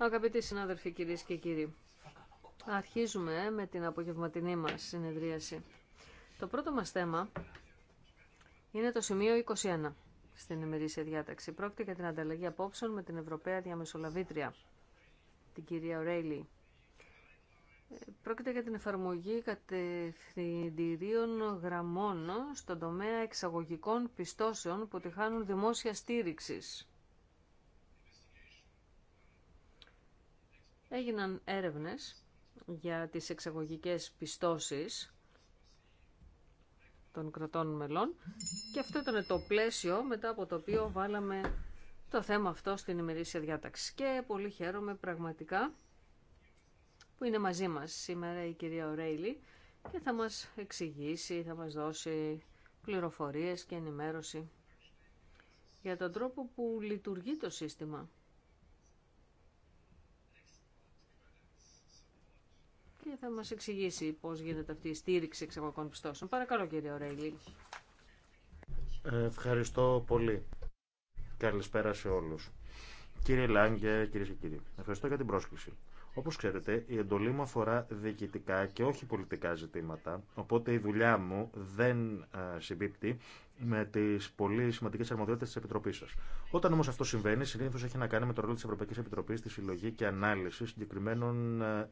Αγαπητοί συνάδελφοι, κυρίες και κύριοι, αρχίζουμε με την απογευματινή μας συνεδρίαση. Το πρώτο μας θέμα είναι το σημείο 21 στην ημερήσια διάταξη. Πρόκειται για την ανταλλαγή απόψεων με την Ευρωπαία Διαμεσολαβήτρια, την κυρία Ρέιλι. Πρόκειται για την εφαρμογή κατευθυντηρίων γραμμών στον τομέα εξαγωγικών πιστώσεων που τη χάνουν δημόσια στήριξης Έγιναν έρευνες για τις εξαγωγικές πιστώσεις των κρατών μελών και αυτό ήταν το πλαίσιο μετά από το οποίο βάλαμε το θέμα αυτό στην ημερήσια διάταξη. Και πολύ χαίρομαι πραγματικά που είναι μαζί μας σήμερα η κυρία Ορέιλι και θα μας εξηγήσει, θα μας δώσει πληροφορίες και ενημέρωση για τον τρόπο που λειτουργεί το σύστημα. και θα μας εξηγήσει πώς γίνεται αυτή η στήριξη εξαγωγικών πιστώσεων. Παρακαλώ κύριε Ρέιλι. Ευχαριστώ πολύ. Καλησπέρα σε όλους. Κύριε Λάγκε, κυρίε και κύριοι, ευχαριστώ για την πρόσκληση. Όπως ξέρετε, η εντολή μου αφορά διοικητικά και όχι πολιτικά ζητήματα, οπότε η δουλειά μου δεν συμπίπτει με τι πολύ σημαντικέ αρμοδιότητε τη Επιτροπή σα. Όταν όμω αυτό συμβαίνει, συνήθω έχει να κάνει με το ρόλο τη Ευρωπαϊκή Επιτροπή στη συλλογή και ανάλυση συγκεκριμένων ε, ε,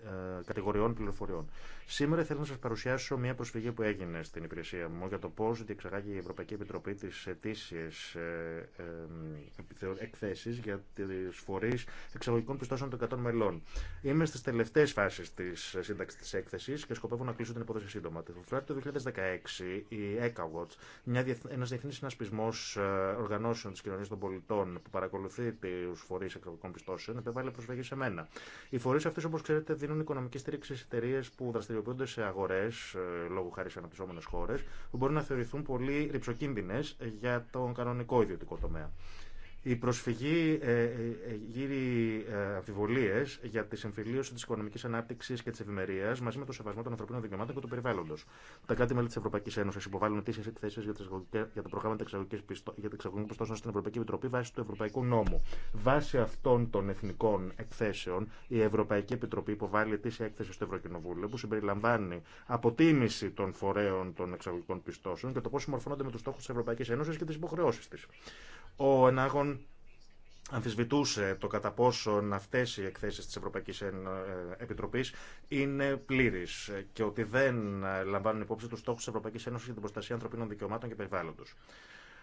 κατηγοριών πληροφοριών. Σήμερα θέλω να σα παρουσιάσω μια προσφυγή που έγινε στην υπηρεσία μου για το πώ διεξαγάγει η Ευρωπαϊκή Επιτροπή τι αιτήσει ε, ε εκθέσει για τι φορεί εξαγωγικών πιστώσεων των 100 μελών. Είμαι στι τελευταίε φάσει τη σύνταξη τη έκθεση και σκοπεύω να κλείσω την υπόθεση σύντομα. Το Φεβρουάριο 2016 η ECAWATS, μια ένα διεθνή συνασπισμό ε, οργανώσεων τη κοινωνία των πολιτών που παρακολουθεί του φορεί εκδοτικών πιστώσεων επέβαλε προσφυγή σε μένα. Οι φορεί αυτέ, όπως ξέρετε δίνουν οικονομική στήριξη σε εταιρείε που δραστηριοποιούνται σε αγορές ε, λόγω χάρη σε αναπτυσσόμενε χώρε, που μπορούν να θεωρηθούν πολύ ρηψοκίνδυνε για τον κανονικό ιδιωτικό τομέα. Η προσφυγή ε, ε, ε γύρει ε, αμφιβολίε για τη συμφιλίωση τη οικονομική ανάπτυξη και τη ευημερία μαζί με το σεβασμό των ανθρωπίνων δικαιωμάτων και του περιβάλλοντο. Τα κράτη-μέλη τη Ευρωπαϊκή Ένωση υποβάλλουν αιτήσει εκθέσει για τα προγράμματα εξαγωγικών πιστώσεων στην Ευρωπαϊκή Επιτροπή βάσει του Ευρωπαϊκού Νόμου. Βάσει αυτών των εθνικών εκθέσεων, η Ευρωπαϊκή Επιτροπή υποβάλλει αιτήσει έκθεση στο Ευρωκοινοβούλιο που συμπεριλαμβάνει αποτίμηση των φορέων των εξαγωγικών πιστώσεων και το πώ συμμορφώνονται με του στόχου τη Ευρωπαϊκή Ένωση και τι υποχρεώσει τη. Ο ενάγων αμφισβητούσε το κατά πόσον αυτές οι εκθέσεις της Ευρωπαϊκής ε, Επιτροπής είναι πλήρεις και ότι δεν λαμβάνουν υπόψη τους στόχους της Ευρωπαϊκής Ένωσης για την προστασία ανθρωπίνων δικαιωμάτων και περιβάλλοντος.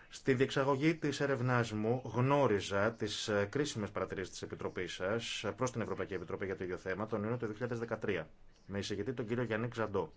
Στη διεξαγωγή τη έρευνά μου γνώριζα τι ε, κρίσιμε παρατηρήσει τη Επιτροπή σα προ την Ευρωπαϊκή Επιτροπή για το ίδιο θέμα τον Ιούνιο του 2013, με εισηγητή τον κύριο Γιάννη Ξαντό.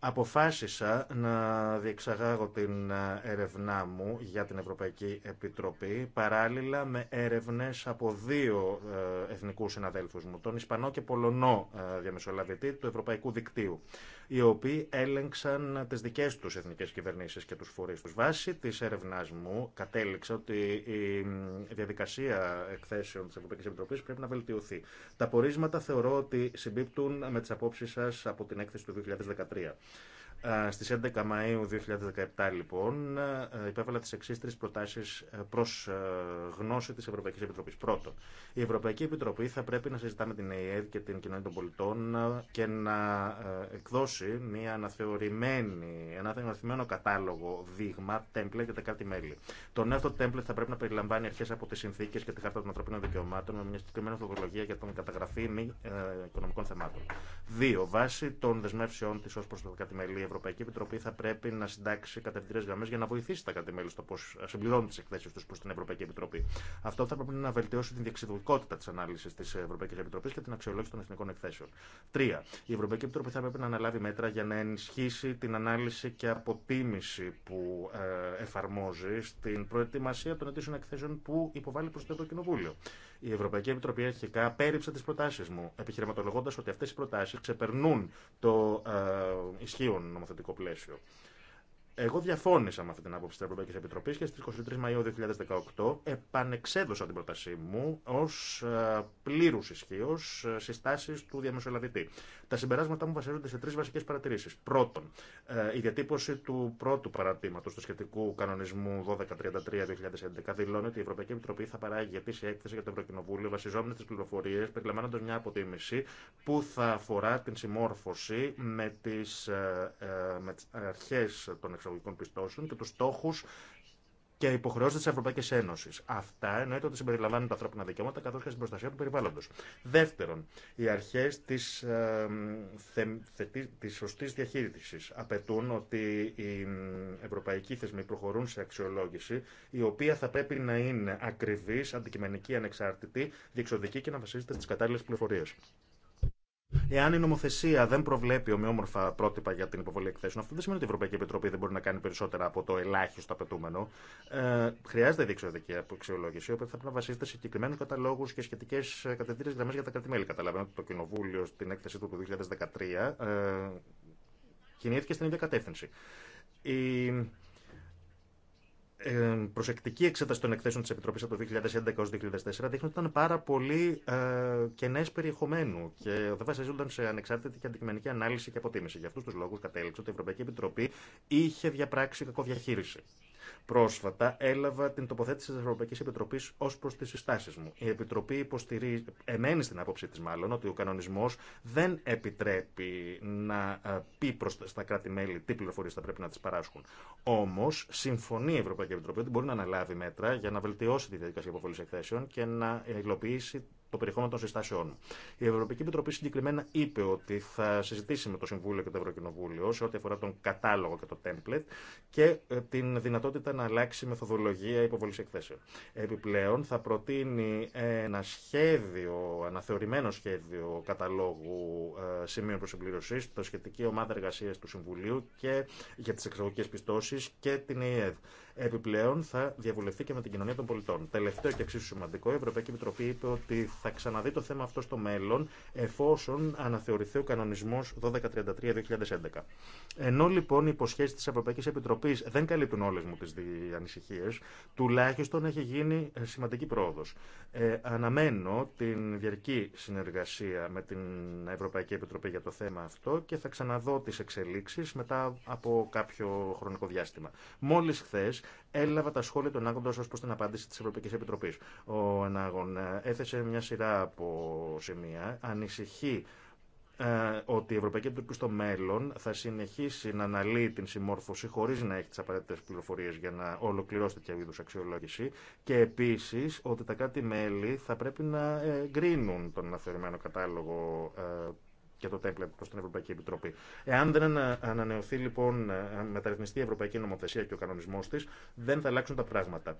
Αποφάσισα να διεξαγάγω την έρευνά μου για την Ευρωπαϊκή Επιτροπή παράλληλα με έρευνες από δύο ε, εθνικούς συναδέλφους μου, τον Ισπανό και Πολωνό ε, διαμεσολαβητή του Ευρωπαϊκού Δικτύου οι οποίοι έλεγξαν τι δικέ του εθνικέ κυβερνήσει και του φορεί του. Βάσει τη έρευνά μου, κατέληξα ότι η διαδικασία εκθέσεων τη Ευρωπαϊκή Επιτροπή πρέπει να βελτιωθεί. Τα πορίσματα θεωρώ ότι συμπίπτουν με τι απόψει σα από την έκθεση του 2013. Στι 11 Μαου 2017, λοιπόν, ε, υπέβαλα τι εξή τρει προτάσει ε, προ ε, γνώση τη Ευρωπαϊκή Επιτροπή. Πρώτον, η Ευρωπαϊκή Επιτροπή θα πρέπει να συζητά με την ΕΕΔ και την Κοινωνία των Πολιτών και να εκδώσει μια αναθεωρημένη, ένα αναθεωρημένο κατάλογο δείγμα, τέμπλε για τα κάτι μέλη. Το νέο αυτό τέμπλε θα πρέπει να περιλαμβάνει αρχέ από τι συνθήκε και τη Χάρτα των Ανθρωπίνων Δικαιωμάτων με μια συγκεκριμένη φοβολογία για την καταγραφή μη οικονομικών θεμάτων. Δύο, βάσει των δεσμεύσεών τη ω προ το κάτι μέλη, Ευρωπαϊκή Επιτροπή θα πρέπει να συντάξει κατευθυντήρε γραμμέ για να βοηθήσει τα κράτη-μέλη στο πώ ε, συμπληρώνουν τι εκθέσει του προ την Ευρωπαϊκή Επιτροπή. Αυτό θα πρέπει να βελτιώσει την διεξιδικότητα τη ανάλυση τη Ευρωπαϊκή Επιτροπή και την αξιολόγηση των εθνικών εκθέσεων. Τρία. Η Ευρωπαϊκή Επιτροπή θα πρέπει να αναλάβει μέτρα για να ενισχύσει την ανάλυση και αποτίμηση που ε, εφαρμόζει στην προετοιμασία των ετήσιων εκθέσεων που υποβάλλει προ το Ευρωκοινοβούλιο. Η Ευρωπαϊκή Επιτροπή αρχικά πέριψε τι προτάσει μου, επιχειρηματολογώντα ότι αυτέ οι προτάσει ξεπερνούν το ε, ισχύον νομοθετικό πλαίσιο. Εγώ διαφώνησα με αυτή την άποψη τη Ευρωπαϊκή Επιτροπή και στι 23 Μαου 2018 επανεξέδωσα την πρότασή μου ω ε, πλήρου ισχύω ε, συστάσει του διαμεσολαβητή. Τα συμπεράσματα μου βασίζονται σε τρει βασικέ παρατηρήσει. Πρώτον, ε, η διατύπωση του πρώτου παρατήματο του σχετικού κανονισμού 1233-2011 δηλώνει ότι η Ευρωπαϊκή Επιτροπή θα παράγει επίση έκθεση για το Ευρωκοινοβούλιο βασιζόμενη στι πληροφορίε, περιλαμβάνοντα μια αποτίμηση που θα αφορά την συμμόρφωση με τι αρχέ των εξωτερικών εισαγωγικών πιστώσεων και του στόχου και υποχρεώσει τη Ευρωπαϊκή Ένωση. Αυτά εννοείται ότι συμπεριλαμβάνουν τα ανθρώπινα δικαιώματα καθώ και στην προστασία του περιβάλλοντο. Δεύτερον, οι αρχέ τη ε, σωστή διαχείριση απαιτούν ότι οι ευρωπαϊκοί θεσμοί προχωρούν σε αξιολόγηση, η οποία θα πρέπει να είναι ακριβή, αντικειμενική, ανεξάρτητη, διεξοδική και να βασίζεται στι κατάλληλε πληροφορίε. Εάν η νομοθεσία δεν προβλέπει ομοιόμορφα πρότυπα για την υποβολή εκθέσεων, αυτό δεν σημαίνει ότι η Ευρωπαϊκή Επιτροπή δεν μπορεί να κάνει περισσότερα από το ελάχιστο απαιτούμενο. Ε, χρειάζεται διεξοδική αξιολόγηση, η οποία θα πρέπει να βασίζεται σε συγκεκριμένου καταλόγου και σχετικέ ε, κατευθύνσει γραμμέ για τα κρατημέλη. Καταλαβαίνω ότι το Κοινοβούλιο στην έκθεση του 2013 ε, κινήθηκε στην ίδια κατεύθυνση. Η ε, προσεκτική εξέταση των εκθέσεων της Επιτροπής από το 2011 έως 2004 δείχνει ήταν πάρα πολύ ε, κενές περιεχομένου και δεν βασίζονταν σε ανεξάρτητη και αντικειμενική ανάλυση και αποτίμηση. Για αυτού του λόγους κατέληξε ότι η Ευρωπαϊκή Επιτροπή είχε διαπράξει κακό διαχείριση Πρόσφατα έλαβα την τοποθέτηση τη Ευρωπαϊκή Επιτροπή ω προ τι συστάσει μου. Η Επιτροπή υποστηρίζει, εμένει στην άποψή τη μάλλον, ότι ο κανονισμό δεν επιτρέπει να ε, πει προ τα κράτη-μέλη τι πληροφορίε θα πρέπει να τι παράσχουν. Όμω, συμφωνεί η Ευρωπαϊκή Επιτροπή ότι μπορεί να αναλάβει μέτρα για να βελτιώσει τη διαδικασία υποβολή εκθέσεων και να υλοποιήσει το περιεχόμενο των συστάσεών Η Ευρωπαϊκή Επιτροπή συγκεκριμένα είπε ότι θα συζητήσει με το Συμβούλιο και το Ευρωκοινοβούλιο σε ό,τι αφορά τον κατάλογο και το template και ε, την δυνατότητα να αλλάξει μεθοδολογία υποβολή εκθέσεων. Επιπλέον, θα προτείνει ένα σχέδιο, αναθεωρημένο σχέδιο καταλόγου ε, σημείων προσυμπλήρωση, το σχετική ομάδα εργασία του Συμβουλίου και για τι εξαγωγικέ πιστώσει και την ΕΕΔ. Επιπλέον, θα διαβουλευτεί και με την κοινωνία των πολιτών. Τελευταίο και εξίσου σημαντικό, η Ευρωπαϊκή Επιτροπή είπε ότι θα ξαναδεί το θέμα αυτό στο μέλλον, εφόσον αναθεωρηθεί ο κανονισμό 1233-2011. Ενώ λοιπόν οι υποσχέσει τη Ευρωπαϊκή Επιτροπή δεν καλύπτουν όλε μου τι ανησυχίε, τουλάχιστον έχει γίνει ε, σημαντική πρόοδο. Ε, αναμένω την διαρκή συνεργασία με την Ευρωπαϊκή Επιτροπή για το θέμα αυτό και θα ξαναδώ τι εξελίξει μετά από κάποιο χρονικό διάστημα. Μόλι χθε Έλαβα τα σχόλια των άγοντων ω προ την απάντηση τη Ευρωπαϊκή Επιτροπή. Ο Ανάγων ε, έθεσε μια σειρά από σημεία. Ανησυχεί ε, ότι η Ευρωπαϊκή Επιτροπή στο μέλλον θα συνεχίσει να αναλύει την συμμόρφωση χωρί να έχει τι απαραίτητε πληροφορίε για να ολοκληρώσει τέτοια είδου αξιολόγηση και επίση ότι τα κάτι μέλη θα πρέπει να γκρίνουν τον αναθεωρημένο κατάλογο ε, και το template προ την Ευρωπαϊκή Επιτροπή. Εάν δεν ανανεωθεί λοιπόν, ε, μεταρρυθμιστεί η Ευρωπαϊκή Νομοθεσία και ο κανονισμό τη, δεν θα αλλάξουν τα πράγματα.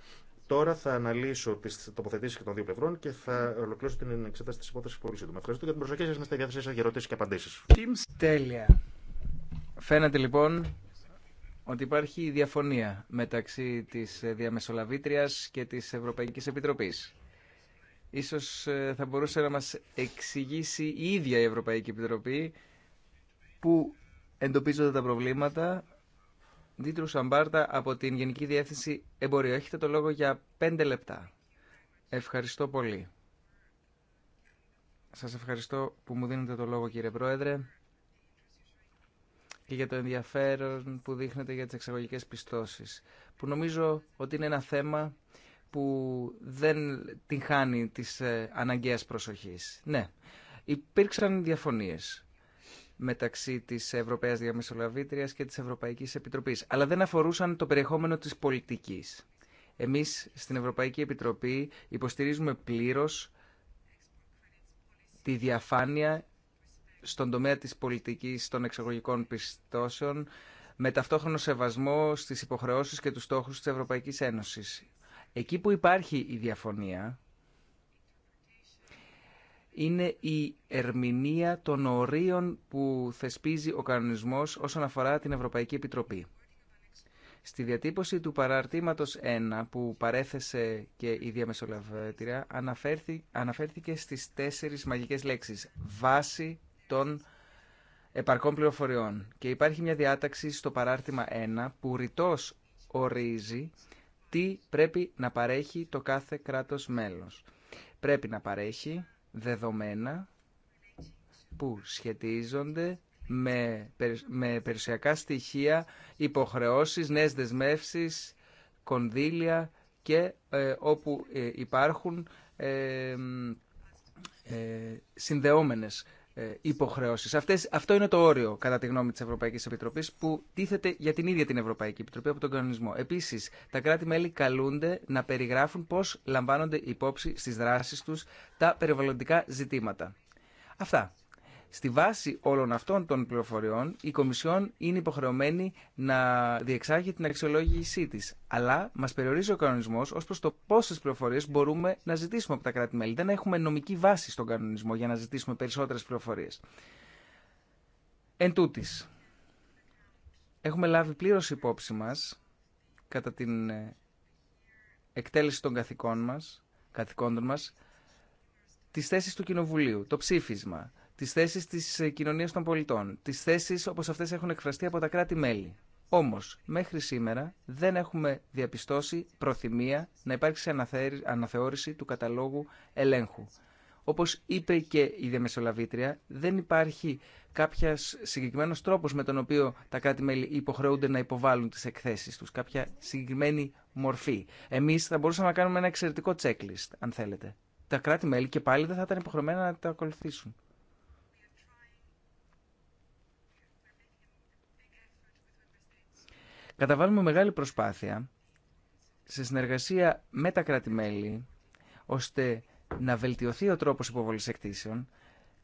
Τώρα θα αναλύσω τι τοποθετήσει και των δύο πλευρών και θα ολοκληρώσω την εξέταση τη υπόθεση του. σύντομα. Ευχαριστώ για την προσοχή σα. Είμαστε διάθεσοι σα για ερωτήσει και απαντήσει. Τέλεια. Φαίνεται λοιπόν ότι υπάρχει διαφωνία μεταξύ της διαμεσολαβήτριας και της Ευρωπαϊκής Επιτροπής. Ίσως ε, θα μπορούσε να μας εξηγήσει η ίδια η Ευρωπαϊκή Επιτροπή που εντοπίζονται τα προβλήματα. Δίτρου Σαμπάρτα από την Γενική Διεύθυνση Εμπορίου. Έχετε το λόγο για πέντε λεπτά. Ευχαριστώ πολύ. Σας ευχαριστώ που μου δίνετε το λόγο κύριε Πρόεδρε και για το ενδιαφέρον που δείχνετε για τις εξαγωγικές πιστώσεις που νομίζω ότι είναι ένα θέμα που δεν την χάνει της ε, αναγκαίας προσοχής. Ναι, υπήρξαν διαφωνίες μεταξύ της Ευρωπαίας Διαμεσολαβήτριας και της Ευρωπαϊκής Επιτροπής, αλλά δεν αφορούσαν το περιεχόμενο της πολιτικής. Εμείς στην Ευρωπαϊκή Επιτροπή υποστηρίζουμε πλήρως τη διαφάνεια στον τομέα της πολιτικής των εξαγωγικών πιστώσεων με ταυτόχρονο σεβασμό στις υποχρεώσεις και τους στόχους της Ευρωπαϊκής Ένωσης. Εκεί που υπάρχει η διαφωνία είναι η ερμηνεία των ορίων που θεσπίζει ο κανονισμός όσον αφορά την Ευρωπαϊκή Επιτροπή. Στη διατύπωση του παραρτήματος 1 που παρέθεσε και η διαμεσολαβήτρια αναφέρθηκε στις τέσσερις μαγικές λέξεις «βάση των επαρκών πληροφοριών» και υπάρχει μια διάταξη στο παράρτημα 1 που ρητός ορίζει τι πρέπει να παρέχει το κάθε κράτος μέλος. Πρέπει να παρέχει δεδομένα που σχετίζονται με, με περιουσιακά στοιχεία, υποχρεώσεις, νέες δεσμεύσεις, κονδύλια και ε, όπου ε, υπάρχουν ε, ε συνδεόμενες ε, υποχρεώσεις. αυτό είναι το όριο, κατά τη γνώμη της Ευρωπαϊκής Επιτροπής, που τίθεται για την ίδια την Ευρωπαϊκή Επιτροπή από τον κανονισμό. Επίσης, τα κράτη-μέλη καλούνται να περιγράφουν πώς λαμβάνονται υπόψη στις δράσεις τους τα περιβαλλοντικά ζητήματα. Αυτά. Στη βάση όλων αυτών των πληροφοριών, η Κομισιόν είναι υποχρεωμένη να διεξάγει την αξιολόγησή τη. Αλλά μα περιορίζει ο κανονισμό ω προ το πόσε πληροφορίε μπορούμε να ζητήσουμε από τα κράτη-μέλη. Δεν έχουμε νομική βάση στον κανονισμό για να ζητήσουμε περισσότερε πληροφορίε. Εν τούτης, έχουμε λάβει πλήρως υπόψη μας κατά την ε, εκτέλεση των καθηκόντων μας, τις θέσεις του Κοινοβουλίου, το ψήφισμα, τι θέσει τη ε, κοινωνία των πολιτών, τι θέσει όπω αυτέ έχουν εκφραστεί από τα κράτη-μέλη. Όμω, μέχρι σήμερα δεν έχουμε διαπιστώσει προθυμία να υπάρξει αναθεώρηση του καταλόγου ελέγχου. Όπω είπε και η Διαμεσολαβήτρια, δεν υπάρχει κάποιο συγκεκριμένο τρόπο με τον οποίο τα κράτη-μέλη υποχρεούνται να υποβάλουν τι εκθέσει του, κάποια συγκεκριμένη μορφή. Εμεί θα μπορούσαμε να κάνουμε ένα εξαιρετικό checklist, αν θέλετε. Τα κράτη-μέλη και πάλι δεν θα ήταν υποχρεωμένα να τα ακολουθήσουν. καταβάλουμε μεγάλη προσπάθεια σε συνεργασία με τα κράτη-μέλη, ώστε να βελτιωθεί ο τρόπος υποβολής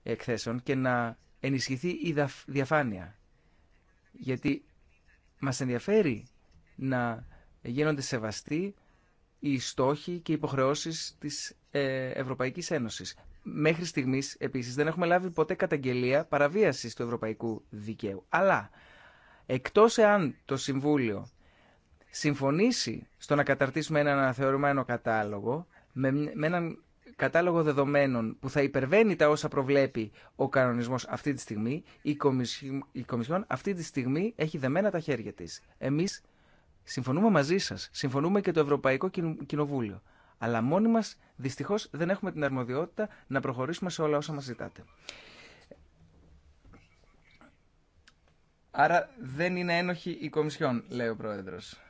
εκθέσεων και να ενισχυθεί η διαφάνεια. Γιατί μας ενδιαφέρει να γίνονται σεβαστοί οι στόχοι και οι υποχρεώσεις της ε, Ευρωπαϊκής Ένωσης. Μέχρι στιγμής, επίσης, δεν έχουμε λάβει ποτέ καταγγελία παραβίασης του ευρωπαϊκού δικαίου. Αλλά Εκτός εάν το Συμβούλιο συμφωνήσει στο να καταρτήσουμε έναν αναθεωρημένο κατάλογο με, με έναν κατάλογο δεδομένων που θα υπερβαίνει τα όσα προβλέπει ο κανονισμός αυτή τη στιγμή, η, Κομισι... η Κομισιόν αυτή τη στιγμή έχει δεμένα τα χέρια της. Εμείς συμφωνούμε μαζί σας, συμφωνούμε και το Ευρωπαϊκό Κοινοβούλιο. Αλλά μόνοι μας δυστυχώς δεν έχουμε την αρμοδιότητα να προχωρήσουμε σε όλα όσα μας ζητάτε. Άρα δεν είναι ένοχη η Κομισιόν, λέει ο Πρόεδρος.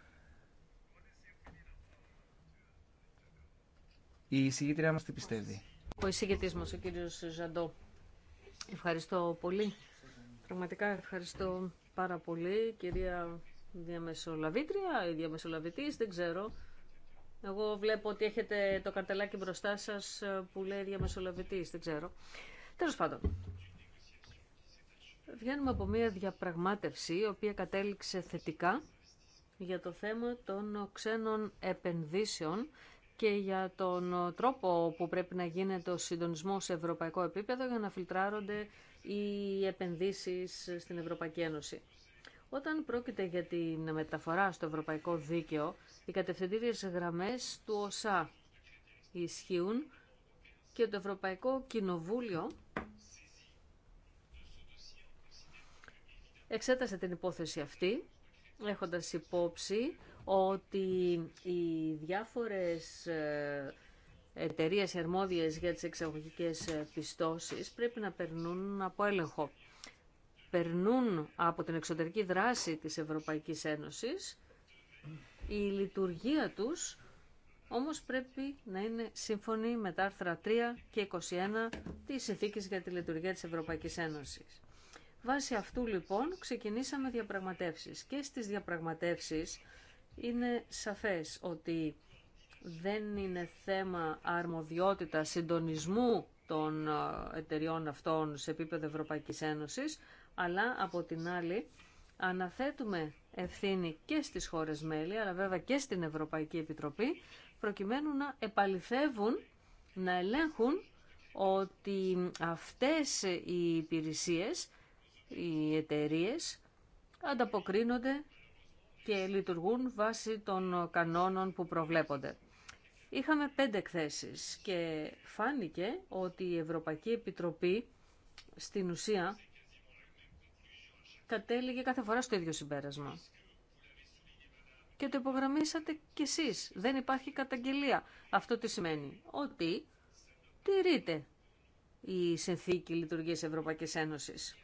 Η εισηγήτριά μας τι πιστεύει. Ο εισηγητής μας, ο κύριος Ζαντό. Ευχαριστώ πολύ. Πραγματικά ευχαριστώ πάρα πολύ, κυρία διαμεσολαβήτρια ή διαμεσολαβητής, δεν ξέρω. Εγώ βλέπω ότι έχετε το καρτελάκι μπροστά σας που λέει διαμεσολαβητής, δεν ξέρω. Τέλος πάντων, Βγαίνουμε από μια διαπραγμάτευση η οποία κατέληξε θετικά για το θέμα των ξένων επενδύσεων και για τον τρόπο που πρέπει να γίνεται ο συντονισμός σε ευρωπαϊκό επίπεδο για να φιλτράρονται οι επενδύσεις στην Ευρωπαϊκή Ένωση. Όταν πρόκειται για την μεταφορά στο ευρωπαϊκό δίκαιο, οι κατευθυντήριες γραμμές του ΩΣΑ ισχύουν και το Ευρωπαϊκό Κοινοβούλιο εξέτασε την υπόθεση αυτή, έχοντας υπόψη ότι οι διάφορες ε, εταιρείες αρμόδιες για τις εξαγωγικές ε, πιστώσεις πρέπει να περνούν από έλεγχο. Περνούν από την εξωτερική δράση της Ευρωπαϊκής Ένωσης. Η λειτουργία τους όμως πρέπει να είναι σύμφωνη με τα άρθρα 3 και 21 της Συνθήκης για τη Λειτουργία της Ευρωπαϊκής Ένωσης. Βάσει αυτού λοιπόν ξεκινήσαμε διαπραγματεύσεις και στις διαπραγματεύσεις είναι σαφές ότι δεν είναι θέμα αρμοδιότητα συντονισμού των ε, εταιριών αυτών σε επίπεδο Ευρωπαϊκής Ένωσης, αλλά από την άλλη αναθέτουμε ευθύνη και στις χώρες μέλη, αλλά βέβαια και στην Ευρωπαϊκή Επιτροπή, προκειμένου να επαληθεύουν, να ελέγχουν ότι αυτές οι υπηρεσίες οι εταιρείε ανταποκρίνονται και λειτουργούν βάσει των κανόνων που προβλέπονται. Είχαμε πέντε εκθέσεις και φάνηκε ότι η Ευρωπαϊκή Επιτροπή στην ουσία κατέληγε κάθε φορά στο ίδιο συμπέρασμα. Και το υπογραμμίσατε κι εσείς. Δεν υπάρχει καταγγελία. Αυτό τι σημαίνει. Ότι τηρείται η συνθήκη λειτουργίας Ευρωπαϊκής Ένωσης.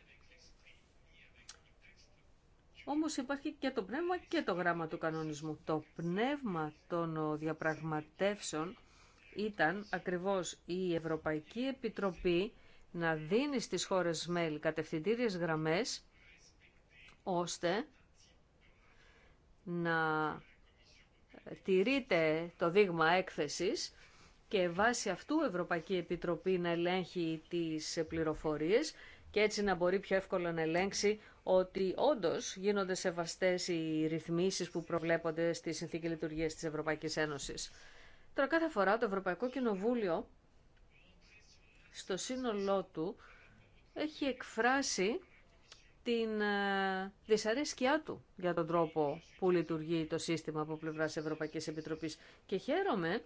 Όμως υπάρχει και το πνεύμα και το γράμμα του κανονισμού. Το πνεύμα των διαπραγματεύσεων ήταν ακριβώς η Ευρωπαϊκή Επιτροπή να δίνει στις χώρες μέλη κατευθυντήριες γραμμές ώστε να τηρείται το δείγμα έκθεσης και βάσει αυτού η Ευρωπαϊκή Επιτροπή να ελέγχει τις πληροφορίες και έτσι να μπορεί πιο εύκολα να ελέγξει ότι όντως γίνονται σεβαστές οι ρυθμίσεις που προβλέπονται στη Συνθήκη λειτουργία της Ευρωπαϊκής Ένωσης. Τώρα κάθε φορά το Ευρωπαϊκό Κοινοβούλιο στο σύνολό του έχει εκφράσει την ε, δυσαρέσκειά του για τον τρόπο που λειτουργεί το σύστημα από πλευρά Ευρωπαϊκής Επιτροπής. Και χαίρομαι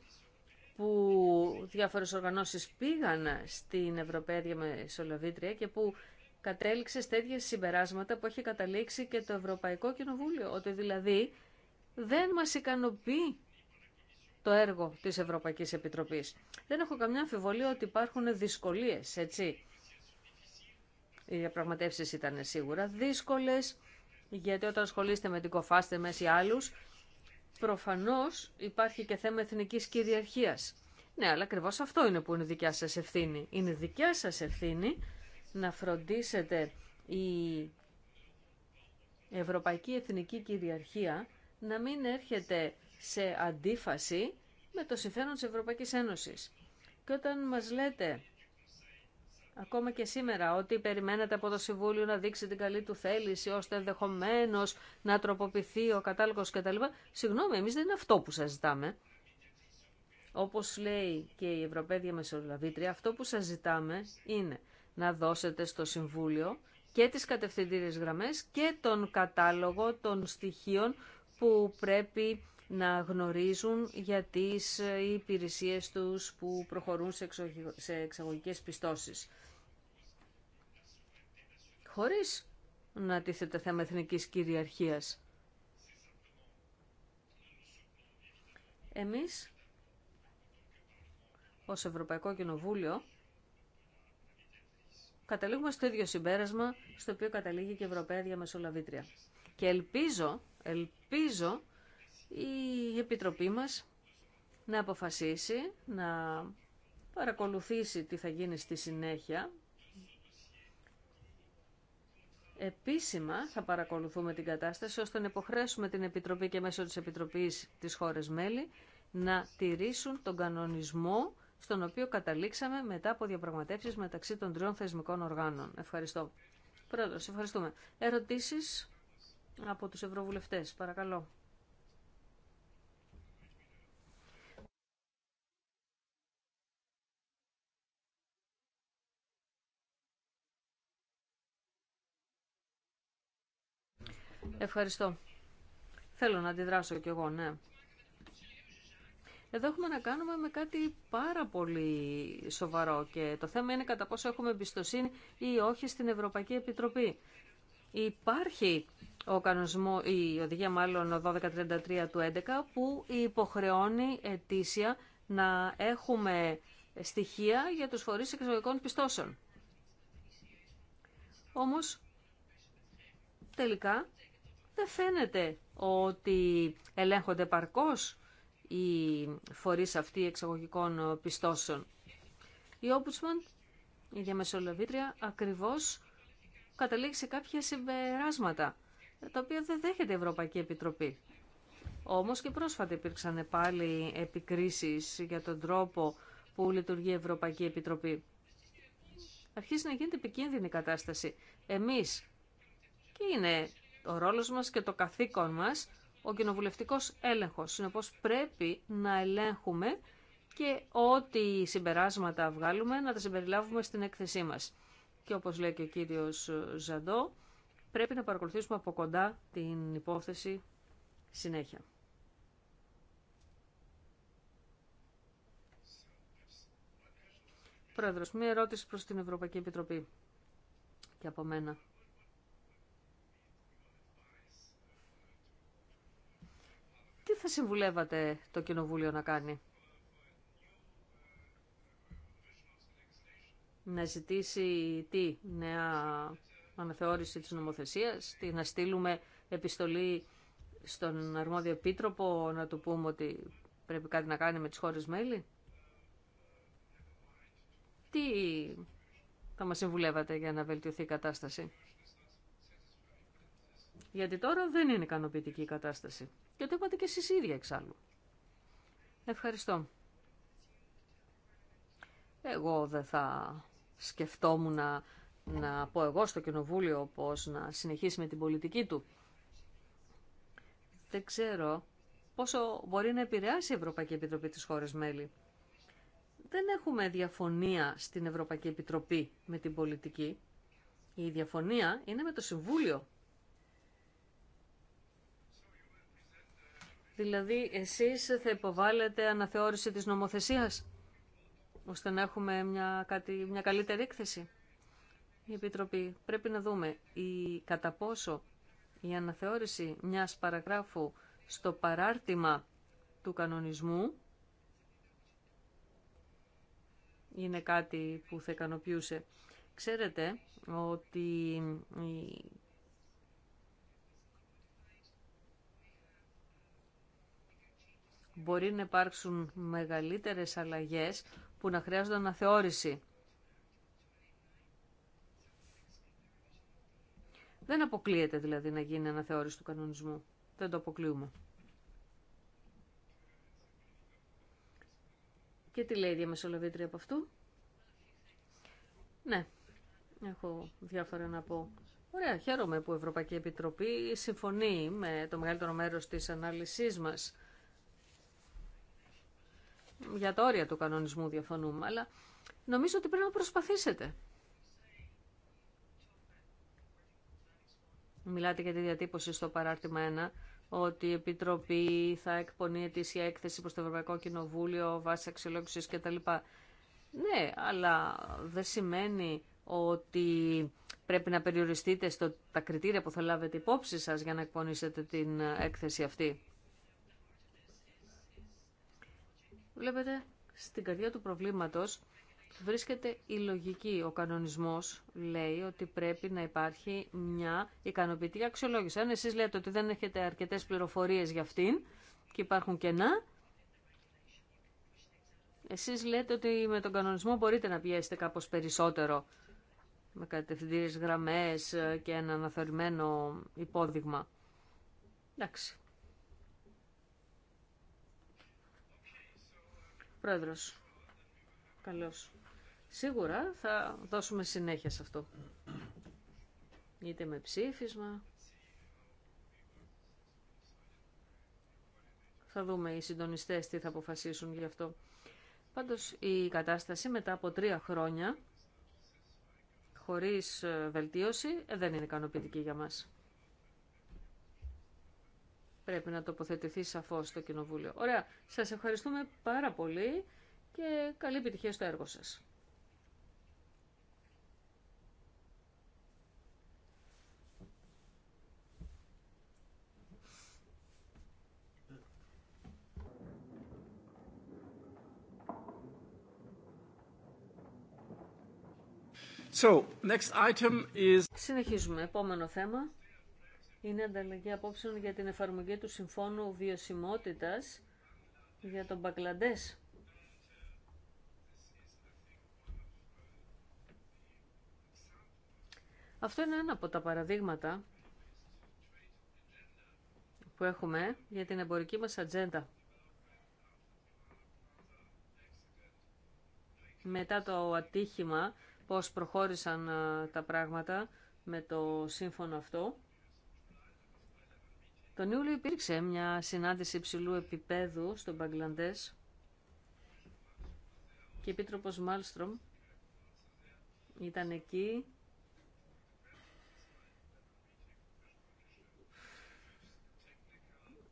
που διάφορες οργανώσεις πήγαν στην με Διαμεσολαβήτρια και που κατέληξε σε τέτοια συμπεράσματα που έχει καταλήξει και το Ευρωπαϊκό Κοινοβούλιο. Ότι δηλαδή δεν μας ικανοποιεί το έργο της Ευρωπαϊκής Επιτροπής. Δεν έχω καμιά αμφιβολία ότι υπάρχουν δυσκολίες, έτσι. Οι διαπραγματεύσει ήταν σίγουρα δύσκολες, γιατί όταν ασχολείστε με την κοφάστε μέσα ή άλλους, προφανώς υπάρχει και θέμα εθνικής κυριαρχίας. Ναι, αλλά ακριβώ αυτό είναι που είναι δικιά σας ευθύνη. Είναι δικιά σας ευθύνη να φροντίσετε η Ευρωπαϊκή Εθνική Κυριαρχία να μην έρχεται σε αντίφαση με το συμφέρον της Ευρωπαϊκής Ένωσης. Και όταν μας λέτε ακόμα και σήμερα ότι περιμένετε από το Συμβούλιο να δείξει την καλή του θέληση ώστε ενδεχομένω να τροποποιηθεί ο κατάλογος κτλ. Συγγνώμη, εμείς δεν είναι αυτό που σας ζητάμε. Όπως λέει και η Ευρωπαίδια Μεσολαβήτρια, αυτό που σας ζητάμε είναι να δώσετε στο Συμβούλιο και τις κατευθυντήριες γραμμές και τον κατάλογο των στοιχείων που πρέπει να γνωρίζουν για τις ε, υπηρεσίες τους που προχωρούν σε εξαγωγικές πιστώσεις. Χωρίς να τίθεται θέμα εθνικής κυριαρχίας. Εμείς, ως Ευρωπαϊκό Κοινοβούλιο, καταλήγουμε στο ίδιο συμπέρασμα στο οποίο καταλήγει και η Ευρωπαία Μεσολαβήτρια. Και ελπίζω, ελπίζω η Επιτροπή μας να αποφασίσει, να παρακολουθήσει τι θα γίνει στη συνέχεια. Επίσημα θα παρακολουθούμε την κατάσταση ώστε να υποχρέσουμε την Επιτροπή και μέσω της Επιτροπής της χώρες μέλη να τηρήσουν τον κανονισμό στον οποίο καταλήξαμε μετά από διαπραγματεύσεις μεταξύ των τριών θεσμικών οργάνων. Ευχαριστώ. Πρόεδρος, ευχαριστούμε. Ερωτήσεις από τους ευρωβουλευτές, παρακαλώ. Ευχαριστώ. Θέλω να αντιδράσω κι εγώ, ναι. Εδώ έχουμε να κάνουμε με κάτι πάρα πολύ σοβαρό και το θέμα είναι κατά πόσο έχουμε εμπιστοσύνη ή όχι στην Ευρωπαϊκή Επιτροπή. Υπάρχει ο κανονισμό, η οδηγία μάλλον 1233 του 11 που υποχρεώνει ετήσια να έχουμε στοιχεία για τους φορείς εξωτερικών πιστώσεων. Όμως, τελικά, δεν φαίνεται ότι ελέγχονται παρκώς οι φορείς αυτοί εξαγωγικών πιστώσεων. Η Ombudsman, η διαμεσολαβήτρια, ακριβώς καταλήγει σε κάποια συμπεράσματα, τα οποία δεν δέχεται η Ευρωπαϊκή Επιτροπή. Όμως και πρόσφατα υπήρξαν πάλι επικρίσεις για τον τρόπο που λειτουργεί η Ευρωπαϊκή Επιτροπή. Αρχίζει να γίνεται επικίνδυνη κατάσταση. Εμείς, και είναι ο ρόλος μας και το καθήκον μας, ο κοινοβουλευτικό έλεγχος. Συνεπώ, πρέπει να ελέγχουμε και ό,τι συμπεράσματα βγάλουμε να τα συμπεριλάβουμε στην έκθεσή μας. Και όπως λέει και ο κύριο Ζαντό, πρέπει να παρακολουθήσουμε από κοντά την υπόθεση συνέχεια. Πρόεδρος, μία ερώτηση προς την Ευρωπαϊκή Επιτροπή και από μένα. θα συμβουλεύατε το Κοινοβούλιο να κάνει. Να ζητήσει τι, νέα αναθεώρηση της νομοθεσίας, τι, να στείλουμε επιστολή στον αρμόδιο επίτροπο, να του πούμε ότι πρέπει κάτι να κάνει με τις χώρες μέλη. Τι θα μας συμβουλεύατε για να βελτιωθεί η κατάσταση. Γιατί τώρα δεν είναι ικανοποιητική η κατάσταση. Και το είπατε και εσείς ίδια εξάλλου. Ευχαριστώ. Εγώ δεν θα σκεφτόμουν να, να πω εγώ στο Κοινοβούλιο πώς να συνεχίσει με την πολιτική του. Δεν ξέρω πόσο μπορεί να επηρεάσει η Ευρωπαϊκή Επιτροπή της χώρες μέλη. Δεν έχουμε διαφωνία στην Ευρωπαϊκή Επιτροπή με την πολιτική. Η διαφωνία είναι με το Συμβούλιο Δηλαδή εσείς θα υποβάλλετε αναθεώρηση της νομοθεσίας ώστε να έχουμε μια, κάτι, μια καλύτερη έκθεση. Η Επιτροπή πρέπει να δούμε η, κατά πόσο η αναθεώρηση μιας παραγράφου στο παράρτημα του κανονισμού είναι κάτι που θα ικανοποιούσε. Ξέρετε ότι μπορεί να υπάρξουν μεγαλύτερες αλλαγές που να χρειάζονται αναθεώρηση. Δεν αποκλείεται δηλαδή να γίνει αναθεώρηση του κανονισμού. Δεν το αποκλείουμε. Και τι λέει η διαμεσολαβήτρια από αυτού. Ναι, έχω διάφορα να πω. Ωραία, χαίρομαι που η Ευρωπαϊκή Επιτροπή συμφωνεί με το μεγαλύτερο μέρος της ανάλυσής μας για τα όρια του κανονισμού διαφωνούμε, αλλά νομίζω ότι πρέπει να προσπαθήσετε. Μιλάτε για τη διατύπωση στο παράρτημα 1 ότι η Επιτροπή θα εκπονεί ετήσια έκθεση προς το Ευρωπαϊκό Κοινοβούλιο βάσει αξιολόγησης κτλ. Ναι, αλλά δεν σημαίνει ότι πρέπει να περιοριστείτε στο τα κριτήρια που θα λάβετε υπόψη σας για να εκπονήσετε την έκθεση αυτή. Βλέπετε, στην καρδιά του προβλήματος βρίσκεται η λογική. Ο κανονισμός λέει ότι πρέπει να υπάρχει μια ικανοποιητική αξιολόγηση. Αν εσείς λέτε ότι δεν έχετε αρκετές πληροφορίες για αυτήν και υπάρχουν κενά, εσείς λέτε ότι με τον κανονισμό μπορείτε να πιέσετε κάπως περισσότερο με κατευθυντήριες γραμμές και ένα αναθεωρημένο υπόδειγμα. Εντάξει. Πρόεδρος. Καλώς. Σίγουρα θα δώσουμε συνέχεια σε αυτό. Είτε με ψήφισμα. Θα δούμε οι συντονιστές τι θα αποφασίσουν γι' αυτό. Πάντως η κατάσταση μετά από τρία χρόνια χωρίς ε, βελτίωση δεν είναι ικανοποιητική για μας πρέπει να τοποθετηθεί σαφώς στο Κοινοβούλιο. Ωραία, σας ευχαριστούμε πάρα πολύ και καλή επιτυχία στο έργο σας. So, next item is... Συνεχίζουμε. Επόμενο θέμα είναι ανταλλαγή απόψεων για την εφαρμογή του Συμφώνου Βιωσιμότητας για τον Μπαγκλαντές. Αυτό είναι ένα από τα παραδείγματα που έχουμε για την εμπορική μας ατζέντα. Μετά το ατύχημα, πώς προχώρησαν ε, τα πράγματα με το σύμφωνο αυτό, τον Ιούλιο υπήρξε μια συνάντηση υψηλού επίπεδου στον Μπαγκλαντές και η Επίτροπος Μάλστρομ ήταν εκεί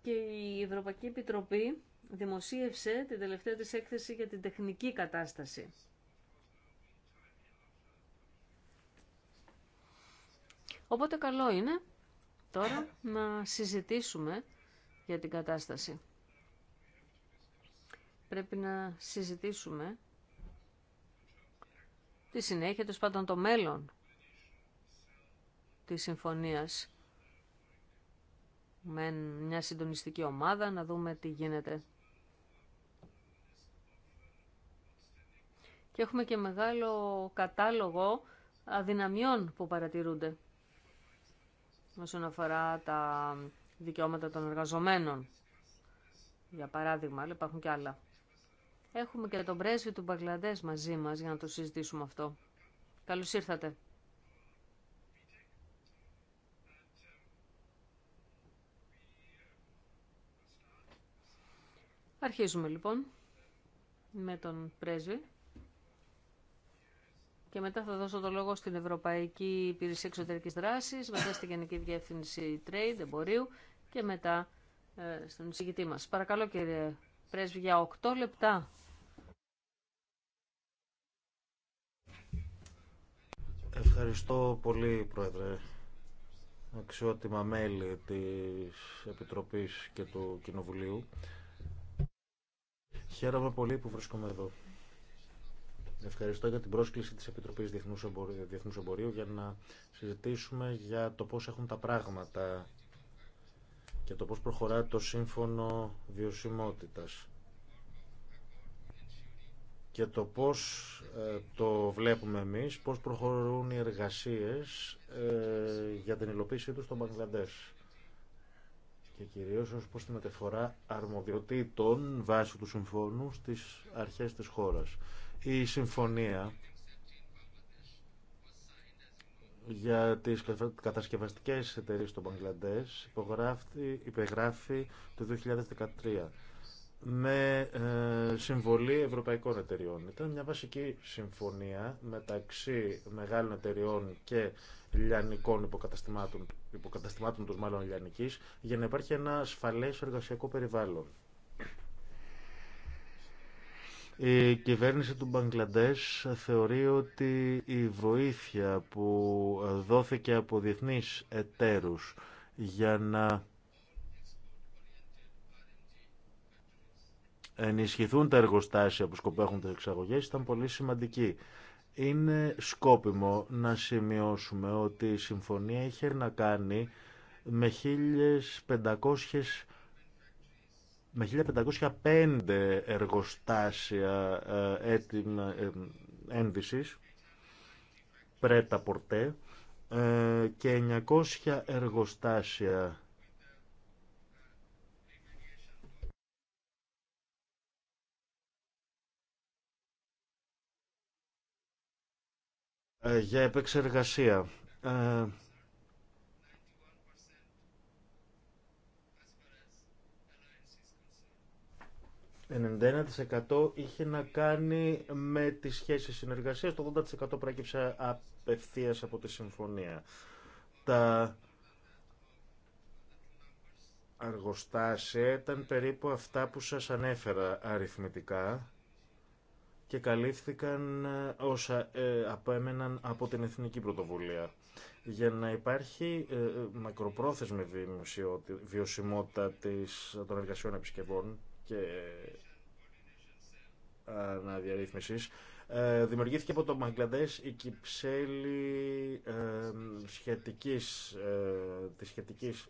και η Ευρωπαϊκή Επιτροπή δημοσίευσε την τελευταία της έκθεση για την τεχνική κατάσταση. Οπότε καλό είναι τώρα να συζητήσουμε για την κατάσταση. Πρέπει να συζητήσουμε τη συνέχεια, τους πάντων το μέλλον της συμφωνίας με μια συντονιστική ομάδα, να δούμε τι γίνεται. Και έχουμε και μεγάλο κατάλογο αδυναμιών που παρατηρούνται όσον αφορά τα δικαιώματα των εργαζομένων. Για παράδειγμα, αλλά υπάρχουν και άλλα. Έχουμε και τον πρέσβη του Μπαγκλαντές μαζί μας για να το συζητήσουμε αυτό. Καλώς ήρθατε. Αρχίζουμε λοιπόν με τον πρέσβη. Και μετά θα δώσω το λόγο στην Ευρωπαϊκή Υπηρεσία εξωτερική δράση μετά στη Γενική Διεύθυνση Trade, Εμπορίου και μετά ε, στον εισηγητή μα. Παρακαλώ κύριε Πρέσβη για 8 λεπτά. Ευχαριστώ πολύ Πρόεδρε αξιότιμα μέλη της Επιτροπής και του Κοινοβουλίου. Χαίρομαι πολύ που βρίσκομαι εδώ. Ευχαριστώ για την πρόσκληση της Επιτροπής Διεθνούς Εμπορίου, για να συζητήσουμε για το πώς έχουν τα πράγματα και το πώς προχωρά το σύμφωνο βιωσιμότητας και το πώς ε, το βλέπουμε εμείς, πώς προχωρούν οι εργασίες ε, για την υλοποίησή του στο Μπαγκλαντές και κυρίως ως προς τη μεταφορά αρμοδιοτήτων βάσει του συμφώνου στις αρχές της χώρας. Η συμφωνία για τις κατασκευαστικές εταιρείες στο Μπαγκλαντές υπεγράφει το 2013 με ε, συμβολή ευρωπαϊκών εταιριών. Ήταν μια βασική συμφωνία μεταξύ μεγάλων εταιριών και λιανικών υποκαταστημάτων, υποκαταστημάτων τους μάλλον λιανικής, για να υπάρχει ένα ασφαλές εργασιακό περιβάλλον. Η κυβέρνηση του Μπαγκλαντές θεωρεί ότι η βοήθεια που δόθηκε από διεθνείς εταίρους για να ενισχυθούν τα εργοστάσια που σκοπεύουν τις εξαγωγές ήταν πολύ σημαντική. Είναι σκόπιμο να σημειώσουμε ότι η συμφωνία είχε να κάνει με 1.500 με 1505 εργοστάσια ε, ε ένδυσης, πρέτα πορτέ, ε, και 900 εργοστάσια ε, για επεξεργασία. 91% είχε να κάνει με τις σχέσεις συνεργασίας, το 80% προέκυψε απευθείας από τη συμφωνία. Τα αργοστάσια ήταν περίπου αυτά που σας ανέφερα αριθμητικά και καλύφθηκαν ε, όσα ε, απέμεναν από την Εθνική Πρωτοβουλία. Για να υπάρχει ε, ε, μακροπρόθεσμη βιωσιμότητα της, των εργασιών επισκευών και ε, αναδιαρρύθμισης ε, δημιουργήθηκε από το Μαγκλαντές η κυψέλη ε, σχετικής, της σχετικής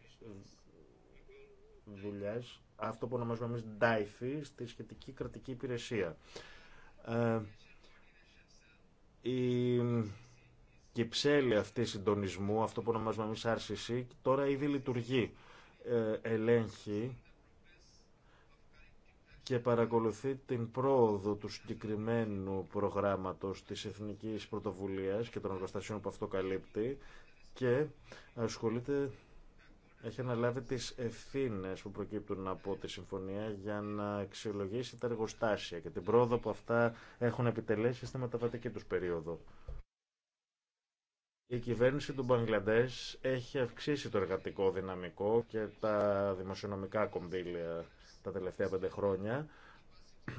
δουλειάς, αυτό που ονομάζουμε εμείς DIFI, στη σχετική κρατική υπηρεσία. η κυψέλη αυτή συντονισμού, αυτό που ονομάζουμε εμείς RCC, τώρα ήδη λειτουργεί. ελέγχει και παρακολουθεί την πρόοδο του συγκεκριμένου προγράμματος της Εθνικής Πρωτοβουλίας και των εργοστασιών που αυτό καλύπτει και ασχολείται, έχει αναλάβει τις ευθύνες που προκύπτουν από τη Συμφωνία για να αξιολογήσει τα εργοστάσια και την πρόοδο που αυτά έχουν επιτελέσει στη μεταβατική τους περίοδο. Η κυβέρνηση του Μπαγκλαντές έχει αυξήσει το εργατικό δυναμικό και τα δημοσιονομικά κονδύλια τα τελευταία πέντε χρόνια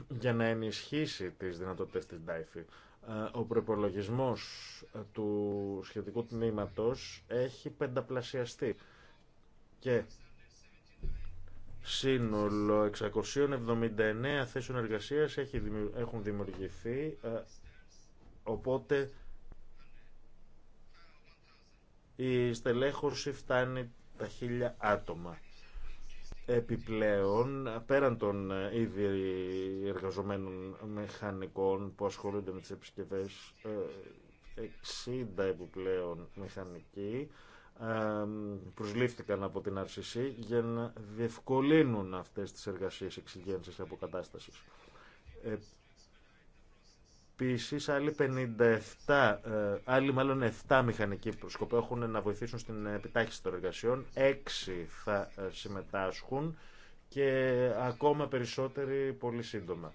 για να ενισχύσει τις δυνατότητες της DIFE. Ε, ο προπολογισμό ε, του σχετικού τμήματος έχει πενταπλασιαστεί και σύνολο 679 θέσεων εργασίας έχουν δημιουργηθεί ε, οπότε η στελέχωση φτάνει τα χίλια άτομα. Επιπλέον, πέραν των ε, ήδη εργαζομένων μηχανικών που ασχολούνται με τις επισκευές, 60 ε, επιπλέον μηχανικοί ε, προσλήφθηκαν από την RCC για να διευκολύνουν αυτές τις εργασίες εξυγένσης αποκατάστασης. Επίση, άλλοι 57, ε, άλλοι μάλλον 7 μηχανικοί που έχουν να βοηθήσουν στην επιτάχυση των εργασιών, 6 θα ε, συμμετάσχουν και ακόμα περισσότεροι πολύ σύντομα.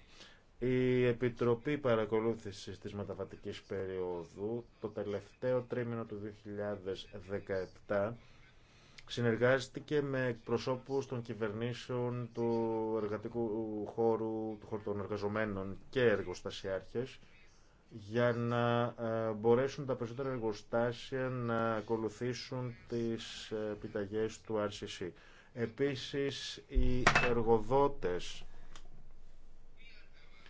Η Επιτροπή Παρακολούθησης της Μεταβατικής Περίοδου το τελευταίο τρίμηνο του 2017 συνεργάστηκε με εκπροσώπους των κυβερνήσεων του εργατικού χώρου, των εργαζομένων και εργοστασιάρχες για να ε, μπορέσουν τα περισσότερα εργοστάσια να ακολουθήσουν τις επιταγές του RCC. Επίσης, οι εργοδότες,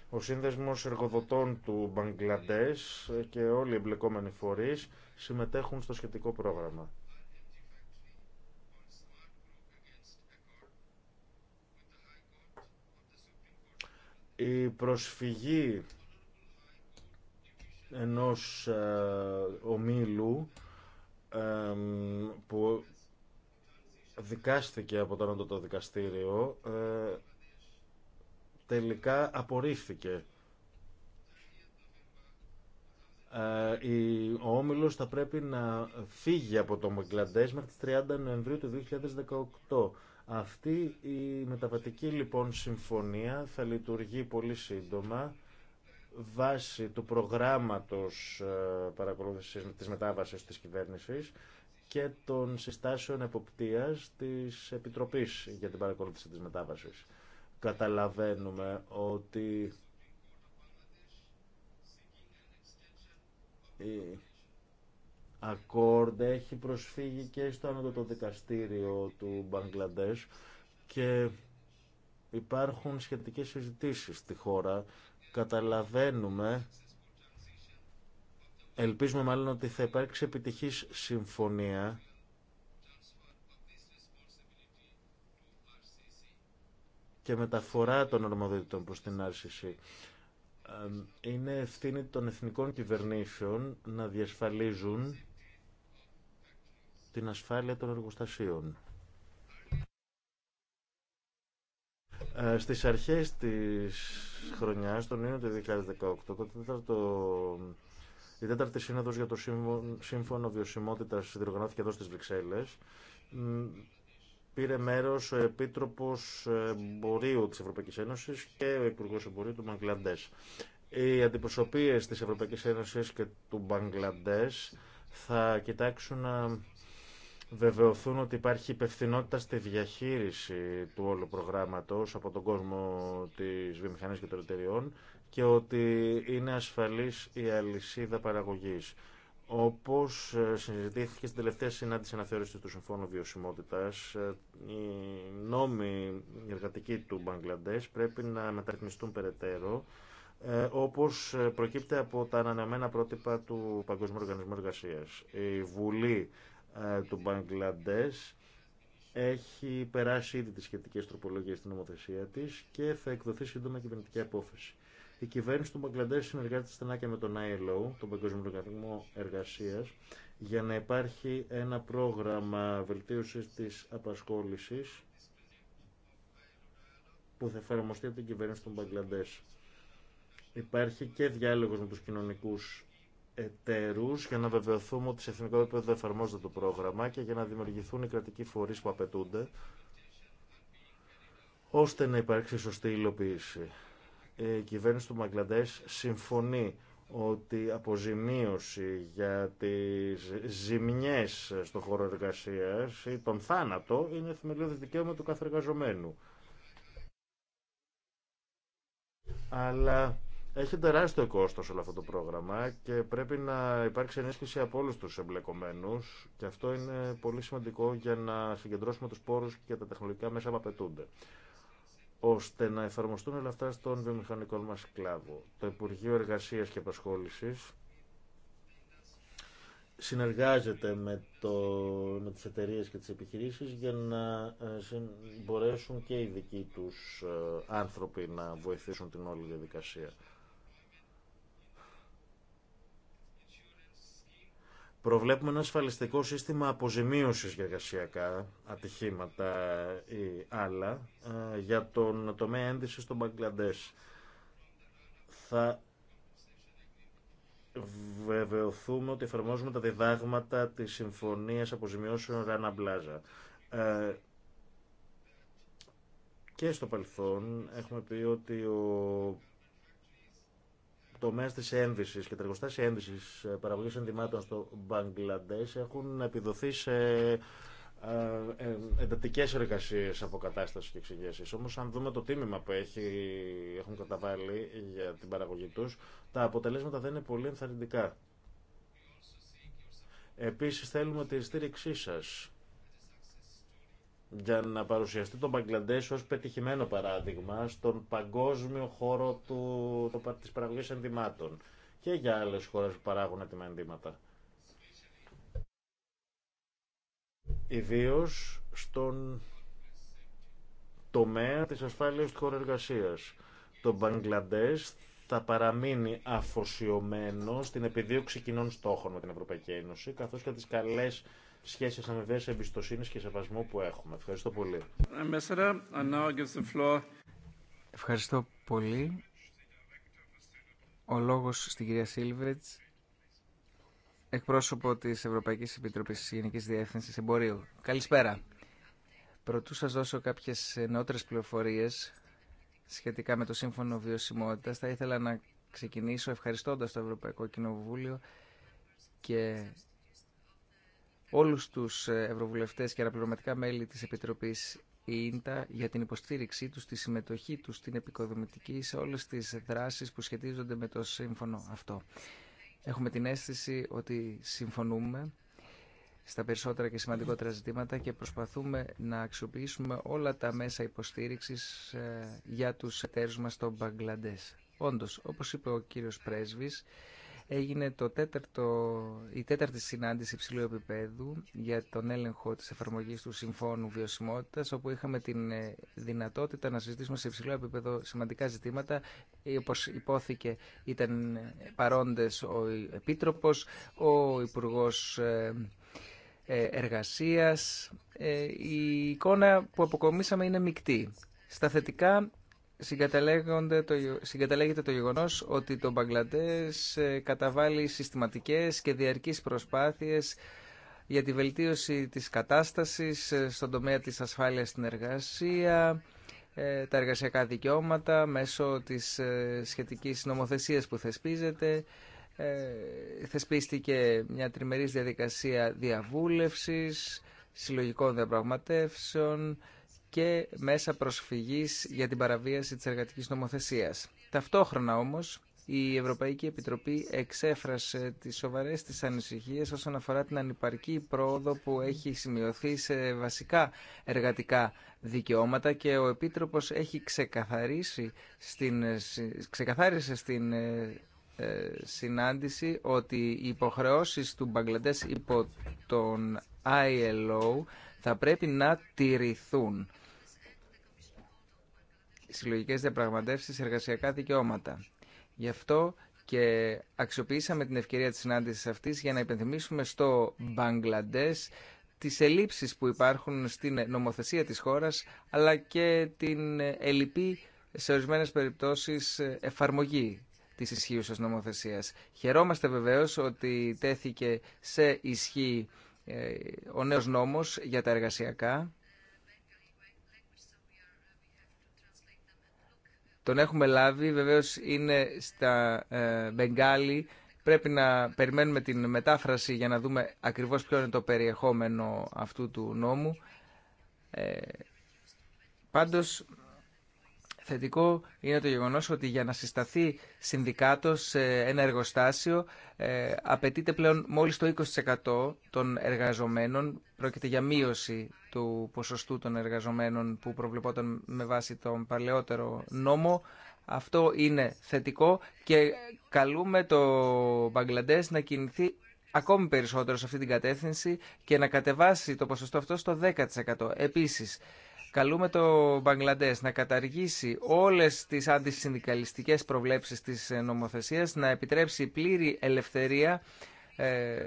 ο σύνδεσμος εργοδοτών του Μπαγκλαντές και όλοι οι εμπλεκόμενοι φορείς συμμετέχουν στο σχετικό πρόγραμμα. Η προσφυγή ενός ε, ομίλου ε, που δικάστηκε από το το Δικαστήριο ε, τελικά απορρίφθηκε. ο Όμιλος θα πρέπει να φύγει από το Μογκλαντές μέχρι τις 30 Νοεμβρίου του 2018. Αυτή η μεταβατική λοιπόν συμφωνία θα λειτουργεί πολύ σύντομα βάσει του προγράμματος ε, παρακολούθησης της μετάβασης της κυβέρνησης και των συστάσεων εποπτείας της Επιτροπής για την παρακολούθηση της μετάβασης. Καταλαβαίνουμε ότι ακόρντε έχει προσφύγει και στο το Δικαστήριο του Μπαγκλαντές και υπάρχουν σχετικές συζητήσεις στη χώρα. Καταλαβαίνουμε, ελπίζουμε μάλλον ότι θα υπάρξει επιτυχής συμφωνία και μεταφορά των ορμοδοτητών προς την RCC. Ε, είναι ευθύνη των εθνικών κυβερνήσεων να διασφαλίζουν την ασφάλεια των εργοστασίων. Ε, στις αρχές της χρονιάς, τον Ιούνιο του 2018, το τέταρτο, η τέταρτη σύνοδος για το Σύμφωνο Βιωσιμότητας διοργανώθηκε εδώ στις Βρυξέλλες. Πήρε μέρος ο Επίτροπος Εμπορίου της Ευρωπαϊκής Ένωσης και ο Υπουργός Εμπορίου του Μαγκλαντές. Οι αντιπροσωπείες της Ευρωπαϊκής Ένωσης και του Μπαγκλαντές θα κοιτάξουν να βεβαιωθούν ότι υπάρχει υπευθυνότητα στη διαχείριση του όλου προγράμματος από τον κόσμο της βιομηχανίας και των εταιριών και ότι είναι ασφαλής η αλυσίδα παραγωγής. Όπως ε, συζητήθηκε στην τελευταία συνάντηση αναθεώρηση του Συμφώνου Βιωσιμότητα, ε, οι νόμοι εργατικοί του Μπαγκλαντές πρέπει να μεταρρυθμιστούν περαιτέρω ε, όπως προκύπτει από τα ανανεωμένα πρότυπα του Παγκόσμιου Οργανισμού Εργασίας. Η Βουλή ε, του Μπαγκλαντές έχει περάσει ήδη τις σχετικές τροπολογίες στην νομοθεσία της και θα εκδοθεί σύντομα κυβερνητική απόφαση. Η κυβέρνηση του Μπαγκλαντές συνεργάζεται στενά και με τον ILO, τον Παγκόσμιο Οργανισμό Εργασίας, για να υπάρχει ένα πρόγραμμα βελτίωσης της απασχόλησης που θα εφαρμοστεί από την κυβέρνηση του Μπαγκλαντές. Υπάρχει και διάλογος με τους κοινωνικούς εταίρου για να βεβαιωθούμε ότι σε εθνικό επίπεδο εφαρμόζεται το πρόγραμμα και για να δημιουργηθούν οι κρατικοί φορείς που απαιτούνται ώστε να υπάρξει σωστή υλοποίηση. Η κυβέρνηση του Μαγκλαντές συμφωνεί ότι αποζημίωση για τις ζημιές στον χώρο εργασίας ή τον θάνατο είναι θεμελιώδη δικαίωμα του κάθε Αλλά έχει τεράστιο κόστος όλο αυτό το πρόγραμμα και πρέπει να υπάρξει ενίσχυση από όλους τους εμπλεκομένους και αυτό είναι πολύ σημαντικό για να συγκεντρώσουμε τους πόρους και τα τεχνολογικά μέσα που απαιτούνται ώστε να εφαρμοστούν όλα αυτά στον βιομηχανικό μας κλάδο. Το Υπουργείο Εργασίας και Απασχόλησης συνεργάζεται με, το, με τις εταιρείες και τις επιχειρήσεις για να ε, μπορέσουν και οι δικοί τους ε, άνθρωποι να βοηθήσουν την όλη διαδικασία. Προβλέπουμε ένα ασφαλιστικό σύστημα αποζημίωσης για εργασιακά ατυχήματα ή άλλα ε, για τον τομέα ένδυσης των Μπαγκλαντές. Θα βεβαιωθούμε ότι εφαρμόζουμε τα διδάγματα της Συμφωνίας Αποζημιώσεων Ράνα Μπλάζα. Ε, και στο παρελθόν έχουμε πει ότι ο τομέα τη ένδυση και τα εργοστάσια ένδυση ε, παραγωγή ενδυμάτων στο Μπαγκλαντέ έχουν επιδοθεί σε ε, ε, εντατικέ εργασίε αποκατάσταση και εξηγήσει. Όμω, αν δούμε το τίμημα που έχει, έχουν καταβάλει για την παραγωγή του, τα αποτελέσματα δεν είναι πολύ ενθαρρυντικά. Επίση, θέλουμε τη στήριξή σα για να παρουσιαστεί το Μπαγκλαντές ως πετυχημένο παράδειγμα στον παγκόσμιο χώρο του, της παραγωγής ενδυμάτων και για άλλες χώρες που παράγουν έτοιμα ενδύματα. Ιδίως στον τομέα της ασφάλειας του χώρου εργασίας. Το Μπαγκλαντές θα παραμείνει αφοσιωμένο στην επιδίωξη κοινών στόχων με την Ευρωπαϊκή Ένωση, καθώς και τις καλές σχέσεις αμοιβαίας εμπιστοσύνης και σεβασμού που έχουμε. Ευχαριστώ πολύ. Ευχαριστώ πολύ. Ο λόγος στην κυρία Σίλβριτς, εκπρόσωπο της Ευρωπαϊκής Επιτροπής Γενικής Διεύθυνσης Εμπορίου. Καλησπέρα. Πρωτού σας δώσω κάποιες νεότερες πληροφορίες σχετικά με το Σύμφωνο Βιωσιμότητας, θα ήθελα να ξεκινήσω ευχαριστώντας το Ευρωπαϊκό Κοινοβούλιο και όλους τους ε, ευρωβουλευτές και αναπληρωματικά μέλη της Επιτροπής ΙΝΤΑ για την υποστήριξή τους, τη συμμετοχή τους στην επικοδομητική σε όλες τις δράσεις που σχετίζονται με το σύμφωνο αυτό. Έχουμε την αίσθηση ότι συμφωνούμε στα περισσότερα και σημαντικότερα ζητήματα και προσπαθούμε να αξιοποιήσουμε όλα τα μέσα υποστήριξης ε, για τους εταίρους μας στο Μπαγκλαντές. Όντως, όπως είπε ο κύριος Πρέσβης, έγινε το τέταρτο, η τέταρτη συνάντηση υψηλού επίπεδου για τον έλεγχο της εφαρμογής του Συμφώνου Βιωσιμότητας, όπου είχαμε την ε, δυνατότητα να συζητήσουμε σε υψηλό επίπεδο σημαντικά ζητήματα. Ε, όπως υπόθηκε ήταν ε, παρόντες ο Επίτροπος, ο Υπουργός Εργασίας. Η εικόνα που αποκομίσαμε είναι μεικτή. Στα θετικά το, συγκαταλέγεται το γεγονός ότι το Μπαγκλαντές ε, καταβάλει συστηματικές και διαρκείς προσπάθειες για τη βελτίωση της κατάστασης ε, στον τομέα της ασφάλειας στην εργασία, ε, τα εργασιακά δικαιώματα μέσω της σχετικής νομοθεσίας που θεσπίζεται. Θεσπίστηκε μια τριμερής διαδικασία διαβούλευσης, συλλογικών διαπραγματεύσεων, και μέσα προσφυγής για την παραβίαση της εργατικής νομοθεσίας. Ταυτόχρονα όμως, η Ευρωπαϊκή Επιτροπή εξέφρασε τις σοβαρές της ανησυχίες όσον αφορά την ανυπαρκή πρόοδο που έχει σημειωθεί σε βασικά εργατικά δικαιώματα και ο Επίτροπος έχει ξεκαθαρίσει στην, ξεκαθάρισε στην ε, ε, συνάντηση ότι οι υποχρεώσεις του Μπαγκλαντές υπό τον ILO θα πρέπει να τηρηθούν συλλογικές διαπραγματεύσει, εργασιακά δικαιώματα. Γι' αυτό και αξιοποιήσαμε την ευκαιρία της συνάντησης αυτής για να υπενθυμίσουμε στο Μπαγκλαντές τις ελλείψεις που υπάρχουν στην νομοθεσία της χώρας αλλά και την ελλειπή σε ορισμένε περιπτώσεις εφαρμογή της ισχύουσας νομοθεσίας. Χαιρόμαστε βεβαίως ότι τέθηκε σε ισχύ ε, ο νέος νόμος για τα εργασιακά Τον έχουμε λάβει, βεβαίως είναι στα ε, Πρέπει να περιμένουμε την μετάφραση για να δούμε ακριβώς ποιο είναι το περιεχόμενο αυτού του νόμου. Ε, πάντως, θετικό είναι το γεγονός ότι για να συσταθεί συνδικάτο σε ένα εργοστάσιο ε, απαιτείται πλέον μόλι το 20% των εργαζομένων. Πρόκειται για μείωση του ποσοστού των εργαζομένων που προβλεπόταν με βάση τον παλαιότερο νόμο. Αυτό είναι θετικό και καλούμε το Μπαγκλαντές να κινηθεί ακόμη περισσότερο σε αυτή την κατεύθυνση και να κατεβάσει το ποσοστό αυτό στο 10%. Επίσης, καλούμε το Μπαγκλαντές να καταργήσει όλες τις αντισυνδικαλιστικές προβλέψεις της νομοθεσίας, να επιτρέψει πλήρη ελευθερία ε,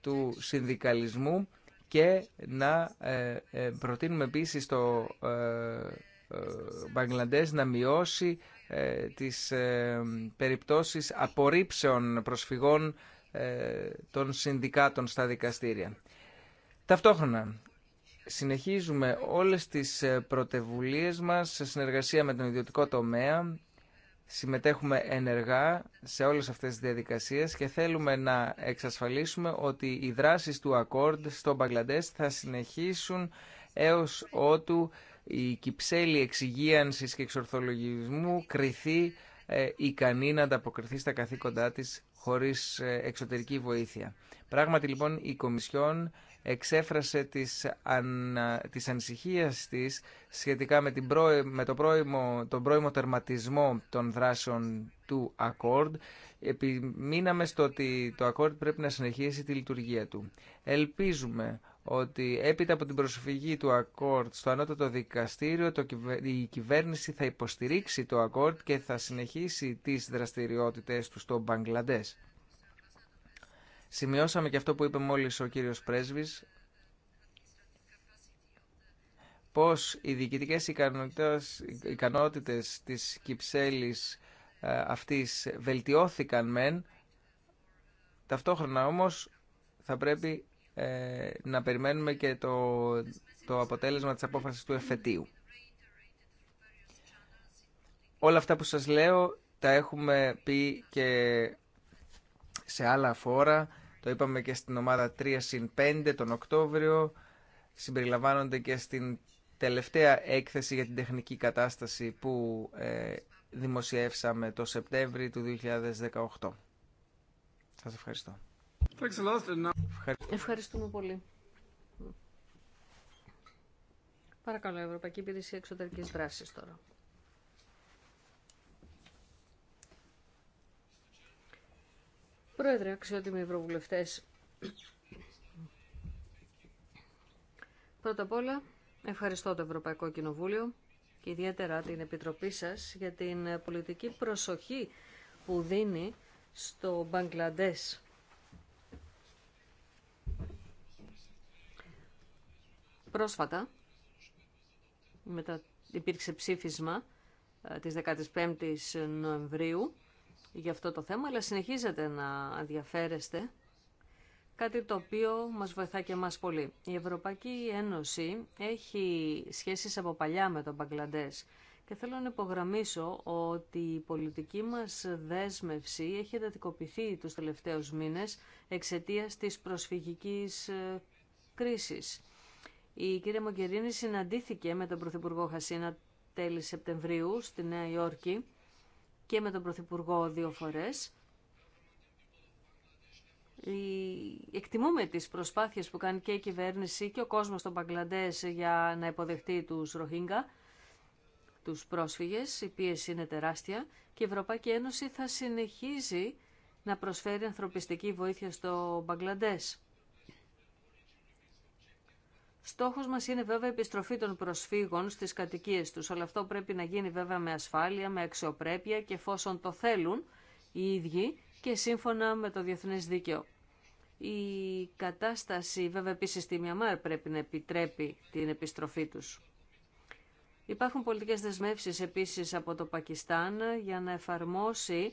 του συνδικαλισμού και να ε, ε, προτείνουμε επίσης το ε, Μπαγκλαντές να μειώσει τις περιπτώσεις απορρίψεων προσφυγών των συνδικάτων στα δικαστήρια. Ταυτόχρονα, συνεχίζουμε όλες τις πρωτεβουλίες μας σε συνεργασία με τον ιδιωτικό τομέα συμμετέχουμε ενεργά σε όλες αυτές τις διαδικασίες και θέλουμε να εξασφαλίσουμε ότι οι δράσεις του Accord στο Μπαγκλαντές θα συνεχίσουν έως ότου η κυψέλη εξυγίανσης και εξορθολογισμού κριθεί ε, ικανή να ανταποκριθεί στα καθήκοντά της χωρίς ε, εξωτερική βοήθεια. Πράγματι λοιπόν η Κομισιόν εξέφρασε τις, αν, τις ανησυχίες της σχετικά με, την το πρώιμο, τον πρώιμο τερματισμό των δράσεων του Accord. Επιμείναμε στο ότι το Accord πρέπει να συνεχίσει τη λειτουργία του. Ελπίζουμε ότι έπειτα από την προσφυγή του Ακόρτ στο Ανώτατο Δικαστήριο το, η κυβέρνηση θα υποστηρίξει το Accord και θα συνεχίσει τις δραστηριότητες του στο Μπαγκλαντές. Σημειώσαμε και αυτό που είπε μόλις ο κύριος Πρέσβης, πώς οι διοικητικές ικανότητες της Κυψέλης ε, αυτής βελτιώθηκαν μεν, ταυτόχρονα όμως θα πρέπει ε, να περιμένουμε και το, το αποτέλεσμα της απόφασης του εφετείου. Όλα αυτά που σας λέω τα έχουμε πει και σε άλλα φόρα. Το είπαμε και στην ομάδα 3 5 τον Οκτώβριο. Συμπεριλαμβάνονται και στην τελευταία έκθεση για την τεχνική κατάσταση που ε, δημοσιεύσαμε το Σεπτέμβριο του 2018. Σας ευχαριστώ. Ευχαριστούμε πολύ. Παρακαλώ, Ευρωπαϊκή Υπηρεσία Εξωτερικής Δράσης τώρα. Πρόεδρε, αξιότιμοι ευρωβουλευτές, πρώτα απ' όλα ευχαριστώ το Ευρωπαϊκό Κοινοβούλιο και ιδιαίτερα την Επιτροπή σας για την πολιτική προσοχή που δίνει στο Μπαγκλαντές. Πρόσφατα μετά υπήρξε ψήφισμα ε, της 15ης Νοεμβρίου για αυτό το θέμα, αλλά συνεχίζετε να ενδιαφέρεστε, κάτι το οποίο μας βοηθά και εμάς πολύ. Η Ευρωπαϊκή Ένωση έχει σχέσεις από παλιά με τον Μπαγκλαντές και θέλω να υπογραμμίσω ότι η πολιτική μας δέσμευση έχει εντατικοποιηθεί τους τελευταίους μήνες εξαιτίας της προσφυγικής ε, κρίσης. Η κυρία Μογκερίνη συναντήθηκε με τον Πρωθυπουργό Χασίνα τέλη Σεπτεμβρίου στη Νέα Υόρκη και με τον Πρωθυπουργό δύο φορές. Εκτιμούμε τις προσπάθειες που κάνει και η κυβέρνηση και ο κόσμος των Παγκλαντές για να υποδεχτεί τους Ροχίνγκα, τους πρόσφυγες, η πίεση είναι τεράστια και η Ευρωπαϊκή Ένωση θα συνεχίζει να προσφέρει ανθρωπιστική βοήθεια στο Μπαγκλαντές. Στόχος μας είναι βέβαια η επιστροφή των προσφύγων στις κατοικίε τους, αλλά αυτό πρέπει να γίνει βέβαια με ασφάλεια, με αξιοπρέπεια και εφόσον το θέλουν οι ίδιοι και σύμφωνα με το διεθνές δίκαιο. Η κατάσταση βέβαια επίση στη Μιαμάρ πρέπει να επιτρέπει την επιστροφή τους. Υπάρχουν πολιτικές δεσμεύσεις επίσης από το Πακιστάν για να εφαρμόσει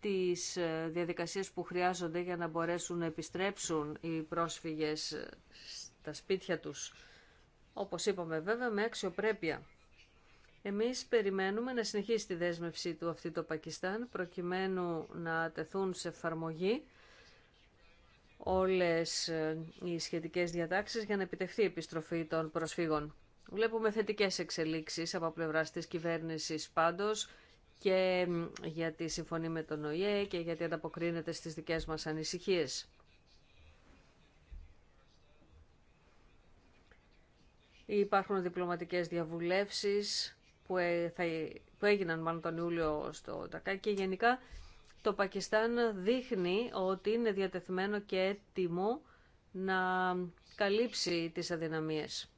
τις ε, διαδικασίες που χρειάζονται για να μπορέσουν να επιστρέψουν οι πρόσφυγες τα σπίτια τους. Όπως είπαμε βέβαια με αξιοπρέπεια. Εμείς περιμένουμε να συνεχίσει τη δέσμευσή του αυτή το Πακιστάν προκειμένου να τεθούν σε εφαρμογή όλες ε, οι σχετικές διατάξεις για να επιτευχθεί η επιστροφή των προσφύγων. Βλέπουμε θετικές εξελίξεις από πλευρά της κυβέρνησης πάντως και τη συμφωνεί με τον ΟΗΕ και γιατί ανταποκρίνεται στις δικές μας ανησυχίες. Υπάρχουν διπλωματικές διαβουλεύσεις που, ε, θα, που έγιναν μάλλον τον Ιούλιο στο Τακά και γενικά το Πακιστάν δείχνει ότι είναι διατεθμένο και έτοιμο να καλύψει τις αδυναμίες.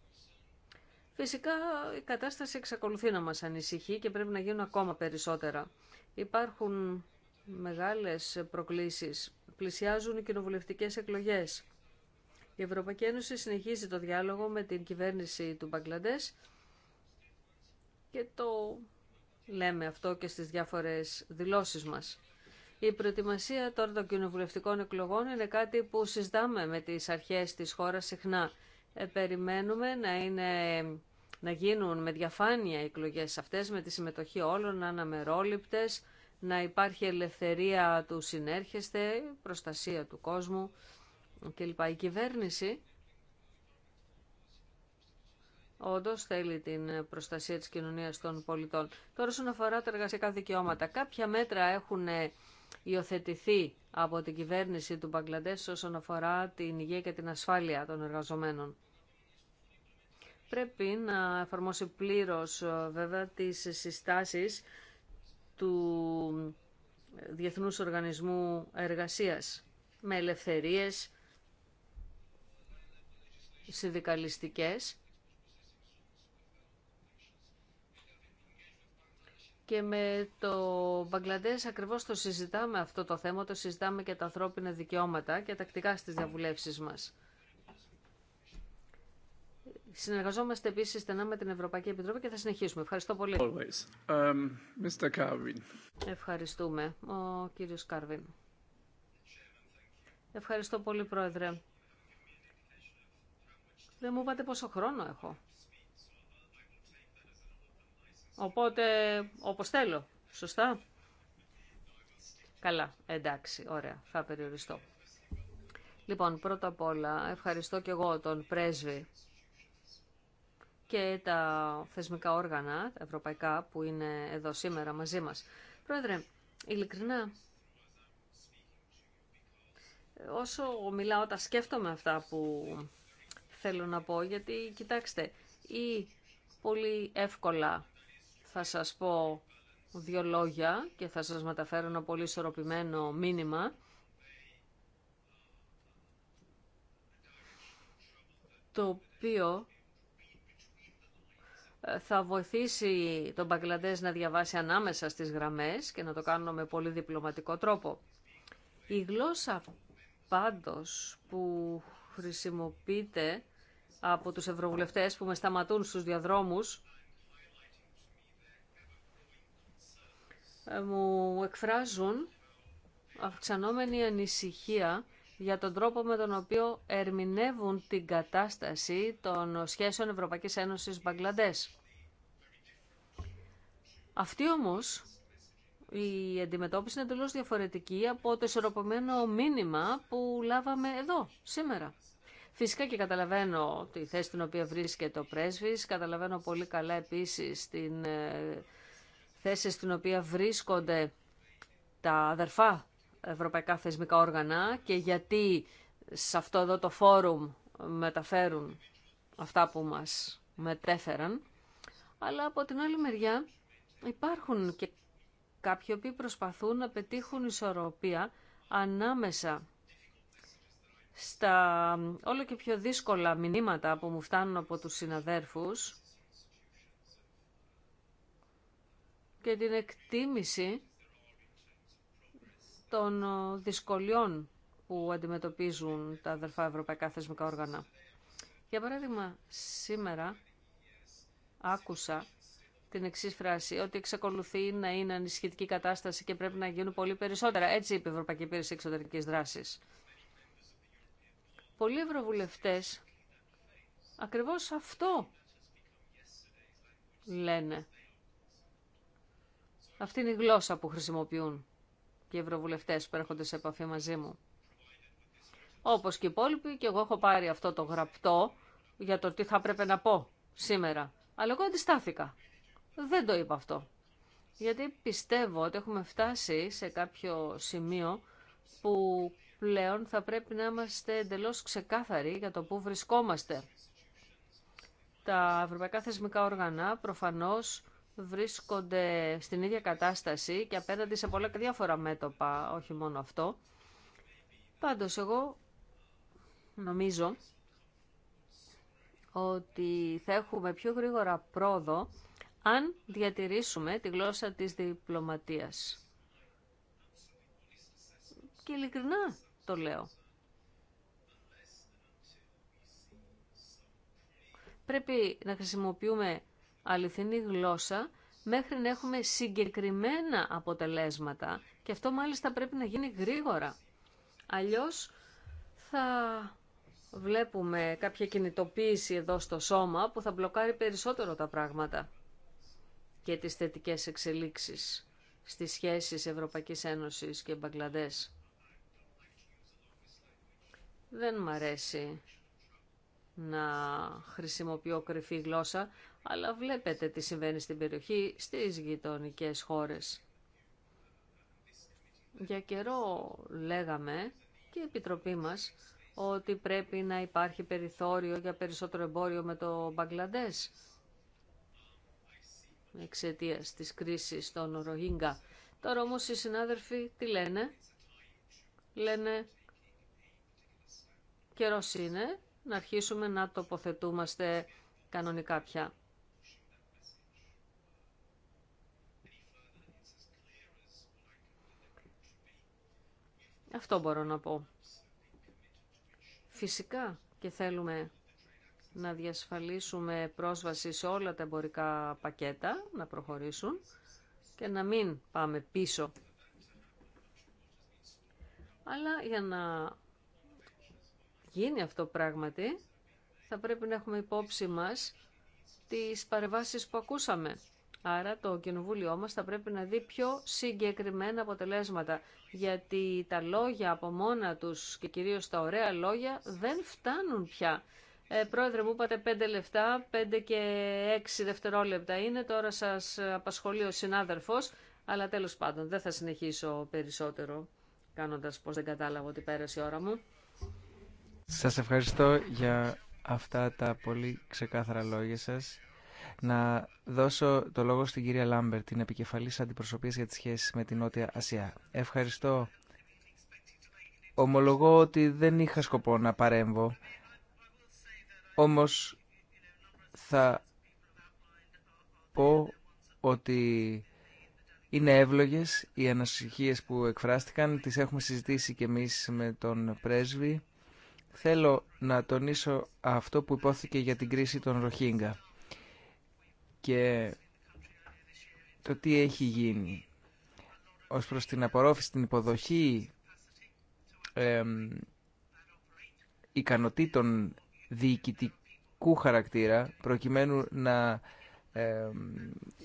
Φυσικά η κατάσταση εξακολουθεί να μας ανησυχεί και πρέπει να γίνουν ακόμα περισσότερα. Υπάρχουν μεγάλες προκλήσεις. Πλησιάζουν οι κοινοβουλευτικές εκλογές. Η Ευρωπαϊκή Ένωση συνεχίζει το διάλογο με την κυβέρνηση του Μπαγκλαντές και το λέμε αυτό και στις διάφορες δηλώσεις μας. Η προετοιμασία τώρα των κοινοβουλευτικών εκλογών είναι κάτι που συζητάμε με τις αρχές της χώρας συχνά. Ε, περιμένουμε να, είναι, να γίνουν με διαφάνεια οι εκλογές αυτές, με τη συμμετοχή όλων, αναμερόληπτες, να υπάρχει ελευθερία του συνέρχεστε, προστασία του κόσμου κλπ. Η κυβέρνηση όντω θέλει την προστασία της κοινωνίας των πολιτών. Τώρα, όσον αφορά τα εργασιακά δικαιώματα, κάποια μέτρα έχουν υιοθετηθεί από την κυβέρνηση του Μπαγκλαντές όσον αφορά την υγεία και την ασφάλεια των εργαζομένων. Πρέπει να εφαρμόσει πλήρως βέβαια τις συστάσεις του Διεθνούς Οργανισμού Εργασίας με ελευθερίες, συνδικαλιστικές και με το Μπαγκλαντές ακριβώς το συζητάμε αυτό το θέμα, το συζητάμε και τα ανθρώπινα δικαιώματα και τακτικά στις διαβουλεύσεις μας. Συνεργαζόμαστε επίσης στενά με την Ευρωπαϊκή Επιτροπή και θα συνεχίσουμε. Ευχαριστώ πολύ. Um, Mr. Carvin. Ευχαριστούμε, ο κύριος Κάρβιν. Ευχαριστώ πολύ, Πρόεδρε. Δεν μου είπατε πόσο χρόνο έχω. Οπότε, όπως θέλω. Σωστά. Καλά, εντάξει, ωραία, θα περιοριστώ. Λοιπόν, πρώτα απ' όλα, ευχαριστώ και εγώ τον πρέσβη και τα θεσμικά όργανα, τα ευρωπαϊκά, που είναι εδώ σήμερα μαζί μας. Πρόεδρε, ειλικρινά, όσο μιλάω, τα σκέφτομαι αυτά που θέλω να πω, γιατί κοιτάξτε, ή πολύ εύκολα θα σας πω δύο λόγια και θα σας μεταφέρω ένα πολύ ισορροπημένο μήνυμα, το οποίο ε, θα βοηθήσει τον Μπαγκλαντές να διαβάσει ανάμεσα στις γραμμές και να το κάνουμε με πολύ διπλωματικό τρόπο. Η γλώσσα πάντως που χρησιμοποιείται από τους ευρωβουλευτές που με σταματούν στους διαδρόμους ε, μου εκφράζουν αυξανόμενη ανησυχία για τον τρόπο με τον οποίο ερμηνεύουν την κατάσταση των σχέσεων Ευρωπαϊκής Ένωσης Μπαγκλαντές. Αυτοί όμως η αντιμετώπιση είναι εντελώ διαφορετική από το ισορροπημένο μήνυμα που λάβαμε εδώ σήμερα. Φυσικά και καταλαβαίνω τη θέση την οποία βρίσκεται ο πρέσβης, καταλαβαίνω πολύ καλά επίσης την ε, θέση στην οποία βρίσκονται τα αδερφά ευρωπαϊκά θεσμικά όργανα και γιατί σε αυτό εδώ το φόρουμ μεταφέρουν αυτά που μας μετέφεραν. Αλλά από την άλλη μεριά υπάρχουν και κάποιοι οποίοι προσπαθούν να πετύχουν ισορροπία ανάμεσα στα όλο και πιο δύσκολα μηνύματα που μου φτάνουν από τους συναδέρφους και την εκτίμηση των δυσκολιών που αντιμετωπίζουν τα αδερφά ευρωπαϊκά θεσμικά όργανα. Για παράδειγμα, σήμερα άκουσα την εξή φράση, ότι εξακολουθεί να είναι ανησυχητική κατάσταση και πρέπει να γίνουν πολύ περισσότερα. Έτσι είπε η Ευρωπαϊκή Επίρρηση Εξωτερική Δράση. Πολλοί ευρωβουλευτέ ακριβώ αυτό λένε. Αυτή είναι η γλώσσα που χρησιμοποιούν και οι ευρωβουλευτέ που έρχονται σε επαφή μαζί μου. Όπως και οι υπόλοιποι, και εγώ έχω πάρει αυτό το γραπτό για το τι θα πρέπει να πω σήμερα. Αλλά εγώ αντιστάθηκα δεν το είπα αυτό. Γιατί πιστεύω ότι έχουμε φτάσει σε κάποιο σημείο που πλέον θα πρέπει να είμαστε εντελώ ξεκάθαροι για το πού βρισκόμαστε. Τα ευρωπαϊκά θεσμικά όργανα προφανώς βρίσκονται στην ίδια κατάσταση και απέναντι σε πολλά και διάφορα μέτωπα, όχι μόνο αυτό. Πάντως εγώ νομίζω ότι θα έχουμε πιο γρήγορα πρόοδο αν διατηρήσουμε τη γλώσσα της διπλωματίας. Και ειλικρινά το λέω. Πρέπει να χρησιμοποιούμε αληθινή γλώσσα μέχρι να έχουμε συγκεκριμένα αποτελέσματα και αυτό μάλιστα πρέπει να γίνει γρήγορα. Αλλιώς θα βλέπουμε κάποια κινητοποίηση εδώ στο σώμα που θα μπλοκάρει περισσότερο τα πράγματα και τις θετικές εξελίξεις στις σχέσεις Ευρωπαϊκής Ένωσης και Μπαγκλαντές. Δεν μ' αρέσει να χρησιμοποιώ κρυφή γλώσσα, αλλά βλέπετε τι συμβαίνει στην περιοχή, στις γειτονικέ χώρες. Για καιρό λέγαμε και η Επιτροπή μας ότι πρέπει να υπάρχει περιθώριο για περισσότερο εμπόριο με το Μπαγκλαντές εξαιτία της κρίσης των Ροχίνγκα. Τώρα όμως οι συνάδελφοι τι λένε. Λένε καιρός είναι να αρχίσουμε να τοποθετούμαστε κανονικά πια. Αυτό μπορώ να πω. Φυσικά και θέλουμε να διασφαλίσουμε πρόσβαση σε όλα τα εμπορικά πακέτα, να προχωρήσουν και να μην πάμε πίσω. Αλλά για να γίνει αυτό πράγματι, θα πρέπει να έχουμε υπόψη μας τις παρεμβάσεις που ακούσαμε. Άρα το κοινοβούλιο μας θα πρέπει να δει πιο συγκεκριμένα αποτελέσματα, γιατί τα λόγια από μόνα τους και κυρίως τα ωραία λόγια δεν φτάνουν πια. Ε, πρόεδρε, μου είπατε 5 λεπτά, 5 και 6 δευτερόλεπτα είναι. Τώρα σας απασχολεί ο συνάδελφο, αλλά τέλος πάντων δεν θα συνεχίσω περισσότερο, κάνοντας πώ δεν κατάλαβα ότι πέρασε η ώρα μου. Σας ευχαριστώ για αυτά τα πολύ ξεκάθαρα λόγια σας. Να δώσω το λόγο στην κυρία Λάμπερ, την επικεφαλής αντιπροσωπείας για τις σχέσει με την Νότια Ασία. Ευχαριστώ. Ομολογώ ότι δεν είχα σκοπό να παρέμβω όμως θα πω ότι είναι εύλογες οι ανασυχίες που εκφράστηκαν. Τις έχουμε συζητήσει και εμείς με τον πρέσβη. Θέλω να τονίσω αυτό που υπόθηκε για την κρίση των Ροχίνγκα και το τι έχει γίνει ως προς την απορρόφηση, την υποδοχή ε, ικανοτήτων διοικητικού χαρακτήρα προκειμένου να ε,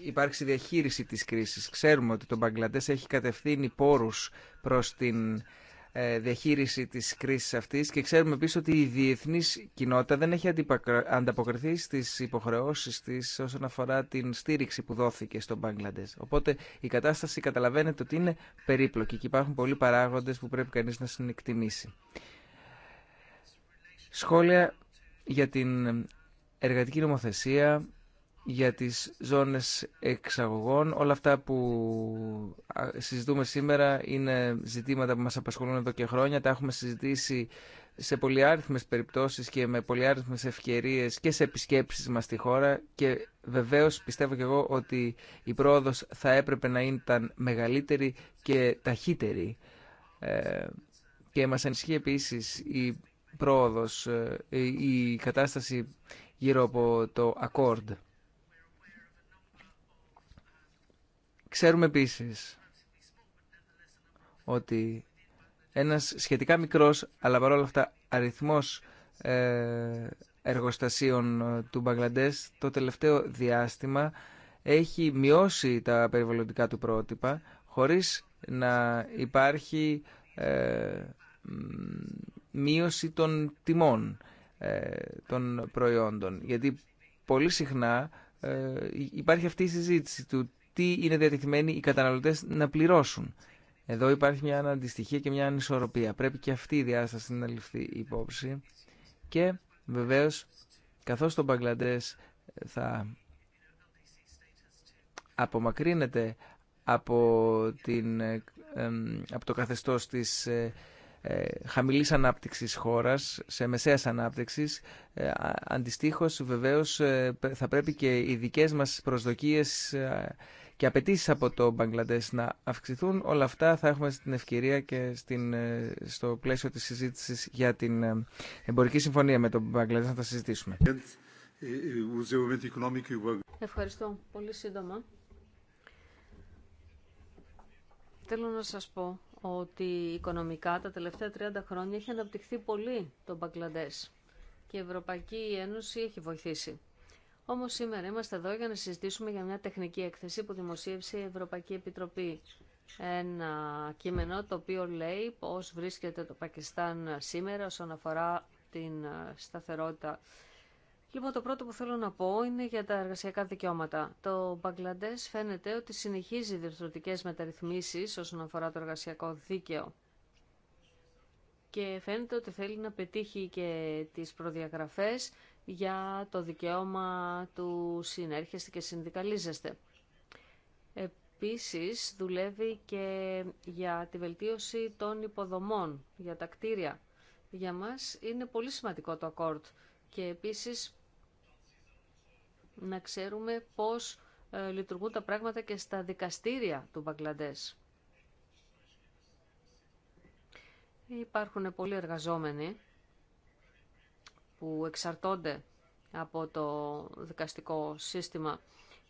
υπάρξει διαχείριση της κρίσης. Ξέρουμε ότι το Μπαγκλαντές έχει κατευθύνει πόρους προς την ε, διαχείριση της κρίσης αυτής και ξέρουμε επίσης ότι η διεθνής κοινότητα δεν έχει ανταποκριθεί στις υποχρεώσεις της όσον αφορά την στήριξη που δόθηκε στον Μπαγκλαντές. Οπότε η κατάσταση καταλαβαίνετε ότι είναι περίπλοκη και υπάρχουν πολλοί παράγοντες που πρέπει κανείς να συνεκτιμήσει. Σχόλια για την εργατική νομοθεσία, για τις ζώνες εξαγωγών. Όλα αυτά που συζητούμε σήμερα είναι ζητήματα που μας απασχολούν εδώ και χρόνια. Τα έχουμε συζητήσει σε πολυάριθμες περιπτώσεις και με πολυάριθμες ευκαιρίες και σε επισκέψεις μας στη χώρα και βεβαίως πιστεύω και εγώ ότι η πρόοδος θα έπρεπε να ήταν μεγαλύτερη και ταχύτερη. Ε, και μας ανησυχεί επίσης η πρόοδος, ε, η κατάσταση γύρω από το Accord. Ξέρουμε επίσης ότι ένας σχετικά μικρός, αλλά παρόλα αυτά αριθμός ε, εργοστασίων ε, του Μπαγκλαντές το τελευταίο διάστημα έχει μειώσει τα περιβαλλοντικά του πρότυπα χωρίς να υπάρχει μείωση των τιμών ε, των προϊόντων. Γιατί πολύ συχνά ε, υπάρχει αυτή η συζήτηση του τι είναι διατεθειμένοι οι καταναλωτές να πληρώσουν. Εδώ υπάρχει μια αντιστοιχία και μια ανισορροπία. Πρέπει και αυτή η διάσταση να ληφθεί υπόψη. Και βεβαίως, καθώς το Μπαγκλαντές ε, θα απομακρύνεται από, την, από το καθεστώς της ε, χαμηλής ανάπτυξης χώρας σε μεσαίας ανάπτυξης. Ε, αντιστοίχως βεβαίως ε, θα πρέπει και οι δικές μας προσδοκίες και απαιτήσει από το Μπαγκλαντές να αυξηθούν. Όλα αυτά θα έχουμε στην ευκαιρία και στην, στο πλαίσιο της συζήτησης για την εμπορική συμφωνία με το Μπαγκλαντές να τα συζητήσουμε. Ευχαριστώ. Πολύ σύντομα. Θέλω να σας πω ότι οικονομικά τα τελευταία 30 χρόνια έχει αναπτυχθεί πολύ το Μπαγκλαντές και η Ευρωπαϊκή Ένωση έχει βοηθήσει. Όμως σήμερα είμαστε εδώ για να συζητήσουμε για μια τεχνική έκθεση που δημοσίευσε η Ευρωπαϊκή Επιτροπή. Ένα κείμενο το οποίο λέει πώς βρίσκεται το Πακιστάν σήμερα όσον αφορά την ε, σταθερότητα Λοιπόν, το πρώτο που θέλω να πω είναι για τα εργασιακά δικαιώματα. Το Μπαγκλαντές φαίνεται ότι συνεχίζει διευθυντικές μεταρρυθμίσεις όσον αφορά το εργασιακό δίκαιο. Και φαίνεται ότι θέλει να πετύχει και τις προδιαγραφές για το δικαίωμα του συνέρχεστε και συνδικαλίζεστε. Επίσης, δουλεύει και για τη βελτίωση των υποδομών, για τα κτίρια. Για μας είναι πολύ σημαντικό το ακόρτ και επίσης να ξέρουμε πώς ε, λειτουργούν τα πράγματα και στα δικαστήρια του Μπαγκλαντές. Υπάρχουν πολλοί εργαζόμενοι που εξαρτώνται από το δικαστικό σύστημα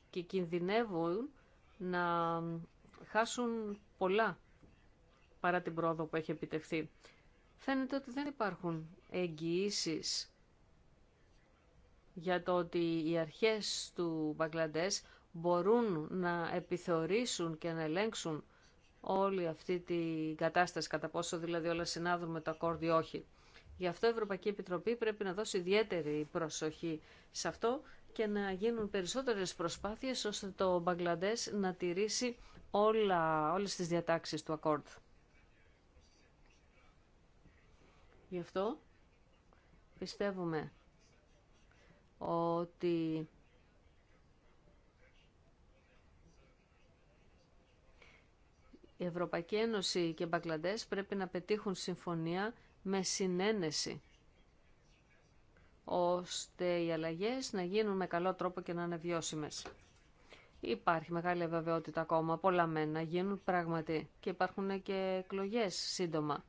και κινδυνεύουν να χάσουν πολλά παρά την πρόοδο που έχει επιτευχθεί. Φαίνεται ότι δεν υπάρχουν εγγυήσεις για το ότι οι αρχές του Μπαγκλαντές μπορούν να επιθεωρήσουν και να ελέγξουν όλη αυτή την κατάσταση, κατά πόσο δηλαδή όλα συνάδουν με το ακόρδι όχι. Γι' αυτό η Ευρωπαϊκή Επιτροπή πρέπει να δώσει ιδιαίτερη προσοχή σε αυτό και να γίνουν περισσότερες προσπάθειες ώστε το Μπαγκλαντές να τηρήσει όλα, όλες τις διατάξεις του ακόρδου. Γι' αυτό πιστεύουμε ότι η Ευρωπαϊκή Ένωση και οι Μπαγκλαντές πρέπει να πετύχουν συμφωνία με συνένεση ώστε οι αλλαγές να γίνουν με καλό τρόπο και να είναι βιώσιμες. Υπάρχει μεγάλη βεβαιότητα ακόμα, πολλά μένα γίνουν πράγματι και υπάρχουν και εκλογέ σύντομα.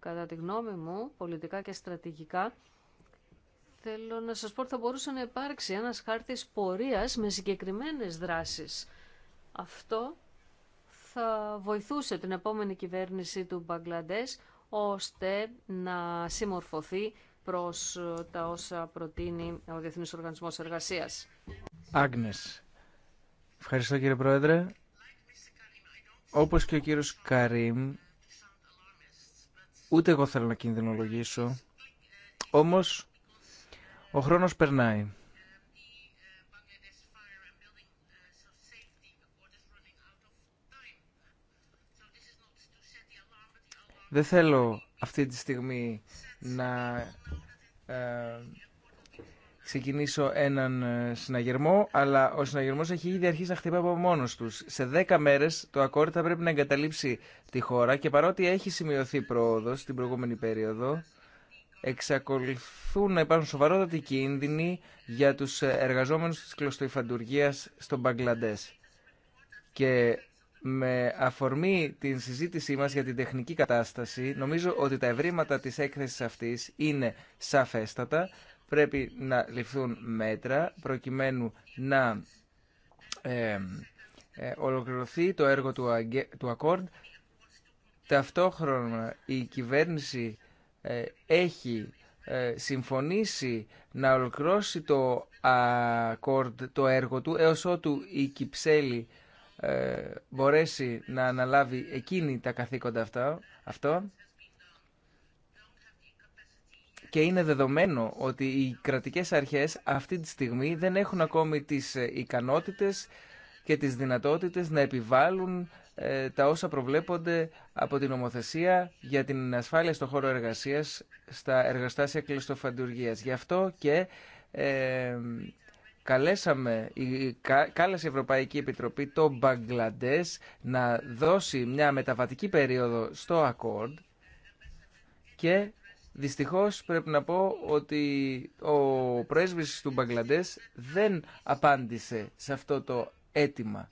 Κατά τη γνώμη μου, πολιτικά και στρατηγικά, Θέλω να σας πω ότι θα μπορούσε να υπάρξει ένας χάρτης πορείας με συγκεκριμένες δράσεις. Αυτό θα βοηθούσε την επόμενη κυβέρνηση του Μπαγκλαντές ώστε να συμμορφωθεί προς ε, τα όσα προτείνει ο Διεθνής Οργανισμός Εργασίας. Άγνες. Ευχαριστώ κύριε Πρόεδρε. Όπως και ο κύριος Καρίμ, ούτε εγώ θέλω να κινδυνολογήσω, όμως ο χρόνος περνάει. Δεν θέλω αυτή τη στιγμή να ε, ξεκινήσω έναν ε, συναγερμό, αλλά ο συναγερμός έχει ήδη αρχίσει να χτυπά από μόνος τους. Σε δέκα μέρες το ακόρι θα πρέπει να εγκαταλείψει τη χώρα και παρότι έχει σημειωθεί πρόοδος την προηγούμενη περίοδο, εξακολουθούν να υπάρχουν σοβαρότατοι κίνδυνοι για τους εργαζόμενους της κλωστοϊφαντουργίας στο Μπαγκλαντές. Και με αφορμή την συζήτησή μας για την τεχνική κατάσταση, νομίζω ότι τα ευρήματα της έκθεσης αυτής είναι σαφέστατα. Πρέπει να ληφθούν μέτρα προκειμένου να ε, ολοκληρωθεί το έργο του, του Ταυτόχρονα η κυβέρνηση ε, έχει ε, συμφωνήσει να ολοκληρώσει το κορδ, το έργο του έως ότου η Κυψέλη ε, μπορέσει να αναλάβει εκείνη τα καθήκοντα αυτά, αυτό και είναι δεδομένο ότι οι κρατικές αρχές αυτή τη στιγμή δεν έχουν ακόμη τις ικανότητες και τις δυνατότητες να επιβάλλουν ε, τα όσα προβλέπονται από την νομοθεσία για την ασφάλεια στον χώρο εργασίας στα εργαστάσια κλειστοφαντουργίας. Γι' αυτό και ε, καλέσαμε, η, κάλεσε η Ευρωπαϊκή Επιτροπή το Μπαγκλαντές να δώσει μια μεταβατική περίοδο στο Ακόρντ και δυστυχώς πρέπει να πω ότι ο πρέσβης του Μπαγκλαντές δεν απάντησε σε αυτό το αίτημα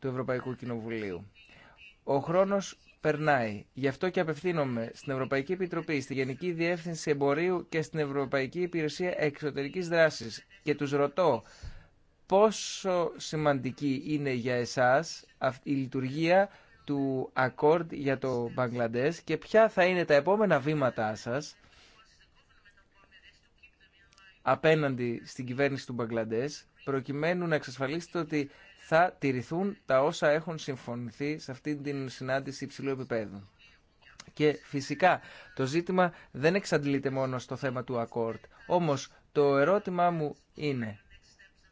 του Ευρωπαϊκού Κοινοβουλίου. Ο χρόνος περνάει. Γι' αυτό και απευθύνομαι στην Ευρωπαϊκή Επιτροπή, στη Γενική Διεύθυνση Εμπορίου και στην Ευρωπαϊκή Υπηρεσία Εξωτερικής Δράσης και τους ρωτώ πόσο σημαντική είναι για εσάς η λειτουργία του Ακόρντ για το Μπαγκλαντές και ποια θα είναι τα επόμενα βήματά σας απέναντι στην κυβέρνηση του Μπαγκλαντές προκειμένου να εξασφαλίσετε ότι θα τηρηθούν τα όσα έχουν συμφωνηθεί σε αυτή την συνάντηση υψηλού επίπεδου. Και φυσικά το ζήτημα δεν εξαντλείται μόνο στο θέμα του ακόρτ. Όμως το ερώτημά μου είναι,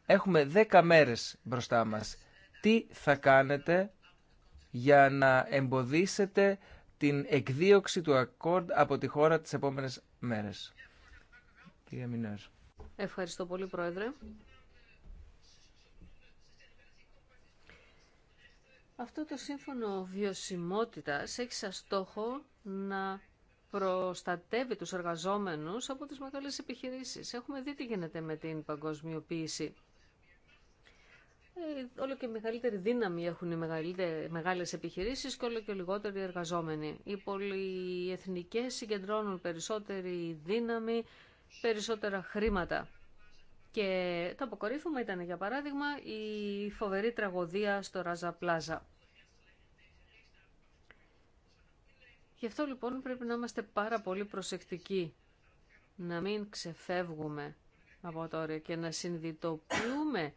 έχουμε 10 μέρες μπροστά μας. Τι θα κάνετε για να εμποδίσετε την εκδίωξη του ακόρτ από τη χώρα τις επόμενες μέρες. Ευχαριστώ πολύ, Πρόεδρε. Αυτό το σύμφωνο βιωσιμότητας έχει σαν στόχο να προστατεύει τους εργαζόμενους από τις μεγάλες επιχειρήσεις. Έχουμε δει τι γίνεται με την παγκοσμιοποίηση. Ε, όλο και μεγαλύτερη δύναμη έχουν οι μεγάλες επιχειρήσεις και όλο και λιγότεροι εργαζόμενοι. Οι πολυεθνικές συγκεντρώνουν περισσότερη δύναμη, περισσότερα χρήματα. Και το αποκορύφωμα ήταν, για παράδειγμα, η φοβερή τραγωδία στο Ραζα Πλάζα. Γι' αυτό λοιπόν πρέπει να είμαστε πάρα πολύ προσεκτικοί, να μην ξεφεύγουμε από τώρα και να συνειδητοποιούμε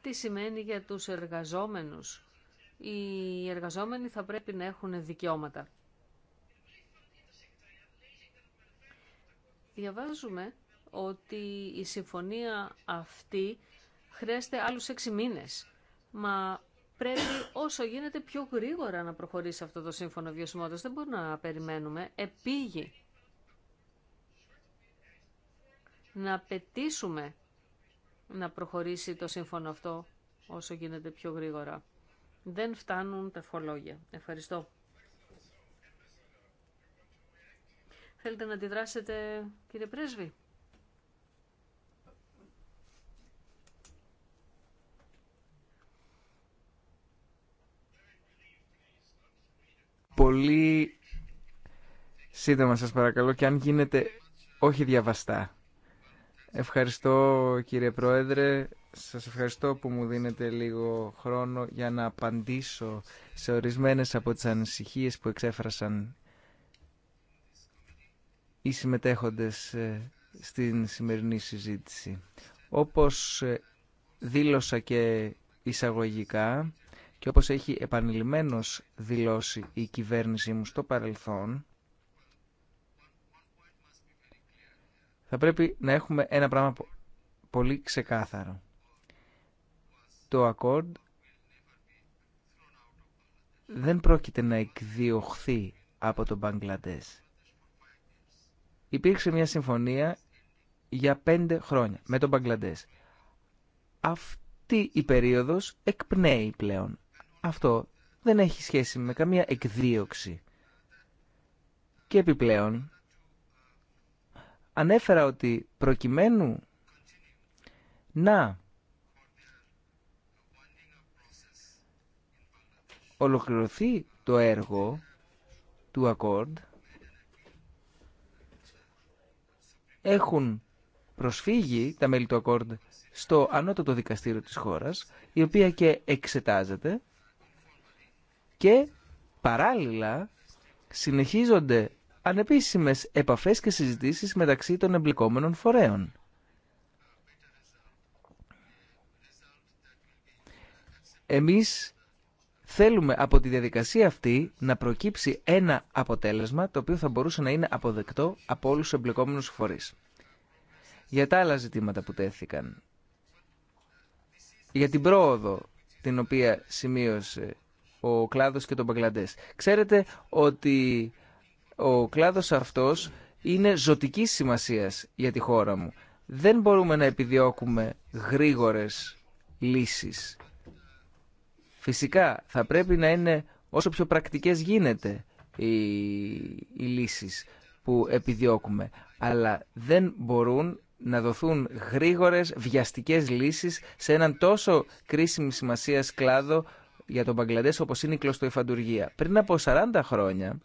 τι σημαίνει για τους εργαζόμενους. Οι εργαζόμενοι θα πρέπει να έχουν δικαιώματα. Διαβάζουμε ότι η συμφωνία αυτή χρειάζεται άλλους έξι μήνες. Μα πρέπει όσο γίνεται πιο γρήγορα να προχωρήσει αυτό το σύμφωνο βιωσιμότητας. Δεν μπορούμε να περιμένουμε. Επίγει να απαιτήσουμε να προχωρήσει το σύμφωνο αυτό όσο γίνεται πιο γρήγορα. Δεν φτάνουν τα ευχολόγια. Ευχαριστώ. Θέλετε να αντιδράσετε, κύριε Πρέσβη. πολύ σύντομα σας παρακαλώ και αν γίνεται όχι διαβαστά. Ευχαριστώ κύριε Πρόεδρε, σας ευχαριστώ που μου δίνετε λίγο χρόνο για να απαντήσω σε ορισμένες από τις ανησυχίες που εξέφρασαν οι συμμετέχοντες ε, στην σημερινή συζήτηση. Όπως ε, δήλωσα και εισαγωγικά, και όπως έχει επανειλημμένως δηλώσει η κυβέρνησή μου στο παρελθόν, θα πρέπει να έχουμε ένα πράγμα πολύ ξεκάθαρο. Το ακόρντ δεν πρόκειται να εκδιωχθεί από τον Μπαγκλαντές. Υπήρξε μια συμφωνία για πέντε χρόνια με τον Μπαγκλαντές. Αυτή η περίοδος εκπνέει πλέον. Αυτό δεν έχει σχέση με καμία εκδίωξη. Και επιπλέον, ανέφερα ότι προκειμένου να ολοκληρωθεί το έργο του Ακόρντ, έχουν προσφύγει τα μέλη του Ακόρντ στο ανώτατο δικαστήριο της χώρας, η οποία και εξετάζεται και παράλληλα συνεχίζονται ανεπίσημες επαφές και συζητήσεις μεταξύ των εμπλεκόμενων φορέων. Εμείς θέλουμε από τη διαδικασία αυτή να προκύψει ένα αποτέλεσμα το οποίο θα μπορούσε να είναι αποδεκτό από όλους τους εμπλεκόμενους φορείς. Για τα άλλα ζητήματα που τέθηκαν. Για την πρόοδο την οποία σημείωσε ο κλάδος και τον Μπαγκλαντές. Ξέρετε ότι ο κλάδος αυτός είναι ζωτικής σημασίας για τη χώρα μου. Δεν μπορούμε να επιδιώκουμε γρήγορες λύσεις. Φυσικά θα πρέπει να είναι όσο πιο πρακτικές γίνεται οι, λύσεις που επιδιώκουμε. Αλλά δεν μπορούν να δοθούν γρήγορες βιαστικές λύσεις σε έναν τόσο κρίσιμη σημασίας κλάδο για τον Μπαγκλαντές όπως είναι η κλωστοϊφαντουργία. Πριν από 40 χρόνια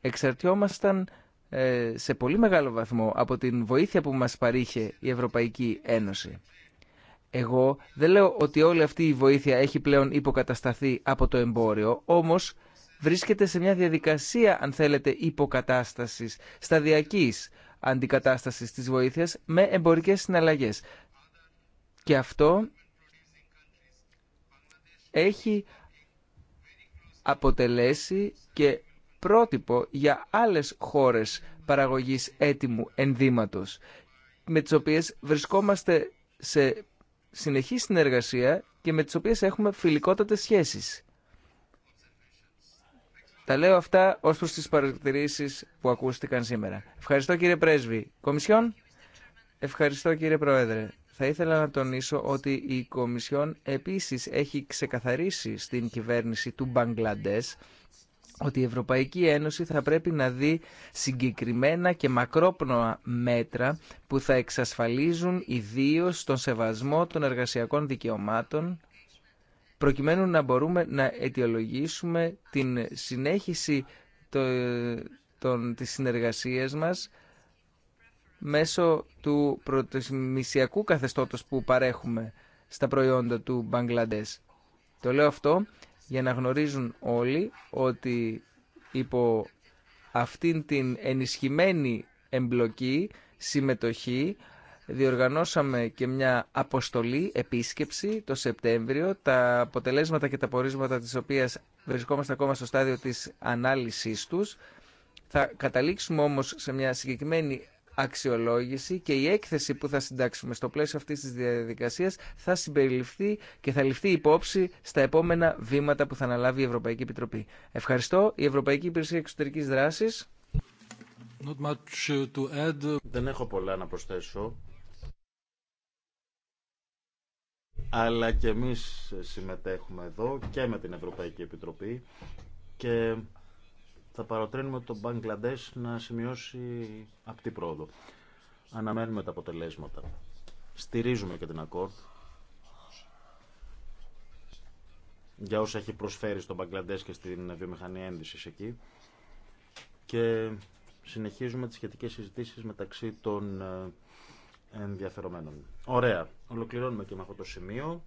εξαρτιόμασταν ε, σε πολύ μεγάλο βαθμό από την βοήθεια που μας παρήχε η Ευρωπαϊκή Ένωση. Εγώ δεν λέω ότι όλη αυτή η βοήθεια έχει πλέον υποκατασταθεί από το εμπόριο, όμως βρίσκεται σε μια διαδικασία, αν θέλετε, υποκατάστασης, σταδιακής αντικατάστασης της βοήθειας με εμπορικές συναλλαγές. Και αυτό έχει αποτελέσει και πρότυπο για άλλες χώρες παραγωγής έτοιμου ενδύματος, με τις οποίες βρισκόμαστε σε συνεχή συνεργασία και με τις οποίες έχουμε φιλικότατες σχέσεις. Τα λέω αυτά ως προς τις παρατηρήσεις που ακούστηκαν σήμερα. Ευχαριστώ κύριε Πρέσβη. Κομισιόν, ευχαριστώ κύριε Πρόεδρε θα ήθελα να τονίσω ότι η Κομισιόν επίσης έχει ξεκαθαρίσει στην κυβέρνηση του Μπαγκλαντές ότι η Ευρωπαϊκή Ένωση θα πρέπει να δει συγκεκριμένα και μακρόπνοα μέτρα που θα εξασφαλίζουν ιδίω τον σεβασμό των εργασιακών δικαιωμάτων προκειμένου να μπορούμε να αιτιολογήσουμε την συνέχιση των, των, της συνεργασίας μας μέσω του πρωτοσμησιακού καθεστώτος που παρέχουμε στα προϊόντα του Μπαγκλαντές. Το λέω αυτό για να γνωρίζουν όλοι ότι υπό αυτήν την ενισχυμένη εμπλοκή, συμμετοχή, διοργανώσαμε και μια αποστολή, επίσκεψη το Σεπτέμβριο. Τα αποτελέσματα και τα πορίσματα της οποίας βρισκόμαστε ακόμα στο στάδιο της ανάλυσης τους. Θα καταλήξουμε όμως σε μια συγκεκριμένη αξιολόγηση και η έκθεση που θα συντάξουμε στο πλαίσιο αυτής της διαδικασίας θα συμπεριληφθεί και θα ληφθεί υπόψη στα επόμενα βήματα που θα αναλάβει η Ευρωπαϊκή Επιτροπή. Ευχαριστώ. Η Ευρωπαϊκή Υπηρεσία Εξωτερικής Δράσης. Δεν έχω πολλά να προσθέσω. Αλλά και εμείς συμμετέχουμε εδώ και με την Ευρωπαϊκή Επιτροπή και θα παροτρύνουμε τον Μπαγκλαντές να σημειώσει απτή πρόοδο. Αναμένουμε τα αποτελέσματα. Στηρίζουμε και την ΑΚΟΡΤ για όσα έχει προσφέρει στον Μπαγκλαντές και στην βιομηχανία ένδυσης εκεί και συνεχίζουμε τις σχετικές συζητήσεις μεταξύ των ε, ενδιαφερομένων. Ωραία. Ολοκληρώνουμε και με αυτό το σημείο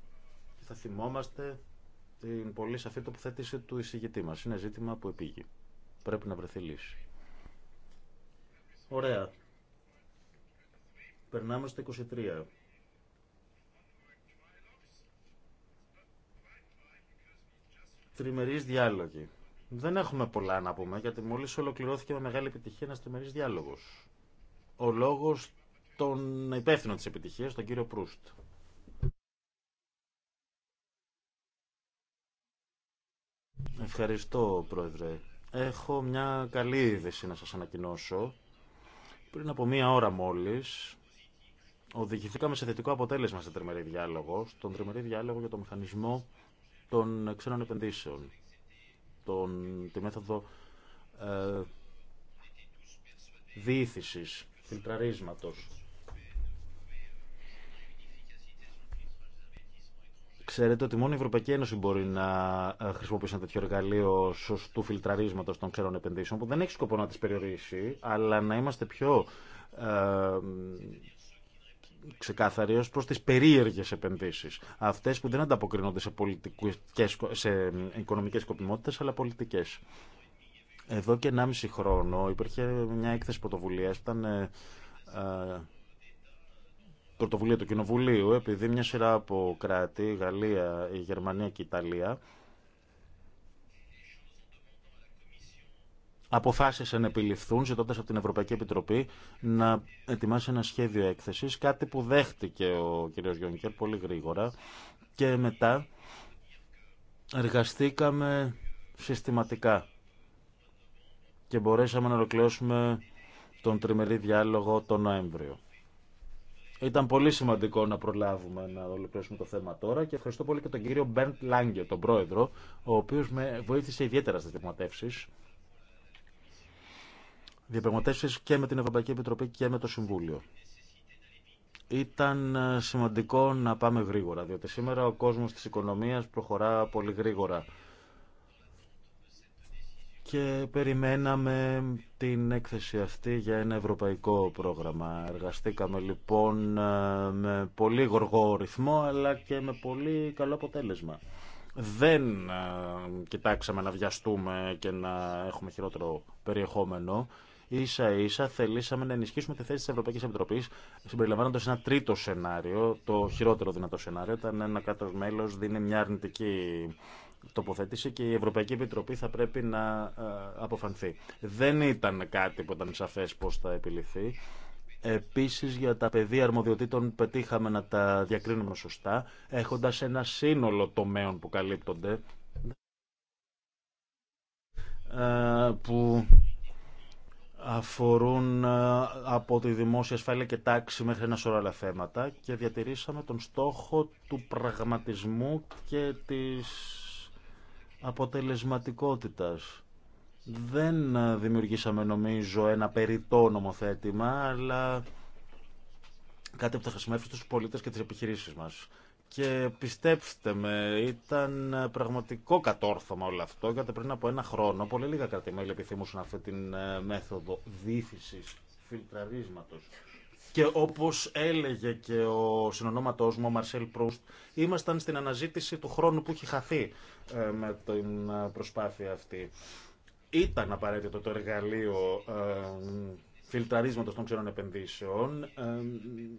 θα θυμόμαστε την πολύ σαφή τοποθέτηση του εισηγητή μας. Είναι ζήτημα που επήγει. Πρέπει να βρεθεί λύση. Ωραία. Περνάμε στο 23. Τριμερείς διάλογοι. Δεν έχουμε πολλά να πούμε, γιατί μόλις ολοκληρώθηκε με μεγάλη επιτυχία ένας τριμερείς διάλογος. Ο λόγος των υπεύθυνων της επιτυχίας, τον κύριο Προύστ. Ευχαριστώ, Πρόεδρε. Έχω μια καλή είδηση να σας ανακοινώσω. Πριν από μία ώρα μόλις, οδηγηθήκαμε σε θετικό αποτέλεσμα σε τριμερή διάλογο, στον τριμερή διάλογο για το μηχανισμό των ξένων επενδύσεων, τον, τη μέθοδο ε, διήθησης, φιλτραρίσματος Ξέρετε ότι μόνο η Ευρωπαϊκή Ένωση μπορεί να ε, χρησιμοποιήσει ένα τέτοιο εργαλείο σωστού φιλτραρίσματο των ξένων επενδύσεων, που δεν έχει σκοπό να τι περιορίσει, αλλά να είμαστε πιο ε, ξεκάθαροι ω προ τι περίεργε επενδύσει. Αυτέ που δεν ανταποκρίνονται σε, σε οικονομικέ σκοπιμότητε, αλλά πολιτικέ. Εδώ και 1,5 χρόνο υπήρχε μια έκθεση πρωτοβουλία που ήταν. Ε, ε, πρωτοβουλία του Κοινοβουλίου, επειδή μια σειρά από κράτη, η Γαλλία, η Γερμανία και η Ιταλία, αποφάσισαν να επιληφθούν, ζητώντα από την Ευρωπαϊκή Επιτροπή να ετοιμάσει ένα σχέδιο έκθεση, κάτι που δέχτηκε ο κ. Γιονκέρ πολύ γρήγορα. Και μετά εργαστήκαμε συστηματικά και μπορέσαμε να ολοκληρώσουμε τον τριμερή διάλογο τον Νοέμβριο. Ήταν πολύ σημαντικό να προλάβουμε να ολοκληρώσουμε το θέμα τώρα και ευχαριστώ πολύ και τον κύριο Μπέρντ Λάγκε, τον πρόεδρο, ο οποίος με βοήθησε ιδιαίτερα στι διαπραγματεύσει. Διαπραγματεύσει και με την Ευρωπαϊκή Επιτροπή και με το Συμβούλιο. Ήταν ε, σημαντικό να πάμε γρήγορα, διότι σήμερα ο κόσμος της οικονομίας προχωρά πολύ γρήγορα και περιμέναμε την έκθεση αυτή για ένα ευρωπαϊκό πρόγραμμα. Εργαστήκαμε λοιπόν με πολύ γοργό ρυθμό αλλά και με πολύ καλό αποτέλεσμα. Δεν ε, κοιτάξαμε να βιαστούμε και να έχουμε χειρότερο περιεχόμενο. Ίσα ίσα θελήσαμε να ενισχύσουμε τη θέση τη Ευρωπαϊκή Επιτροπής συμπεριλαμβάνοντας ένα τρίτο σενάριο, το χειρότερο δυνατό σενάριο, όταν ένα κάτω μέλο δίνει μια αρνητική τοποθέτηση και η Ευρωπαϊκή Επιτροπή θα πρέπει να ε, αποφανθεί. Δεν ήταν κάτι που ήταν σαφές πώς θα επιληθεί. Επίσης για τα πεδία αρμοδιοτήτων πετύχαμε να τα διακρίνουμε σωστά, έχοντας ένα σύνολο τομέων που καλύπτονται, ε, που αφορούν ε, από τη δημόσια ασφάλεια και τάξη μέχρι ένα σωρό άλλα θέματα και διατηρήσαμε τον στόχο του πραγματισμού και της αποτελεσματικότητας. Δεν ε, δημιουργήσαμε νομίζω ένα περιττό νομοθέτημα, αλλά κάτι που θα χρησιμεύσει τους πολίτες και τις επιχειρήσεις μας. Και πιστέψτε με, ήταν ε, πραγματικό κατόρθωμα όλο αυτό, γιατί πριν από ένα χρόνο πολύ λίγα κρατημέλη επιθυμούσαν αυτή την ε, μέθοδο δίθησης, φιλτραρίσματος. Και όπως έλεγε και ο συνονόματός μου, ο Μαρσέλ Προύστ, ήμασταν στην αναζήτηση του χρόνου που έχει χαθεί ε, με την ε, προσπάθεια αυτή. Ήταν απαραίτητο το εργαλείο ε, φιλτραρίσματο των ξένων επενδύσεων,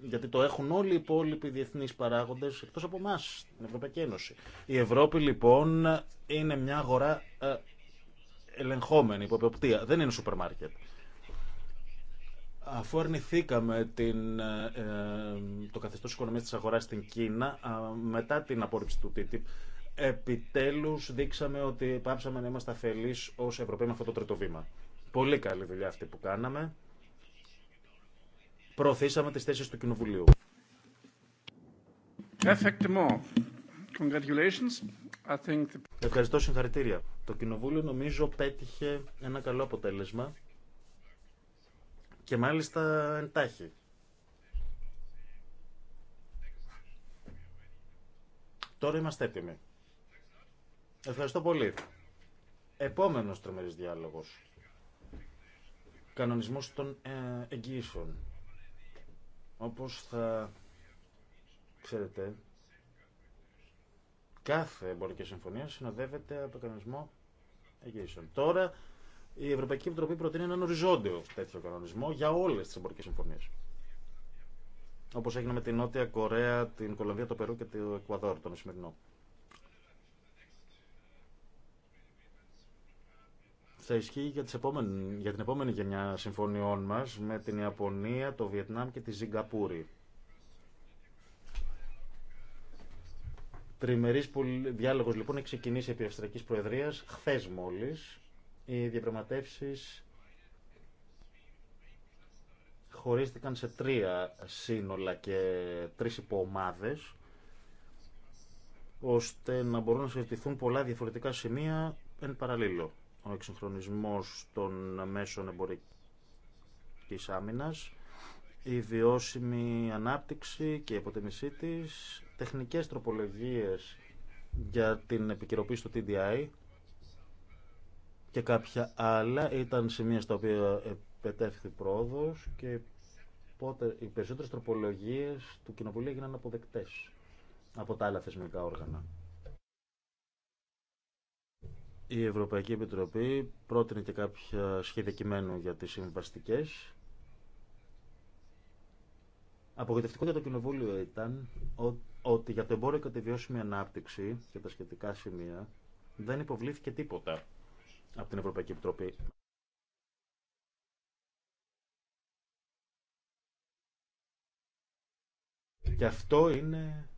γιατί το έχουν όλοι οι υπόλοιποι διεθνεί παράγοντε εκτό από εμά, την Ευρωπαϊκή Ένωση. Η Ευρώπη λοιπόν είναι μια αγορά ελεγχόμενη, υπό Δεν είναι σούπερ μάρκετ. Αφού αρνηθήκαμε την, ε, ε, το καθεστώς οικονομίας της αγοράς στην Κίνα, μετά την απόρριψη του TTIP, επιτέλους δείξαμε ότι πάψαμε να είμαστε αφελείς ως Ευρωπαίοι με αυτό το τρίτο βήμα. Πολύ καλή δουλειά αυτή που κάναμε. Προωθήσαμε τις θέσεις του Κοινοβουλίου. Congratulations. I think Ευχαριστώ συγχαρητήρια. Το Κοινοβούλιο νομίζω πέτυχε ένα καλό αποτέλεσμα και μάλιστα εντάχει. Τώρα είμαστε έτοιμοι. Ευχαριστώ πολύ. Επόμενος τρομερής διάλογος. Κανονισμός των ε, εγγύησεων. Όπως θα ξέρετε, κάθε εμπορική συμφωνία συνοδεύεται από κανονισμό εγγύησεων. Τώρα η Ευρωπαϊκή Επιτροπή προτείνει έναν οριζόντιο τέτοιο κανονισμό για όλε τι εμπορικέ συμφωνίε. Όπω έγινε με την Νότια Κορέα, την Κολομβία, το Περού και το Εκουαδόρ, τον Ισημερινό. θα ισχύει για, για την επόμενη γενιά συμφωνιών μας με την Ιαπωνία, το Βιετνάμ και τη Σιγκαπούρη. Τριμερής διάλογος λοιπόν έχει ξεκινήσει επί Αυστριακή Προεδρία χθε μόλι. Οι διαπραγματεύσεις χωρίστηκαν σε τρία σύνολα και τρεις υποομάδες ώστε να μπορούν να συζητηθούν πολλά διαφορετικά σημεία εν παραλίλω. Ο εξυγχρονισμός των μέσων εμπορικής άμυνας, η βιώσιμη ανάπτυξη και η αποτιμησή της, τεχνικές τροπολογίες για την επικαιροποίηση του TDI, και κάποια άλλα ήταν σημεία στα οποία επετεύχθη πρόοδος και πότε οι περισσότερες τροπολογίες του Κοινοβουλίου έγιναν αποδεκτές από τα άλλα θεσμικά όργανα. Η Ευρωπαϊκή Επιτροπή πρότεινε και κάποια σχέδια κειμένου για τις συμβαστικές. Απογοητευτικό για το Κοινοβούλιο ήταν ότι για το εμπόριο και τη βιώσιμη ανάπτυξη και τα σχετικά σημεία δεν υποβλήθηκε τίποτα από την Ευρωπαϊκή Επιτροπή. Και αυτό είναι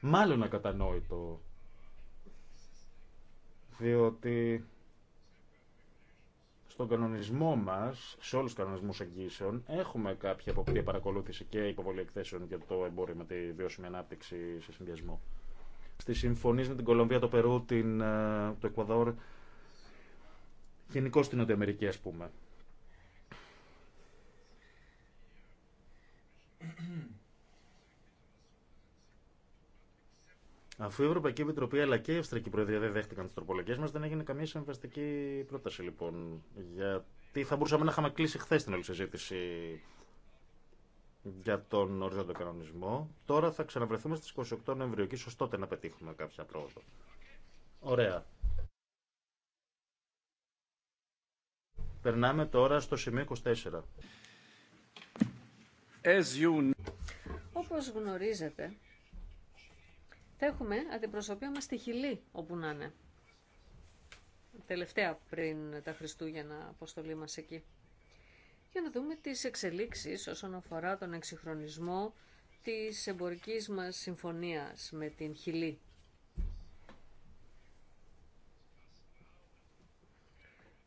μάλλον ακατανόητο, διότι στον κανονισμό μας σε όλους τους κανονισμούς εγγύσεων, έχουμε κάποια αποκτή παρακολούθηση και υποβολή εκθέσεων για το εμπόριο με τη βιώσιμη ανάπτυξη σε συνδυασμό στις συμφωνίες με την Κολομβία, το Περού, την, ε, το Εκουαδόρ, γενικώ στην Νοτιοαμερική ας πούμε. Αφού η Ευρωπαϊκή Επιτροπή αλλά και η Αυστρική Προεδρία δεν δέχτηκαν τι τροπολογίε μα, δεν έγινε καμία συμβαστική πρόταση λοιπόν. Γιατί θα μπορούσαμε να είχαμε κλείσει χθε την όλη συζήτηση για τον οριζόντιο κανονισμό. Τώρα θα ξαναβρεθούμε στις 28 Νοεμβρίου και ίσως να πετύχουμε κάποια πρόοδο. Ωραία. Περνάμε τώρα στο σημείο 24. As you... Όπως γνωρίζετε, θα έχουμε αντιπροσωπεία μας στη Χιλή, όπου να είναι. Τελευταία πριν τα Χριστούγεννα αποστολή μας εκεί για να δούμε τις εξελίξεις όσον αφορά τον εξυγχρονισμό της εμπορικής μας συμφωνίας με την Χιλή.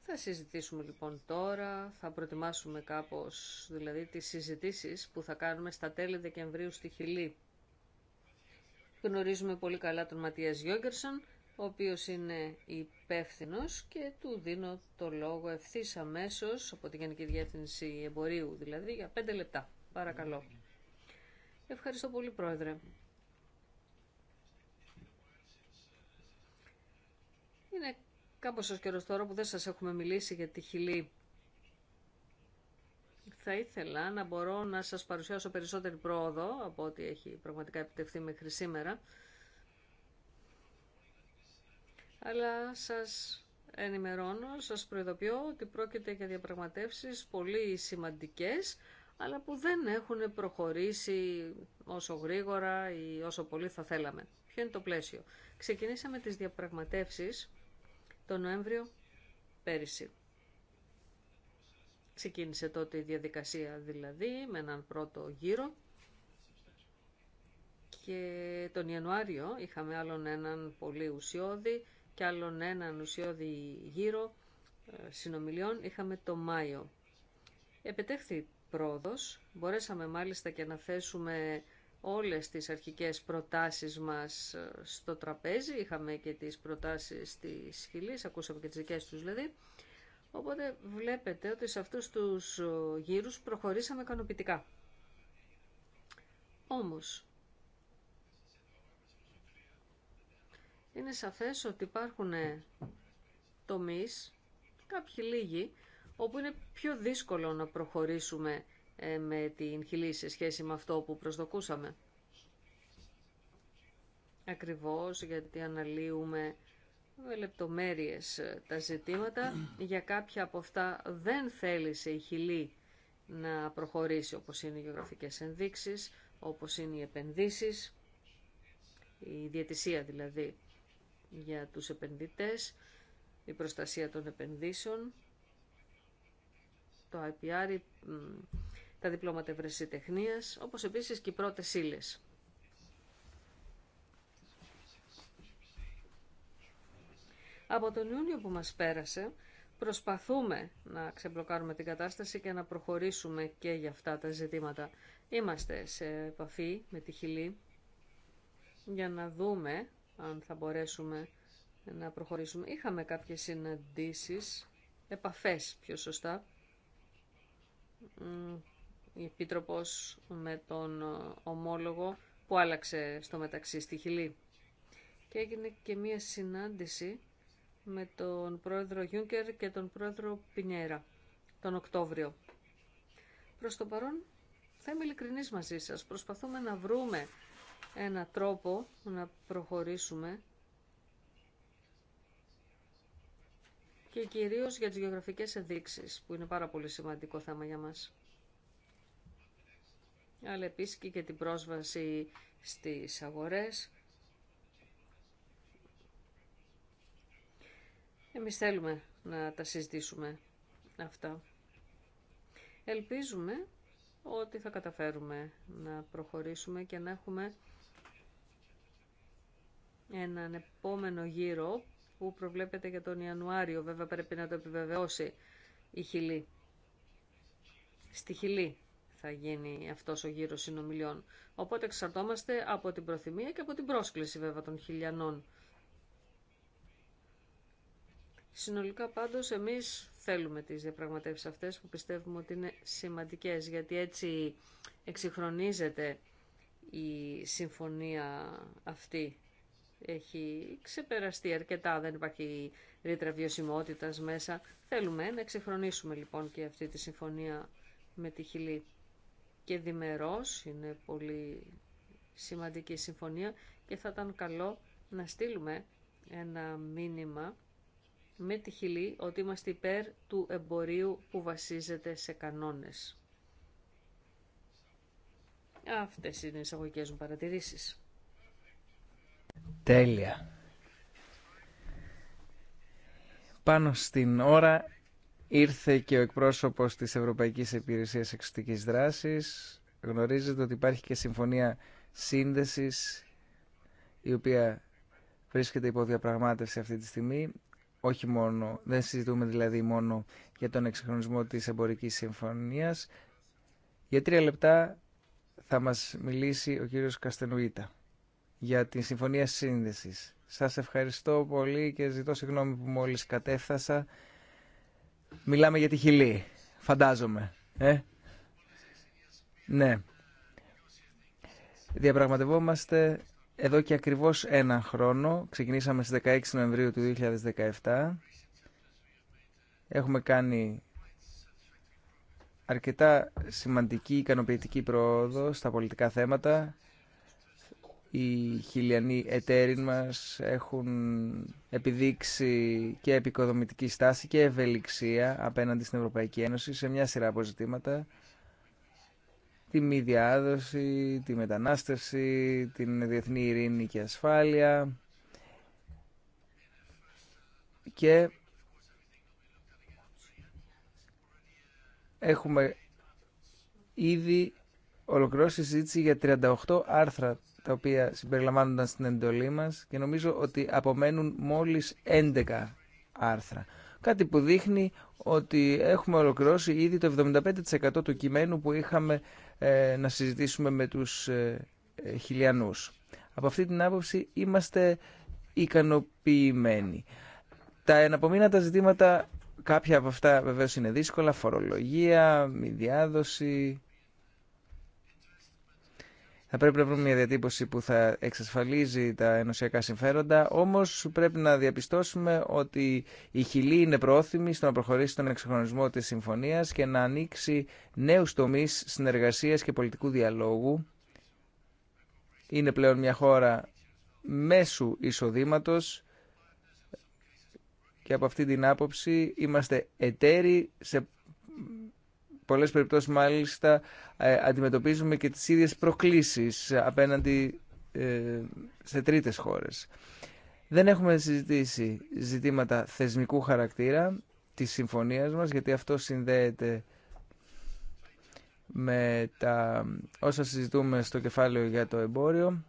Θα συζητήσουμε λοιπόν τώρα, θα προετοιμάσουμε κάπως δηλαδή τις συζητήσεις που θα κάνουμε στα τέλη Δεκεμβρίου στη Χιλή. Γνωρίζουμε πολύ καλά τον Ματίας Γιόγκερσον ο οποίος είναι υπεύθυνο και του δίνω το λόγο ευθύ αμέσω από τη Γενική Διεύθυνση Εμπορίου, δηλαδή για πέντε λεπτά. Παρακαλώ. Ευχαριστώ πολύ, Πρόεδρε. Είναι κάπως ως καιρός τώρα που δεν σας έχουμε μιλήσει για τη χιλή. Θα ήθελα να μπορώ να σας παρουσιάσω περισσότερη πρόοδο από ό,τι έχει πραγματικά επιτευχθεί μέχρι σήμερα αλλά σας ενημερώνω, σας προειδοποιώ ότι πρόκειται για διαπραγματεύσεις πολύ σημαντικές, αλλά που δεν έχουν προχωρήσει όσο γρήγορα ή όσο πολύ θα θέλαμε. Ποιο είναι το πλαίσιο. Ξεκινήσαμε τις διαπραγματεύσεις το Νοέμβριο πέρυσι. Ξεκίνησε τότε η διαδικασία διαπραγματευσεις τον νοεμβριο περυσι ξεκινησε τοτε η διαδικασια δηλαδη με έναν πρώτο γύρο και τον Ιανουάριο είχαμε άλλον έναν πολύ ουσιώδη και άλλον έναν ουσιώδη γύρο ε, συνομιλιών είχαμε το Μάιο. Επετέχθη πρόοδος, μπορέσαμε μάλιστα και να θέσουμε όλες τις αρχικές προτάσεις μας ε, στο τραπέζι, είχαμε και τις προτάσεις της Χιλής, ακούσαμε και τις δικές τους δηλαδή, οπότε βλέπετε ότι σε αυτούς τους ε, γύρους προχωρήσαμε ικανοποιητικά. Όμως, είναι σαφές ότι υπάρχουν ε, τομείς, κάποιοι λίγοι, όπου είναι πιο δύσκολο να προχωρήσουμε ε, με την χιλή σε σχέση με αυτό που προσδοκούσαμε. Ακριβώς γιατί αναλύουμε με λεπτομέρειες ε, τα ζητήματα. Για κάποια από αυτά δεν θέλησε η χιλή να προχωρήσει όπως είναι οι γεωγραφικές ενδείξεις, όπως είναι οι επενδύσεις, η διαιτησία δηλαδή για τους επενδυτές, η προστασία των επενδύσεων, το IPR, τα διπλώματα ευρεσιτεχνίας, όπως επίσης και οι πρώτες ύλες. Από τον Ιούνιο που μας πέρασε, προσπαθούμε να ξεμπλοκάρουμε την κατάσταση και να προχωρήσουμε και για αυτά τα ζητήματα. Είμαστε σε επαφή με τη Χιλή για να δούμε αν θα μπορέσουμε να προχωρήσουμε. Είχαμε κάποιες συναντήσεις, επαφές πιο σωστά, η Επίτροπος με τον ε, ομόλογο που άλλαξε στο μεταξύ στη Χιλή. Και έγινε και μία συνάντηση με τον πρόεδρο Γιούγκερ και τον πρόεδρο Πινιέρα τον Οκτώβριο. Προς το παρόν θα είμαι ειλικρινής μαζί σας. Προσπαθούμε να βρούμε ένα τρόπο να προχωρήσουμε και κυρίως για τις γεωγραφικές ενδείξεις, που είναι πάρα πολύ σημαντικό θέμα για μας. Αλλά επίσης και για την πρόσβαση στις αγορές. Εμείς θέλουμε να τα συζητήσουμε αυτά. Ελπίζουμε ότι θα καταφέρουμε να προχωρήσουμε και να έχουμε έναν επόμενο γύρο που προβλέπεται για τον Ιανουάριο. Βέβαια πρέπει να το επιβεβαιώσει η Χιλή. Στη Χιλή θα γίνει αυτός ο γύρος συνομιλιών. Οπότε εξαρτώμαστε από την προθυμία και από την πρόσκληση βέβαια των χιλιανών. Συνολικά πάντως εμείς θέλουμε τις διαπραγματεύσεις αυτές που πιστεύουμε ότι είναι σημαντικές γιατί έτσι εξυγχρονίζεται η συμφωνία αυτή έχει ξεπεραστεί αρκετά, δεν υπάρχει ρήτρα βιωσιμότητα μέσα. Θέλουμε να ξεχρονίσουμε λοιπόν και αυτή τη συμφωνία με τη Χιλή. Και διμερός είναι πολύ σημαντική συμφωνία και θα ήταν καλό να στείλουμε ένα μήνυμα με τη Χιλή ότι είμαστε υπέρ του εμπορίου που βασίζεται σε κανόνες. Αυτές είναι οι εισαγωγικές μου παρατηρήσεις. Τέλεια. Πάνω στην ώρα ήρθε και ο εκπρόσωπος της Ευρωπαϊκής Υπηρεσίας Εξωτικής Δράσης. Γνωρίζετε ότι υπάρχει και συμφωνία σύνδεσης η οποία βρίσκεται υπό διαπραγμάτευση αυτή τη στιγμή. Όχι μόνο, δεν συζητούμε δηλαδή μόνο για τον εξυγχρονισμό της εμπορικής συμφωνίας. Για τρία λεπτά θα μας μιλήσει ο κύριος Καστενουίτα για την Συμφωνία Σύνδεσης. Σας ευχαριστώ πολύ και ζητώ συγγνώμη που μόλις κατέφθασα. Μιλάμε για τη χιλή, φαντάζομαι. Ε? Ναι. Διαπραγματευόμαστε εδώ και ακριβώς ένα χρόνο. Ξεκινήσαμε στις 16 Νοεμβρίου του 2017. Έχουμε κάνει αρκετά σημαντική ικανοποιητική πρόοδο στα πολιτικά θέματα οι χιλιανοί εταίροι μας έχουν επιδείξει και επικοδομητική στάση και ευελιξία απέναντι στην Ευρωπαϊκή Ένωση σε μια σειρά αποζητήματα. Τη μη διάδοση, τη μετανάστευση, την διεθνή ειρήνη και ασφάλεια και έχουμε ήδη ολοκληρώσει συζήτηση για 38 άρθρα τα οποία συμπεριλαμβάνονταν στην εντολή μας και νομίζω ότι απομένουν μόλις 11 άρθρα. Κάτι που δείχνει ότι έχουμε ολοκληρώσει ήδη το 75% του κειμένου που είχαμε ε, να συζητήσουμε με τους ε, ε, χιλιανούς. Από αυτή την άποψη είμαστε ικανοποιημένοι. Τα εναπομείνατα ζητήματα, κάποια από αυτά βεβαίως είναι δύσκολα, φορολογία, μη διάδοση, θα πρέπει να βρούμε μια διατύπωση που θα εξασφαλίζει τα ενωσιακά συμφέροντα, όμως πρέπει να διαπιστώσουμε ότι η Χιλή είναι πρόθυμη στο να προχωρήσει τον εξοχρονισμό της συμφωνίας και να ανοίξει νέους τομείς συνεργασία και πολιτικού διαλόγου. Είναι πλέον μια χώρα μέσου εισοδήματο και από αυτή την άποψη είμαστε εταίροι σε πολλές περιπτώσεις μάλιστα ε, αντιμετωπίζουμε και τις ίδιες προκλήσεις απέναντι ε, σε τρίτες χώρες. Δεν έχουμε συζητήσει ζητήματα θεσμικού χαρακτήρα της συμφωνίας μας, γιατί αυτό συνδέεται με τα όσα συζητούμε στο κεφάλαιο για το εμπόριο,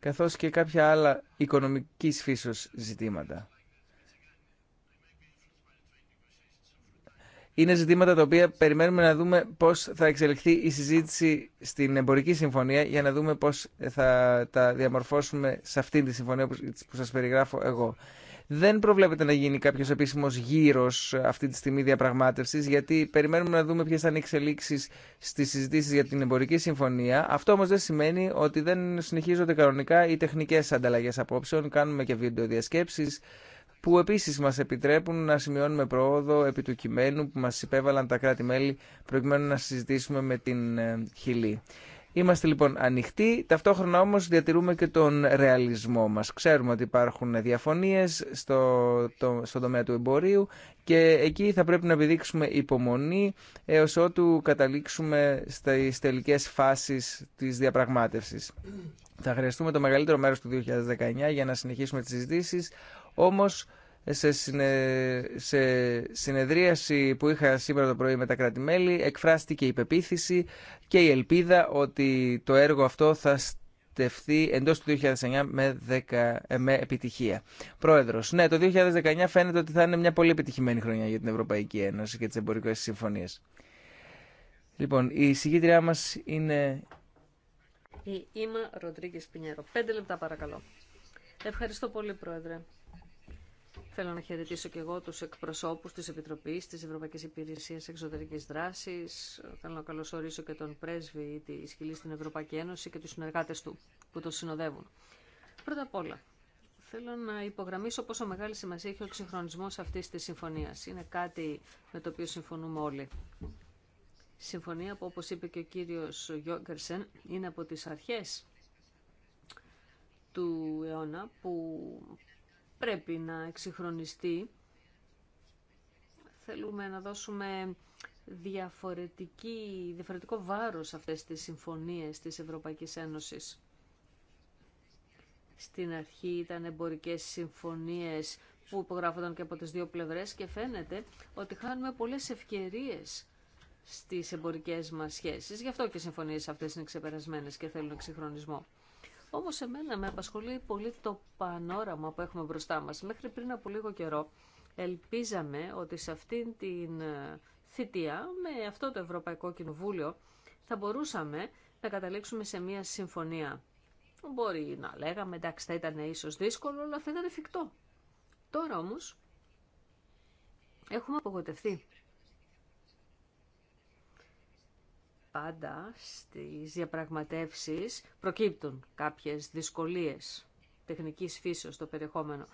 καθώς και κάποια άλλα οικονομικής φύσεως ζητήματα. είναι ζητήματα τα οποία περιμένουμε να δούμε πώ θα εξελιχθεί η συζήτηση στην εμπορική συμφωνία για να δούμε πώ θα τα διαμορφώσουμε σε αυτή τη συμφωνία που σα περιγράφω εγώ. Δεν προβλέπεται να γίνει κάποιο επίσημος γύρος αυτή τη στιγμή διαπραγμάτευση, γιατί περιμένουμε να δούμε ποιε θα είναι οι εξελίξει στι συζητήσει για την εμπορική συμφωνία. Αυτό όμω δεν σημαίνει ότι δεν συνεχίζονται κανονικά οι τεχνικέ ανταλλαγέ απόψεων. Κάνουμε και βίντεο διασκέψει που επίση μα επιτρέπουν να σημειώνουμε πρόοδο επί του κειμένου που μα υπέβαλαν τα κράτη-μέλη προκειμένου να συζητήσουμε με την ε, Χιλή. Είμαστε λοιπόν ανοιχτοί, ταυτόχρονα όμω διατηρούμε και τον ρεαλισμό μα. Ξέρουμε ότι υπάρχουν διαφωνίε στο, το, στον τομέα του εμπορίου και εκεί θα πρέπει να επιδείξουμε υπομονή έω ότου καταλήξουμε στι τελικέ φάσει τη διαπραγματεύση. Θα χρειαστούμε το μεγαλύτερο μέρο του 2019 για να συνεχίσουμε τι συζητήσει, όμως σε, συνεδρίαση που είχα σήμερα το πρωί με τα κράτη-μέλη εκφράστηκε η πεποίθηση και η ελπίδα ότι το έργο αυτό θα στεφθεί εντός του 2009 με, 10, ε, με επιτυχία. Πρόεδρος, ναι, το 2019 φαίνεται ότι θα είναι μια πολύ επιτυχημένη χρονιά για την Ευρωπαϊκή Ένωση και τις εμπορικές συμφωνίες. Λοιπόν, η συγκίτριά μας είναι... Η Ήμα Πινιέρο. Πέντε λεπτά παρακαλώ. Ευχαριστώ πολύ, Πρόεδρε. Θέλω να χαιρετήσω και εγώ τους εκπροσώπους της Επιτροπής της Ευρωπαϊκής Υπηρεσίας Εξωτερικής Δράσης. Θέλω να καλωσορίσω και τον πρέσβη τη Χιλής στην Ευρωπαϊκή Ένωση και τους συνεργάτες του που τον συνοδεύουν. Πρώτα απ' όλα, θέλω να υπογραμμίσω πόσο μεγάλη σημασία έχει ο εξυγχρονισμός αυτής της συμφωνίας. Είναι κάτι με το οποίο συμφωνούμε όλοι. Συμφωνία που, όπως είπε και ο κύριος Γιόγκερσεν, είναι από τις αρχές του αιώνα που πρέπει να εξυγχρονιστεί. Θέλουμε να δώσουμε διαφορετική, διαφορετικό βάρος σε αυτές τις συμφωνίες της Ευρωπαϊκής Ένωσης. Στην αρχή ήταν εμπορικές συμφωνίες που υπογράφονταν και από τις δύο πλευρές και φαίνεται ότι χάνουμε πολλές ευκαιρίες στις εμπορικές μας σχέσεις. Γι' αυτό και οι συμφωνίες αυτές είναι ξεπερασμένες και θέλουν εξυγχρονισμό. Όμως εμένα με απασχολεί πολύ το πανόραμα που έχουμε μπροστά μα. Μέχρι πριν από λίγο καιρό ελπίζαμε ότι σε αυτήν την ε, θητεία με αυτό το Ευρωπαϊκό Κοινοβούλιο θα μπορούσαμε να καταλήξουμε σε μια συμφωνία. Μπορεί να λέγαμε, εντάξει θα ήταν ίσως δύσκολο, αλλά θα ήταν εφικτό. Τώρα όμως έχουμε απογοητευτεί. πάντα στις διαπραγματεύσεις προκύπτουν κάποιες δυσκολίες τεχνικής φύσεως στο περιεχόμενο.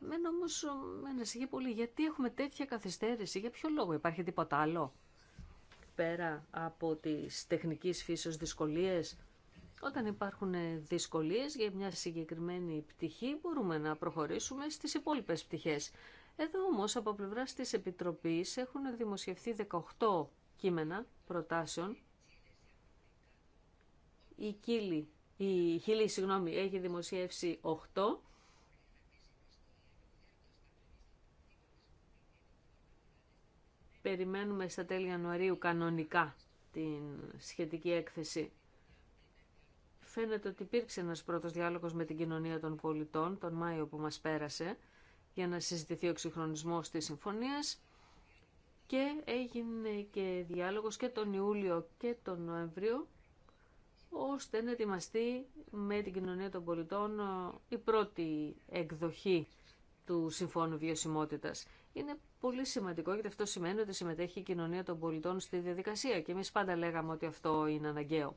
Μένα όμως με ανησυχεί πολύ γιατί έχουμε τέτοια καθυστέρηση, για ποιο λόγο υπάρχει τίποτα άλλο πέρα από τις τεχνικής φύσεως δυσκολίες. Όταν υπάρχουν ε, δυσκολίες για μια συγκεκριμένη πτυχή μπορούμε να προχωρήσουμε στις υπόλοιπες πτυχές. Εδώ όμως από πλευρά της Επιτροπής έχουν δημοσιευθεί 18 κείμενα προτάσεων η, Κύλη, η Χίλη συγγνώμη, έχει δημοσιεύσει 8 περιμένουμε στα τέλη Ιανουαρίου κανονικά την σχετική έκθεση. Φαίνεται ότι υπήρξε ένας πρώτος διάλογος με την κοινωνία των πολιτών τον Μάιο που μας πέρασε για να συζητηθεί ο ξυγχρονισμός της συμφωνίας και έγινε και διάλογος και τον Ιούλιο και τον Νοέμβριο ώστε να ετοιμαστεί με την κοινωνία των πολιτών ε, η πρώτη εκδοχή του Συμφώνου Βιωσιμότητας. Είναι πολύ σημαντικό γιατί αυτό σημαίνει ότι συμμετέχει η κοινωνία των πολιτών στη διαδικασία και εμείς πάντα λέγαμε ότι αυτό είναι αναγκαίο.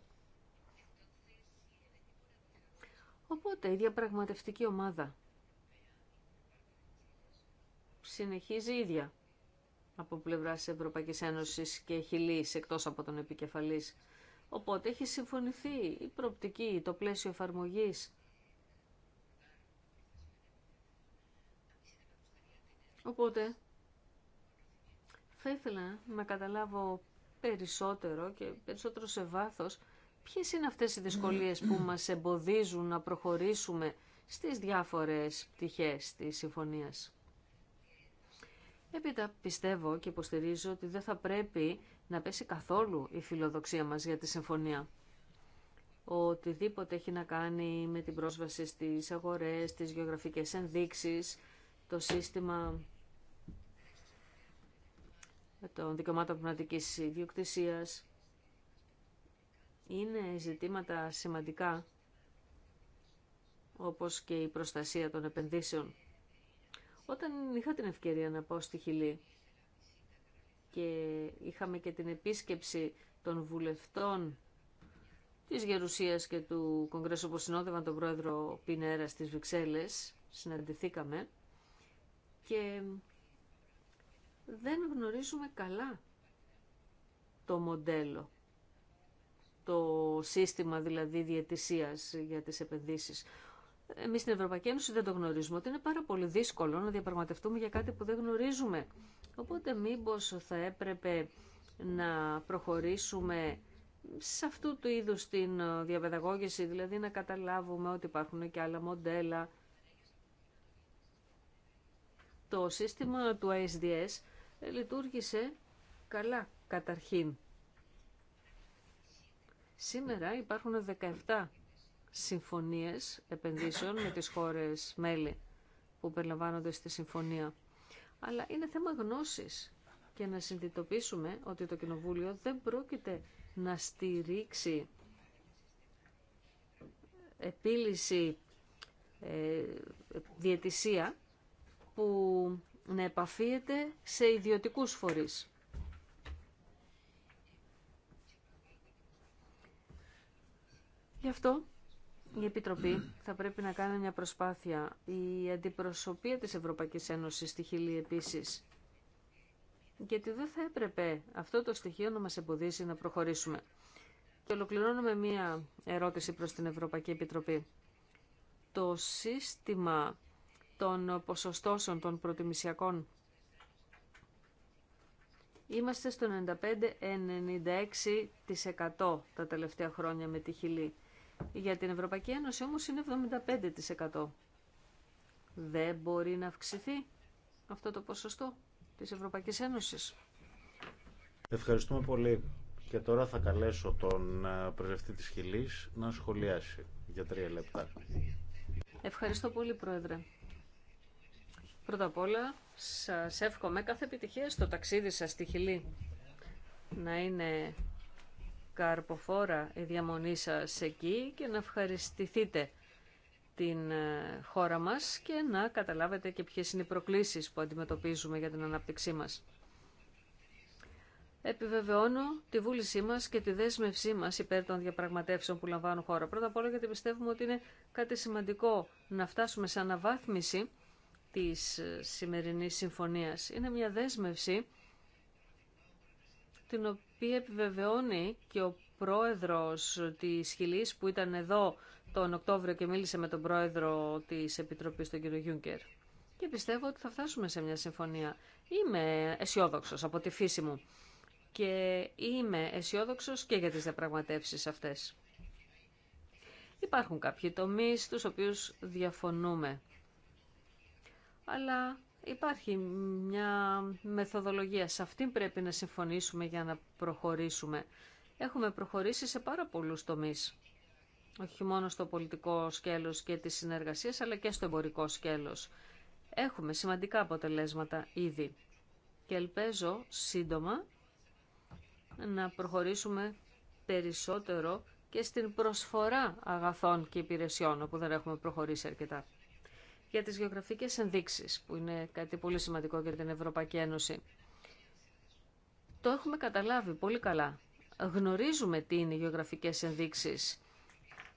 Οπότε η διαπραγματευτική ομάδα συνεχίζει ίδια από πλευράς Ευρωπαϊκής Ένωσης και Χιλής εκτός από τον επικεφαλής Οπότε έχει συμφωνηθεί η προοπτική, το πλαίσιο εφαρμογής. Οπότε θα ήθελα να καταλάβω περισσότερο και περισσότερο σε βάθος ποιες είναι αυτές οι δυσκολίες που μας εμποδίζουν να προχωρήσουμε στις διάφορες πτυχές της συμφωνίας. Έπειτα πιστεύω και υποστηρίζω ότι δεν θα πρέπει να πέσει καθόλου η φιλοδοξία μας για τη συμφωνία. Οτιδήποτε έχει να κάνει με την πρόσβαση στις αγορές, τις γεωγραφικές ενδείξεις, το σύστημα των δικαιωμάτων πνευματικής ιδιοκτησίας. Είναι ζητήματα σημαντικά, όπως και η προστασία των επενδύσεων. Όταν είχα την ευκαιρία να πάω στη Χιλή, και είχαμε και την επίσκεψη των βουλευτών της Γερουσίας και του Κογκρέσου που συνόδευαν τον πρόεδρο Πινέρα στις Βρυξέλλες, συναντηθήκαμε και δεν γνωρίζουμε καλά το μοντέλο, το σύστημα δηλαδή διαιτησίας για τις επενδύσεις. Εμείς στην Ευρωπαϊκή Ένωση δεν το γνωρίζουμε, ότι είναι πάρα πολύ δύσκολο να διαπραγματευτούμε για κάτι που δεν γνωρίζουμε. Οπότε μήπως θα έπρεπε να προχωρήσουμε σε αυτού του είδους την ε, διαπαιδαγώγηση, δηλαδή να καταλάβουμε ότι υπάρχουν και άλλα μοντέλα. Το σύστημα του ISDS ε, λειτουργήσε καλά καταρχήν. Σήμερα υπάρχουν 17 συμφωνίες επενδύσεων με τις χώρες μέλη που περιλαμβάνονται στη συμφωνία αλλά είναι θέμα γνώσης και να συνειδητοποιήσουμε ότι το Κοινοβούλιο δεν πρόκειται να στηρίξει επίλυση ε, διαιτησία που να επαφίεται σε ιδιωτικούς φορείς. Γι' αυτό η Επιτροπή θα πρέπει να κάνει μια προσπάθεια. Η αντιπροσωπεία της Ευρωπαϊκής Ένωσης στη Χιλή επίσης. Γιατί δεν θα έπρεπε αυτό το στοιχείο να μας εμποδίσει να προχωρήσουμε. Και ολοκληρώνουμε μια ερώτηση προς την Ευρωπαϊκή Επιτροπή. Το σύστημα των ποσοστώσεων των προτιμησιακών Είμαστε στο 95-96% τα τελευταία χρόνια με τη Χιλή. Για την Ευρωπαϊκή Ένωση όμως είναι 75%. Δεν μπορεί να αυξηθεί αυτό το ποσοστό της Ευρωπαϊκής Ένωσης. Ευχαριστούμε πολύ. Και τώρα θα καλέσω τον ε, Προεδρευτή της Χιλής να σχολιάσει για τρία λεπτά. Ευχαριστώ πολύ, Πρόεδρε. Πρώτα απ' όλα, σας εύχομαι κάθε επιτυχία στο ταξίδι σας στη Χιλή. Να είναι καρποφόρα η διαμονή σας εκεί και να ευχαριστηθείτε την ε, χώρα μας και να καταλάβετε και ποιες είναι οι προκλήσεις που αντιμετωπίζουμε για την ανάπτυξή μας. Επιβεβαιώνω τη βούλησή μας και τη δέσμευσή μας υπέρ των διαπραγματεύσεων που λαμβάνουν χώρα. Πρώτα απ' όλα γιατί πιστεύουμε ότι είναι κάτι σημαντικό να φτάσουμε σε αναβάθμιση της ε, σημερινής συμφωνίας. Είναι μια δέσμευση την οποία επιβεβαιώνει και ο πρόεδρος της Χιλής που ήταν εδώ τον Οκτώβριο και μίλησε με τον πρόεδρο της Επιτροπής, τον κύριο Γιούγκερ. Και πιστεύω ότι θα φτάσουμε σε μια συμφωνία. Είμαι αισιόδοξο από τη φύση μου και είμαι αισιόδοξο και για τις διαπραγματεύσεις αυτές. Υπάρχουν κάποιοι τομείς στους οποίους διαφωνούμε. Αλλά Υπάρχει μια μεθοδολογία. Σε αυτήν πρέπει να συμφωνήσουμε για να προχωρήσουμε. Έχουμε προχωρήσει σε πάρα πολλούς τομείς. Όχι μόνο στο πολιτικό σκέλος και τις συνεργασίες, αλλά και στο εμπορικό σκέλος. Έχουμε σημαντικά αποτελέσματα ήδη. Και ελπίζω σύντομα να προχωρήσουμε περισσότερο και στην προσφορά αγαθών και υπηρεσιών, όπου δεν έχουμε προχωρήσει αρκετά για τις γεωγραφικές ενδείξεις, που είναι κάτι πολύ σημαντικό για την Ευρωπαϊκή Ένωση. Το έχουμε καταλάβει πολύ καλά. Γνωρίζουμε τι είναι οι γεωγραφικές ενδείξεις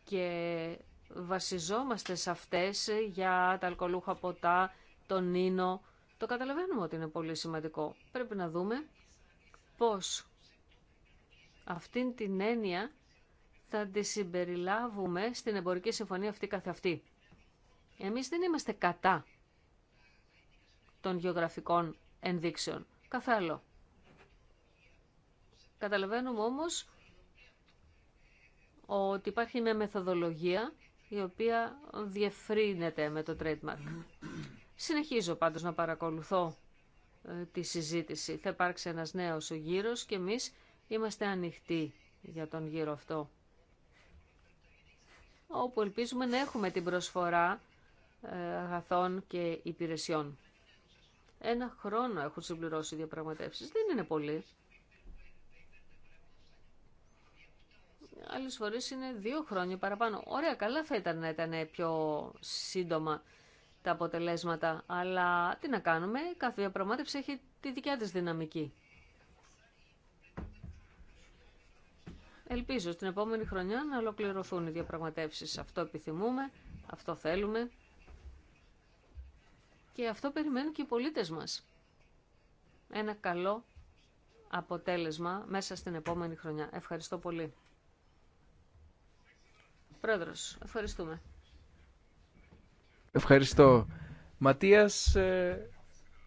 και βασιζόμαστε σε αυτές για τα αλκοολούχα ποτά, τον ίνο. Το καταλαβαίνουμε ότι είναι πολύ σημαντικό. Πρέπει να δούμε πώς αυτήν την έννοια θα τη συμπεριλάβουμε στην εμπορική συμφωνία αυτή καθ' αυτή. Εμείς δεν είμαστε κατά των γεωγραφικών ενδείξεων. Καθ' άλλο. Καταλαβαίνουμε όμως ότι υπάρχει μια μεθοδολογία η οποία διευρύνεται με το trademark. Συνεχίζω πάντως να παρακολουθώ ε, τη συζήτηση. Θα υπάρξει ένας νέος ο γύρος και εμείς είμαστε ανοιχτοί για τον γύρο αυτό. Όπου ελπίζουμε να έχουμε την προσφορά αγαθών και υπηρεσιών. Ένα χρόνο έχουν συμπληρώσει οι διαπραγματεύσεις. Δεν είναι πολύ. Άλλες φορές είναι δύο χρόνια παραπάνω. Ωραία, καλά θα ήταν να ήταν πιο σύντομα τα αποτελέσματα. Αλλά τι να κάνουμε, κάθε διαπραγμάτευση έχει τη δικιά της δυναμική. Ελπίζω στην επόμενη χρονιά να ολοκληρωθούν οι διαπραγματεύσεις. Αυτό επιθυμούμε, αυτό θέλουμε. Και αυτό περιμένουν και οι πολίτες μας. Ένα καλό αποτέλεσμα μέσα στην επόμενη χρονιά. Ευχαριστώ πολύ. Πρόεδρος, ευχαριστούμε. Ευχαριστώ. Ματίας, ε,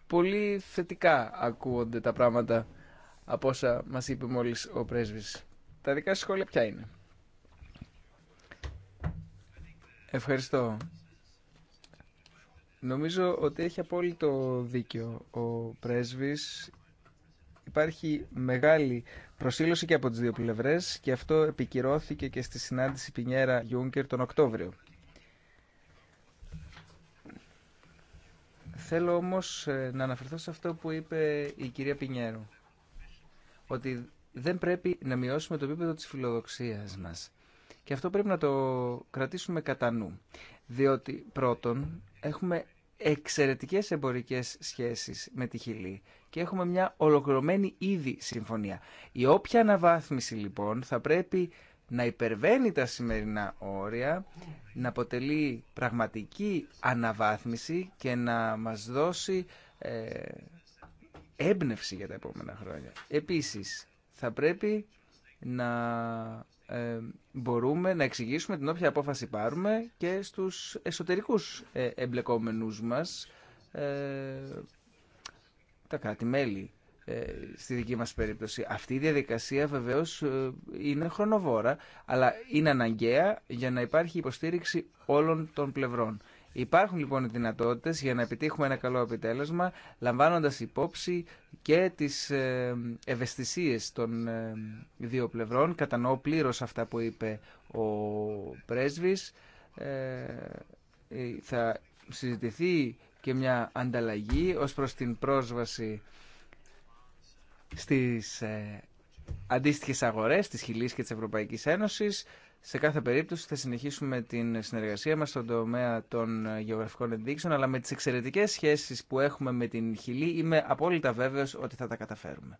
πολύ θετικά ακούγονται τα πράγματα από όσα μας είπε μόλις ο πρέσβης. Τα δικά σχόλια ποια είναι. Ευχαριστώ. Νομίζω ότι έχει απόλυτο δίκιο ο πρέσβης. Υπάρχει μεγάλη προσήλωση και από τις δύο πλευρές και αυτό επικυρώθηκε και στη συνάντηση Πινιέρα Γιούγκερ τον Οκτώβριο. Θέλω όμως ε, να αναφερθώ σε αυτό που είπε η κυρία Πινιέρου. Ότι δεν πρέπει να μειώσουμε το επίπεδο της φιλοδοξίας μας. Και αυτό πρέπει να το κρατήσουμε κατά νου. Διότι πρώτον έχουμε εξαιρετικές εμπορικές σχέσεις με τη Χιλή και έχουμε μια ολοκληρωμένη ήδη συμφωνία. Η όποια αναβάθμιση λοιπόν θα πρέπει να υπερβαίνει τα σημερινά όρια, να αποτελεί πραγματική αναβάθμιση και να μας δώσει ε, έμπνευση για τα επόμενα χρόνια. Επίσης, θα πρέπει να ε, μπορούμε να εξηγήσουμε την όποια απόφαση πάρουμε και στους εσωτερικούς ε, εμπλεκόμενους μας, ε, τα κράτη-μέλη στη δική μας περίπτωση. Αυτή η διαδικασία βεβαίως είναι χρονοβόρα, αλλά είναι αναγκαία για να υπάρχει υποστήριξη όλων των πλευρών. Υπάρχουν λοιπόν οι δυνατότητε για να επιτύχουμε ένα καλό επιτέλεσμα, λαμβάνοντας υπόψη και τις ε, ευαισθησίε των ε, δύο πλευρών. Κατανοώ πλήρω αυτά που είπε ο πρέσβης. Ε, θα συζητηθεί και μια ανταλλαγή ως προς την πρόσβαση στις αντίστοιχες αγορές της Χιλής και της Ευρωπαϊκής Ένωσης. Σε κάθε περίπτωση θα συνεχίσουμε την συνεργασία μας στον τομέα των γεωγραφικών ενδείξεων, αλλά με τις εξαιρετικές σχέσεις που έχουμε με την Χιλή είμαι απόλυτα βέβαιος ότι θα τα καταφέρουμε.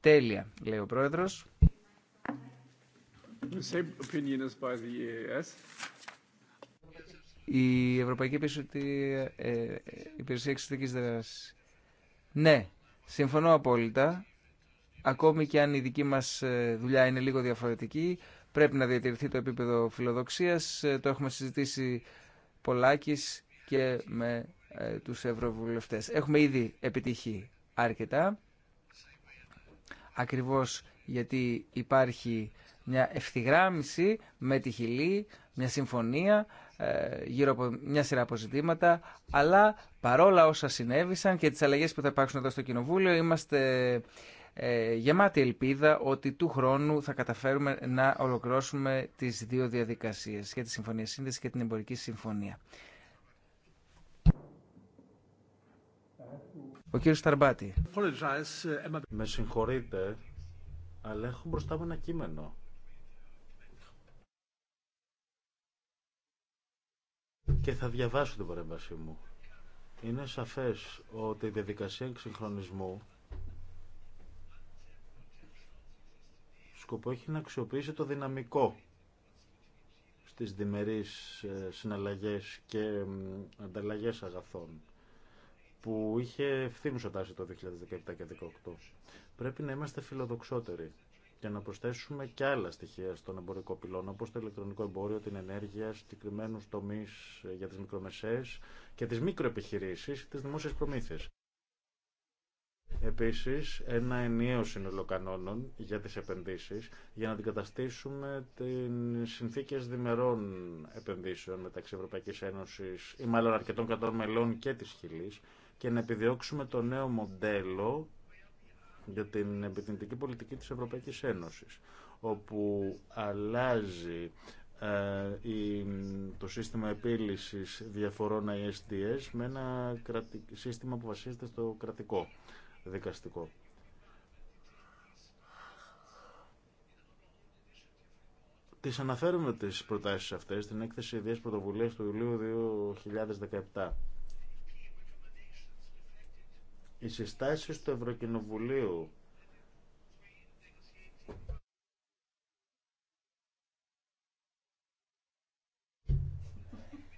Τέλεια, λέει ο Πρόεδρος. E η Ευρωπαϊκή ε, ε, Υπηρεσία Εξωτικής Δράσης. Ναι, συμφωνώ απόλυτα. Ακόμη και αν η δική μας ε, δουλειά είναι λίγο διαφορετική, πρέπει να διατηρηθεί το επίπεδο φιλοδοξίας. Ε, το έχουμε συζητήσει πολλάκις και με ε, τους ευρωβουλευτές. Έχουμε ήδη επιτυχεί αρκετά, ακριβώς γιατί υπάρχει μια ευθυγράμμιση με τη Χιλή, μια συμφωνία ε, γύρω από μια σειρά αποζητήματα, αλλά παρόλα όσα συνέβησαν και τις αλλαγές που θα υπάρξουν εδώ στο Κοινοβούλιο, είμαστε ε, γεμάτη ελπίδα ότι του χρόνου θα καταφέρουμε να ολοκληρώσουμε τις δύο διαδικασίες για τη Συμφωνία Σύνδεση και την Εμπορική Συμφωνία. Ο κύριος Σταρμπάτη. Με συγχωρείτε, αλλά έχω μπροστά μου ένα κείμενο. Και θα διαβάσω την παρέμβασή μου. Είναι σαφές ότι η διαδικασία εξυγχρονισμού σκοπό έχει να αξιοποιήσει το δυναμικό στις διμερείς ε, συναλλαγές και ανταλλαγές αγαθών που είχε ευθύνουσα τάση το 2017 και 2018. Πρέπει να είμαστε φιλοδοξότεροι και να προσθέσουμε και άλλα στοιχεία στον εμπορικό πυλώνα, όπως το ηλεκτρονικό εμπόριο, την ενέργεια, συγκεκριμένου τομεί ε, για τις μικρομεσαίες και τις μικροεπιχειρήσεις, τις δημόσιες προμήθειε. Επίσης, ένα ενιαίο σύνολο για τις επενδύσεις, για να αντικαταστήσουμε τις συνθήκες δημερών επενδύσεων μεταξύ Ευρωπαϊκής Ένωσης ή μάλλον αρκετών κρατών μελών και της Χιλής και να επιδιώξουμε το νέο μοντέλο για την επιθυντική πολιτική της Ευρωπαϊκής Ένωσης, όπου αλλάζει ε, το σύστημα επίλυσης διαφορών ISDS με ένα σύστημα που βασίζεται στο κρατικό δικαστικό. Τις αναφέρουμε τις προτάσεις αυτές στην έκθεση ιδέας πρωτοβουλίας του Ιουλίου 2017. Οι συστάσεις του Ευρωκοινοβουλίου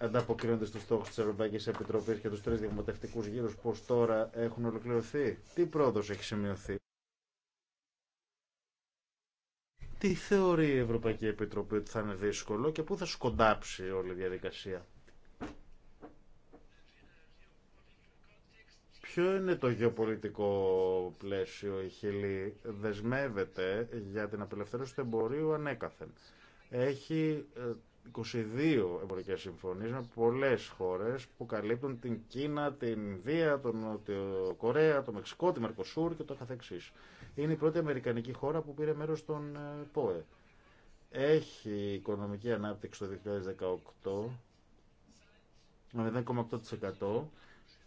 ανταποκρίνονται στους στόχους της Ευρωπαϊκής Επιτροπής και τους τρεις διαγματευτικούς γύρους πώς τώρα έχουν ολοκληρωθεί. Τι πρόοδος έχει σημειωθεί. Τι θεωρεί η Ευρωπαϊκή Επιτροπή ότι θα είναι δύσκολο και πού θα σκοντάψει όλη η διαδικασία. Ποιο είναι το γεωπολιτικό πλαίσιο η Χιλή δεσμεύεται για την απελευθέρωση του εμπορίου ανέκαθεν. Έχει ε, 22 εμπορικέ συμφωνίε με πολλέ χώρε που καλύπτουν την Κίνα, την Ινδία, τον Νότιο Κορέα, το Μεξικό, τη Μερκοσούρ και το καθεξή. Είναι η πρώτη Αμερικανική χώρα που πήρε μέρο στον ε, ΠΟΕ. Έχει οικονομική ανάπτυξη το 2018 με 0,8%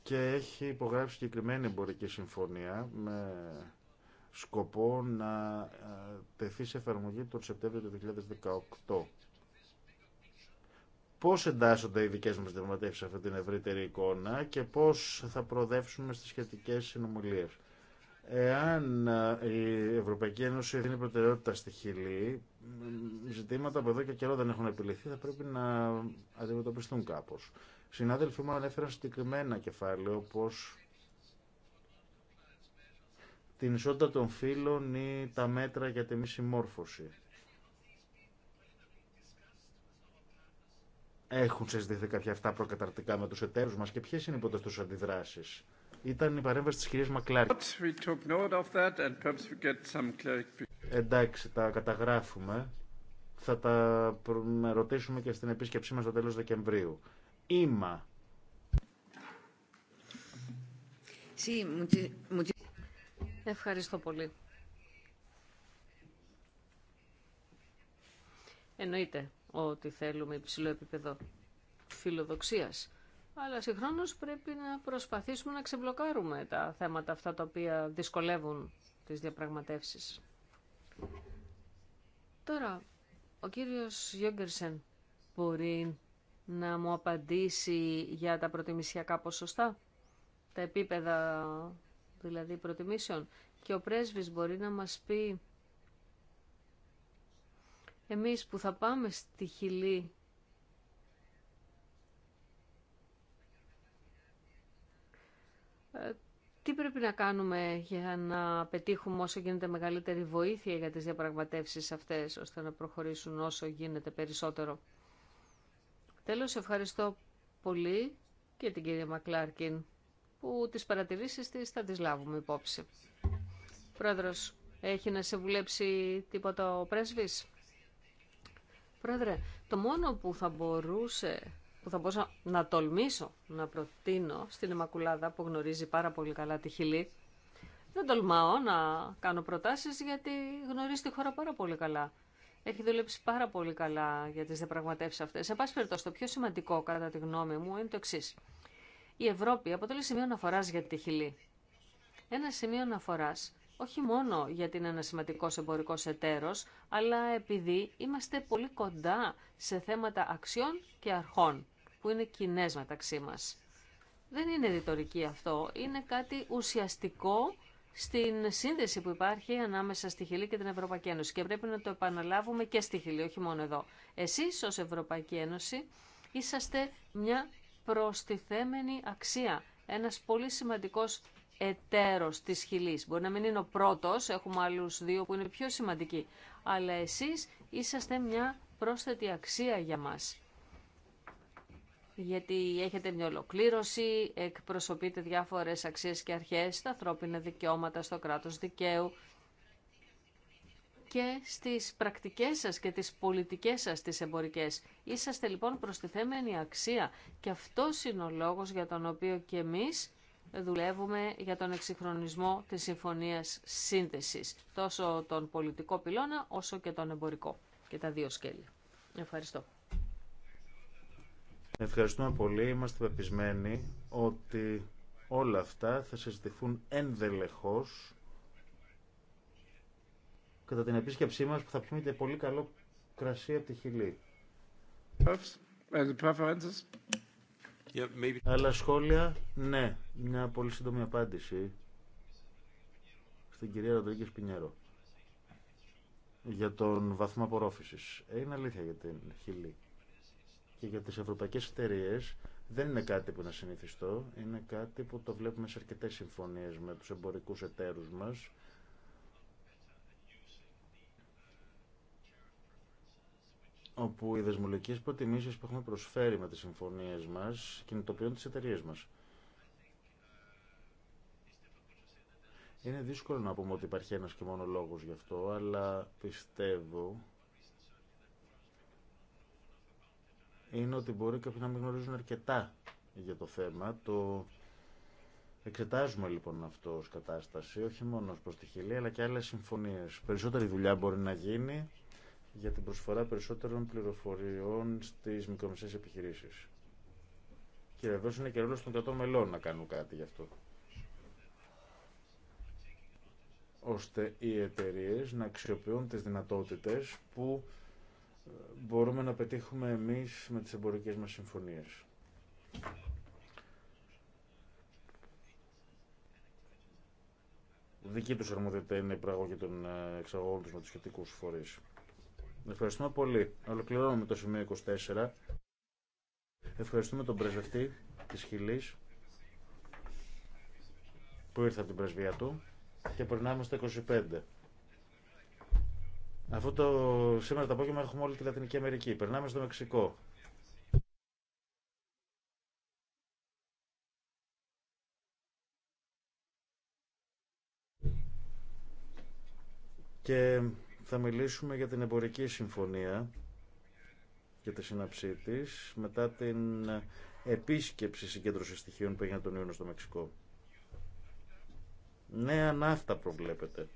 και έχει υπογράψει συγκεκριμένη εμπορική συμφωνία με σκοπό να ε, τεθεί σε εφαρμογή τον Σεπτέμβριο του 2018 πώς εντάσσονται οι δικές μας διαπραγματεύσεις σε αυτή την ευρύτερη εικόνα και πώς θα προοδεύσουμε στις σχετικές συνομιλίες. Εάν ε, η Ευρωπαϊκή Ένωση δίνει προτεραιότητα στη Χιλή, ζητήματα που εδώ και καιρό δεν έχουν επιληθεί θα πρέπει να αντιμετωπιστούν κάπως. Συνάδελφοι μου ανέφεραν συγκεκριμένα κεφάλαιο όπως την ισότητα των φύλων ή τα μέτρα για τη μη συμμόρφωση. Έχουν συζητηθεί κάποια αυτά προκαταρτικά με του εταίρου μα και ποιε είναι οι ποτέ του αντιδράσει. Ήταν η παρέμβαση τη κυρία Μακλάρη. Εντάξει, τα καταγράφουμε. Θα τα ρωτήσουμε και στην επίσκεψή μα στο τέλο Δεκεμβρίου. Είμα. Ευχαριστώ πολύ. Εννοείται ότι θέλουμε υψηλό επίπεδο φιλοδοξίας. Αλλά συγχρόνως πρέπει να προσπαθήσουμε να ξεμπλοκάρουμε τα θέματα αυτά τα οποία δυσκολεύουν τις διαπραγματεύσεις. Τώρα, ο κύριος Γιόγκερσεν μπορεί να μου απαντήσει για τα προτιμησιακά ποσοστά, τα επίπεδα δηλαδή προτιμήσεων. Και ο πρέσβης μπορεί να μας πει εμείς που θα πάμε στη Χιλή ε, τι πρέπει να κάνουμε για να πετύχουμε όσο γίνεται μεγαλύτερη βοήθεια για τις διαπραγματεύσεις αυτές, ώστε να προχωρήσουν όσο γίνεται περισσότερο. Τέλος, ευχαριστώ πολύ και την κυρία Μακλάρκιν, που τις παρατηρήσεις της θα τις λάβουμε υπόψη. Πρόεδρος, έχει να σε βουλέψει τίποτα ο πρέσβης? Πρόεδρε, το μόνο που θα μπορούσε που θα μπορούσα να τολμήσω να προτείνω στην Εμακουλάδα που γνωρίζει πάρα πολύ καλά τη Χιλή. Δεν τολμάω να κάνω προτάσεις γιατί γνωρίζει τη χώρα πάρα πολύ καλά. Έχει δουλέψει πάρα πολύ καλά για τις διαπραγματεύσεις αυτές. Σε πάση περιπτώσει, το πιο σημαντικό κατά τη γνώμη μου είναι το εξή. Η Ευρώπη αποτελεί σημείο αναφορά για τη Χιλή. Ένα σημείο αναφορά όχι μόνο γιατί είναι ένα σημαντικό εμπορικό εταίρο, αλλά επειδή είμαστε πολύ κοντά σε θέματα αξιών και αρχών, που είναι κοινέ μεταξύ μα. Δεν είναι ρητορική αυτό, είναι κάτι ουσιαστικό στην σύνδεση που υπάρχει ανάμεσα στη Χιλή και την Ευρωπαϊκή Ένωση. Και πρέπει να το επαναλάβουμε και στη Χιλή, όχι μόνο εδώ. Εσείς ως Ευρωπαϊκή Ένωση είσαστε μια προστιθέμενη αξία, ένας πολύ σημαντικός εταίρος της Χιλής. Μπορεί να μην είναι ο πρώτος, έχουμε άλλους δύο που είναι πιο σημαντικοί, αλλά εσείς είσαστε μια πρόσθετη αξία για μας. Γιατί έχετε μια ολοκλήρωση, εκπροσωπείτε διάφορες αξίες και αρχές, τα ανθρώπινα δικαιώματα στο κράτος δικαίου και στις πρακτικές σας και τις πολιτικές σας τις εμπορικές. Είσαστε λοιπόν προστιθέμενη αξία και αυτό είναι ο λόγος για τον οποίο και εμείς δουλεύουμε για τον εξυγχρονισμό της συμφωνίας Σύνθεσης, τόσο τον πολιτικό πυλώνα όσο και τον εμπορικό και τα δύο σκέλη. Ευχαριστώ. Ευχαριστούμε πολύ. Είμαστε πεπισμένοι ότι όλα αυτά θα συζητηθούν ενδελεχώς κατά την επίσκεψή μας που θα πιούμε πολύ καλό κρασί από τη Χιλή. Άλλα σχόλια, ναι, μια πολύ σύντομη απάντηση στην κυρία Ροντρίγκη Πινιέρο για τον βαθμό απορρόφησης. Ε, είναι αλήθεια για την Χιλή και για τις ευρωπαϊκές εταιρείε δεν είναι κάτι που είναι συνηθιστό, είναι κάτι που το βλέπουμε σε αρκετέ συμφωνίες με τους εμπορικούς εταίρους μας όπου οι δεσμολογικές προτιμήσεις που έχουμε προσφέρει με τις συμφωνίες μας κινητοποιούν τις εταιρείε μας. Είναι δύσκολο να πούμε ότι υπάρχει ένας και μόνο λόγος γι' αυτό, αλλά πιστεύω είναι ότι μπορεί κάποιοι να μην γνωρίζουν αρκετά για το θέμα. Το εξετάζουμε λοιπόν αυτό ως κατάσταση, όχι μόνο ως προς τη χειλή, αλλά και άλλες συμφωνίες. Περισσότερη δουλειά μπορεί να γίνει για την προσφορά περισσότερων πληροφοριών στις μικρομεσαίες επιχειρήσεις. Και βεβαίω είναι και ρόλο των κρατών μελών να κάνουν κάτι γι' αυτό. ώστε οι εταιρείε να αξιοποιούν τις δυνατότητες που ε, μπορούμε να πετύχουμε εμείς με τις εμπορικές μας συμφωνίες. Δική του αρμοδιότητα είναι η πραγωγή των ε, εξαγωγών τους με τους σχετικούς φορείς. Ευχαριστούμε πολύ. Ολοκληρώνουμε το σημείο 24. Ευχαριστούμε τον πρεσβευτή τη Χιλής που ήρθε από την πρεσβεία του και περνάμε στο 25. Αυτό το σήμερα το απόγευμα έχουμε όλη τη Λατινική Αμερική. Περνάμε στο Μεξικό. Και θα μιλήσουμε για την εμπορική συμφωνία και τη σύναψή τη μετά την επίσκεψη συγκέντρωση στοιχείων που έγινε τον Ιούνιο στο Μεξικό. Νέα ναύτα προβλέπεται.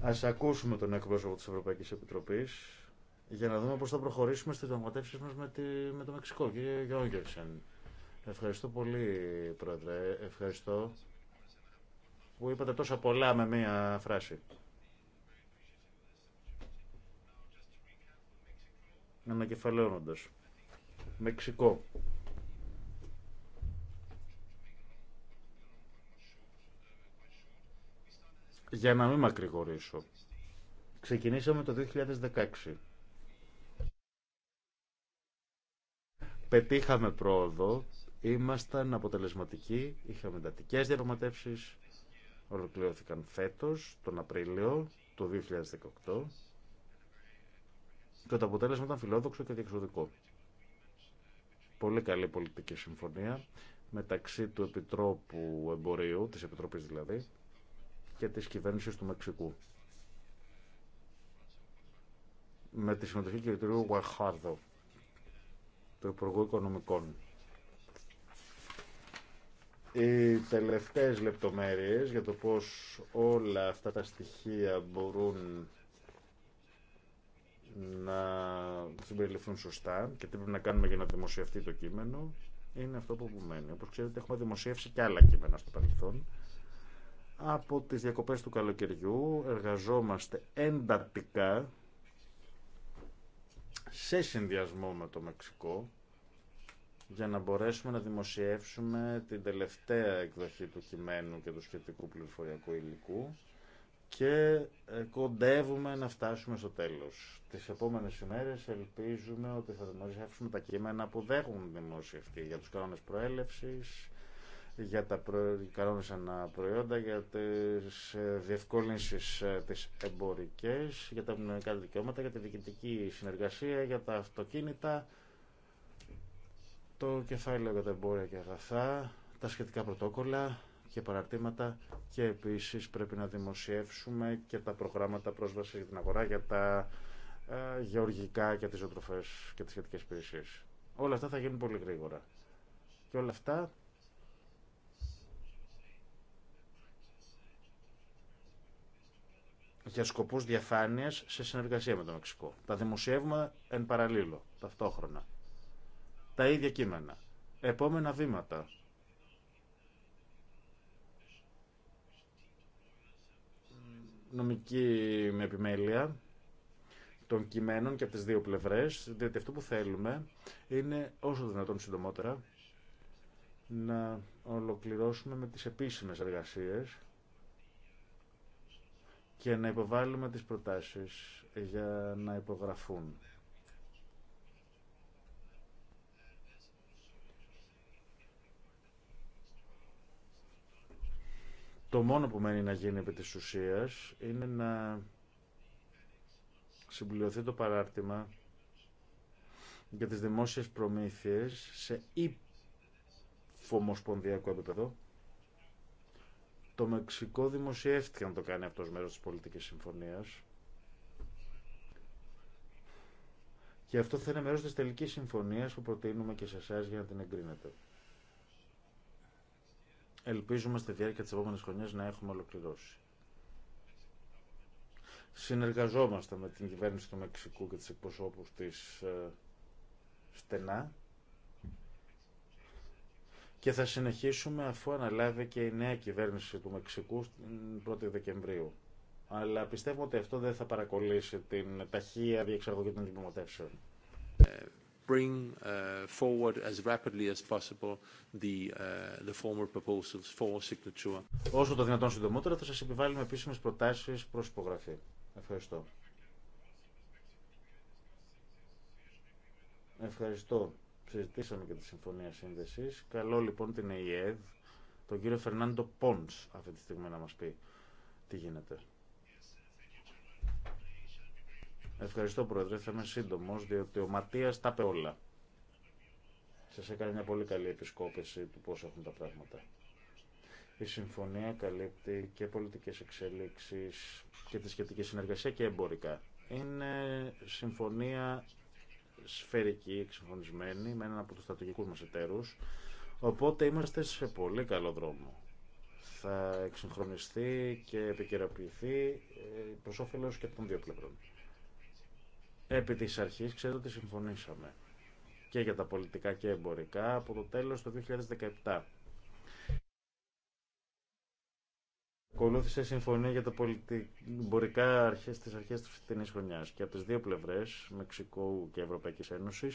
Ας ακούσουμε τον εκπρόσωπο της Ευρωπαϊκής Επιτροπής για να δούμε πώς θα προχωρήσουμε στις διαπραγματεύσεις μας με, τη, με το Μεξικό. Κύριε Γιόγκερσεν, ευχαριστώ πολύ, Πρόεδρε. Ευχαριστώ που είπατε τόσα πολλά με μία φράση. Ανακεφαλαιώνοντας. Μεξικό. Για να μην μακρηγορήσω. Ξεκινήσαμε το 2016. Πετύχαμε πρόοδο, ήμασταν αποτελεσματικοί, είχαμε εντατικέ διαπραγματεύσει, ολοκληρώθηκαν φέτο, τον Απρίλιο του 2018 και το αποτέλεσμα ήταν φιλόδοξο και διεξοδικό. Πολύ καλή πολιτική συμφωνία μεταξύ του Επιτρόπου Εμπορίου, της Επιτροπής δηλαδή, και της κυβέρνησης του Μεξικού. Με τη συμμετοχή του κ. Γουαχάρδο, του Υπουργού Οικονομικών. Οι τελευταίες λεπτομέρειες για το πώς όλα αυτά τα στοιχεία μπορούν να συμπεριληφθούν σωστά και τι πρέπει να κάνουμε για να δημοσιευτεί το κείμενο είναι αυτό που μένει. Όπως ξέρετε έχουμε δημοσιεύσει και άλλα κείμενα στο παρελθόν. Από τις διακοπές του καλοκαιριού εργαζόμαστε εντατικά σε συνδυασμό με το Μεξικό για να μπορέσουμε να δημοσιεύσουμε την τελευταία εκδοχή του κειμένου και του σχετικού πληροφοριακού υλικού και ε, κοντεύουμε να φτάσουμε στο τέλος. Τις επόμενες ημέρες ελπίζουμε ότι θα δημοσιεύσουμε τα κείμενα που δεν έχουν δημοσιευτεί για τους κανόνες προέλευσης, για τα προ... προϊόντα, για τις ε, διευκόλυνσεις ε, τις εμπορικές, για τα πνευματικά δικαιώματα, για τη διοικητική συνεργασία, για τα αυτοκίνητα, το κεφάλαιο για τα εμπόρια και αγαθά, τα σχετικά πρωτόκολλα και παραρτήματα και επίσης πρέπει να δημοσιεύσουμε και τα προγράμματα πρόσβασης για την αγορά για τα ε, γεωργικά και τις ζωοτροφές και τις σχετικές υπηρεσίες. Όλα αυτά θα γίνουν πολύ γρήγορα. Και όλα αυτά για σκοπούς διαφάνειας σε συνεργασία με το Μεξικό. Τα δημοσιεύουμε εν παραλίλω, ταυτόχρονα. Τα ίδια κείμενα. Επόμενα βήματα. Νομική με επιμέλεια των κειμένων και από τις δύο πλευρές, διότι αυτό που θέλουμε είναι όσο δυνατόν συντομότερα να ολοκληρώσουμε με τις επίσημες εργασίες και να υποβάλουμε τις προτάσεις για να υπογραφούν. Το μόνο που μένει να γίνει επί της ουσίας είναι να συμπληρωθεί το παράρτημα για τις δημόσιες προμήθειες σε υπομοσπονδιακό επίπεδο το Μεξικό δημοσιεύτηκε να το κάνει αυτός μέρος της πολιτικής συμφωνίας. Και αυτό θα είναι μέρος της τελικής συμφωνίας που προτείνουμε και σε εσά για να την εγκρίνετε. Ελπίζουμε στη διάρκεια της επόμενης χρονιάς να έχουμε ολοκληρώσει. Συνεργαζόμαστε με την κυβέρνηση του Μεξικού και τις εκπροσώπους της ε, στενά και θα συνεχίσουμε αφού αναλάβει και η νέα κυβέρνηση του Μεξικού την 1η Δεκεμβρίου. Αλλά πιστεύω ότι αυτό δεν θα παρακολύσει την ταχεία διεξαγωγή των διπλωματεύσεων. Ε, bring ε, forward as rapidly as possible the, ε, the former proposals for signature. Όσο το δυνατόν συντομότερα θα σας επιβάλλουμε επίσημες προτάσεις προς υπογραφή. Ευχαριστώ. Ευχαριστώ. Συζητήσαμε και τη Συμφωνία σύνδεση. Καλό λοιπόν την ΕΙΕΔ, τον κύριο Φερνάντο Πόντς αυτή τη στιγμή να μα πει τι γίνεται. Ευχαριστώ Πρόεδρε, θα είμαι σύντομο, διότι ο Ματίας τα είπε όλα. Σας έκανε μια πολύ καλή επισκόπηση του πώ έχουν τα πράγματα. Η συμφωνία καλύπτει και πολιτικέ εξέλιξει και τη σχετική συνεργασία και εμπορικά. Είναι συμφωνία σφαιρική, εξυγχρονισμένη με έναν από του στρατηγικού μα εταίρου. οπότε είμαστε σε πολύ καλό δρόμο. Θα εξυγχρονιστεί και επικαιροποιηθεί ε, προ όφελο και των δύο πλευρών. Επί τη αρχής ξέρετε ότι συμφωνήσαμε και για τα πολιτικά και εμπορικά από το τέλος του 2017 Ακολούθησε συμφωνία για τα πολιτικά αρχέ τη αρχέ τη φθηνή χρονιά και από τι δύο πλευρέ, Μεξικού και Ευρωπαϊκή Ένωση,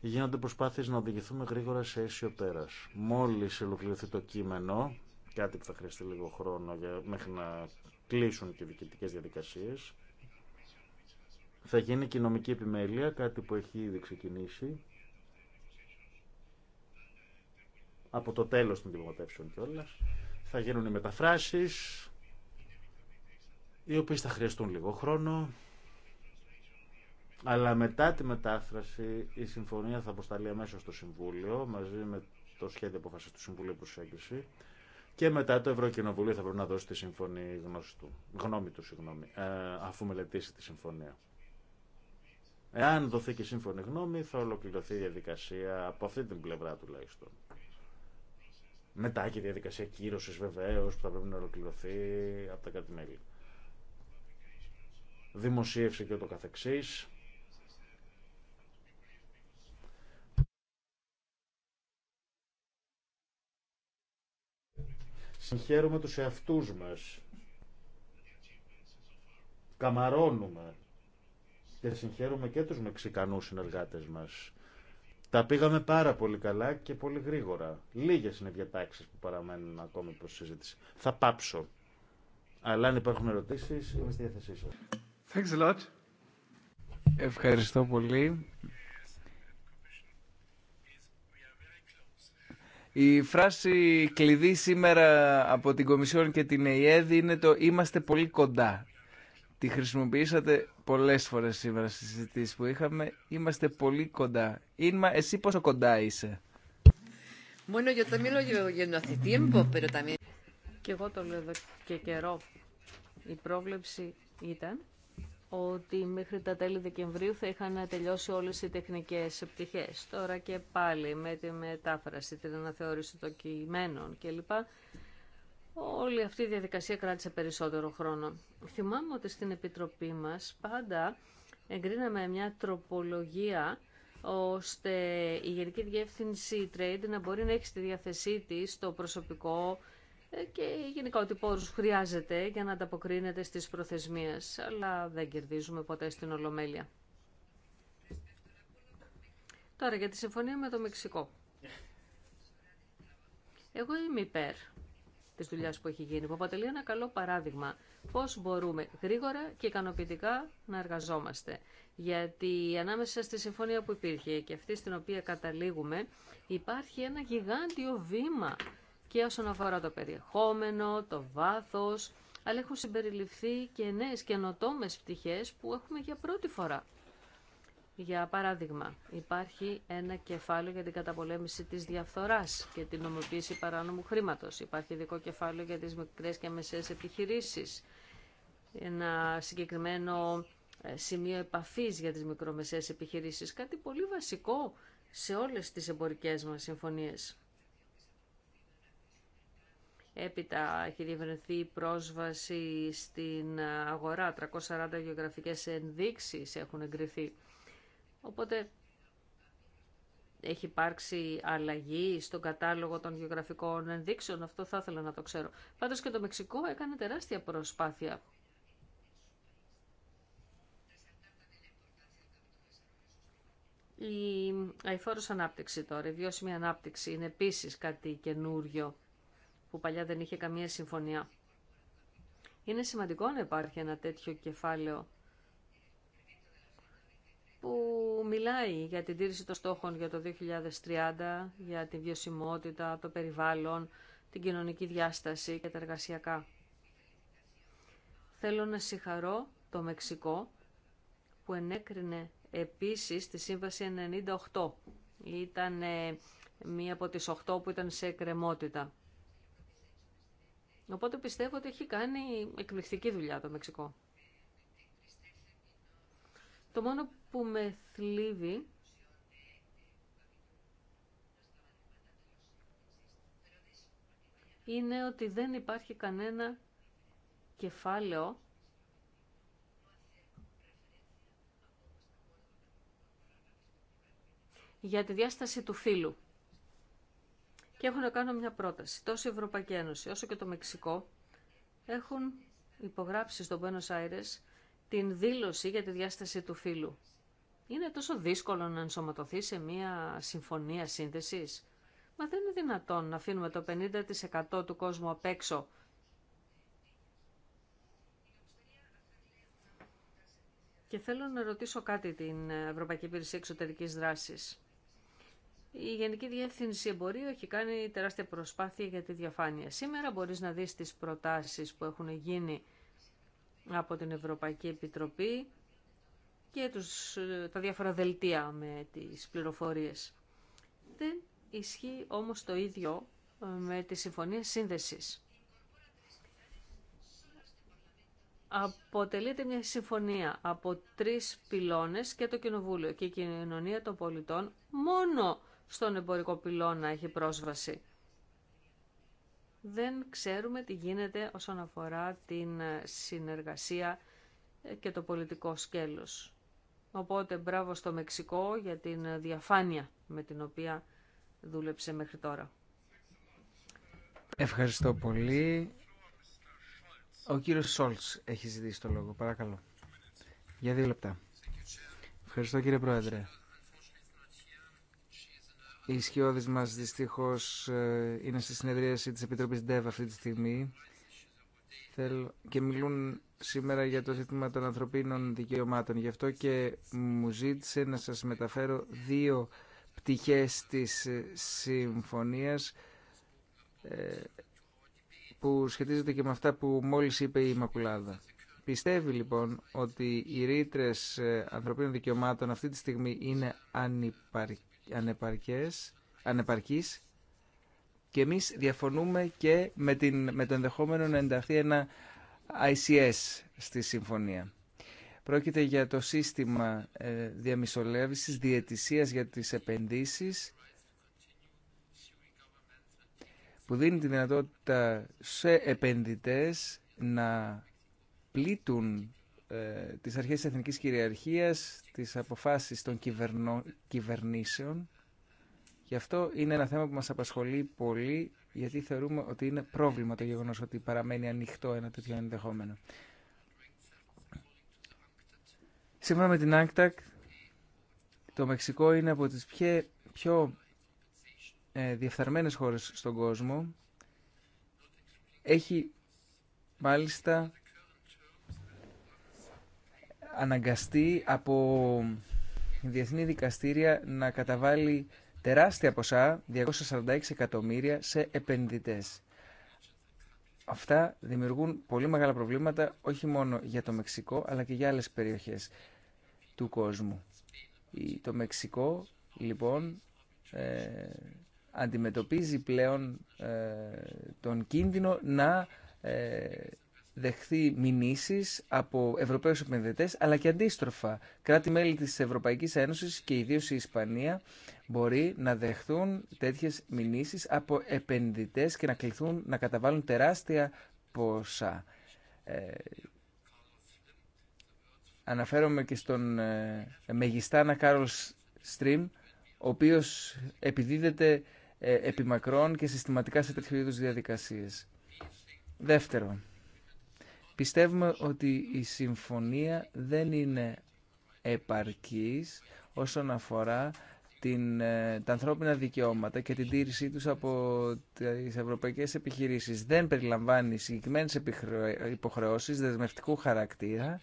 γίνονται προσπάθειε να οδηγηθούμε γρήγορα σε αίσιο πέρα. Μόλι ολοκληρωθεί το κείμενο, κάτι που θα χρειαστεί λίγο χρόνο μέχρι να κλείσουν και οι διοικητικέ διαδικασίε, θα γίνει και η νομική επιμέλεια, κάτι που έχει ήδη ξεκινήσει. Από το τέλος των δημοκρατήσεων κιόλα θα γίνουν οι μεταφράσεις, οι οποίες θα χρειαστούν λίγο χρόνο, αλλά μετά τη μετάφραση η συμφωνία θα αποσταλεί αμέσω στο Συμβούλιο, μαζί με το σχέδιο αποφασή του Συμβουλίου Προσέγγιση, και μετά το Ευρωκοινοβούλιο θα πρέπει να δώσει τη συμφωνή γνώμη του, συγγνώμη, ε, αφού μελετήσει τη συμφωνία. Εάν δοθεί και σύμφωνη γνώμη, θα ολοκληρωθεί η διαδικασία από αυτή την πλευρά τουλάχιστον. Μετά και η διαδικασία κύρωση βεβαίω που θα πρέπει να ολοκληρωθεί από τα κάτι μέλη. Δημοσίευση και ούτω καθεξής. Συγχαίρουμε τους εαυτούς μας. Καμαρώνουμε. Και συγχαίρουμε και τους Μεξικανούς συνεργάτες μας τα πήγαμε πάρα πολύ καλά και πολύ γρήγορα. Λίγες είναι διατάξει που παραμένουν ακόμη προ συζήτηση. Θα πάψω. Αλλά αν υπάρχουν ερωτήσεις, είμαι στη διάθεσή σα. Ευχαριστώ πολύ. Η φράση κλειδί σήμερα από την Κομισιόν και την ΕΕΔ είναι το «Είμαστε πολύ κοντά». Τη χρησιμοποιήσατε πολλέ φορέ σήμερα στι συζητήσει που είχαμε. Είμαστε πολύ κοντά. Ήρμα, εσύ πόσο κοντά είσαι. Bueno, yo también lo llevo hace tiempo, pero también... Και εγώ το λέω εδώ και καιρό. Η πρόβλεψη ήταν ότι μέχρι τα τέλη Δεκεμβρίου θα είχαν τελειώσει όλες οι τεχνικές πτυχές. Τώρα και πάλι με τη μετάφραση, την αναθεώρηση των κειμένων κλπ. Όλη αυτή η διαδικασία κράτησε περισσότερο χρόνο. Θυμάμαι ότι στην Επιτροπή μας πάντα εγκρίναμε μια τροπολογία ώστε η Γενική Διεύθυνση Trade να μπορεί να έχει στη διάθεσή της το προσωπικό ε, και γενικά ότι πόρους χρειάζεται για να ανταποκρίνεται στις προθεσμίες, αλλά δεν κερδίζουμε ποτέ στην Ολομέλεια. Τώρα για τη συμφωνία με το Μεξικό. Εγώ είμαι υπέρ τη δουλειά που έχει γίνει, που αποτελεί ένα καλό παράδειγμα πώς μπορούμε γρήγορα και ικανοποιητικά να εργαζόμαστε. Γιατί ανάμεσα στη συμφωνία που υπήρχε και αυτή στην οποία καταλήγουμε, υπάρχει ένα γιγάντιο βήμα και όσον αφορά το περιεχόμενο, το βάθος, αλλά έχουν συμπεριληφθεί και νέες καινοτόμε πτυχές που έχουμε για πρώτη φορά. Για παράδειγμα, υπάρχει ένα κεφάλαιο για την καταπολέμηση της διαφθοράς και την νομοποίηση παράνομου χρήματος. Υπάρχει ειδικό κεφάλαιο για τις μικρές και μεσαίες επιχειρήσεις. Ένα συγκεκριμένο ε, σημείο επαφής για τις μικρομεσαίες επιχειρήσεις. Κάτι πολύ βασικό σε όλες τις εμπορικές μας συμφωνίες. Έπειτα έχει διευρυνθεί η πρόσβαση στην ε, αγορά. 340 γεωγραφικές ενδείξεις έχουν εγκριθεί. Οπότε έχει υπάρξει αλλαγή στον κατάλογο των γεωγραφικών ενδείξεων, αυτό θα ήθελα να το ξέρω. Πάντως και το Μεξικό έκανε τεράστια προσπάθεια. Η αηφόρος ανάπτυξη τώρα, η βιώσιμη ανάπτυξη είναι επίσης κάτι καινούριο που παλιά δεν είχε καμία συμφωνία. Είναι σημαντικό να υπάρχει ένα τέτοιο κεφάλαιο που μιλάει για την τήρηση των στόχων για το 2030, για την βιωσιμότητα, το περιβάλλον, την κοινωνική διάσταση και τα εργασιακά. Θέλω να συγχαρώ το Μεξικό που ενέκρινε επίσης τη Σύμβαση 98. Ήταν μία από τις 8 που ήταν σε κρεμότητα. Οπότε πιστεύω ότι έχει κάνει εκπληκτική δουλειά το Μεξικό. Το μόνο που με θλίβει είναι ότι δεν υπάρχει κανένα κεφάλαιο για τη διάσταση του φύλου. Και έχω να κάνω μια πρόταση. Τόσο η Ευρωπαϊκή Ένωση όσο και το Μεξικό έχουν υπογράψει στον Buenos Aires την δήλωση για τη διάσταση του φύλου. Είναι τόσο δύσκολο να ενσωματωθεί σε μια συμφωνία σύνδεσης. Μα δεν είναι δυνατόν να αφήνουμε το 50% του κόσμου απ' έξω. Και θέλω να ρωτήσω κάτι την Ευρωπαϊκή Υπηρεσία Εξωτερικής Δράσης. Η Γενική Διεύθυνση Εμπορίου έχει κάνει τεράστια προσπάθεια για τη διαφάνεια. Σήμερα μπορείς να δεις τις προτάσεις που έχουν γίνει από την Ευρωπαϊκή Επιτροπή και τους, τα διάφορα δελτία με τις πληροφορίες. Δεν ισχύει όμως το ίδιο ε, με τη Συμφωνία Σύνδεσης. Αποτελείται μια συμφωνία από τρεις πυλώνες και το Κοινοβούλιο και η κοινωνία των πολιτών μόνο στον εμπορικό πυλώνα έχει πρόσβαση δεν ξέρουμε τι γίνεται όσον αφορά την συνεργασία και το πολιτικό σκέλος. Οπότε μπράβο στο Μεξικό για την διαφάνεια με την οποία δούλεψε μέχρι τώρα. Ευχαριστώ πολύ. Ο κύριος Σόλτς έχει ζητήσει το λόγο. Παρακαλώ. Για δύο λεπτά. Ευχαριστώ κύριε Πρόεδρε. Οι ισχυώδεις μας δυστυχώς ε, είναι στη συνεδρίαση της Επιτροπής ΔΕΒ αυτή τη στιγμή και μιλούν σήμερα για το ζήτημα των ανθρωπίνων δικαιωμάτων. Γι' αυτό και μου ζήτησε να σας μεταφέρω δύο πτυχές της ε, συμφωνίας ε, που σχετίζονται και με αυτά που μόλις είπε η Μακουλάδα. Πιστεύει λοιπόν ότι οι ρήτρες ανθρωπίνων δικαιωμάτων αυτή τη στιγμή είναι ανυπαρκή ανεπαρκές, ανεπαρκής και εμείς διαφωνούμε και με, την, με το ενδεχόμενο να ενταχθεί ένα ICS στη συμφωνία. Πρόκειται για το σύστημα ε, διαμισολεύησης, για τις επενδύσεις που δίνει τη δυνατότητα σε επενδυτές να πλήττουν ε, τις αρχές της εθνικής κυριαρχίας, τις αποφάσεις των κυβερνήσεων. Γι' αυτό είναι ένα θέμα που μας απασχολεί πολύ, γιατί θεωρούμε ότι είναι πρόβλημα το γεγονός ότι παραμένει ανοιχτό ένα τέτοιο ενδεχόμενο. Σύμφωνα με την ΑΚΤΑΚ, το Μεξικό είναι από τις πιο, πιο ε, διεφθαρμένες χώρες στον κόσμο. Έχει μάλιστα αναγκαστεί από διεθνή δικαστήρια να καταβάλει τεράστια ποσά, 246 εκατομμύρια, σε επενδυτές. Αυτά δημιουργούν πολύ μεγάλα προβλήματα, όχι μόνο για το Μεξικό, αλλά και για άλλες περιοχές του κόσμου. Το Μεξικό, λοιπόν, ε, αντιμετωπίζει πλέον ε, τον κίνδυνο να ε, δεχθεί μηνύσει από ευρωπαίου επενδυτέ, αλλά και αντίστροφα. Κράτη-μέλη της Ευρωπαϊκής Ένωσης και ιδίως η Ισπανία μπορεί να δεχθούν τέτοιες μηνύσει από επενδυτές και να κληθούν να καταβάλουν τεράστια ποσά. Ε, αναφέρομαι και στον ε, Μεγιστάνα Κάρολ Στριμ, ο οποίος επιδίδεται ε, επιμακρών και συστηματικά σε τέτοιου είδου διαδικασίες. Δεύτερον Πιστεύουμε ότι η συμφωνία δεν είναι επαρκής όσον αφορά την, ε, τα ανθρώπινα δικαιώματα και την τήρησή τους από τις ευρωπαϊκές επιχειρήσεις. Δεν περιλαμβάνει συγκεκριμένε υποχρεώσεις δεσμευτικού χαρακτήρα,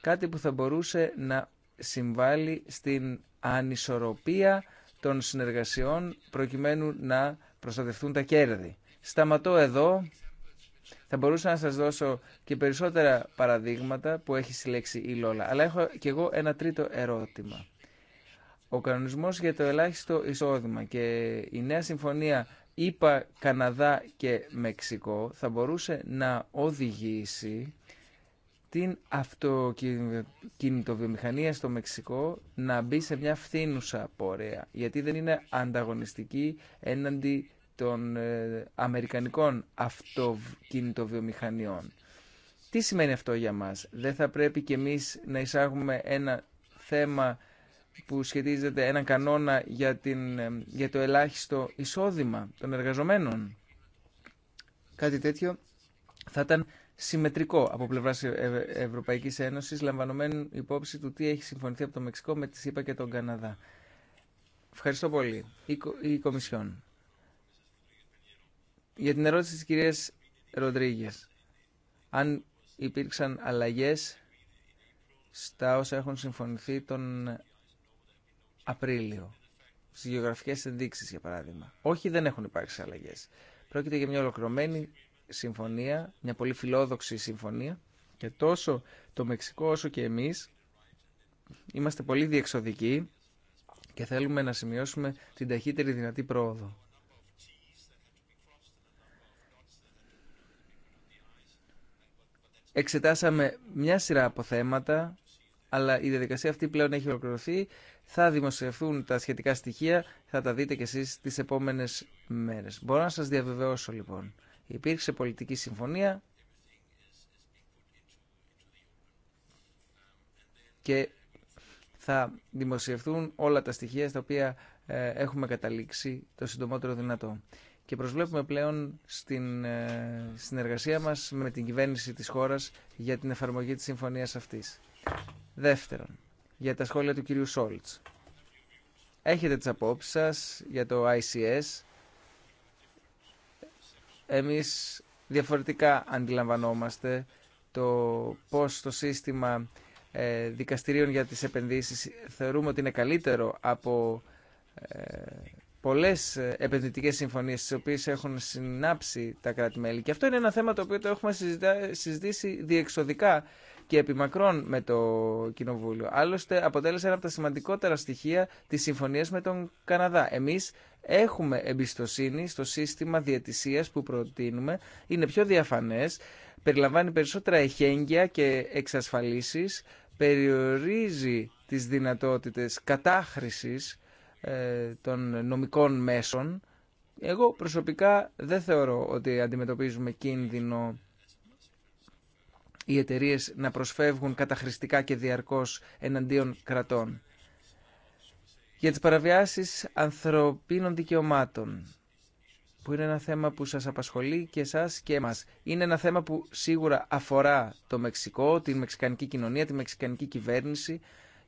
κάτι που θα μπορούσε να συμβάλλει στην ανισορροπία των συνεργασιών προκειμένου να προστατευτούν τα κέρδη. Σταματώ εδώ. Θα μπορούσα να σας δώσω και περισσότερα παραδείγματα που έχει συλλέξει η Λόλα. Αλλά έχω και εγώ ένα τρίτο ερώτημα. Ο κανονισμός για το ελάχιστο εισόδημα και η νέα συμφωνία είπα Καναδά και Μεξικό θα μπορούσε να οδηγήσει την αυτοκινητοβιομηχανία στο Μεξικό να μπει σε μια φθήνουσα πορεία, γιατί δεν είναι ανταγωνιστική έναντι των ε, αμερικανικών αυτοκινητοβιομηχανιών. Τι σημαίνει αυτό για μας. Δεν θα πρέπει και εμείς να εισάγουμε ένα θέμα που σχετίζεται έναν κανόνα για, την, ε, για το ελάχιστο εισόδημα των εργαζομένων. Κάτι τέτοιο θα ήταν συμμετρικό από πλευρά Ευρωπαϊκή Ένωση, λαμβανομένου υπόψη του τι έχει συμφωνηθεί από το Μεξικό με τη ΣΥΠΑ και τον Καναδά. Ευχαριστώ πολύ. Η, Κομισιόν. Για την ερώτηση της κυρίας Ροντρίγκε, αν υπήρξαν αλλαγές στα όσα έχουν συμφωνηθεί τον Απρίλιο, στις γεωγραφικές ενδείξεις για παράδειγμα. Όχι, δεν έχουν υπάρξει αλλαγές. Πρόκειται για μια ολοκληρωμένη συμφωνία, μια πολύ φιλόδοξη συμφωνία και τόσο το Μεξικό όσο και εμείς είμαστε πολύ διεξοδικοί και θέλουμε να σημειώσουμε την ταχύτερη δυνατή πρόοδο. εξετάσαμε μια σειρά από θέματα, αλλά η διαδικασία αυτή πλέον έχει ολοκληρωθεί. Θα δημοσιευθούν τα σχετικά στοιχεία, θα τα δείτε κι εσείς τις επόμενες μέρες. Μπορώ να σας διαβεβαιώσω λοιπόν. Υπήρξε πολιτική συμφωνία και θα δημοσιευθούν όλα τα στοιχεία στα οποία ε, έχουμε καταλήξει το συντομότερο δυνατό και προσβλέπουμε πλέον στην ε, συνεργασία μας με την κυβέρνηση της χώρας για την εφαρμογή της συμφωνίας αυτής. Δεύτερον, για τα σχόλια του κυρίου Σόλτς. Έχετε τις απόψεις σας για το ICS. Εμείς διαφορετικά αντιλαμβανόμαστε το πώς το σύστημα ε, δικαστηρίων για τις επενδύσεις θεωρούμε ότι είναι καλύτερο από ε, Πολλέ ε, επενδυτικέ συμφωνίε τι οποίε έχουν συνάψει τα κράτη-μέλη. Και αυτό είναι ένα θέμα το οποίο το έχουμε συζητήσει διεξοδικά και επιμακρών με το Κοινοβούλιο. Άλλωστε, αποτέλεσε ένα από τα σημαντικότερα στοιχεία της συμφωνία με τον Καναδά. Εμεί έχουμε εμπιστοσύνη στο σύστημα διαιτησία που προτείνουμε. Είναι πιο διαφανές, περιλαμβάνει περισσότερα εχέγγυα και εξασφαλίσεις, περιορίζει τις δυνατότητες κατάχρησης ε, των νομικών μέσων. Εγώ προσωπικά δεν θεωρώ ότι αντιμετωπίζουμε κίνδυνο οι εταιρείε να προσφεύγουν καταχρηστικά και διαρκώς εναντίον κρατών. Για τις παραβιάσεις ανθρωπίνων δικαιωμάτων, που είναι ένα θέμα που σας απασχολεί και εσάς και εμάς. Είναι ένα θέμα που σίγουρα αφορά το Μεξικό, τη μεξικανική κοινωνία, τη μεξικανική κυβέρνηση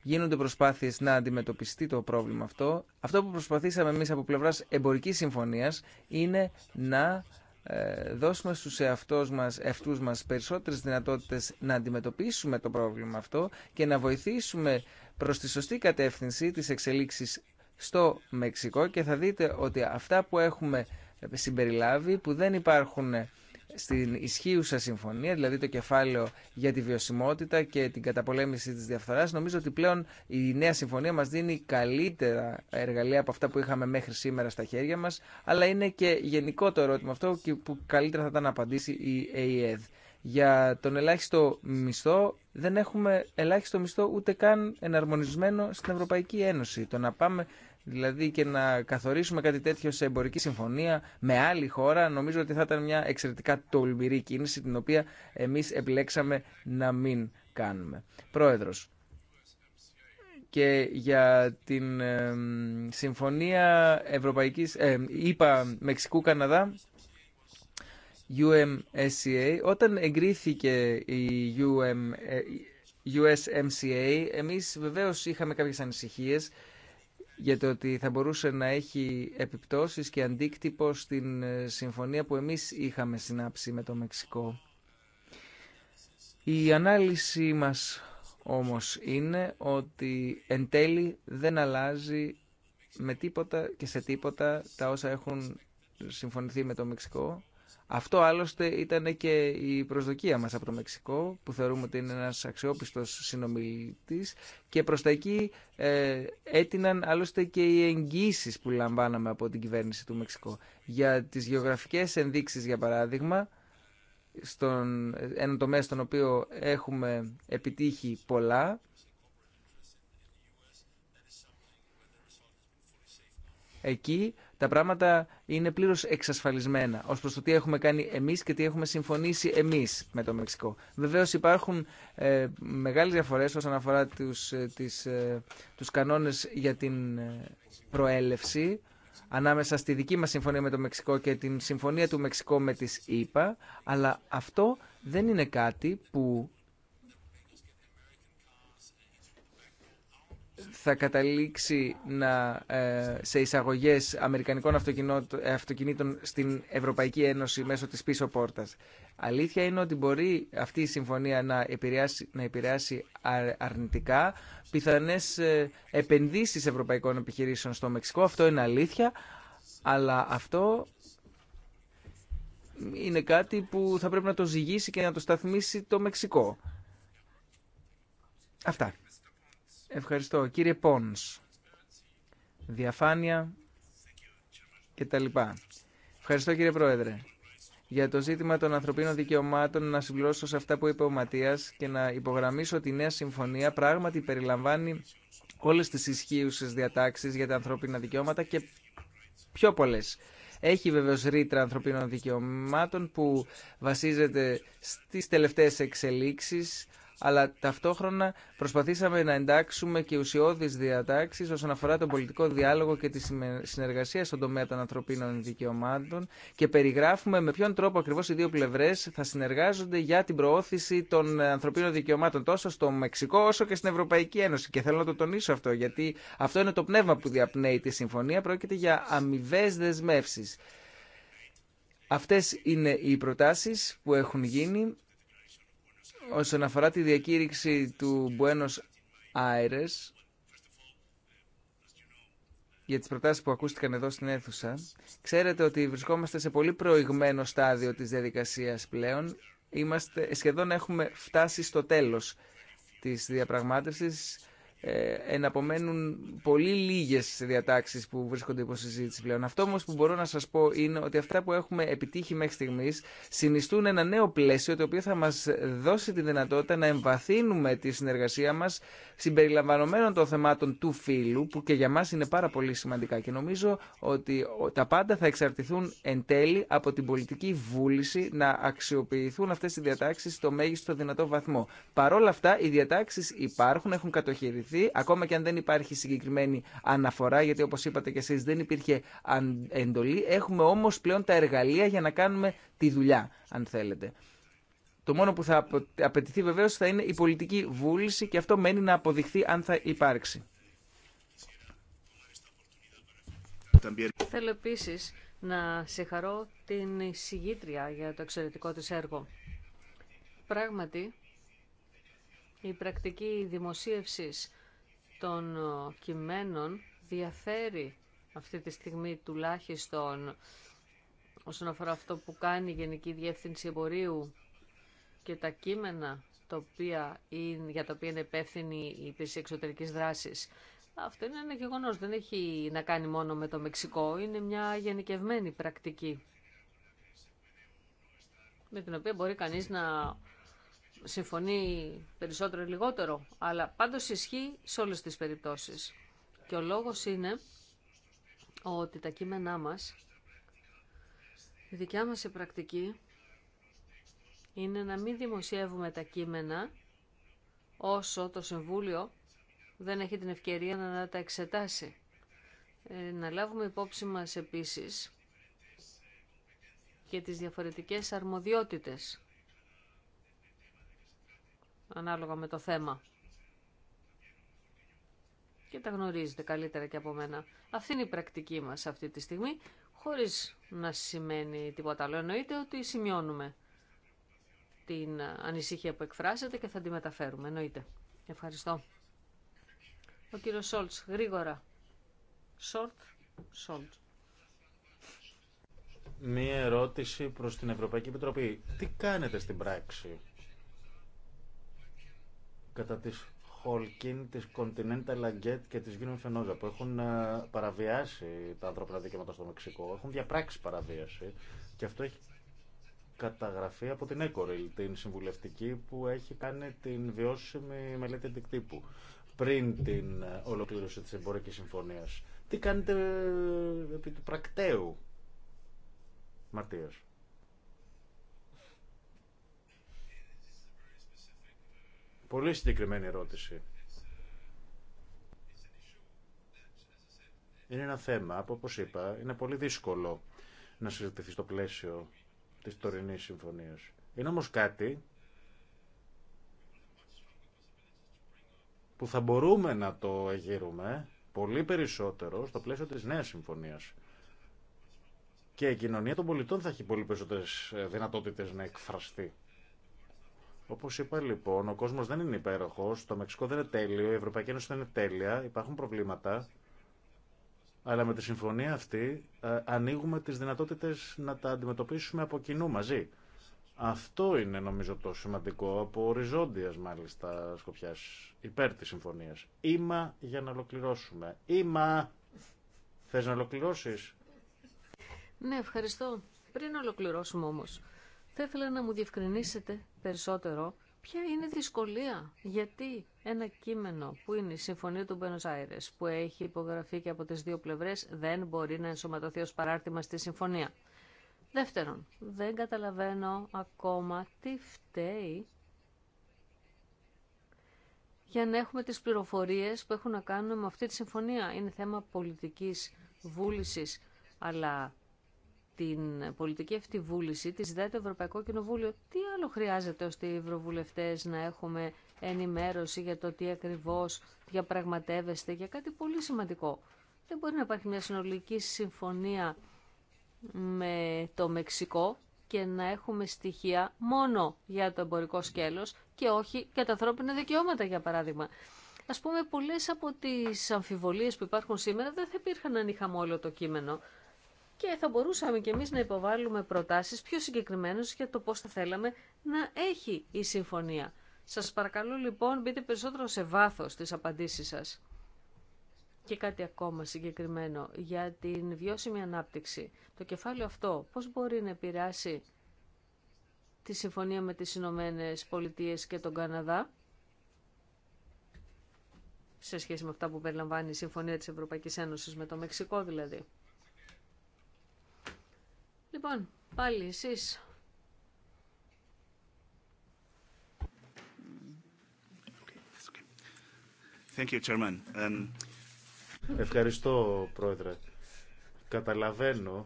γίνονται προσπάθειε να αντιμετωπιστεί το πρόβλημα αυτό. Αυτό που προσπαθήσαμε εμείς από πλευράς εμπορική συμφωνίας είναι να ε, δώσουμε στους εαυτούς μας, εαυτούς μας περισσότερες δυνατότητες να αντιμετωπίσουμε το πρόβλημα αυτό και να βοηθήσουμε προς τη σωστή κατεύθυνση της εξελίξη στο Μεξικό και θα δείτε ότι αυτά που έχουμε συμπεριλάβει που δεν υπάρχουν ε, στην ισχύουσα συμφωνία, δηλαδή το κεφάλαιο για τη βιωσιμότητα και την καταπολέμηση της διαφθοράς, νομίζω ότι πλέον η νέα συμφωνία μας δίνει καλύτερα εργαλεία από αυτά που είχαμε μέχρι σήμερα στα χέρια μας, αλλά είναι και γενικό το ερώτημα αυτό που καλύτερα θα ήταν να απαντήσει η ΑΕΔ. Για τον ελάχιστο μισθό δεν έχουμε ελάχιστο μισθό ούτε καν εναρμονισμένο στην Ευρωπαϊκή Ένωση. Το να πάμε Δηλαδή και να καθορίσουμε κάτι τέτοιο σε εμπορική συμφωνία με άλλη χώρα νομίζω ότι θα ήταν μια εξαιρετικά τολμηρή κίνηση την οποία εμείς επιλέξαμε να μην κάνουμε. Πρόεδρος, και για την συμφωνία Ευρωπαϊκής, ε, είπα Μεξικού Καναδά, UMSCA, όταν εγκρίθηκε η USMCA, ε, εμείς βεβαίως είχαμε κάποιες ανησυχίες για το ότι θα μπορούσε να έχει επιπτώσεις και αντίκτυπο στην ε, συμφωνία που εμείς είχαμε συνάψει με το Μεξικό. Η ανάλυση μας όμως είναι ότι εν τέλει δεν αλλάζει με τίποτα και σε τίποτα τα όσα έχουν συμφωνηθεί με το Μεξικό αυτό άλλωστε ήταν και η προσδοκία μας από το Μεξικό που θεωρούμε ότι είναι ένας αξιόπιστος συνομιλητής και προς τα εκεί ε, έτειναν άλλωστε και οι εγγύησει που λαμβάναμε από την κυβέρνηση του Μεξικού Για τις γεωγραφικές ενδείξεις για παράδειγμα, στον, ένα τομέα στον οποίο έχουμε επιτύχει πολλά, εκεί τα πράγματα είναι πλήρω εξασφαλισμένα ω προ το τι έχουμε κάνει εμεί και τι έχουμε συμφωνήσει εμεί με το Μεξικό. Βεβαίω υπάρχουν ε, μεγάλε διαφορέ όσον αφορά του τους, ε, ε κανόνε για την ε, προέλευση ανάμεσα στη δική μας συμφωνία με το Μεξικό και την συμφωνία του Μεξικό με τις ΗΠΑ, αλλά αυτό δεν είναι κάτι που θα καταλήξει να, ε, σε εισαγωγές αμερικανικών αυτοκινήτων στην Ευρωπαϊκή Ένωση μέσω της πίσω πόρτας. Αλήθεια είναι ότι μπορεί αυτή η συμφωνία να επηρεάσει, να επηρεάσει αρνητικά πιθανές ε, επενδύσεις ευρωπαϊκών επιχειρήσεων στο Μεξικό. Αυτό είναι αλήθεια, αλλά αυτό είναι κάτι που θα πρέπει να το ζυγίσει και να το σταθμίσει το Μεξικό. Αυτά. Ευχαριστώ. Κύριε Πόνς, διαφάνεια λοιπά. Ευχαριστώ κύριε Πρόεδρε. Για το ζήτημα των ανθρωπίνων δικαιωμάτων να συμπληρώσω σε αυτά που είπε ο Ματίας και να υπογραμμίσω ότι η νέα συμφωνία πράγματι περιλαμβάνει όλες τις ισχύουσες διατάξεις για τα ανθρώπινα δικαιώματα και πιο πολλές. Έχει βεβαίως ρήτρα ανθρωπίνων δικαιωμάτων που βασίζεται στις τελευταίες εξελίξεις αλλά ταυτόχρονα προσπαθήσαμε να εντάξουμε και ουσιώδεις διατάξεις όσον αφορά τον πολιτικό διάλογο και τη συνεργασία στον τομέα των ανθρωπίνων δικαιωμάτων και περιγράφουμε με ποιον τρόπο ακριβώς οι δύο πλευρές θα συνεργάζονται για την προώθηση των ανθρωπίνων δικαιωμάτων τόσο στο Μεξικό όσο και στην Ευρωπαϊκή Ένωση. Και θέλω να το τονίσω αυτό, γιατί αυτό είναι το πνεύμα που διαπνέει τη συμφωνία. Πρόκειται για αμοιβέ δεσμεύσει. Αυτές είναι οι προτάσεις που έχουν γίνει όσον αφορά τη διακήρυξη του Buenos Aires για τις προτάσεις που ακούστηκαν εδώ στην αίθουσα, ξέρετε ότι βρισκόμαστε σε πολύ προηγμένο στάδιο της διαδικασίας πλέον. Είμαστε, σχεδόν έχουμε φτάσει στο τέλος της διαπραγμάτευσης. Ε, εναπομένουν πολύ λίγες διατάξει που βρίσκονται υπό συζήτηση πλέον. Αυτό όμω που μπορώ να σα πω είναι ότι αυτά που έχουμε επιτύχει μέχρι στιγμή συνιστούν ένα νέο πλαίσιο το οποίο θα μα δώσει τη δυνατότητα να εμβαθύνουμε τη συνεργασία μα συμπεριλαμβανομένων των θεμάτων του φύλου που και για μα είναι πάρα πολύ σημαντικά και νομίζω ότι τα πάντα θα εξαρτηθούν εν τέλει από την πολιτική βούληση να αξιοποιηθούν αυτέ οι διατάξει στο μέγιστο δυνατό βαθμό. Παρόλα αυτά οι διατάξει υπάρχουν, έχουν κατοχυρηθεί ακόμα και αν δεν υπάρχει συγκεκριμένη αναφορά, γιατί όπως είπατε και εσείς δεν υπήρχε εντολή. Έχουμε όμως πλέον τα εργαλεία για να κάνουμε τη δουλειά, αν θέλετε. Το μόνο που θα απαιτηθεί βεβαίως θα είναι η πολιτική βούληση και αυτό μένει να αποδειχθεί αν θα υπάρξει. Θέλω επίση να συγχαρώ την συγγήτρια για το εξαιρετικό της έργο. Πράγματι, η πρακτική δημοσίευσης των ε, κειμένων διαφέρει αυτή τη στιγμή τουλάχιστον όσον αφορά αυτό που κάνει η Γενική Διεύθυνση Εμπορίου και τα κείμενα τα οποία είναι, για τα οποία είναι υπεύθυνη η υπηρεσία εξωτερική δράση. Αυτό είναι ένα γεγονό. Δεν έχει να κάνει μόνο με το Μεξικό. Είναι μια γενικευμένη πρακτική με την οποία μπορεί κανείς να συμφωνεί περισσότερο ή λιγότερο, αλλά πάντως ισχύει σε όλες τις περιπτώσεις. Και ο λόγος είναι ότι τα κείμενά μας, η δικιά μας πρακτική, είναι να μην δημοσιεύουμε τα κείμενα όσο το Συμβούλιο δεν έχει την ευκαιρία να τα εξετάσει. Ε, να λάβουμε υπόψη μας επίσης και τις διαφορετικές αρμοδιότητες ανάλογα με το θέμα. Και τα γνωρίζετε καλύτερα και από μένα. Αυτή είναι η πρακτική μας αυτή τη στιγμή, χωρίς να σημαίνει τίποτα άλλο. Εννοείται ότι σημειώνουμε την ανησυχία που εκφράζεται και θα τη μεταφέρουμε, εννοείται. Ευχαριστώ. Ο κύριος Σόλτς, γρήγορα. Σόλτ, Σόλτ. Μία ερώτηση προς την Ευρωπαϊκή Επιτροπή. Τι κάνετε στην πράξη κατά της Χολκίν, της Continental Λαγκετ και της Γιούνιον Φενόζα που έχουν ε, παραβιάσει τα ανθρώπινα δικαιώματα στο Μεξικό, έχουν διαπράξει παραβίαση και αυτό έχει καταγραφεί από την Έκοριλ, την συμβουλευτική που έχει κάνει την βιώσιμη μελέτη αντικτύπου πριν την ε, ολοκλήρωση της εμπορικής συμφωνίας. Τι κάνετε ε, επί του πρακτέου, Ματίας. Πολύ συγκεκριμένη ερώτηση. Είναι ένα θέμα που, όπως είπα, είναι πολύ δύσκολο να συζητηθεί στο πλαίσιο της τωρινής συμφωνίας. Είναι όμως κάτι που θα μπορούμε να το εγείρουμε πολύ περισσότερο στο πλαίσιο της νέας συμφωνίας. Και η κοινωνία των πολιτών θα έχει πολύ περισσότερες δυνατότητες να εκφραστεί Όπω είπα λοιπόν, ο κόσμο δεν είναι υπέροχο, το Μεξικό δεν είναι τέλειο, η Ευρωπαϊκή Ένωση δεν είναι τέλεια, υπάρχουν προβλήματα. Αλλά με τη συμφωνία αυτή ε, ανοίγουμε τι δυνατότητε να τα αντιμετωπίσουμε από κοινού μαζί. Αυτό είναι νομίζω το σημαντικό, από οριζόντια μάλιστα σκοπιά υπέρ τη συμφωνία. Είμα για να ολοκληρώσουμε. Είμα! Θε να ολοκληρώσει. Ναι, ευχαριστώ. Πριν ολοκληρώσουμε όμω. Θα ήθελα να μου διευκρινίσετε περισσότερο ποια είναι η δυσκολία. Γιατί ένα κείμενο που είναι η Συμφωνία του Μπένος Άιρες, που έχει υπογραφεί και από τις δύο πλευρές, δεν μπορεί να ενσωματωθεί ως παράρτημα στη Συμφωνία. Δεύτερον, δεν καταλαβαίνω ακόμα τι φταίει για να έχουμε τις πληροφορίες που έχουν να κάνουν με αυτή τη συμφωνία. Είναι θέμα πολιτικής βούλησης, αλλά την πολιτική αυτή βούληση τη ζητάει το Ευρωπαϊκό Κοινοβούλιο. Τι άλλο χρειάζεται ώστε οι ευρωβουλευτέ να έχουμε ενημέρωση για το τι ακριβώ διαπραγματεύεστε για κάτι πολύ σημαντικό. Δεν μπορεί να υπάρχει μια συνολική συμφωνία με το Μεξικό και να έχουμε στοιχεία μόνο για το εμπορικό σκέλος και όχι για τα ανθρώπινα δικαιώματα, για παράδειγμα. Ας πούμε, πολλές από τις αμφιβολίες που υπάρχουν σήμερα δεν θα υπήρχαν αν είχαμε όλο το κείμενο και θα μπορούσαμε και εμείς να υποβάλουμε προτάσεις πιο συγκεκριμένες για το πώς θα θέλαμε να έχει η συμφωνία. Σας παρακαλώ λοιπόν μπείτε περισσότερο σε βάθος τις απαντήσεις σας. Και κάτι ακόμα συγκεκριμένο για την βιώσιμη ανάπτυξη. Το κεφάλαιο αυτό πώς μπορεί να επηρεάσει τη συμφωνία με τις Ηνωμένε Πολιτείε και τον Καναδά σε σχέση με αυτά που περιλαμβάνει η Συμφωνία της Ευρωπαϊκής Ένωσης με το Μεξικό δηλαδή. Λοιπόν, πάλι εσείς. Thank you, Um... Ευχαριστώ, Πρόεδρε. Καταλαβαίνω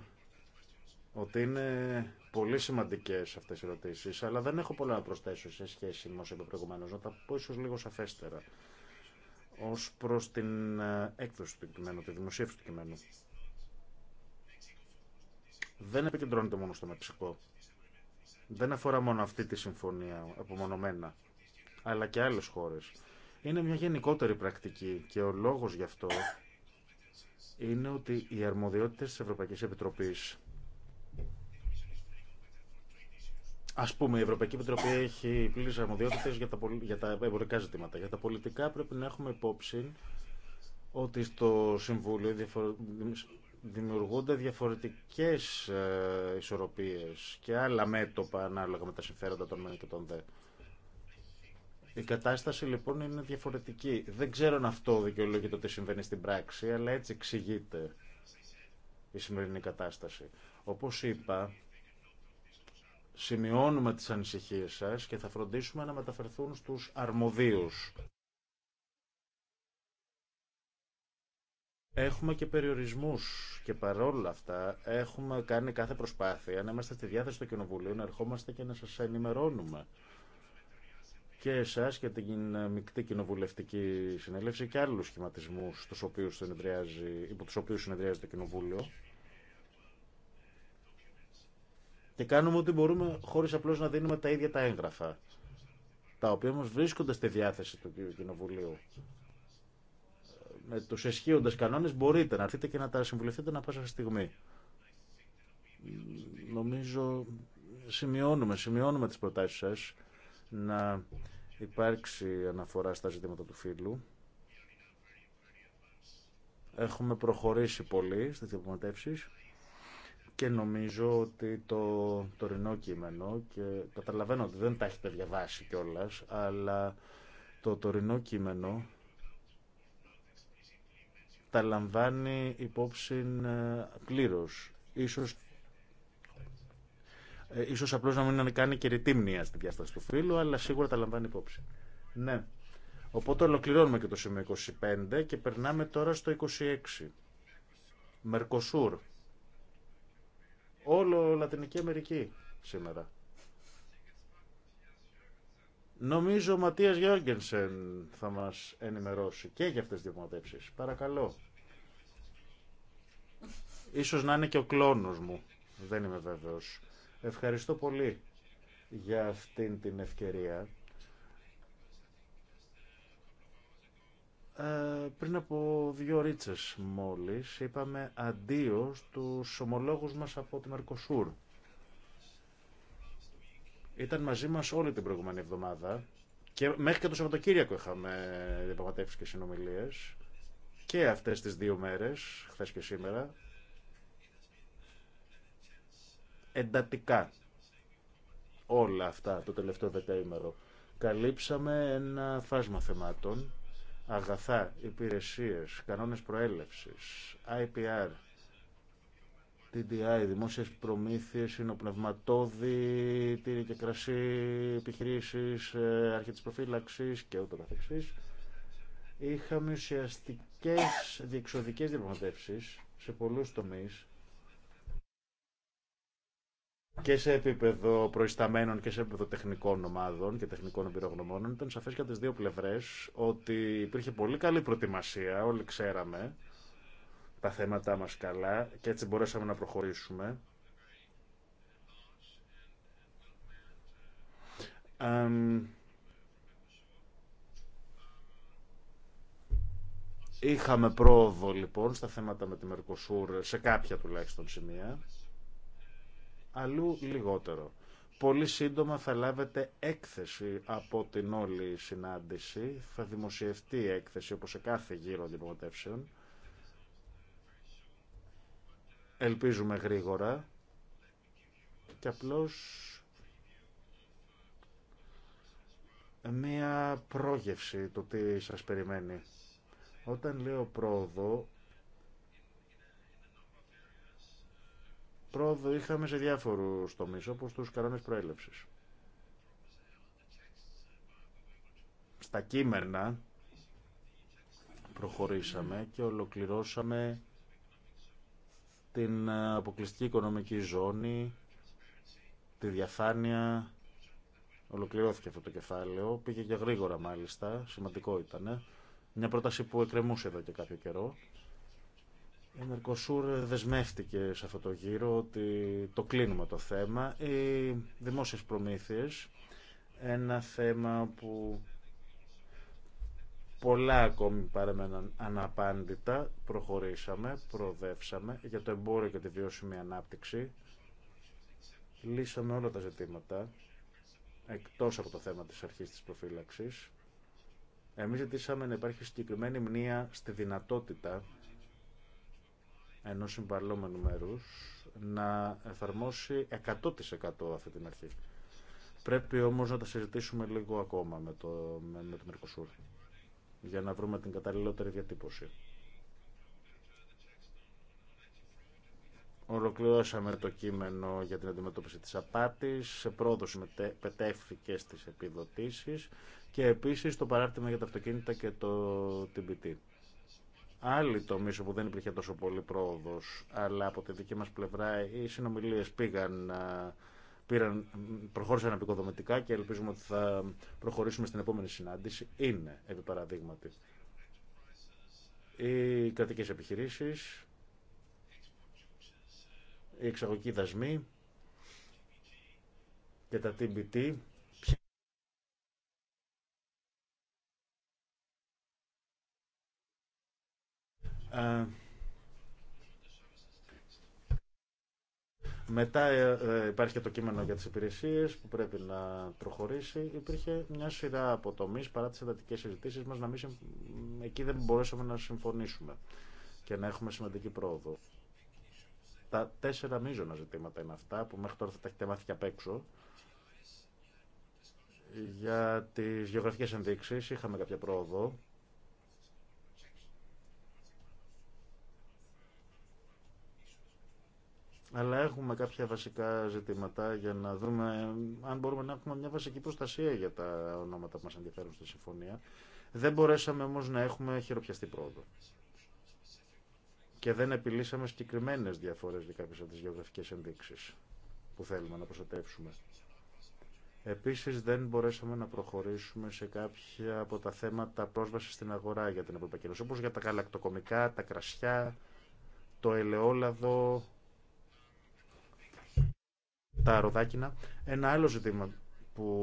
ότι είναι πολύ σημαντικέ αυτέ οι ερωτήσει, αλλά δεν έχω πολλά να προσθέσω σε σχέση με όσα είπα προηγουμένω. Να τα πω ίσω λίγο σαφέστερα ω προ την ε, έκδοση του κειμένου, τη δημοσίευση του κειμένου δεν επικεντρώνεται μόνο στο Μεξικό. Δεν αφορά μόνο αυτή τη συμφωνία απομονωμένα, αλλά και άλλες χώρες. Είναι μια γενικότερη πρακτική και ο λόγος γι' αυτό είναι ότι οι αρμοδιότητες της Ευρωπαϊκής Επιτροπής Α πούμε, η Ευρωπαϊκή Επιτροπή έχει πλήρε αρμοδιότητε για, τα για τα εμπορικά ζητήματα. Για τα πολιτικά πρέπει να έχουμε υπόψη ότι στο Συμβούλιο δημιουργούνται διαφορετικές ε, ισορροπίες και άλλα μέτωπα ανάλογα με τα συμφέροντα των μεν και των δε. Η κατάσταση λοιπόν είναι διαφορετική. Δεν ξέρω αν αυτό δικαιολογεί το τι συμβαίνει στην πράξη, αλλά έτσι εξηγείται η σημερινή κατάσταση. Όπως είπα, σημειώνουμε τις ανησυχίες σας και θα φροντίσουμε να μεταφερθούν στους αρμοδίους Έχουμε και περιορισμούς και παρόλα αυτά έχουμε κάνει κάθε προσπάθεια να είμαστε στη διάθεση του Κοινοβουλίου, να ερχόμαστε και να σας ενημερώνουμε και εσάς και την μεικτή κοινοβουλευτική συνέλευση και άλλους σχηματισμούς τους οποίους συνεδριάζει, υπό τους οποίους συνεδριάζει το Κοινοβούλιο. Και κάνουμε ό,τι μπορούμε χωρίς απλώς να δίνουμε τα ίδια τα έγγραφα, τα οποία όμως βρίσκονται στη διάθεση του Κοινοβουλίου με του ισχύοντε κανόνες μπορείτε να έρθετε και να τα συμβουλευτείτε να πάσα στιγμή. Νομίζω σημειώνουμε, σημειώνουμε τις προτάσεις σας να υπάρξει αναφορά στα ζητήματα του φίλου. Έχουμε προχωρήσει πολύ στις διαπραγματεύσει και νομίζω ότι το τωρινό κείμενο, και καταλαβαίνω ότι δεν τα έχετε διαβάσει κιόλας, αλλά το τωρινό κείμενο τα λαμβάνει υπόψη ε, πλήρως. Ίσως ε, ίσως απλώς να μην κάνει και ρητήμνια στην διάσταση του φύλου, αλλά σίγουρα τα λαμβάνει υπόψη. Ναι. Οπότε ολοκληρώνουμε και το σημείο 25 και περνάμε τώρα στο 26. Μερκοσούρ. Όλο Λατινική Αμερική σήμερα. Νομίζω ο Ματίας Γιώργενσεν θα μας ενημερώσει και για αυτές τις διαπραγματεύσεις. Παρακαλώ. Ίσως να είναι και ο κλόνος μου. Δεν είμαι βέβαιος. Ευχαριστώ πολύ για αυτήν την ευκαιρία. Ε, πριν από δύο ρίτσες μόλις είπαμε αντίο στους ομολόγους μας από τη Μερκοσούρ. Ήταν μαζί μας όλη την προηγούμενη εβδομάδα και μέχρι και το Σαββατοκύριακο είχαμε διαπραγματεύσει και συνομιλίε και αυτές τις δύο μέρες, χθε και σήμερα, εντατικά όλα αυτά το τελευταίο δεκαήμερο. Καλύψαμε ένα φάσμα θεμάτων, αγαθά, υπηρεσίες, κανόνες προέλευσης, IPR, TDI, δημόσιες προμήθειες, συνοπνευματόδη, τύρι και κρασί, επιχειρήσεις, ε, αρχή της προφύλαξης και ούτω καθεξής. Είχαμε ουσιαστικές διεξοδικές διαπραγματεύσεις σε πολλούς τομείς και σε επίπεδο προϊσταμένων και σε επίπεδο τεχνικών ομάδων και τεχνικών εμπειρογνωμών. Ήταν σαφές και από τις δύο πλευρές ότι υπήρχε πολύ καλή προετοιμασία, όλοι ξέραμε, τα θέματά μας καλά και έτσι μπορέσαμε να προχωρήσουμε. Είχαμε πρόοδο λοιπόν στα θέματα με τη Μερκοσούρ, σε κάποια τουλάχιστον σημεία, αλλού λιγότερο. Πολύ σύντομα θα λάβετε έκθεση από την όλη συνάντηση, θα δημοσιευτεί η έκθεση όπως σε κάθε γύρο δημοτεύσεων ελπίζουμε γρήγορα και απλώς μία πρόγευση το τι σας περιμένει. Όταν λέω πρόοδο, πρόοδο είχαμε σε διάφορους τομείς, όπως τους κανόνες προέλευσης. Στα κείμενα προχωρήσαμε και ολοκληρώσαμε την ε, αποκλειστική οικονομική ζώνη, τη διαφάνεια. Ολοκληρώθηκε αυτό το κεφάλαιο, πήγε και γρήγορα μάλιστα, σημαντικό ήταν. Μια πρόταση που εκκρεμούσε εδώ και κάποιο καιρό. Η Μερκοσούρ δεσμεύτηκε σε αυτό το γύρο ότι το κλείνουμε το θέμα. Οι δημόσιες προμήθειες, ένα θέμα που Πολλά ακόμη παρέμεναν αναπάντητα. Προχωρήσαμε, προοδεύσαμε για το εμπόριο και τη βιώσιμη ανάπτυξη. Λύσαμε όλα τα ζητήματα, εκτός από το θέμα της αρχής της προφύλαξης. Εμείς ζητήσαμε να υπάρχει συγκεκριμένη μνήμα στη δυνατότητα ενός συμβαλόμενου μέρους να εφαρμόσει 100% αυτή την αρχή. Πρέπει όμως να τα συζητήσουμε λίγο ακόμα με το, με, για να βρούμε την καταλληλότερη διατύπωση. Ολοκληρώσαμε το κείμενο για την αντιμετώπιση της απάτης, σε πρόοδος πετεύθηκε στις επιδοτήσεις και επίσης το παράρτημα για τα αυτοκίνητα και το TBT. το τομείς που δεν υπήρχε τόσο πολύ πρόοδος, αλλά από τη δική μας πλευρά οι συνομιλίες πήγαν πήραν, προχώρησαν επικοδομητικά και ελπίζουμε ότι θα προχωρήσουμε στην επόμενη συνάντηση είναι επί παραδείγματι. Οι κρατικές επιχειρήσεις, οι εξαγωγικοί δασμοί και τα TBT Μετά ε, ε, υπάρχει και το κείμενο για τις υπηρεσίες που πρέπει να προχωρήσει. Υπήρχε μια σειρά από παρά τις εντατικές συζητήσεις μας να μην, εκεί δεν μπορέσαμε να συμφωνήσουμε και να έχουμε σημαντική πρόοδο. Τα τέσσερα μείζωνα ζητήματα είναι αυτά που μέχρι τώρα θα τα έχετε μάθει και απ' έξω. Για τις γεωγραφικές ενδείξεις είχαμε κάποια πρόοδο Αλλά έχουμε κάποια βασικά ζητήματα για να δούμε αν μπορούμε να έχουμε μια βασική προστασία για τα ονόματα που μας ενδιαφέρουν στη συμφωνία. Δεν μπορέσαμε όμως να έχουμε χειροπιαστή πρόοδο. Και δεν επιλύσαμε συγκεκριμένε διαφορές για κάποιε από τις γεωγραφικές ενδείξεις που θέλουμε να προστατεύσουμε. Επίσης δεν μπορέσαμε να προχωρήσουμε σε κάποια από τα θέματα πρόσβασης στην αγορά για την Ευρωπαϊκή Ένωση, όπως για τα καλακτοκομικά, τα κρασιά, το ελαιόλαδο, τα ροδάκινα. Ένα άλλο ζήτημα που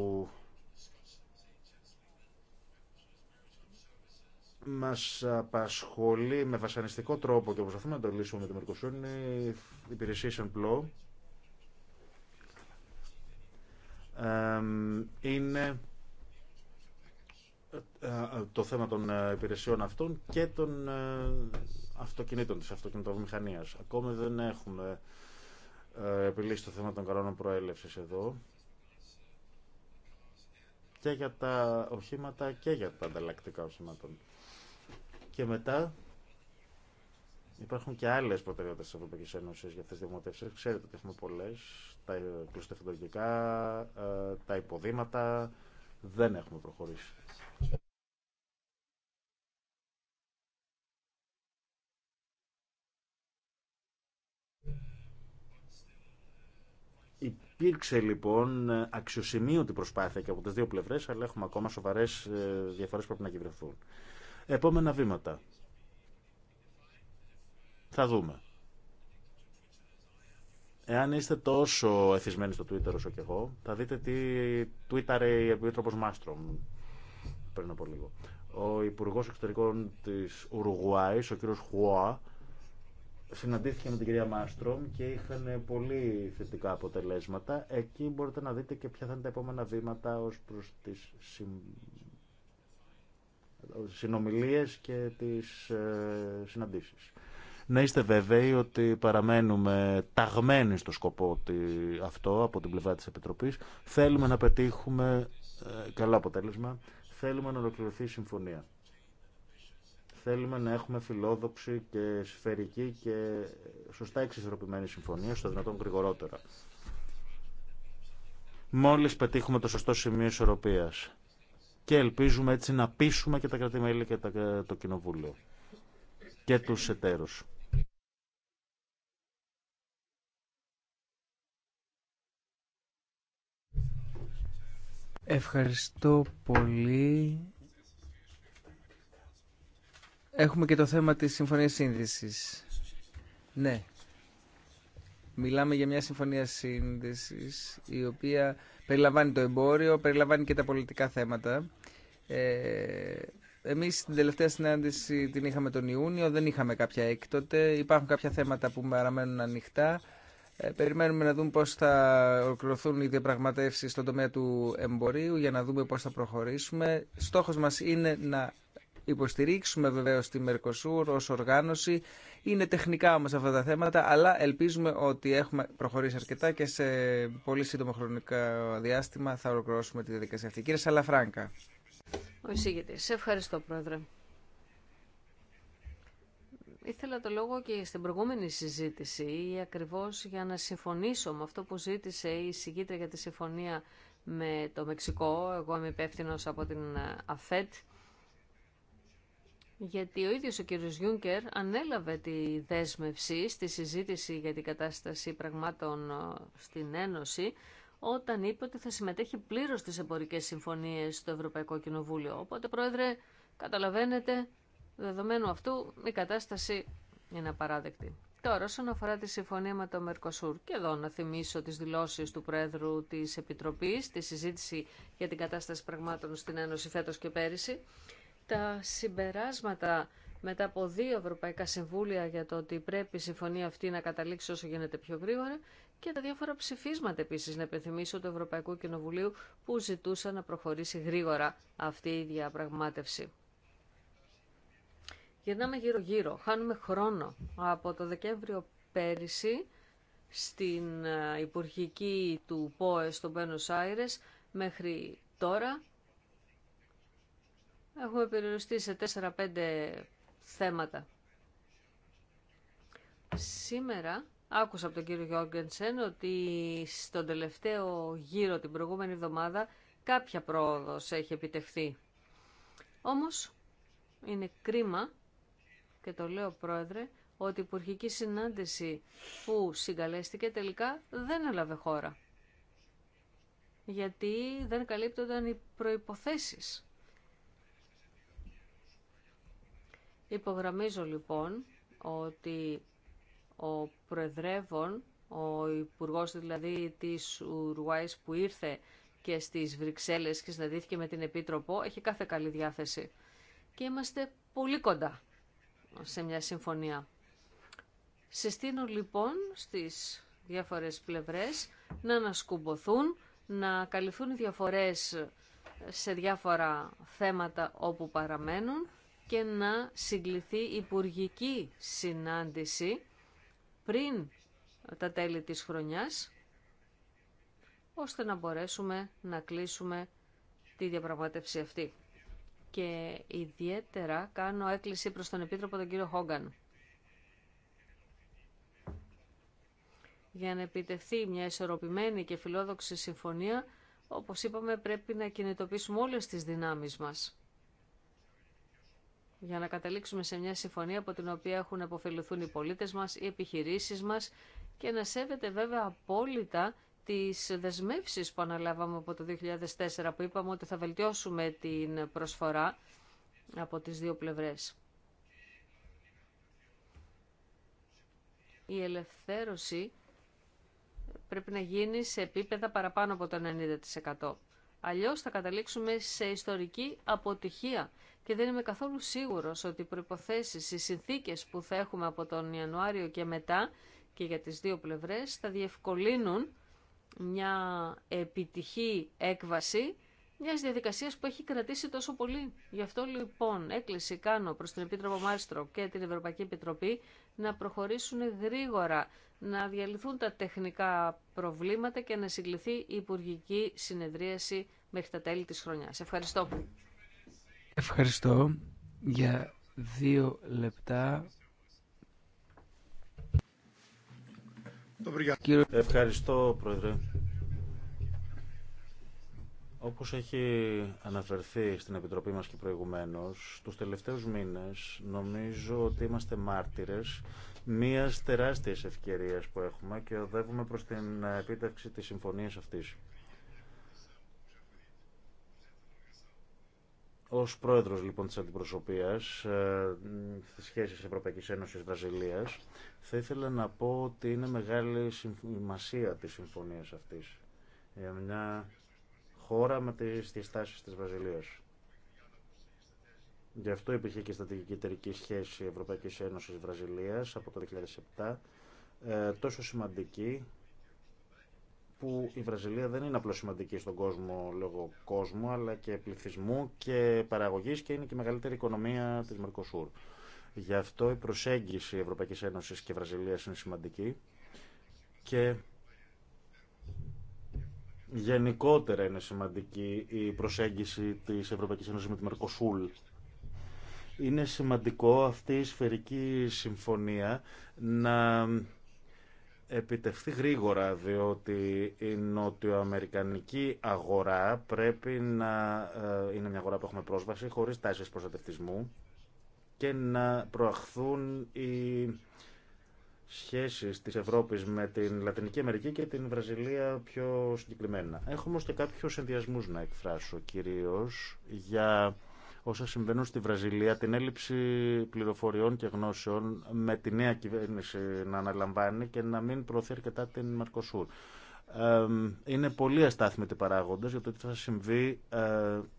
μας απασχολεί με βασανιστικό τρόπο και προσπαθούμε να το λύσουμε με το Μερκοσούρ είναι η υπηρεσία είναι ε, ε, το θέμα των ε, υπηρεσιών αυτών και των αυτοκινήτων, της αυτοκινητοβιομηχανίας. Ακόμη δεν έχουμε ε, επιλύσει το θέμα των κανόνων προέλευσης εδώ και για τα οχήματα και για τα ανταλλακτικά οχήματα. Και μετά υπάρχουν και άλλε προτεραιότητε τη Ευρωπαϊκή Ένωση για αυτέ τι δημοτεύσει. Ξέρετε ότι έχουμε πολλέ. Τα κλωστοφυντολογικά, ε, τα υποδήματα. Δεν έχουμε προχωρήσει. Υπήρξε λοιπόν αξιοσημείωτη προσπάθεια και από τις δύο πλευρές, αλλά έχουμε ακόμα σοβαρές ε, διαφορέ που πρέπει να κυβερνηθούν. Επόμενα βήματα. Θα δούμε. Εάν είστε τόσο εθισμένοι στο Twitter όσο και εγώ, θα δείτε τι Twitter η Επίτροπος Μάστρομ πριν από λίγο. Ο Υπουργός Εξωτερικών της Ουρουγουάης, ο κύριος Χουά, συναντήθηκε με την κυρία Μάστρομ και είχαν πολύ θετικά αποτελέσματα. Εκεί μπορείτε να δείτε και ποια θα είναι τα επόμενα βήματα ως προς τις συνομιλίες και τις ε, συναντήσεις. Να είστε βέβαιοι ότι παραμένουμε ταγμένοι στο σκοπό ότι αυτό από την πλευρά της Επιτροπής. Θέλουμε να πετύχουμε ε, καλό αποτέλεσμα. Θέλουμε να ολοκληρωθεί η συμφωνία θέλουμε να έχουμε φιλόδοξη και σφαιρική και σωστά εξισορροπημένη συμφωνία στο δυνατόν γρηγορότερα. Μόλις πετύχουμε το σωστό σημείο ισορροπίας και ελπίζουμε έτσι να πείσουμε και τα κρατημέλη και το Κοινοβούλιο και τους εταίρους. Ευχαριστώ πολύ. Έχουμε και το θέμα της συμφωνίας σύνδεσης. Ναι. Μιλάμε για μια συμφωνία σύνδεσης η οποία περιλαμβάνει το εμπόριο, περιλαμβάνει και τα πολιτικά θέματα. Ε, εμείς την τελευταία συνάντηση την είχαμε τον Ιούνιο, δεν είχαμε κάποια έκτοτε. Υπάρχουν κάποια θέματα που παραμένουν ανοιχτά. Ε, περιμένουμε να δούμε πώς θα ολοκληρωθούν οι διαπραγματεύσεις στον τομέα του εμπορίου για να δούμε πώς θα προχωρήσουμε. Στόχος μας είναι να υποστηρίξουμε βεβαίως τη Μερκοσούρ ως οργάνωση. Είναι τεχνικά όμως αυτά τα θέματα, αλλά ελπίζουμε ότι έχουμε προχωρήσει αρκετά και σε πολύ σύντομο χρονικό διάστημα θα ολοκληρώσουμε τη διαδικασία αυτή. Κύριε Σαλαφράγκα. Ο Σε Ευχαριστώ, Πρόεδρε. Ήθελα το λόγο και στην προηγούμενη συζήτηση, ακριβώς για να συμφωνήσω με αυτό που ζήτησε η συγκήτρια για τη συμφωνία με το Μεξικό. Εγώ είμαι υπεύθυνο από την ΑΦΕΤ γιατί ο ίδιος ο κύριος Γιούνκερ ανέλαβε τη δέσμευση στη συζήτηση για την κατάσταση πραγμάτων ε, στην Ένωση όταν είπε ότι θα συμμετέχει πλήρως στις εμπορικές συμφωνίες στο Ευρωπαϊκό Κοινοβούλιο. Οπότε, Πρόεδρε, καταλαβαίνετε, δεδομένου αυτού η κατάσταση είναι απαράδεκτη. Τώρα, όσον αφορά τη συμφωνία με το Μερκοσούρ, και εδώ να θυμίσω τις δηλώσεις του Πρόεδρου της Επιτροπής, τη συζήτηση για την κατάσταση πραγμάτων στην Ένωση φέτος και πέρυσι, τα συμπεράσματα μετά από δύο Ευρωπαϊκά Συμβούλια για το ότι πρέπει η συμφωνία αυτή να καταλήξει όσο γίνεται πιο γρήγορα και τα διάφορα ψηφίσματα επίσης να επιθυμίσω του Ευρωπαϊκού Κοινοβουλίου που ζητούσαν να προχωρήσει γρήγορα αυτή η διαπραγμάτευση. Γυρνάμε γύρω-γύρω, χάνουμε χρόνο από το Δεκέμβριο πέρυσι στην ε, Υπουργική του ΠΟΕ στο Μπένος Άιρες μέχρι τώρα Έχουμε περιοριστεί σε 4-5 θέματα. Σήμερα άκουσα από τον κύριο Γιόγκενσεν ότι στον τελευταίο γύρο την προηγούμενη εβδομάδα κάποια πρόοδος έχει επιτευχθεί. Όμως είναι κρίμα και το λέω πρόεδρε ότι η υπουργική συνάντηση που συγκαλέστηκε τελικά δεν έλαβε χώρα. Γιατί δεν καλύπτονταν οι προϋποθέσεις Υπογραμμίζω λοιπόν ότι ο Προεδρεύων, ο Υπουργός δηλαδή της Ουρουάης που ήρθε και στις Βρυξέλλες και συναντήθηκε με την Επίτροπο, έχει κάθε καλή διάθεση. Και είμαστε πολύ κοντά σε μια συμφωνία. Συστήνω λοιπόν στις διάφορες πλευρές να ανασκουμποθούν, να καλυφθούν οι διαφορές σε διάφορα θέματα όπου παραμένουν και να συγκληθεί υπουργική συνάντηση πριν τα τέλη της χρονιάς, ώστε να μπορέσουμε να κλείσουμε τη διαπραγματεύση αυτή. Και ιδιαίτερα κάνω έκκληση προς τον Επίτροπο τον κύριο Χόγκαν. Για να επιτευχθεί μια ισορροπημένη και φιλόδοξη συμφωνία, όπως είπαμε πρέπει να κινητοποιήσουμε όλες τις δυνάμεις μας για να καταλήξουμε σε μια συμφωνία από την οποία έχουν αποφελουθούν οι πολίτες μας, οι επιχειρήσεις μας και να σέβεται βέβαια απόλυτα τις δεσμεύσεις που αναλάβαμε από το 2004 που είπαμε ότι θα βελτιώσουμε την προσφορά από τις δύο πλευρές. Η ελευθέρωση πρέπει να γίνει σε επίπεδα παραπάνω από το 90%. Αλλιώς θα καταλήξουμε σε ιστορική αποτυχία και δεν είμαι καθόλου σίγουρος ότι οι προϋποθέσεις, οι συνθήκες που θα έχουμε από τον Ιανουάριο και μετά και για τις δύο πλευρές θα διευκολύνουν μια επιτυχή έκβαση μια διαδικασία που έχει κρατήσει τόσο πολύ. Γι' αυτό λοιπόν έκκληση κάνω προ την Επίτροπο Μάριστρο και την Ευρωπαϊκή Επιτροπή να προχωρήσουν γρήγορα, να διαλυθούν τα τεχνικά προβλήματα και να συγκληθεί η Υπουργική Συνεδρίαση μέχρι τα τέλη τη χρονιά. Ευχαριστώ. Ευχαριστώ για δύο λεπτά. Ευχαριστώ, Πρόεδρε. Όπως έχει αναφερθεί στην Επιτροπή μας και προηγουμένως, τους τελευταίους μήνες νομίζω ότι είμαστε μάρτυρες μιας τεράστιας ευκαιρίας που έχουμε και οδεύουμε προς την επίταξη της συμφωνίας αυτής. Ω πρόεδρο λοιπόν τη αντιπροσωπεία στι ε, τη σχέση Ευρωπαϊκή Ένωση Βραζιλία, θα ήθελα να πω ότι είναι μεγάλη σημασία τη συμφωνία αυτή για μια χώρα με τι διαστάσει τη Βραζιλία. Γι' αυτό υπήρχε και στρατηγική εταιρική σχέση Ευρωπαϊκή Ένωση Βραζιλία από το 2007, ε, τόσο σημαντική που η Βραζιλία δεν είναι απλώς σημαντική στον κόσμο λόγω κόσμου, αλλά και πληθυσμού και παραγωγής και είναι και η μεγαλύτερη οικονομία της Μερκοσούρ. Γι' αυτό η προσέγγιση Ευρωπαϊκής Ένωσης και Βραζιλίας είναι σημαντική και γενικότερα είναι σημαντική η προσέγγιση της Ευρωπαϊκής Ένωσης με τη Μερκοσούλ. Είναι σημαντικό αυτή η σφαιρική συμφωνία να επιτευχθεί γρήγορα διότι η νοτιοαμερικανική αγορά πρέπει να ε, είναι μια αγορά που έχουμε πρόσβαση χωρίς τάσεις προστατευτισμού και να προαχθούν οι σχέσεις της Ευρώπης με την Λατινική Αμερική και την Βραζιλία πιο συγκεκριμένα. Έχουμε όμως και κάποιους ενδιασμούς να εκφράσω κυρίως για όσα συμβαίνουν στη Βραζιλία, την έλλειψη πληροφοριών και γνώσεων με τη νέα κυβέρνηση να αναλαμβάνει και να μην προωθεί αρκετά την Μαρκοσούρ. είναι πολύ αστάθμητοι παράγοντες για το τι θα συμβεί ε,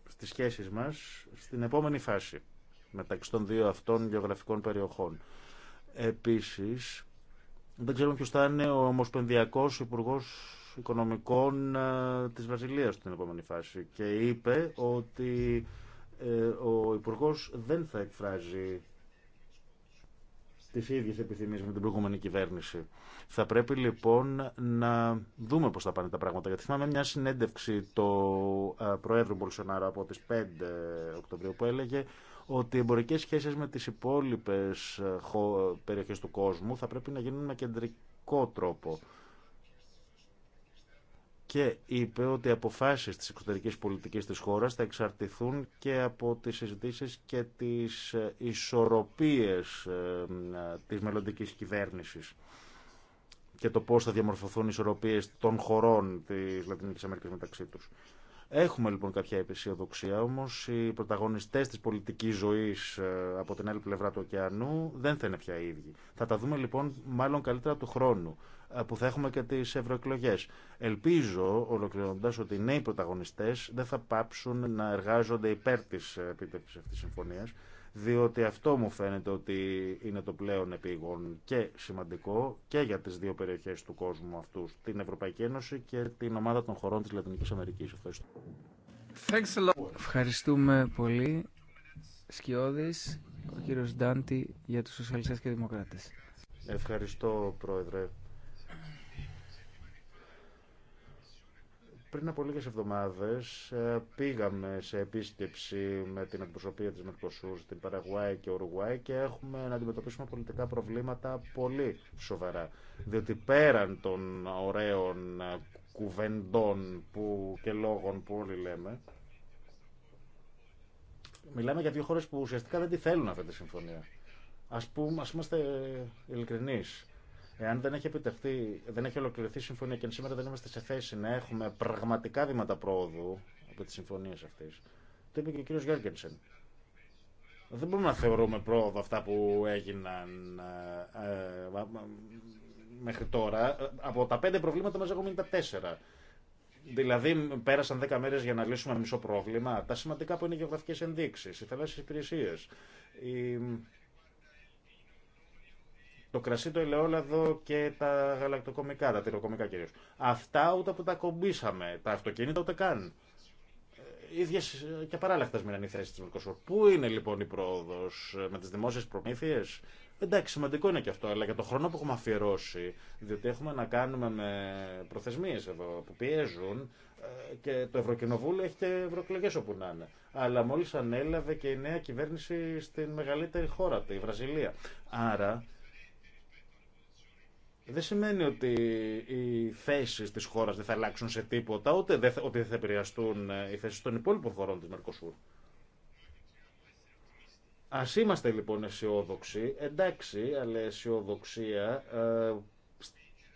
στις σχέσεις μας στην επόμενη φάση μεταξύ των δύο αυτών γεωγραφικών περιοχών. Επίσης, δεν ξέρουμε ποιος θα είναι ο Ομοσπενδιακός Υπουργός Οικονομικών ε, της Βραζιλίας στην επόμενη φάση και είπε ότι ε, ο υπουργό δεν θα εκφράζει τις ίδιες επιθυμίες με την προηγούμενη κυβέρνηση. Θα πρέπει λοιπόν να δούμε πώς θα πάνε τα πράγματα. Γιατί θυμάμαι μια συνέντευξη του ε, Προέδρου Μπολσονάρα από τις 5 Οκτωβρίου που έλεγε ότι οι εμπορικές σχέσεις με τις υπόλοιπες ε, περιοχές του κόσμου θα πρέπει να γίνουν με κεντρικό τρόπο και είπε ότι οι αποφάσεις της εξωτερικής πολιτικής της χώρας θα εξαρτηθούν και από τις συζητήσει και τις ε, ισορροπίες ε, ε, της μελλοντική κυβέρνησης και το πώς θα διαμορφωθούν οι ισορροπίες των χωρών της Λατινικής Αμερικής μεταξύ τους. Έχουμε λοιπόν κάποια επισιοδοξία, όμω οι πρωταγωνιστέ τη πολιτική ζωή ε, από την άλλη πλευρά του ωκεανού δεν θα είναι πια οι ίδιοι. Θα τα δούμε λοιπόν μάλλον καλύτερα του χρόνου ε, που θα έχουμε και τι ευρωεκλογέ. Ελπίζω, ολοκληρώνοντα, ότι οι νέοι πρωταγωνιστέ δεν θα πάψουν να εργάζονται υπέρ τη ε, επίτευξη αυτή τη συμφωνία διότι αυτό μου φαίνεται ότι είναι το πλέον επίγον και σημαντικό και για τις δύο περιοχές του κόσμου αυτούς, την Ευρωπαϊκή Ένωση και την ομάδα των χωρών της Λατινικής Αμερικής. Ευχαριστώ. Ευχαριστούμε πολύ. Σκιώδης, ο κύριος Ντάντι για τους Σοσιαλιστές και Δημοκράτες. Ευχαριστώ, Πρόεδρε. Πριν από λίγες εβδομάδες ε, πήγαμε σε επίσκεψη με την αντιπροσωπεία της Μερκοσούρ στην Παραγουάη και Ουρουγουάη και έχουμε να αντιμετωπίσουμε πολιτικά προβλήματα πολύ σοβαρά. Διότι πέραν των ωραίων κουβεντών που, και λόγων που όλοι λέμε, μιλάμε για δύο χώρες που ουσιαστικά δεν τη θέλουν αυτή τη συμφωνία. Ας πούμε, ας είμαστε ειλικρινείς. Εάν δεν έχει επιτευχθεί, δεν έχει ολοκληρωθεί η συμφωνία και σήμερα δεν είμαστε σε θέση να έχουμε πραγματικά βήματα πρόοδου από τι συμφωνίε αυτέ, το είπε και ο κύριο Γιώργενσεν. Δεν μπορούμε να θεωρούμε πρόοδο αυτά που έγιναν ε, ε μέχρι τώρα. Από τα πέντε προβλήματα μα έχουν μείνει τα τέσσερα. Δηλαδή, πέρασαν δέκα μέρε για να λύσουμε μισό πρόβλημα. Τα σημαντικά που είναι οι γεωγραφικέ ενδείξει, οι θαλάσσιε υπηρεσίε, το κρασί, το ελαιόλαδο και τα γαλακτοκομικά, τα τυροκομικά κυρίω. Αυτά ούτε που τα κομπήσαμε. Τα αυτοκίνητα ούτε καν. Ε, ίδιες και παράλλαχτα μείναν οι θέσει τη Μερκοσούρ. Πού είναι λοιπόν η πρόοδο ε, με τι δημόσιε προμήθειε. Εντάξει, σημαντικό είναι και αυτό, αλλά για το χρόνο που έχουμε αφιερώσει, διότι έχουμε να κάνουμε με προθεσμίε εδώ που πιέζουν ε, και το Ευρωκοινοβούλιο έχει και ευρωεκλογέ όπου να είναι. Αλλά μόλι ανέλαβε και η νέα κυβέρνηση στην μεγαλύτερη χώρα, τη Βραζιλία. Άρα δεν σημαίνει ότι οι θέσει τη χώρα δεν θα αλλάξουν σε τίποτα, ούτε ότι δεν θα επηρεαστούν ε, οι θέσει των υπόλοιπων χωρών τη Μερκοσούρ. Α είμαστε λοιπόν αισιόδοξοι, εντάξει, αλλά η αισιοδοξία ε,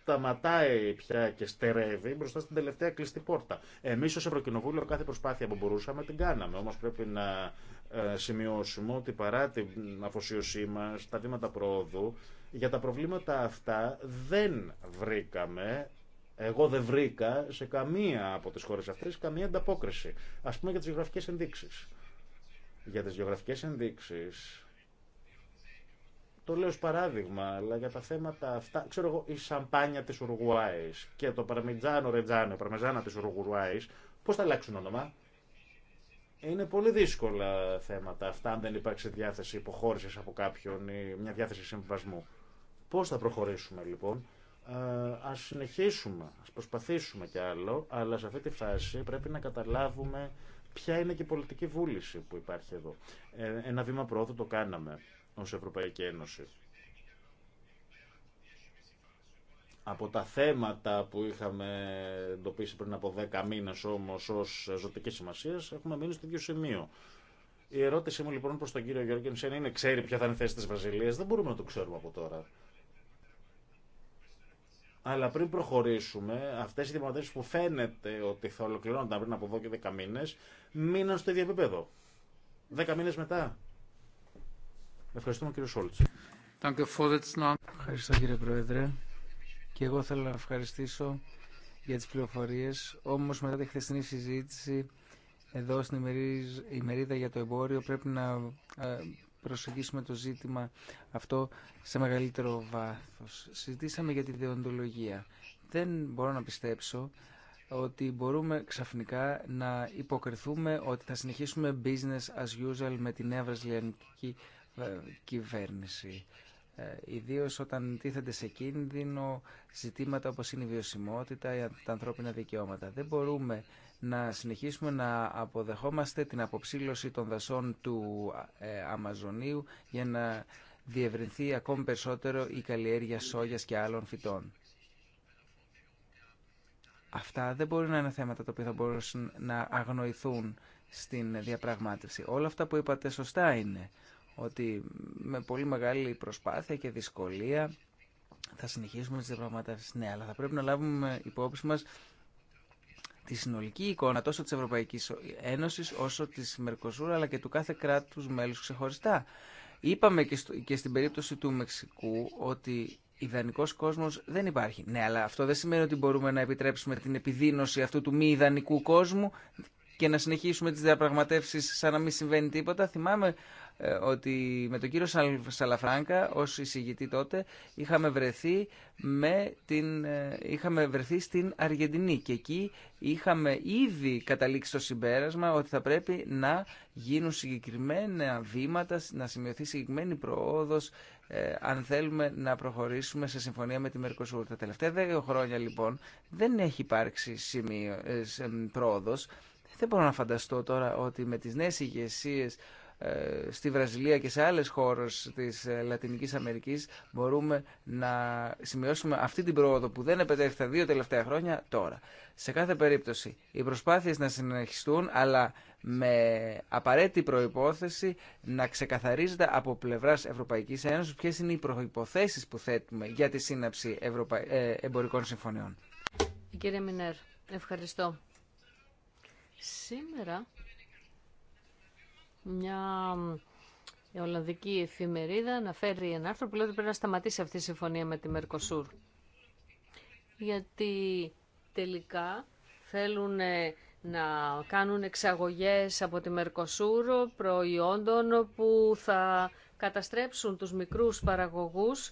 σταματάει πια και στερεύει μπροστά στην τελευταία κλειστή πόρτα. Εμεί ω Ευρωκοινοβούλιο κάθε προσπάθεια που μπορούσαμε την κάναμε. Όμω πρέπει να ε, σημειώσουμε ότι παρά την αφοσίωσή μα, τα βήματα προόδου, για τα προβλήματα αυτά δεν βρήκαμε εγώ δεν βρήκα σε καμία από τις χώρες αυτές καμία ανταπόκριση. Ας πούμε για τις γεωγραφικές ενδείξεις. Για τις γεωγραφικές ενδείξεις, το λέω ως παράδειγμα, αλλά για τα θέματα αυτά, ξέρω εγώ, η σαμπάνια της Ουρουγουάης και το παρμιτζάνο ρετζάνο, παρμεζάνα της Ουρουγουάης, πώς θα αλλάξουν όνομα. Είναι πολύ δύσκολα θέματα αυτά, αν δεν υπάρξει διάθεση υποχώρησης από κάποιον ή μια διάθεση συμβασμού. Πώς θα προχωρήσουμε λοιπόν. Ε, ας συνεχίσουμε, ας προσπαθήσουμε κι άλλο, αλλά σε αυτή τη φάση πρέπει να καταλάβουμε ποια είναι και η πολιτική βούληση που υπάρχει εδώ. Ε, ένα βήμα πρόοδου το κάναμε ως Ευρωπαϊκή Ένωση. από τα θέματα που είχαμε εντοπίσει πριν από 10 μήνες όμως ως ζωτική σημασία, έχουμε μείνει στο ίδιο σημείο. Η ερώτησή μου λοιπόν προς τον κύριο Γιώργενσεν είναι ξέρει ποια θα είναι η θέση της Βραζιλίας. Δεν μπορούμε να το ξέρουμε από τώρα. Αλλά πριν προχωρήσουμε, αυτέ οι διαπραγματεύσει που φαίνεται ότι θα ολοκληρώνονταν πριν από εδώ και 10 μήνε, μείναν στο ίδιο επίπεδο. 10 μήνε μετά. Ευχαριστούμε κύριο Σόλτ. Ευχαριστώ κύριε Πρόεδρε. Και εγώ θέλω να ευχαριστήσω για τις πληροφορίες. Όμως μετά τη χθεσινή συζήτηση εδώ στην ημερίδα για το εμπόριο πρέπει να ε, προσεγγίσουμε το ζήτημα αυτό σε μεγαλύτερο βάθος. Συζητήσαμε για τη διοντολογία. Δεν μπορώ να πιστέψω ότι μπορούμε ξαφνικά να υποκριθούμε ότι θα συνεχίσουμε business as usual με την νέα βραζιλιανική ε, κυβέρνηση. Ε, όταν τίθενται σε κίνδυνο ζητήματα όπως είναι η βιωσιμότητα, τα ανθρώπινα δικαιώματα. Δεν μπορούμε να συνεχίσουμε να αποδεχόμαστε την αποψήλωση των δασών του ε, Αμαζονίου για να διευρυνθεί ακόμη περισσότερο η καλλιέργεια σόγιας και άλλων φυτών. Αυτά δεν μπορεί να είναι θέματα τα οποία θα μπορούσαν να αγνοηθούν στην διαπραγμάτευση. Όλα αυτά που είπατε σωστά είναι ότι με πολύ μεγάλη προσπάθεια και δυσκολία θα συνεχίσουμε τις διαπραγματεύσεις. Ναι, αλλά θα πρέπει να λάβουμε υπόψη μας τη συνολική εικόνα τόσο της Ευρωπαϊκής Ένωσης όσο της Μερκοσούρα αλλά και του κάθε κράτους μέλους ξεχωριστά. Είπαμε και, στο, και στην περίπτωση του Μεξικού ότι ιδανικό κόσμος δεν υπάρχει. Ναι, αλλά αυτό δεν σημαίνει ότι μπορούμε να επιτρέψουμε την επιδείνωση αυτού του μη ιδανικού κόσμου και να συνεχίσουμε τι διαπραγματεύσει σαν να μην συμβαίνει τίποτα. Θυμάμαι ε, ότι με τον κύριο Σαλαφράγκα ως εισηγητή τότε είχαμε βρεθεί, με την, ε, είχαμε βρεθεί στην Αργεντινή και εκεί είχαμε ήδη καταλήξει το συμπέρασμα ότι θα πρέπει να γίνουν συγκεκριμένα βήματα, να σημειωθεί συγκεκριμένη προόδος ε, αν θέλουμε να προχωρήσουμε σε συμφωνία με τη Μερκοσούρ. Τα τελευταία δύο χρόνια λοιπόν δεν έχει υπάρξει σημείο, πρόοδος. Δεν μπορώ να φανταστώ τώρα ότι με τις νέες ηγεσίε ε, στη Βραζιλία και σε άλλες χώρες της ε, Λατινικής Αμερικής μπορούμε να σημειώσουμε αυτή την πρόοδο που δεν επετέχει τα δύο τελευταία χρόνια τώρα. Σε κάθε περίπτωση οι προσπάθειες να συνεχιστούν αλλά με απαραίτητη προϋπόθεση να ξεκαθαρίζεται από πλευράς Ευρωπαϊκής Ένωσης ποιες είναι οι προϋποθέσεις που θέτουμε για τη σύναψη ε, εμπορικών συμφωνιών. Κύριε Μινέρ, ευχαριστώ. Σήμερα μια η Ολλανδική εφημερίδα να φέρει ένα άρθρο που λέει ότι πρέπει να σταματήσει αυτή η συμφωνία με τη Μερκοσούρ. Γιατί τελικά θέλουν ε, να κάνουν εξαγωγές από τη Μερκοσούρ προϊόντων που θα καταστρέψουν τους μικρούς παραγωγούς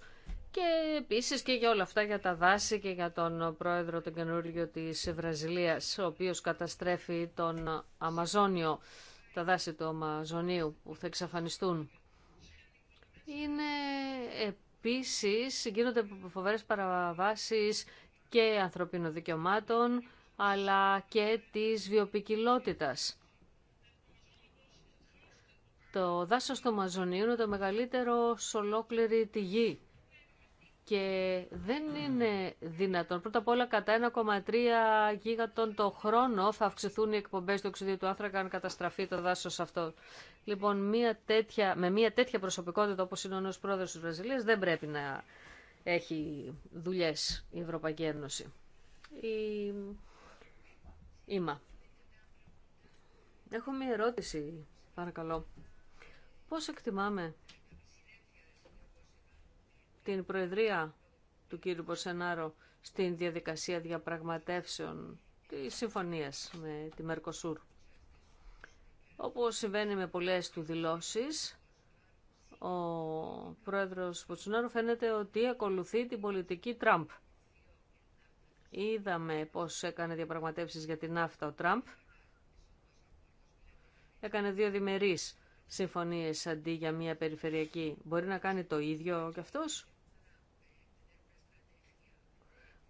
και επίσης και για όλα αυτά για τα δάση και για τον πρόεδρο τον καινούργιο της Βραζιλίας ο οποίος καταστρέφει τον Αμαζόνιο τα δάση του Αμαζονίου που θα εξαφανιστούν. Είναι επίσης, γίνονται φοβερές παραβάσεις και ανθρωπίνων δικαιωμάτων, αλλά και της βιοπικιλότητας. Το δάσος του Αμαζονίου είναι το μεγαλύτερο σε ολόκληρη τη γη και δεν είναι δυνατόν. Πρώτα απ' όλα κατά 1,3 γίγατον το χρόνο θα αυξηθούν οι εκπομπές του οξυδίου του άνθρακα αν καταστραφεί το δάσος αυτό. Λοιπόν, μια τέτοια, με μια τέτοια προσωπικότητα όπως είναι ο νέος πρόεδρος της Βραζιλίας δεν πρέπει να έχει δουλειές η Ευρωπαϊκή Ένωση. Η... Είμα. Έχω μια ερώτηση, παρακαλώ. Πώς εκτιμάμε την Προεδρία του κύριου Μποσενάρο στην διαδικασία διαπραγματεύσεων της συμφωνίας με τη Μερκοσούρ. Όπως συμβαίνει με πολλές του δηλώσεις, ο πρόεδρος ποσενάρο φαίνεται ότι ακολουθεί την πολιτική Τραμπ. Είδαμε πώς έκανε διαπραγματεύσεις για την ναύτα ο Τραμπ. Έκανε δύο διμερείς συμφωνίες αντί για μία περιφερειακή. Μπορεί να κάνει το ίδιο κι αυτός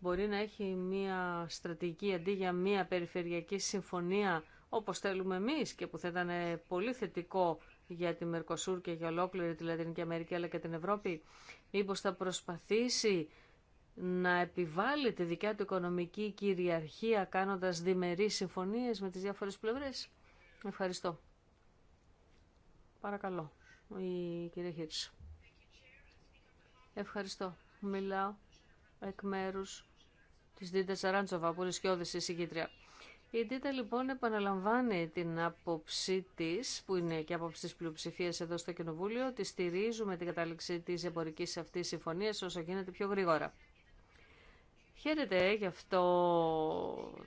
μπορεί να έχει μία στρατηγική αντί για μία περιφερειακή συμφωνία όπως θέλουμε εμείς και που θα ήταν πολύ θετικό για τη Μερκοσούρ και για ολόκληρη τη Λατινική Αμερική αλλά και την Ευρώπη. Μήπως θα προσπαθήσει να επιβάλλει τη δικιά του οικονομική κυριαρχία κάνοντας διμερείς συμφωνίες με τις διάφορες πλευρές. Ευχαριστώ. Παρακαλώ, η κυρία Ευχαριστώ. Μιλάω εκ μέρους της Δίτα Σαράντσοβα, που είναι σκιώδης συγκήτρια. Η Δίτα λοιπόν επαναλαμβάνει την άποψή τη, που είναι και άποψη τη πλειοψηφία εδώ στο Κοινοβούλιο, ότι στηρίζουμε την κατάληξη τη εμπορική αυτή συμφωνία όσο γίνεται πιο γρήγορα. Χαίρεται γι' αυτό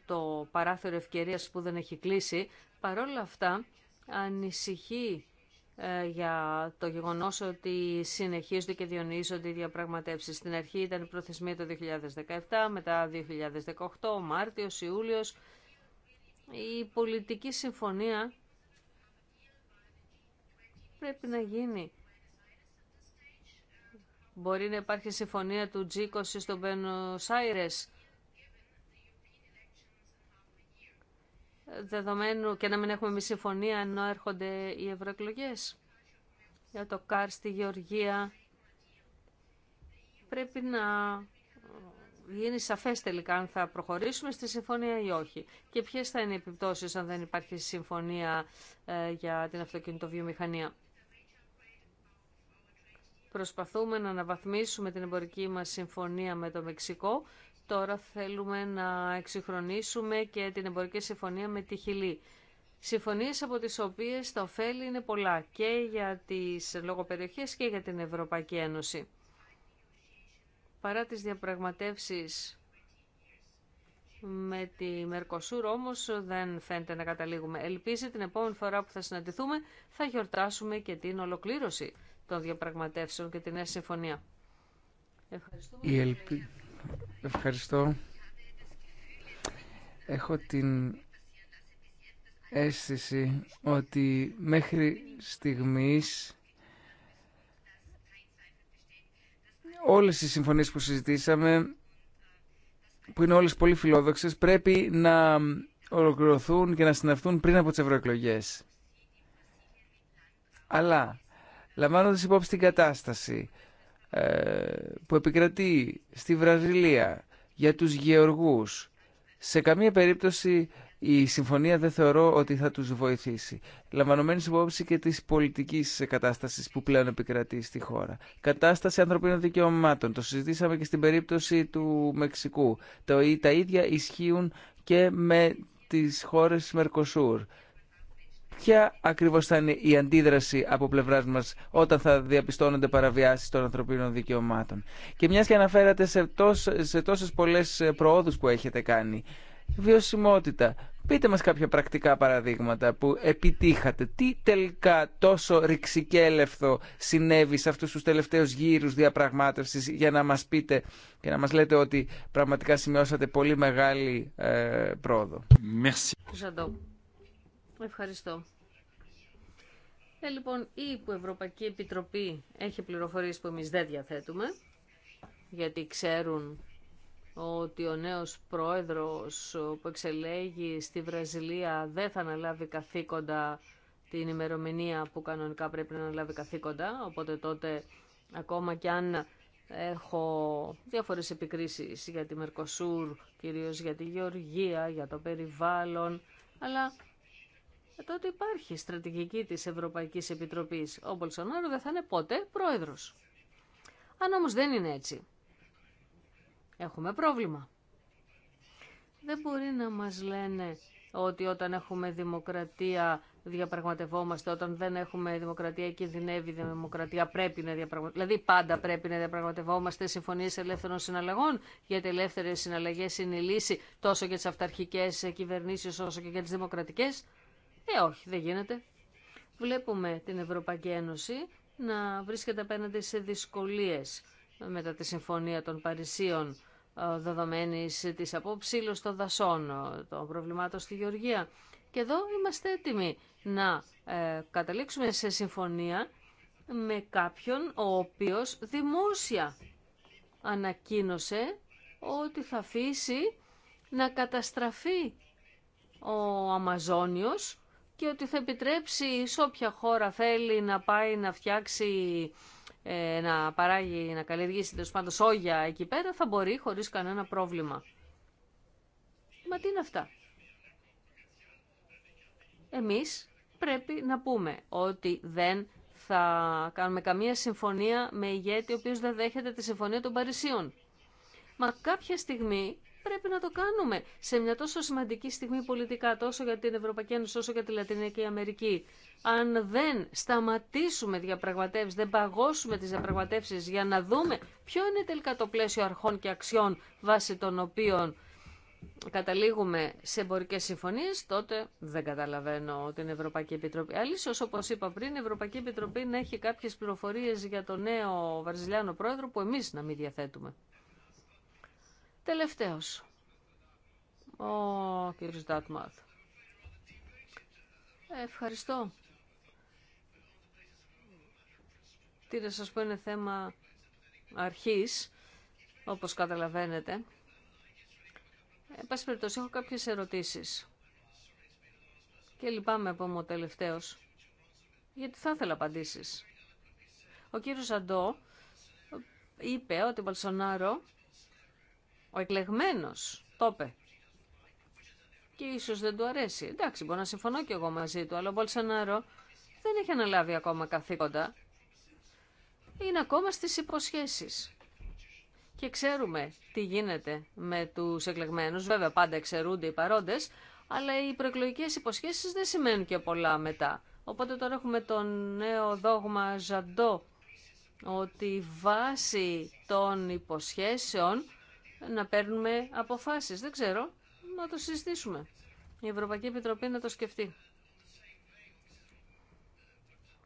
το παράθυρο ευκαιρίας που δεν έχει κλείσει. Παρόλα αυτά, ανησυχεί ε, για το γεγονός ότι συνεχίζονται και διονύζονται οι διαπραγματεύσεις. Στην αρχή ήταν η προθεσμία το 2017, μετά 2018, Μάρτιος, Ιούλιος. Η πολιτική συμφωνία πρέπει να γίνει. Μπορεί να υπάρχει συμφωνία του G20 στο Buenos δεδομένου και να μην έχουμε μη συμφωνία ενώ έρχονται οι ευρωεκλογέ για το ΚΑΡ στη Γεωργία. Πρέπει να γίνει σαφέ, τελικά αν θα προχωρήσουμε στη συμφωνία ή όχι. Και ποιε θα είναι οι επιπτώσει αν δεν υπάρχει συμφωνία ε, για την αυτοκινητοβιομηχανία. Προσπαθούμε να αναβαθμίσουμε την εμπορική μας συμφωνία με το Μεξικό Τώρα θέλουμε να εξυγχρονίσουμε και την εμπορική συμφωνία με τη Χιλή. Συμφωνίες από τις οποίες τα ωφέλη είναι πολλά και για τις λογοπεριοχές και για την Ευρωπαϊκή Ένωση. Παρά τις διαπραγματεύσεις με τη Μερκοσούρ όμως δεν φαίνεται να καταλήγουμε. Ελπίζει την επόμενη φορά που θα συναντηθούμε θα γιορτάσουμε και την ολοκλήρωση των διαπραγματεύσεων και την νέα συμφωνία. Ευχαριστούμε. Ευχαριστώ. Έχω την αίσθηση ότι μέχρι στιγμής όλες οι συμφωνίες που συζητήσαμε που είναι όλες πολύ φιλόδοξες πρέπει να ολοκληρωθούν και να συναυτούν πριν από τις ευρωεκλογέ. Αλλά λαμβάνοντας υπόψη την κατάσταση ε, που επικρατεί στη Βραζιλία για τους γεωργούς. Σε καμία περίπτωση η συμφωνία δεν θεωρώ ότι θα τους βοηθήσει. Λαμβανωμένη υπόψη και της πολιτικής κατάστασης που πλέον επικρατεί στη χώρα. Κατάσταση ανθρωπίνων δικαιωμάτων. Το συζητήσαμε και στην περίπτωση του Μεξικού. Τα ίδια ισχύουν και με τις χώρες Μερκοσούρ ποια ακριβώς θα είναι η αντίδραση από πλευράς μας όταν θα διαπιστώνονται παραβιάσεις των ανθρωπίνων δικαιωμάτων. Και μιας και αναφέρατε σε, τόσ, σε τόσες πολλές προόδους που έχετε κάνει, βιωσιμότητα, πείτε μας κάποια πρακτικά παραδείγματα που επιτύχατε. Τι τελικά τόσο ρηξικέλευθο συνέβη σε αυτούς τους τελευταίους γύρους διαπραγμάτευσης για να μας πείτε και να μας λέτε ότι πραγματικά σημειώσατε πολύ μεγάλη ε, πρόοδο. Merci. Ευχαριστώ. Ε, λοιπόν, ή που Ευρωπαϊκή Επιτροπή έχει πληροφορίες που εμείς δεν διαθέτουμε, γιατί ξέρουν ότι ο νέος πρόεδρος που εξελέγει στη Βραζιλία δεν θα αναλάβει καθήκοντα την ημερομηνία που κανονικά πρέπει να αναλάβει καθήκοντα, οπότε τότε ακόμα κι αν έχω διάφορες επικρίσεις για τη Μερκοσούρ, κυρίως για τη Γεωργία, για το περιβάλλον, αλλά ε, τότε υπάρχει στρατηγική της Ευρωπαϊκής Επιτροπής. Ο Μπολσονάρο δεν θα είναι ποτέ πρόεδρος. Αν όμως δεν είναι έτσι, έχουμε πρόβλημα. Δεν μπορεί να μας λένε ότι όταν έχουμε δημοκρατία διαπραγματευόμαστε, όταν δεν έχουμε δημοκρατία κινδυνεύει η δημοκρατία, πρέπει να διαπραγματευόμαστε. Δηλαδή πάντα πρέπει να διαπραγματευόμαστε συμφωνίε ελεύθερων συναλλαγών, γιατί ελεύθερε συναλλαγέ είναι η λύση τόσο για τι αυταρχικέ κυβερνήσει όσο και για τι δημοκρατικέ. Ε, όχι, δεν γίνεται. Βλέπουμε την Ευρωπαϊκή Ένωση να βρίσκεται απέναντι σε δυσκολίες μετά τη Συμφωνία των Παρισίων ε, δεδομένη της αποψήλωση των δασών, ε, των προβλημάτων στη Γεωργία. Και εδώ είμαστε έτοιμοι να ε, καταλήξουμε σε συμφωνία με κάποιον ο οποίος δημόσια ανακοίνωσε ότι θα αφήσει να καταστραφεί ο Αμαζόνιος και ότι θα επιτρέψει σε όποια χώρα θέλει να πάει να φτιάξει, ε, να παράγει, να καλλιεργήσει τέλο πάντων σόγια εκεί πέρα, θα μπορεί χωρίς κανένα πρόβλημα. Μα τι είναι αυτά. Εμείς πρέπει να πούμε ότι δεν θα κάνουμε καμία συμφωνία με ηγέτη ο οποίος δεν δέχεται τη συμφωνία των Παρισίων. Μα κάποια στιγμή πρέπει να το κάνουμε σε μια τόσο σημαντική στιγμή πολιτικά τόσο για την Ευρωπαϊκή Ένωση όσο για τη Λατινική Αμερική. Αν δεν σταματήσουμε διαπραγματεύσεις, δεν παγώσουμε τις διαπραγματεύσεις για να δούμε ποιο είναι τελικά το πλαίσιο αρχών και αξιών βάσει των οποίων καταλήγουμε σε εμπορικέ συμφωνίε, τότε δεν καταλαβαίνω την Ευρωπαϊκή Επιτροπή. Αλήθεια, όπω είπα πριν, η Ευρωπαϊκή Επιτροπή να έχει κάποιε πληροφορίε για τον νέο Βαρζιλιάνο πρόεδρο που εμεί να μην διαθέτουμε. Τελευταίος, ο κύριος Ντάτμαθ. Ευχαριστώ. Τι να σας πω είναι θέμα αρχής, όπως καταλαβαίνετε. Ε, εν πάση περιπτώσει, έχω κάποιες ερωτήσεις. Και λυπάμαι από μου ο τελευταίος, γιατί θα ήθελα απαντήσεις. Ο κύριος Αντώ είπε ότι ο Μπαλσονάρο ο εκλεγμένο. το είπε. Και ίσως δεν του αρέσει. Εντάξει, μπορώ να συμφωνώ κι εγώ μαζί του, αλλά ο Μπολσανάρο δεν έχει αναλάβει ακόμα καθήκοντα. Είναι ακόμα στις υποσχέσεις. Και ξέρουμε τι γίνεται με τους εκλεγμένου, Βέβαια πάντα εξαιρούνται οι παρόντε, αλλά οι προεκλογικέ υποσχέσεις δεν σημαίνουν και πολλά μετά. Οπότε τώρα έχουμε το νέο δόγμα Ζαντό, ότι βάσει των υποσχέσεων να παίρνουμε αποφάσεις. Δεν ξέρω, να το συζητήσουμε. Η Ευρωπαϊκή Επιτροπή να το σκεφτεί.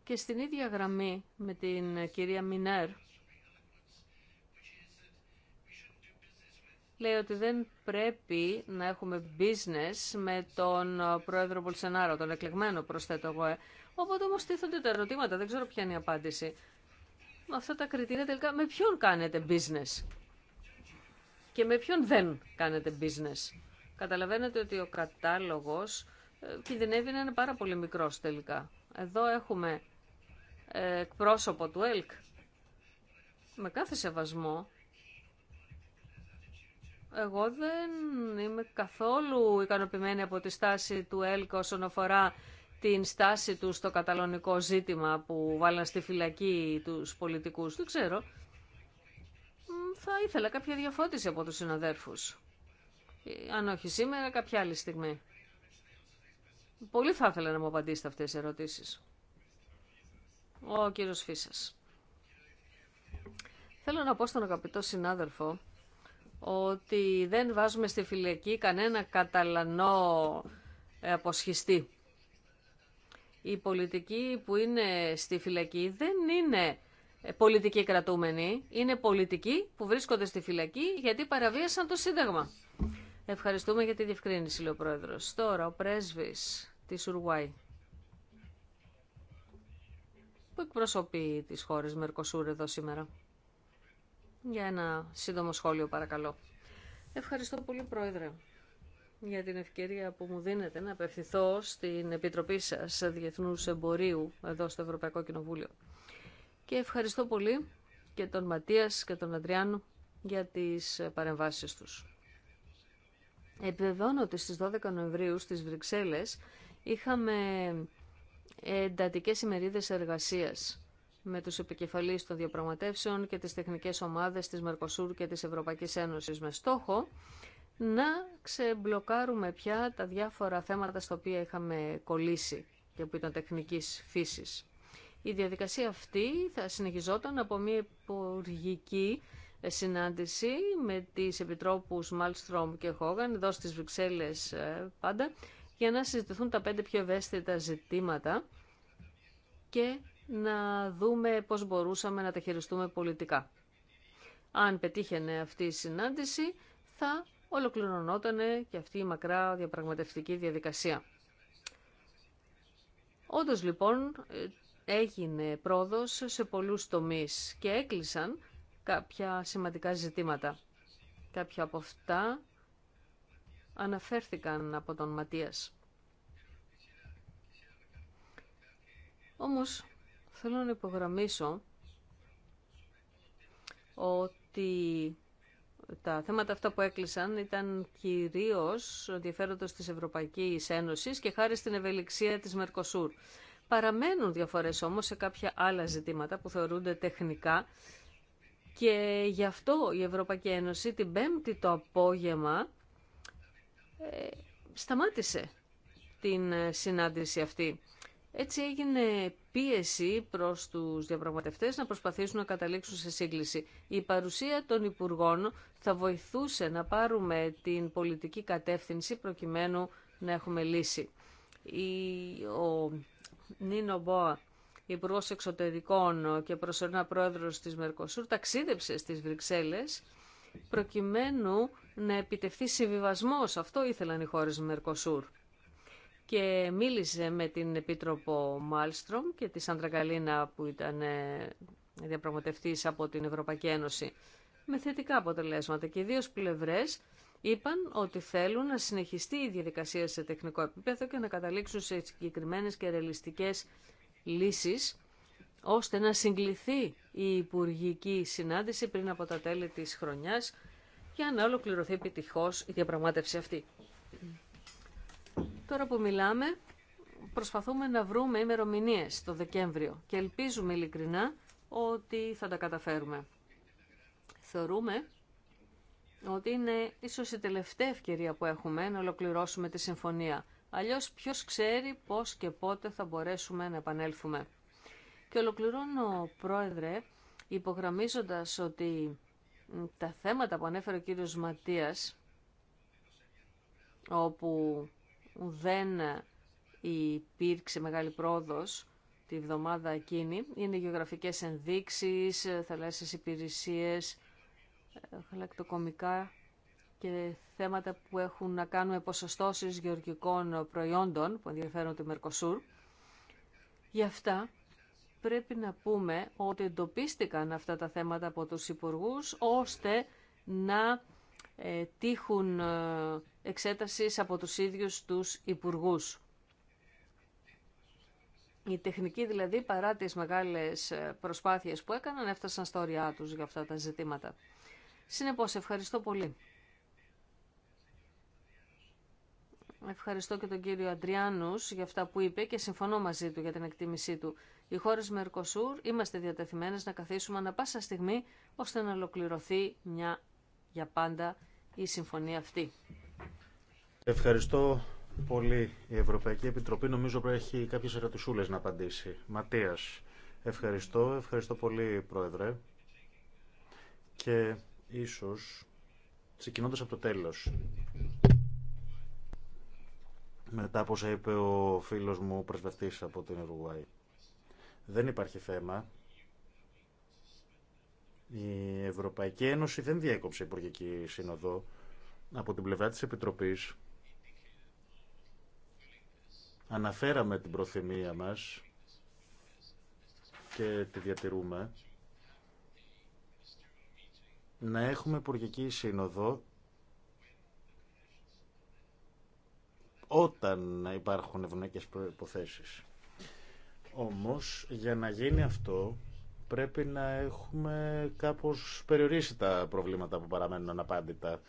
Και στην ίδια γραμμή με την κυρία Μινέρ, λέει ότι δεν πρέπει να έχουμε business με τον πρόεδρο Μπολσενάρο, τον εκλεγμένο προσθέτω εγώ. Ε. Οπότε όμως τίθονται τα ερωτήματα, δεν ξέρω ποια είναι η απάντηση. Με αυτά τα κριτήρια τελικά με ποιον κάνετε business και με ποιον δεν κάνετε business. Καταλαβαίνετε ότι ο κατάλογος ε, κινδυνεύει να είναι πάρα πολύ μικρός τελικά. Εδώ έχουμε ε, εκπρόσωπο του ΕΛΚ. Με κάθε σεβασμό, εγώ δεν είμαι καθόλου ικανοποιημένη από τη στάση του ΕΛΚ όσον αφορά την στάση του στο καταλωνικό ζήτημα που βάλαν στη φυλακή τους πολιτικούς. Δεν ξέρω θα ήθελα κάποια διαφώτιση από τους συναδέρφους. Ε, αν όχι σήμερα, κάποια άλλη στιγμή. Πολύ θα ήθελα να μου απαντήσετε αυτές τις ερωτήσεις. Ο κύριος Φίσας. Θέλω να πω στον αγαπητό συνάδελφο ότι δεν βάζουμε στη φυλακή κανένα καταλανό ε, αποσχιστή. Η πολιτική που είναι στη φυλακή δεν είναι ε, πολιτικοί κρατούμενοι, είναι πολιτικοί που βρίσκονται στη φυλακή γιατί παραβίασαν το Σύνταγμα. Ευχαριστούμε για τη διευκρίνηση, λέει ο Πρόεδρο. Τώρα, ο πρέσβη τη Ουρουάη, που εκπροσωπεί τις χώρες Μερκοσούρ εδώ σήμερα. Για ένα σύντομο σχόλιο, παρακαλώ. Ευχαριστώ πολύ, Πρόεδρε για την ευκαιρία που μου δίνετε να απευθυνθώ στην Επιτροπή σας Διεθνούς Εμπορίου εδώ στο Ευρωπαϊκό Κοινοβούλιο και ευχαριστώ πολύ και τον Ματίας και τον Αντριάνου για τις παρεμβάσεις τους. Επιβεβαιώνω ότι στις 12 Νοεμβρίου στις Βρυξέλλες είχαμε εντατικές ημερίδες εργασίας με τους επικεφαλείς των διαπραγματεύσεων και τις τεχνικές ομάδες της Μερκοσούρ και της Ευρωπαϊκής Ένωσης με στόχο να ξεμπλοκάρουμε πια τα διάφορα θέματα στα οποία είχαμε κολλήσει και που ήταν τεχνικής φύσης. Η διαδικασία αυτή θα συνεχιζόταν από μια υπουργική συνάντηση με τις Επιτρόπους Μάλστρομ και Χόγαν, εδώ στις Βρυξέλλες ε, πάντα, για να συζητηθούν τα πέντε πιο ευαίσθητα ζητήματα και να δούμε πώς μπορούσαμε να τα χειριστούμε πολιτικά. Αν πετύχαινε αυτή η συνάντηση, θα ολοκληρωνόταν και αυτή η μακρά διαπραγματευτική διαδικασία. Όντως, λοιπόν έγινε πρόοδος σε πολλούς τομείς και έκλεισαν κάποια σημαντικά ζητήματα. Κάποια από αυτά αναφέρθηκαν από τον Ματίας. Όμως θέλω να υπογραμμίσω ότι τα θέματα αυτά που έκλεισαν ήταν κυρίως ενδιαφέροντος της Ευρωπαϊκής Ένωσης και χάρη στην ευελιξία της Μερκοσούρ. Παραμένουν διαφορές όμως σε κάποια άλλα ζητήματα που θεωρούνται τεχνικά και γι' αυτό η Ευρωπαϊκή Ένωση την πέμπτη το απόγευμα ε, σταμάτησε την ε, συνάντηση αυτή. Έτσι έγινε πίεση προς τους διαπραγματευτές να προσπαθήσουν να καταλήξουν σε σύγκληση. Η παρουσία των Υπουργών θα βοηθούσε να πάρουμε την πολιτική κατεύθυνση προκειμένου να έχουμε λύση. Ο Νίνο Μπόα, Υπουργό Εξωτερικών και προσωρινά πρόεδρος της Μερκοσούρ, ταξίδεψε στις Βρυξέλλες προκειμένου να επιτευχθεί συμβιβασμό Αυτό ήθελαν οι χώρες Μερκοσούρ. Και μίλησε με την Επίτροπο Μάλστρομ και τη Σάντρα Καλίνα που ήταν ε, διαπραγματευτής από την Ευρωπαϊκή Ένωση με θετικά αποτελέσματα και οι δύο πλευρές είπαν ότι θέλουν να συνεχιστεί η διαδικασία σε τεχνικό επίπεδο και να καταλήξουν σε συγκεκριμένες και ρεαλιστικές λύσεις ώστε να συγκληθεί η Υπουργική Συνάντηση πριν από τα τέλη της χρονιάς για να ολοκληρωθεί επιτυχώς η διαπραγμάτευση αυτή. Τώρα που μιλάμε, προσπαθούμε να βρούμε ημερομηνίε το Δεκέμβριο και ελπίζουμε ειλικρινά ότι θα τα καταφέρουμε. Θεωρούμε ότι είναι ίσως η τελευταία ευκαιρία που έχουμε να ολοκληρώσουμε τη συμφωνία. Αλλιώς ποιος ξέρει πώς και πότε θα μπορέσουμε να επανέλθουμε. Και ολοκληρώνω, Πρόεδρε, υπογραμμίζοντας ότι τα θέματα που ανέφερε ο κύριος Ματίας, όπου δεν υπήρξε μεγάλη πρόοδος τη βδομάδα εκείνη, είναι γεωγραφικές ενδείξεις, θαλάσσιες υπηρεσίες, χαλακτοκομικά και θέματα που έχουν να κάνουν με ποσοστώσεις γεωργικών προϊόντων που ενδιαφέρουν τη Μερκοσούρ. Γι' αυτά πρέπει να πούμε ότι εντοπίστηκαν αυτά τα θέματα από τους υπουργούς ώστε να ε, τύχουν ε, εξέτασης από τους ίδιους τους υπουργούς. η τεχνική δηλαδή παρά τις μεγάλες ε, προσπάθειες που έκαναν έφτασαν στα όρια τους για αυτά τα ζητήματα. Συνεπώς, ευχαριστώ πολύ. Ευχαριστώ και τον κύριο Αντριάνου για αυτά που είπε και συμφωνώ μαζί του για την εκτίμησή του. Οι χώρε Μερκοσούρ είμαστε διατεθειμένε να καθίσουμε ανα πάσα στιγμή ώστε να ολοκληρωθεί μια για πάντα η συμφωνία αυτή. Ευχαριστώ πολύ η Ευρωπαϊκή Επιτροπή. Νομίζω πρέπει έχει κάποιε ερωτησούλε να απαντήσει. Ματίας, ευχαριστώ. Ευχαριστώ πολύ, Πρόεδρε. Και Ίσως, ξεκινώντας από το τέλος, μετά από όσα είπε ο φίλος μου, ο πρεσβευτής από την Ουρουάη. Δεν υπάρχει θέμα. Η Ευρωπαϊκή Ένωση δεν διέκοψε υπουργική σύνοδο από την πλευρά της Επιτροπής. Αναφέραμε την προθυμία μας και τη διατηρούμε να έχουμε υπουργική σύνοδο όταν υπάρχουν ευνοϊκές προϋποθέσεις. Όμως, για να γίνει αυτό, πρέπει να έχουμε κάπως περιορίσει τα προβλήματα που παραμένουν αναπάντητα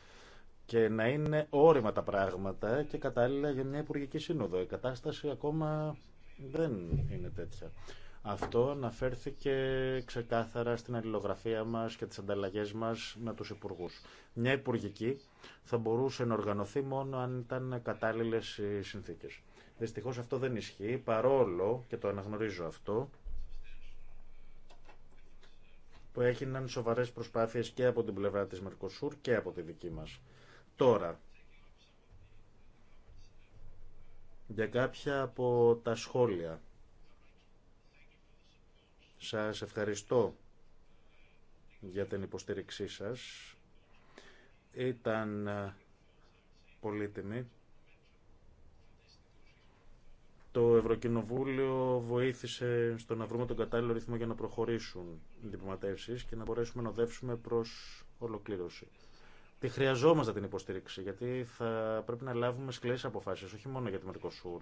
και να είναι όριμα τα πράγματα και κατάλληλα για μια υπουργική σύνοδο. Η κατάσταση ακόμα δεν είναι τέτοια. Αυτό αναφέρθηκε ξεκάθαρα στην αλληλογραφία μας και τις ανταλλαγές μας με τους υπουργούς. Μια υπουργική θα μπορούσε να οργανωθεί μόνο αν ήταν κατάλληλες οι συνθήκες. Δυστυχώς αυτό δεν ισχύει, παρόλο, και το αναγνωρίζω αυτό, που έγιναν σοβαρές προσπάθειες και από την πλευρά της Μερκοσούρ και από τη δική μας. Τώρα, για κάποια από τα σχόλια σας ευχαριστώ για την υποστήριξή σας. Ήταν ε, πολύτιμη. Το Ευρωκοινοβούλιο βοήθησε στο να βρούμε τον κατάλληλο ρυθμό για να προχωρήσουν οι και να μπορέσουμε να οδεύσουμε προς ολοκλήρωση. Τη χρειαζόμαστε την υποστήριξη, γιατί θα πρέπει να λάβουμε σκληρές αποφάσεις, όχι μόνο για τη Μερικοσούρ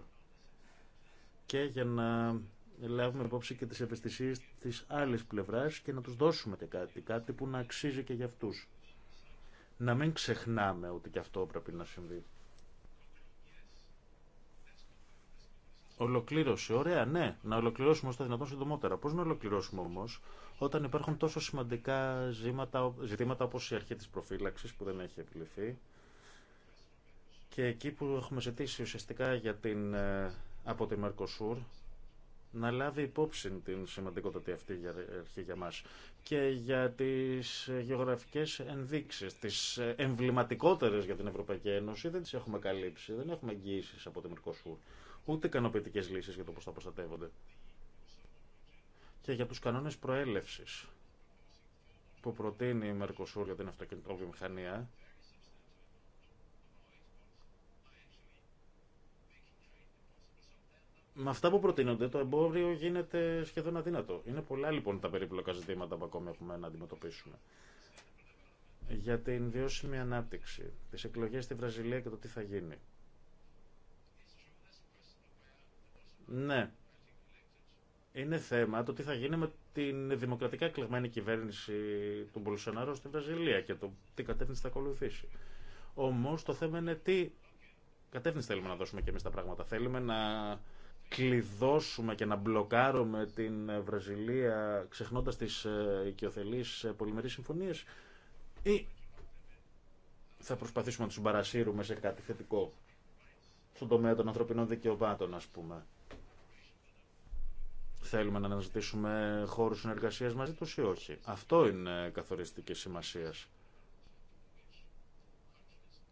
και για να λάβουμε υπόψη και τις ευαισθησίες της άλλης πλευράς και να τους δώσουμε και κάτι, κάτι που να αξίζει και για αυτούς. Να μην ξεχνάμε ότι και αυτό πρέπει να συμβεί. Ολοκλήρωση. Ωραία, ναι. Να ολοκληρώσουμε όσο δυνατόν συντομότερα. Πώς να ολοκληρώσουμε όμως όταν υπάρχουν τόσο σημαντικά ζήματα, ζητήματα όπω η αρχή της προφύλαξης που δεν έχει επιληθεί και εκεί που έχουμε ζητήσει ουσιαστικά για την, ε, από τη Μερκοσούρ να λάβει υπόψη την σημαντικότητα αυτή για, αρχή για μας και για τις γεωγραφικές ενδείξεις, τις εμβληματικότερες για την Ευρωπαϊκή Ένωση δεν τις έχουμε καλύψει, δεν έχουμε εγγύησει από το Μερκοσούρ, ούτε ικανοποιητικέ λύσεις για το πώς θα προστατεύονται. Και για τους κανόνες προέλευσης που προτείνει η Μερκοσούρ για την αυτοκινητοβιομηχανία, με αυτά που προτείνονται, το εμπόριο γίνεται σχεδόν αδύνατο. Είναι πολλά λοιπόν τα περίπλοκα ζητήματα που ακόμη έχουμε να αντιμετωπίσουμε. Για την βιώσιμη ανάπτυξη, τι εκλογέ στη Βραζιλία και το τι θα γίνει. Ναι. Είναι θέμα το τι θα γίνει με την δημοκρατικά εκλεγμένη κυβέρνηση του Μπολσονάρου στη Βραζιλία και το τι κατεύθυνση θα ακολουθήσει. Όμω το θέμα είναι τι κατεύθυνση θέλουμε να δώσουμε και εμεί τα πράγματα. Θέλουμε να κλειδώσουμε και να μπλοκάρουμε την ε, Βραζιλία ξεχνώντας τις ε, οικειοθελείς ε, πολυμερείς συμφωνίες ή θα προσπαθήσουμε να τους παρασύρουμε σε κάτι θετικό στον τομέα των ανθρωπινών δικαιωμάτων ας πούμε. Θέλουμε να αναζητήσουμε χώρους συνεργασίας μαζί τους ή όχι. Αυτό είναι καθοριστική σημασίας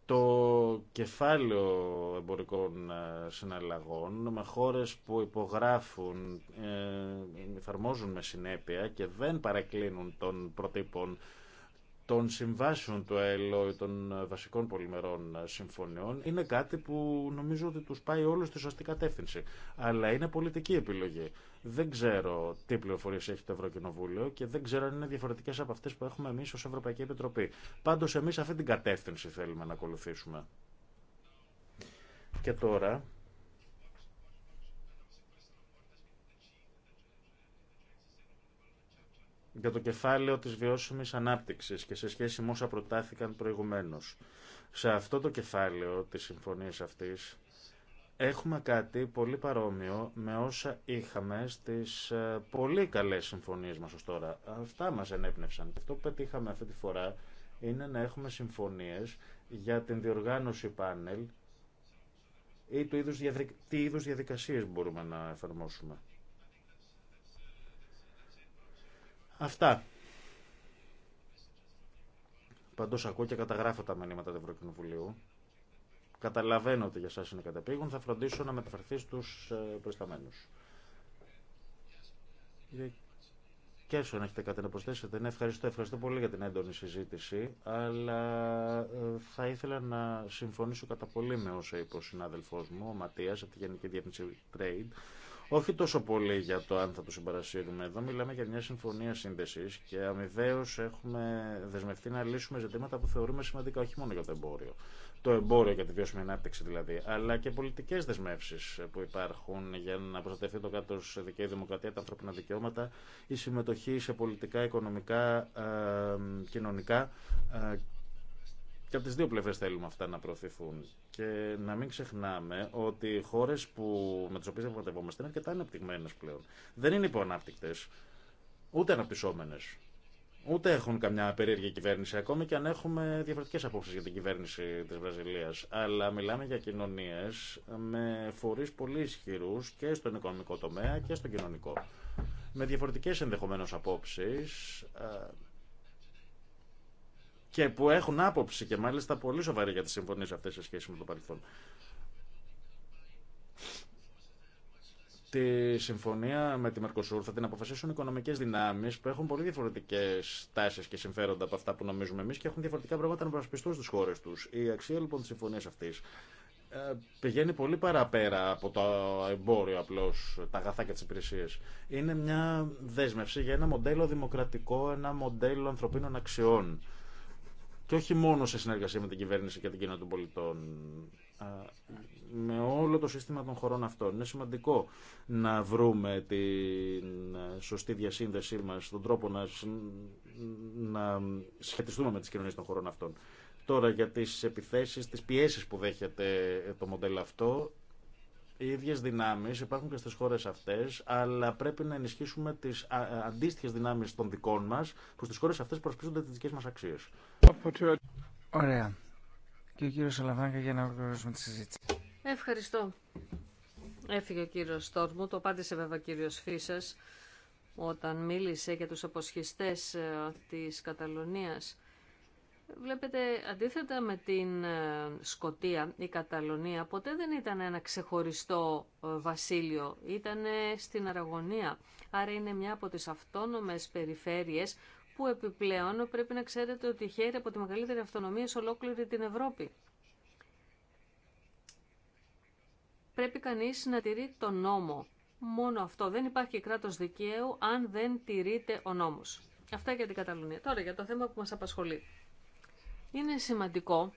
το κεφάλαιο εμπορικών ε, συναλλαγών με χώρες που υπογράφουν, ε, εφαρμόζουν με συνέπεια και δεν παρακλίνουν των προτύπων των συμβάσεων του ΑΕΛΟ ή των βασικών πολυμερών συμφωνιών είναι κάτι που νομίζω ότι τους πάει όλους στη σωστή κατεύθυνση. Αλλά είναι πολιτική επιλογή. Δεν ξέρω τι πληροφορίε έχει το Ευρωκοινοβούλιο και δεν ξέρω αν είναι διαφορετικέ από αυτέ που έχουμε εμεί ω Ευρωπαϊκή Επιτροπή. Πάντω, εμεί αυτή την κατεύθυνση θέλουμε να ακολουθήσουμε. Και τώρα. για το κεφάλαιο της βιώσιμης ανάπτυξης και σε σχέση με όσα προτάθηκαν προηγουμένως. Σε αυτό το κεφάλαιο της συμφωνίας αυτής Έχουμε κάτι πολύ παρόμοιο με όσα είχαμε στις ε, πολύ καλές συμφωνίες μας ως τώρα. Αυτά μας ενέπνευσαν. Και αυτό που πετύχαμε αυτή τη φορά είναι να έχουμε συμφωνίες για την διοργάνωση πάνελ ή του είδους τι είδους διαδικασίες μπορούμε να εφαρμόσουμε. Αυτά. Παντός ακούω και καταγράφω τα μηνύματα του Ευρωκοινοβουλίου. Καταλαβαίνω ότι για σας είναι καταπήγον, θα φροντίσω να μεταφερθεί στους ε, προϊσταμένους. Ε, Κέσον, έχετε κάτι να προσθέσετε. Ναι, ευχαριστώ. Ευχαριστώ πολύ για την έντονη συζήτηση. Αλλά ε, θα ήθελα να συμφωνήσω κατά πολύ με όσα είπε ο συνάδελφό μου, ο Ματία, από τη Γενική Διεύθυνση Trade. Όχι τόσο πολύ για το αν θα το συμπαρασύρουμε εδώ. Μιλάμε για μια συμφωνία σύνδεση και αμοιβαίω έχουμε δεσμευτεί να λύσουμε ζητήματα που θεωρούμε σημαντικά όχι μόνο για το εμπόριο το εμπόριο για τη βιώσιμη ανάπτυξη δηλαδή, αλλά και πολιτικές δεσμεύσεις που υπάρχουν για να προστατευτεί το κάτω σε δικαίωμα δημοκρατία, τα ανθρώπινα δικαιώματα, η συμμετοχή σε πολιτικά, οικονομικά, ε, κοινωνικά ε, και από τι δύο πλευρέ θέλουμε αυτά να προωθηθούν. Και να μην ξεχνάμε ότι οι χώρε με τι οποίε διαπραγματευόμαστε είναι αρκετά αναπτυγμένε πλέον. Δεν είναι υποανάπτυκτε, ούτε αναπτυσσόμενε ούτε έχουν καμιά περίεργη κυβέρνηση, ακόμη και αν έχουμε διαφορετικές απόψεις για την κυβέρνηση της Βραζιλίας. Αλλά μιλάμε για κοινωνίες με φορείς πολύ ισχυρού και στον οικονομικό τομέα και στον κοινωνικό. Με διαφορετικές ενδεχομένως απόψεις ε, και που έχουν άποψη και μάλιστα πολύ σοβαρή για τις συμφωνίες αυτές σε σχέση με το παρελθόν. Στη συμφωνία με τη Μερκοσούρ θα την αποφασίσουν οικονομικέ δυνάμει που έχουν πολύ διαφορετικέ τάσει και συμφέροντα από αυτά που νομίζουμε εμεί και έχουν διαφορετικά πράγματα να προσπιστούν στι χώρε του. Η αξία λοιπόν τη συμφωνία αυτή ε, πηγαίνει πολύ παραπέρα από το εμπόριο απλώ, τα αγαθά και τι υπηρεσίε. Είναι μια δέσμευση για ένα μοντέλο δημοκρατικό, ένα μοντέλο ανθρωπίνων αξιών. Και όχι μόνο σε συνεργασία με την κυβέρνηση και την κοινότητα των πολιτών με όλο το σύστημα των χωρών αυτών. Είναι σημαντικό να βρούμε την σωστή διασύνδεσή μας, τον τρόπο να, να σχετιστούμε με τις κοινωνίες των χωρών αυτών. Τώρα για τις επιθέσεις, τις πιέσεις που δέχεται το μοντέλο αυτό, οι ίδιε δυνάμει υπάρχουν και στι χώρε αυτέ, αλλά πρέπει να ενισχύσουμε τι αντίστοιχε δυνάμει των δικών μα, που στι χώρε αυτέ προσπίζονται τι δικέ μα αξίε. Ωραία. Και ο κύριο Σαλαβάνκα για να ολοκληρώσουμε τη συζήτηση. Ευχαριστώ. Έφυγε ο κύριος Στόρμου, το απάντησε βέβαια ο κύριος Φίσας όταν μίλησε για τους αποσχιστές ε, της Καταλωνίας. Βλέπετε, αντίθετα με την ε, Σκοτία, η Καταλωνία ποτέ δεν ήταν ένα ξεχωριστό ε, βασίλειο, ήταν στην Αραγωνία. Άρα είναι μια από τις αυτόνομες περιφέρειες που επιπλέον πρέπει να ξέρετε ότι χαίρεται από τη μεγαλύτερη αυτονομία σε ολόκληρη την Ευρώπη. πρέπει κανείς να τηρεί τον νόμο. Μόνο αυτό. Δεν υπάρχει κράτος δικαίου αν δεν τηρείται ο νόμος. Αυτά για την Καταλωνία. Τώρα για το θέμα που μας απασχολεί. Είναι σημαντικό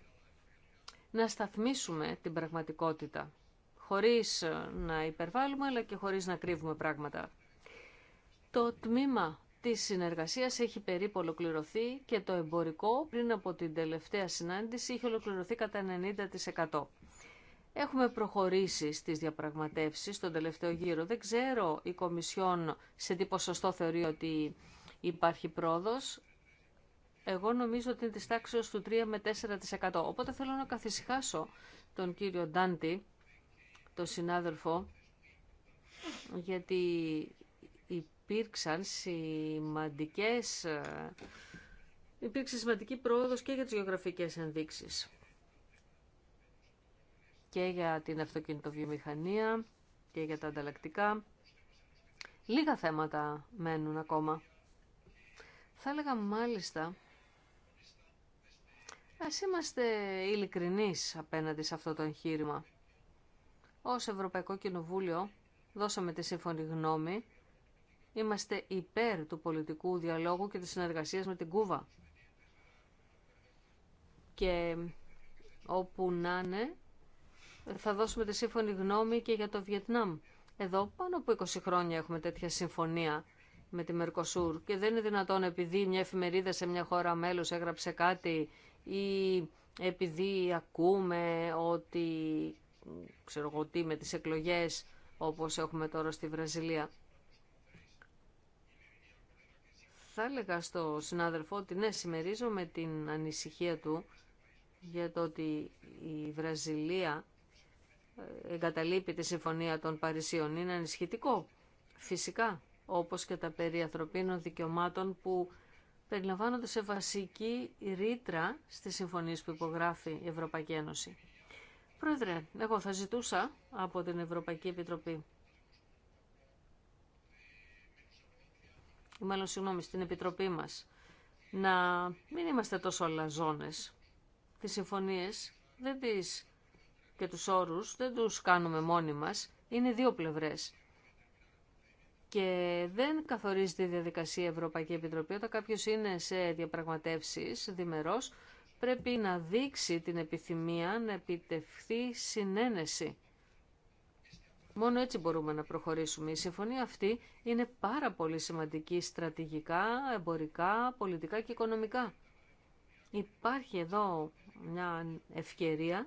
να σταθμίσουμε την πραγματικότητα, χωρίς ε, να υπερβάλλουμε αλλά και χωρίς να κρύβουμε πράγματα. Το τμήμα της συνεργασίας έχει περίπου ολοκληρωθεί και το εμπορικό πριν από την τελευταία συνάντηση είχε ολοκληρωθεί κατά 90%. Έχουμε προχωρήσει στις διαπραγματεύσεις στον τελευταίο γύρο. Δεν ξέρω η Κομισιόν σε τι ποσοστό θεωρεί ότι υπάρχει πρόοδος. Εγώ νομίζω ότι είναι της τάξης του 3 με 4%. Οπότε θέλω να καθησυχάσω τον κύριο Ντάντι, τον συνάδελφο, γιατί υπήρξαν σημαντικές, υπήρξε σημαντική πρόοδος και για τις γεωγραφικές ενδείξεις και για την αυτοκινητοβιομηχανία και για τα ανταλλακτικά. Λίγα θέματα μένουν ακόμα. Θα έλεγα μάλιστα, ας είμαστε ειλικρινεί απέναντι σε αυτό το εγχείρημα. Ως Ευρωπαϊκό Κοινοβούλιο δώσαμε τη σύμφωνη γνώμη. Είμαστε υπέρ του πολιτικού διαλόγου και της συνεργασίας με την Κούβα. Και όπου να είναι, θα δώσουμε τη σύμφωνη γνώμη και για το Βιετνάμ. Εδώ πάνω από 20 χρόνια έχουμε τέτοια συμφωνία με τη Μερκοσούρ και δεν είναι δυνατόν επειδή μια εφημερίδα σε μια χώρα μέλος έγραψε κάτι ή επειδή ακούμε ότι ξέρω εγώ τι με τις εκλογές όπως έχουμε τώρα στη Βραζιλία. Θα έλεγα στο συνάδελφο ότι ναι, συμμερίζομαι την ανησυχία του για το ότι η Βραζιλία εγκαταλείπει τη Συμφωνία των Παρισίων. Είναι ανισχυτικό. φυσικά, όπως και τα περί ανθρωπίνων δικαιωμάτων που περιλαμβάνονται σε βασική ρήτρα στις συμφωνίες που υπογράφει η Ευρωπαϊκή Ένωση. Πρόεδρε, εγώ θα ζητούσα από την Ευρωπαϊκή Επιτροπή μάλλον συγγνώμη, στην Επιτροπή μας, να μην είμαστε τόσο αλαζόνες. Τις συμφωνίες δεν τις και τους όρους δεν τους κάνουμε μόνοι μας, είναι δύο πλευρές. Και δεν καθορίζεται η διαδικασία Ευρωπαϊκή Επιτροπή. Όταν κάποιο είναι σε διαπραγματεύσεις διμερός, πρέπει να δείξει την επιθυμία να επιτευχθεί συνένεση. Μόνο έτσι μπορούμε να προχωρήσουμε. Η συμφωνία αυτή είναι πάρα πολύ σημαντική στρατηγικά, εμπορικά, πολιτικά και οικονομικά. Υπάρχει εδώ μια ευκαιρία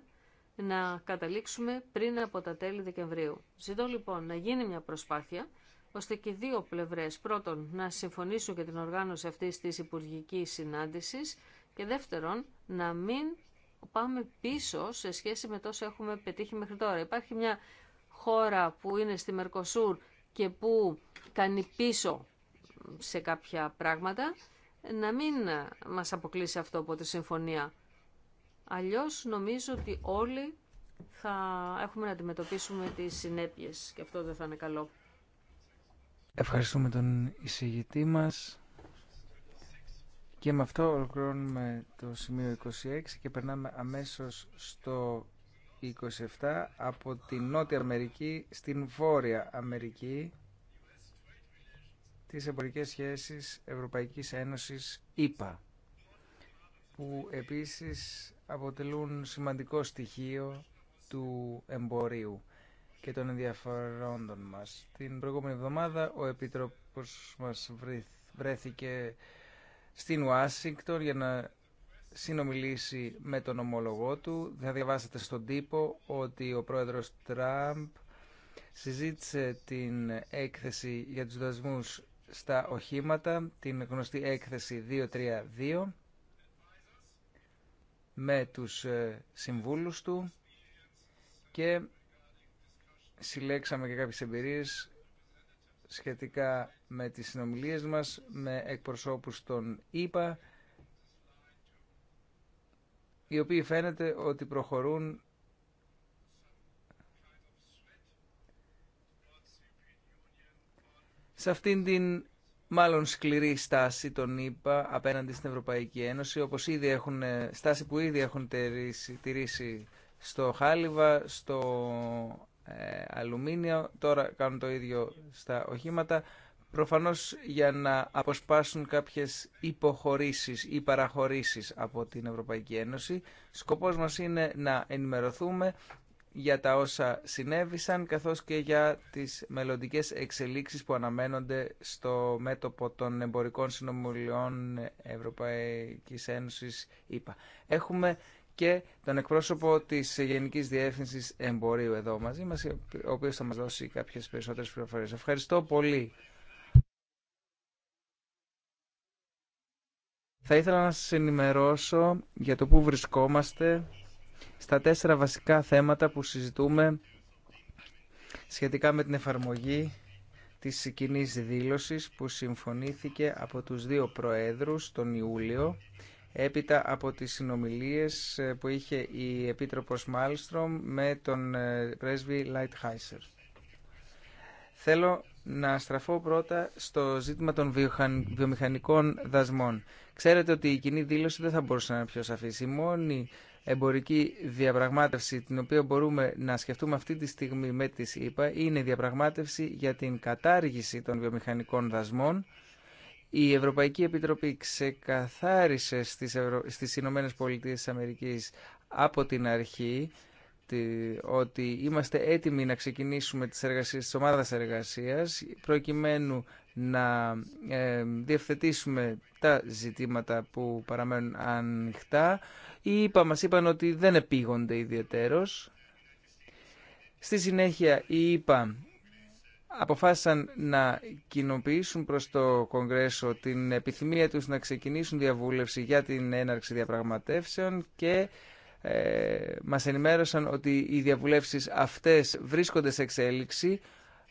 να καταλήξουμε πριν από τα τέλη Δεκεμβρίου. Ζητώ λοιπόν να γίνει μια προσπάθεια ώστε και δύο πλευρές πρώτον να συμφωνήσουν για την οργάνωση αυτής της Υπουργική συνάντησης και δεύτερον να μην πάμε πίσω σε σχέση με τόσο έχουμε πετύχει μέχρι τώρα. Υπάρχει μια χώρα που είναι στη Μερκοσούρ και που κάνει πίσω σε κάποια πράγματα να μην μας αποκλείσει αυτό από τη συμφωνία. Αλλιώς νομίζω ότι όλοι θα έχουμε να αντιμετωπίσουμε τις συνέπειες και αυτό δεν θα είναι καλό. Ευχαριστούμε τον εισηγητή μας. Και με αυτό ολοκληρώνουμε το σημείο 26 και περνάμε αμέσως στο 27 από τη Νότια Αμερική στην Βόρεια Αμερική τις εμπορικές σχέσεις Ευρωπαϊκής Ένωσης ΕΠΑ που επίσης αποτελούν σημαντικό στοιχείο του εμπορίου και των ενδιαφερόντων μας. Την προηγούμενη εβδομάδα ο Επιτρόπος μας βρέθηκε στην Ουάσιγκτον για να συνομιλήσει με τον ομολογό του. Θα διαβάσετε στον τύπο ότι ο πρόεδρος Τραμπ συζήτησε την έκθεση για τους δασμούς στα οχήματα, την γνωστή έκθεση 232 με τους ε, συμβούλους του και συλλέξαμε και κάποιες εμπειρίες σχετικά με τις συνομιλίες μας με εκπροσώπους των ΙΠΑ οι οποίοι φαίνεται ότι προχωρούν σε αυτήν την μάλλον σκληρή στάση τον ΗΠΑ απέναντι στην Ευρωπαϊκή Ένωση, όπως έχουν, ε, στάση που ήδη έχουν τηρήσει, στο χάλιβα, στο ε, αλουμίνιο, τώρα κάνουν το ίδιο στα οχήματα, προφανώς για να αποσπάσουν κάποιες υποχωρήσεις ή παραχωρήσεις από την Ευρωπαϊκή Ένωση. Σκοπός μας είναι να ενημερωθούμε, για τα όσα συνέβησαν καθώς και για τις μελλοντικές εξελίξεις που αναμένονται στο μέτωπο των εμπορικών συνομιλιών Ευρωπαϊκής Ένωσης ΕΠΑ. Έχουμε και τον εκπρόσωπο της Γενικής Διεύθυνσης Εμπορίου εδώ μαζί μας, ο οποίος θα μας δώσει κάποιες περισσότερες πληροφορίες. Ευχαριστώ πολύ. Θα ήθελα να σας ενημερώσω για το που βρισκόμαστε στα τέσσερα βασικά θέματα που συζητούμε σχετικά με την εφαρμογή της κοινή δήλωσης που συμφωνήθηκε από τους δύο προέδρους τον Ιούλιο έπειτα από τις συνομιλίες που είχε η Επίτροπος Μάλστρομ με τον ε, πρέσβη Λάιτχάισερ. Θέλω να στραφώ πρώτα στο ζήτημα των βιομηχανικών δασμών. Ξέρετε ότι η κοινή δήλωση δεν θα μπορούσε να είναι πιο σαφής εμπορική διαπραγμάτευση την οποία μπορούμε να σκεφτούμε αυτή τη στιγμή με τις ΣΥΠΑ, είναι η διαπραγμάτευση για την κατάργηση των βιομηχανικών δασμών. Η Ευρωπαϊκή Επιτροπή ξεκαθάρισε στις, Ευρω... στις Ηνωμένε Αμερικής από την αρχή ότι είμαστε έτοιμοι να ξεκινήσουμε τις εργασίες της ομάδας εργασίας προκειμένου να ε, διευθετήσουμε τα ζητήματα που παραμένουν ανοιχτά. Οι ΙΠΑ μας είπαν ότι δεν επίγονται ιδιαιτέρως. Στη συνέχεια οι ΙΠΑ αποφάσισαν να κοινοποιήσουν προς το Κογκρέσο την επιθυμία τους να ξεκινήσουν διαβούλευση για την έναρξη διαπραγματεύσεων και ε, μας ενημέρωσαν ότι οι διαβουλεύσεις αυτές βρίσκονται σε εξέλιξη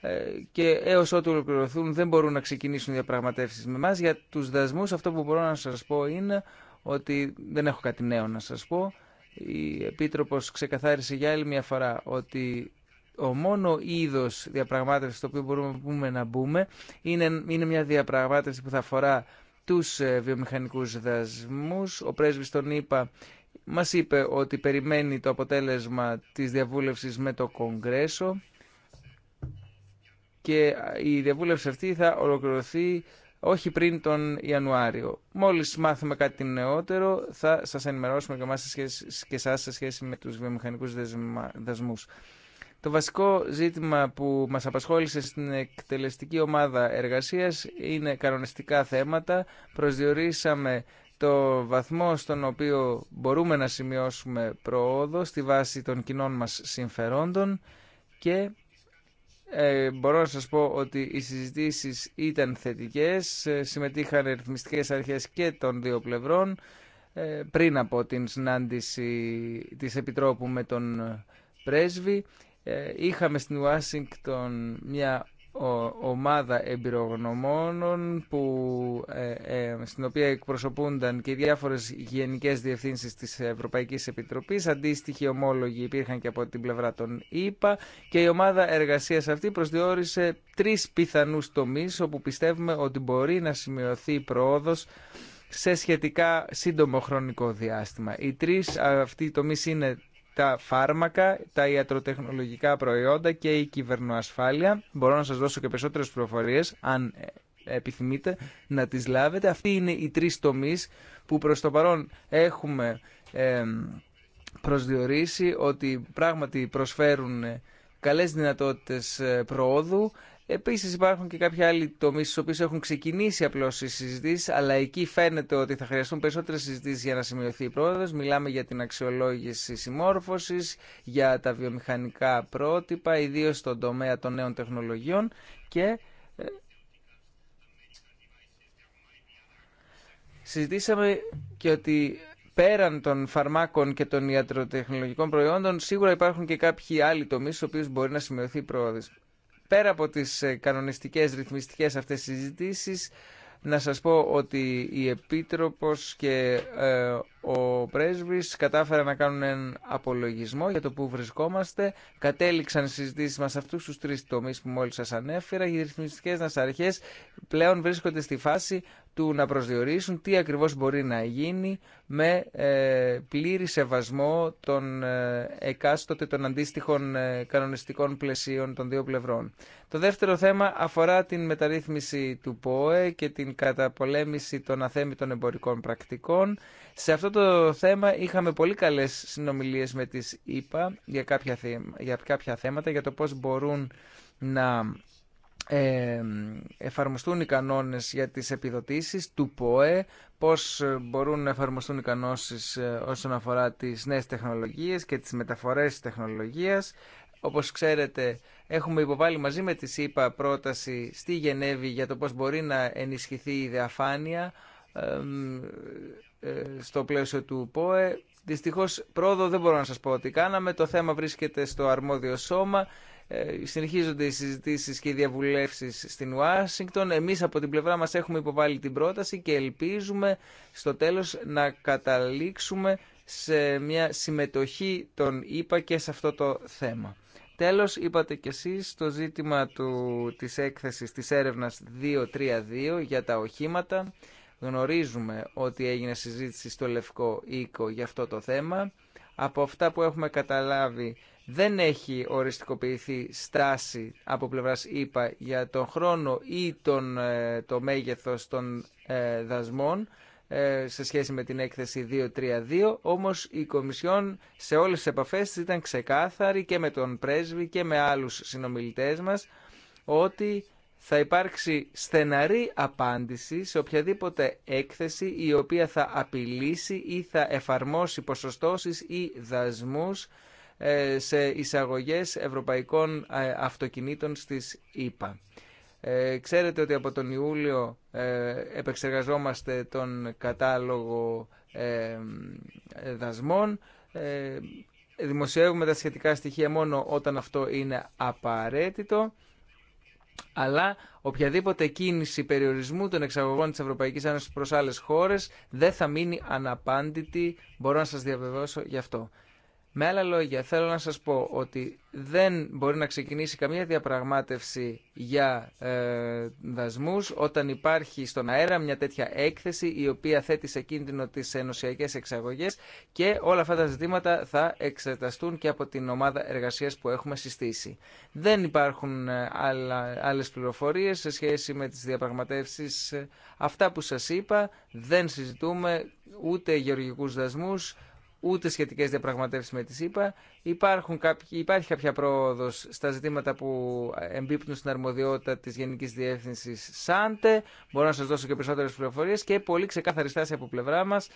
ε, και έως ότου ολοκληρωθούν δεν μπορούν να ξεκινήσουν διαπραγματεύσεις με εμάς. Για τους δασμούς αυτό που μπορώ να σας πω είναι ότι δεν έχω κάτι νέο να σας πω. Η Επίτροπος ξεκαθάρισε για άλλη μια φορά ότι ο μόνο είδο διαπραγμάτευση στο οποίο μπορούμε να, να μπούμε είναι, είναι μια διαπραγμάτευση που θα αφορά τους ε, βιομηχανικούς δασμούς. Ο πρέσβης τον είπα, μας είπε ότι περιμένει το αποτέλεσμα της διαβούλευσης με το Κογκρέσο και η διαβούλευση αυτή θα ολοκληρωθεί όχι πριν τον Ιανουάριο. Μόλις μάθουμε κάτι νεότερο θα σας ενημερώσουμε και, και εσάς σε σχέση με τους βιομηχανικούς δεσμούς. Το βασικό ζήτημα που μας απασχόλησε στην εκτελεστική ομάδα εργασίας είναι κανονιστικά θέματα. Προσδιορίσαμε το βαθμό στον οποίο μπορούμε να σημειώσουμε προόδο στη βάση των κοινών μας συμφερόντων και ε, μπορώ να σας πω ότι οι συζητήσεις ήταν θετικές, ε, συμμετείχαν ρυθμιστικές αρχές και των δύο πλευρών ε, πριν από την συνάντηση της Επιτρόπου με τον ε, Πρέσβη. Ε, είχαμε στην Ουάσιγκτον μια ομάδα εμπειρογνωμόνων που, ε, ε, στην οποία εκπροσωπούνταν και διάφορες γενικές διευθύνσεις της Ευρωπαϊκής Επιτροπής. Αντίστοιχοι ομόλογοι υπήρχαν και από την πλευρά των ΙΠΑ και η ομάδα εργασίας αυτή προσδιορίσε τρεις πιθανούς τομείς όπου πιστεύουμε ότι μπορεί να σημειωθεί πρόοδος σε σχετικά σύντομο χρονικό διάστημα. Οι τρεις αυτοί τομείς είναι τα φάρμακα, τα ιατροτεχνολογικά προϊόντα και η κυβερνοασφάλεια. Μπορώ να σας δώσω και περισσότερες πληροφορίες, αν ε, επιθυμείτε να τις λάβετε. Αυτοί είναι οι τρεις τομείς που προς το παρόν έχουμε προσδιορίσει ότι πράγματι προσφέρουν ε, καλές δυνατότητες ε, προόδου, Επίση, υπάρχουν και κάποιοι άλλοι τομεί στου οποίου έχουν ξεκινήσει απλώ οι συζητήσει, αλλά εκεί φαίνεται ότι θα χρειαστούν περισσότερε συζητήσει για να σημειωθεί η πρόοδο. Μιλάμε για την αξιολόγηση συμμόρφωση, για τα βιομηχανικά πρότυπα, ιδίω στον τομέα των νέων τεχνολογιών και ε, συζητήσαμε και ότι πέραν των φαρμάκων και των ιατροτεχνολογικών προϊόντων σίγουρα υπάρχουν και κάποιοι άλλοι τομείς στους οποίους μπορεί να σημειωθεί πρόοδο πέρα από τις ε, κανονιστικές ρυθμιστικές αυτές συζητήσεις να σας πω ότι η Επίτροπος και ε, ο πρέσβης κατάφερε να κάνουν έναν απολογισμό για το που βρισκόμαστε. Κατέληξαν συζητήσεις μας αυτού του τρει τομεί που μόλι σα ανέφερα. Οι ρυθμιστικέ μα αρχέ πλέον βρίσκονται στη φάση του να προσδιορίσουν τι ακριβώ μπορεί να γίνει με ε, πλήρη σεβασμό των ε, εκάστοτε των αντίστοιχων ε, κανονιστικών πλαισίων των δύο πλευρών. Το δεύτερο θέμα αφορά την μεταρρύθμιση του ΠΟΕ και την καταπολέμηση των αθέμητων εμπορικών πρακτικών. Σε αυτό το θέμα είχαμε πολύ καλές συνομιλίες με τις ΙΠΑ για κάποια, θέματα, για το πώς μπορούν να ε, εφαρμοστούν οι κανόνες για τις επιδοτήσεις του ΠΟΕ, πώς μπορούν να εφαρμοστούν οι κανόνες ε, όσον αφορά τις νέες τεχνολογίες και τις μεταφορές τεχνολογίας. Όπως ξέρετε, έχουμε υποβάλει μαζί με τις ΙΠΑ πρόταση στη Γενέβη για το πώς μπορεί να ενισχυθεί η διαφάνεια. Ε, στο πλαίσιο του ΠΟΕ. Δυστυχώ πρόοδο δεν μπορώ να σας πω ότι κάναμε. Το θέμα βρίσκεται στο αρμόδιο σώμα. Ε, συνεχίζονται οι συζητήσει και οι διαβουλεύσεις στην Ουάσιγκτον. Εμείς από την πλευρά μας έχουμε υποβάλει την πρόταση και ελπίζουμε στο τέλος να καταλήξουμε σε μια συμμετοχή των ΙΠΑ και σε αυτό το θέμα. Τέλος, είπατε κι εσείς το ζήτημα του, της έκθεσης της έρευνας 232 για τα οχήματα. Γνωρίζουμε ότι έγινε συζήτηση στο Λευκό Οίκο για αυτό το θέμα. Από αυτά που έχουμε καταλάβει δεν έχει οριστικοποιηθεί στάση από πλευράς ΙΠΑ για τον χρόνο ή τον, ε, το μέγεθος των ε, δασμών ε, σε σχέση με την έκθεση 232, όμως η Κομισιόν σε όλες τις επαφές ήταν ξεκάθαρη και με τον πρέσβη και με άλλους συνομιλητές μας ότι θα υπάρξει στεναρή απάντηση σε οποιαδήποτε έκθεση η οποία θα απειλήσει ή θα εφαρμόσει ποσοστώσεις ή δασμούς ε, σε εισαγωγές ευρωπαϊκών ε, αυτοκινήτων στις ΗΠΑ. Ε, ξέρετε ότι από τον Ιούλιο επεξεργαζόμαστε τον κατάλογο δασμών. Δημοσιεύουμε τα σχετικά στοιχεία μόνο όταν αυτό είναι απαραίτητο αλλά οποιαδήποτε κίνηση περιορισμού των εξαγωγών της Ευρωπαϊκής Ένωσης προς άλλες χώρες δεν θα μείνει αναπάντητη, μπορώ να σας διαβεβαιώσω γι' αυτό. Με άλλα λόγια, θέλω να σας πω ότι δεν μπορεί να ξεκινήσει καμία διαπραγμάτευση για ε, δασμούς όταν υπάρχει στον αέρα μια τέτοια έκθεση η οποία θέτει σε κίνδυνο τις ενωσιακές εξαγωγές και όλα αυτά τα ζητήματα θα εξεταστούν και από την ομάδα εργασίας που έχουμε συστήσει. Δεν υπάρχουν ε, άλλα, άλλες πληροφορίες σε σχέση με τις διαπραγματεύσεις. Αυτά που σας είπα δεν συζητούμε ούτε γεωργικούς δασμούς, ούτε σχετικές διαπραγματεύσεις με τη ΣΥΠΑ. Υπάρχουν κάποιοι, υπάρχει κάποια πρόοδος στα ζητήματα που εμπίπτουν στην αρμοδιότητα της Γενικής Διεύθυνσης ΣΑΝΤΕ. Μπορώ να σας δώσω και περισσότερες πληροφορίες και πολύ ξεκάθαρη στάση από πλευρά μας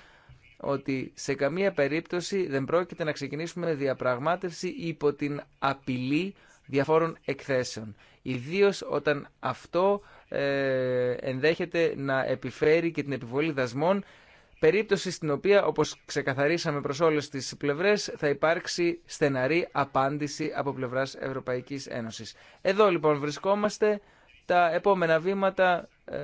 ότι σε καμία περίπτωση δεν πρόκειται να ξεκινήσουμε διαπραγμάτευση υπό την απειλή διαφόρων εκθέσεων. Ιδίω όταν αυτό ε, ενδέχεται να επιφέρει και την επιβολή δασμών περίπτωση στην οποία, όπω ξεκαθαρίσαμε προ όλε τι πλευρέ, θα υπάρξει στεναρή απάντηση από πλευρά Ευρωπαϊκή Ένωση. Εδώ λοιπόν βρισκόμαστε. Τα επόμενα βήματα ε,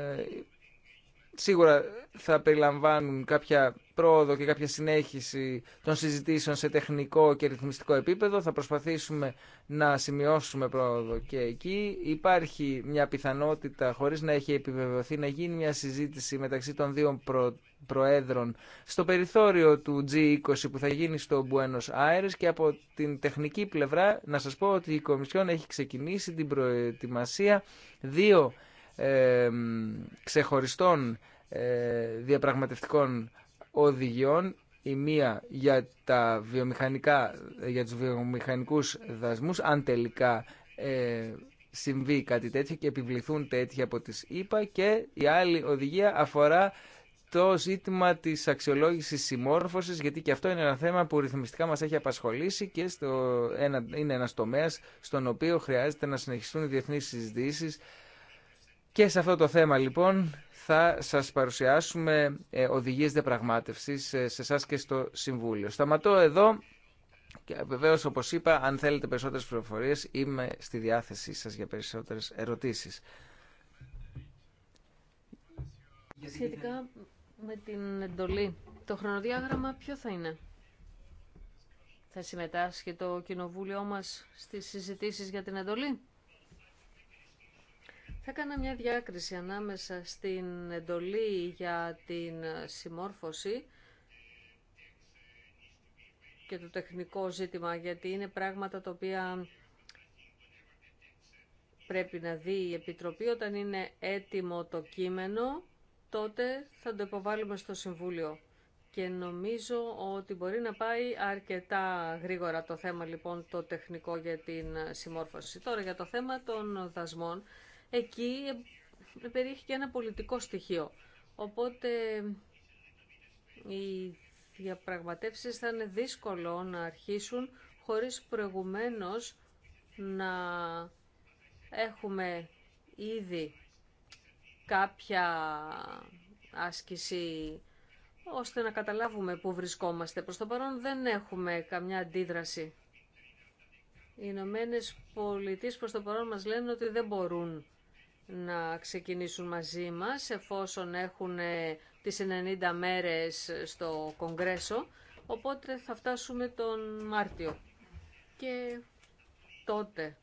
σίγουρα θα περιλαμβάνουν κάποια πρόοδο και κάποια συνέχιση των συζητήσεων σε τεχνικό και ρυθμιστικό επίπεδο. Θα προσπαθήσουμε να σημειώσουμε πρόοδο και εκεί. Υπάρχει μια πιθανότητα, χωρίς να έχει επιβεβαιωθεί, να γίνει μια συζήτηση μεταξύ των δύο πρώτων προέδρων στο περιθώριο του G20 που θα γίνει στο Buenos Aires και από την τεχνική πλευρά να σας πω ότι η Κομισιόν έχει ξεκινήσει την προετοιμασία δύο ε, ξεχωριστών ε, διαπραγματευτικών οδηγιών η μία για, τα βιομηχανικά, για τους βιομηχανικούς δασμούς αν τελικά ε, συμβεί κάτι τέτοιο και επιβληθούν τέτοια από τις ΗΠΑ και η άλλη οδηγία αφορά το ζήτημα της αξιολόγησης συμμόρφωσης, γιατί και αυτό είναι ένα θέμα που ρυθμιστικά μας έχει απασχολήσει και στο, ένα, είναι ένας τομέας στον οποίο χρειάζεται να συνεχιστούν οι διεθνείς συζητήσεις. Και σε αυτό το θέμα λοιπόν θα σας παρουσιάσουμε ε, οδηγίες διαπραγμάτευσης ε, σε εσά και στο Συμβούλιο. Σταματώ εδώ και βεβαίω, όπως είπα, αν θέλετε περισσότερες πληροφορίες είμαι στη διάθεσή σας για περισσότερες ερωτήσεις. Σχετικά με την εντολή. Το χρονοδιάγραμμα ποιο θα είναι. Θα συμμετάσχει το κοινοβούλιο μας στις συζητήσεις για την εντολή. Θα κάνω μια διάκριση ανάμεσα στην εντολή για την συμμόρφωση και το τεχνικό ζήτημα, γιατί είναι πράγματα τα οποία πρέπει να δει η Επιτροπή όταν είναι έτοιμο το κείμενο τότε θα το υποβάλουμε στο Συμβούλιο. Και νομίζω ότι μπορεί να πάει αρκετά γρήγορα το θέμα λοιπόν το τεχνικό για την συμμόρφωση. Τώρα για το θέμα των δασμών, εκεί περιέχει και ένα πολιτικό στοιχείο. Οπότε οι διαπραγματεύσεις θα είναι δύσκολο να αρχίσουν χωρίς προηγουμένως να έχουμε ήδη κάποια άσκηση ώστε να καταλάβουμε πού βρισκόμαστε. Προς το παρόν δεν έχουμε καμιά αντίδραση. Οι Ηνωμένε Πολιτείε προς το παρόν μας λένε ότι δεν μπορούν να ξεκινήσουν μαζί μας εφόσον έχουν ε, τις 90 μέρες στο Κογκρέσο, οπότε θα φτάσουμε τον Μάρτιο. Και τότε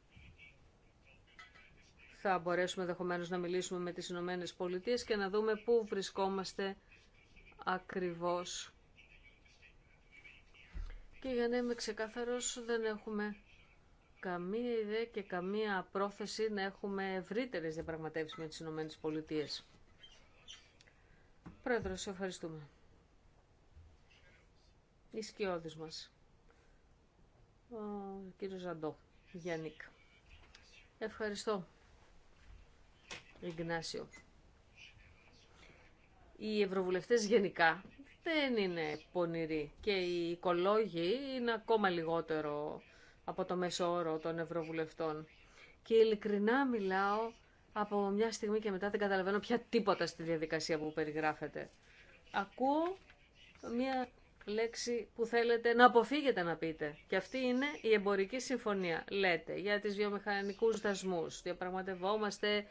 θα μπορέσουμε δεχομένω να μιλήσουμε με τις Ηνωμένε Πολιτείε και να δούμε πού βρισκόμαστε ακριβώς. Και για να είμαι ξεκάθαρος, δεν έχουμε καμία ιδέα και καμία πρόθεση να έχουμε ευρύτερες διαπραγματεύσεις με τις Ηνωμένε Πολιτείε. Πρόεδρο, σε ευχαριστούμε. Οι σκιώδη μας. Ο κύριος Ζαντό, Γιάννικ. Ευχαριστώ. Ιγνάσιο. Οι ευρωβουλευτές γενικά δεν είναι πονηροί και οι οικολόγοι είναι ακόμα λιγότερο από το μέσο όρο των ευρωβουλευτών. Και ειλικρινά μιλάω από μια στιγμή και μετά δεν καταλαβαίνω πια τίποτα στη διαδικασία που περιγράφεται. Ακούω μια λέξη που θέλετε να αποφύγετε να πείτε. Και αυτή είναι η εμπορική συμφωνία. Λέτε για τις βιομηχανικούς δασμούς. Διαπραγματευόμαστε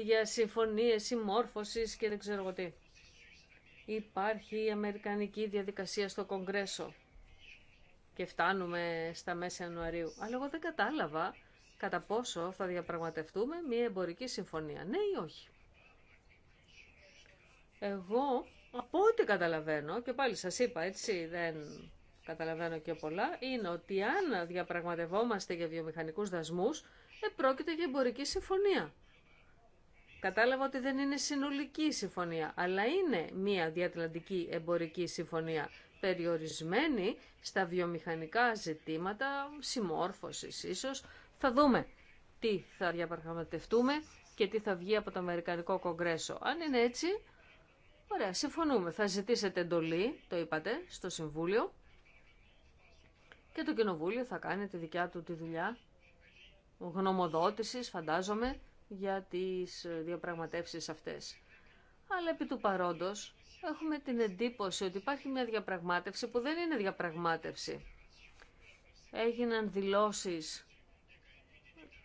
για συμφωνίες συμμόρφωση και δεν ξέρω τι. Υπάρχει η Αμερικανική διαδικασία στο Κογκρέσο και φτάνουμε στα μέσα Ιανουαρίου. Αλλά εγώ δεν κατάλαβα κατά πόσο θα διαπραγματευτούμε μία εμπορική συμφωνία. Ναι ή όχι. Εγώ, από ό,τι καταλαβαίνω, και πάλι σας είπα, έτσι δεν καταλαβαίνω και πολλά, είναι ότι αν διαπραγματευόμαστε για βιομηχανικούς δασμούς, πρόκειται για εμπορική συμφωνία. Κατάλαβα ότι δεν είναι συνολική συμφωνία, αλλά είναι μια διατλαντική εμπορική συμφωνία περιορισμένη στα βιομηχανικά ζητήματα συμμόρφωσης ίσως. Θα δούμε τι θα διαπραγματευτούμε και τι θα βγει από το Αμερικανικό Κογκρέσο. Αν είναι έτσι, ωραία, συμφωνούμε. Θα ζητήσετε εντολή, το είπατε, στο Συμβούλιο και το Κοινοβούλιο θα κάνει τη δικιά του τη δουλειά γνωμοδότησης, φαντάζομαι, για τις διαπραγματεύσεις αυτές. Αλλά επί του παρόντος έχουμε την εντύπωση ότι υπάρχει μια διαπραγμάτευση που δεν είναι διαπραγμάτευση. Έγιναν δηλώσεις,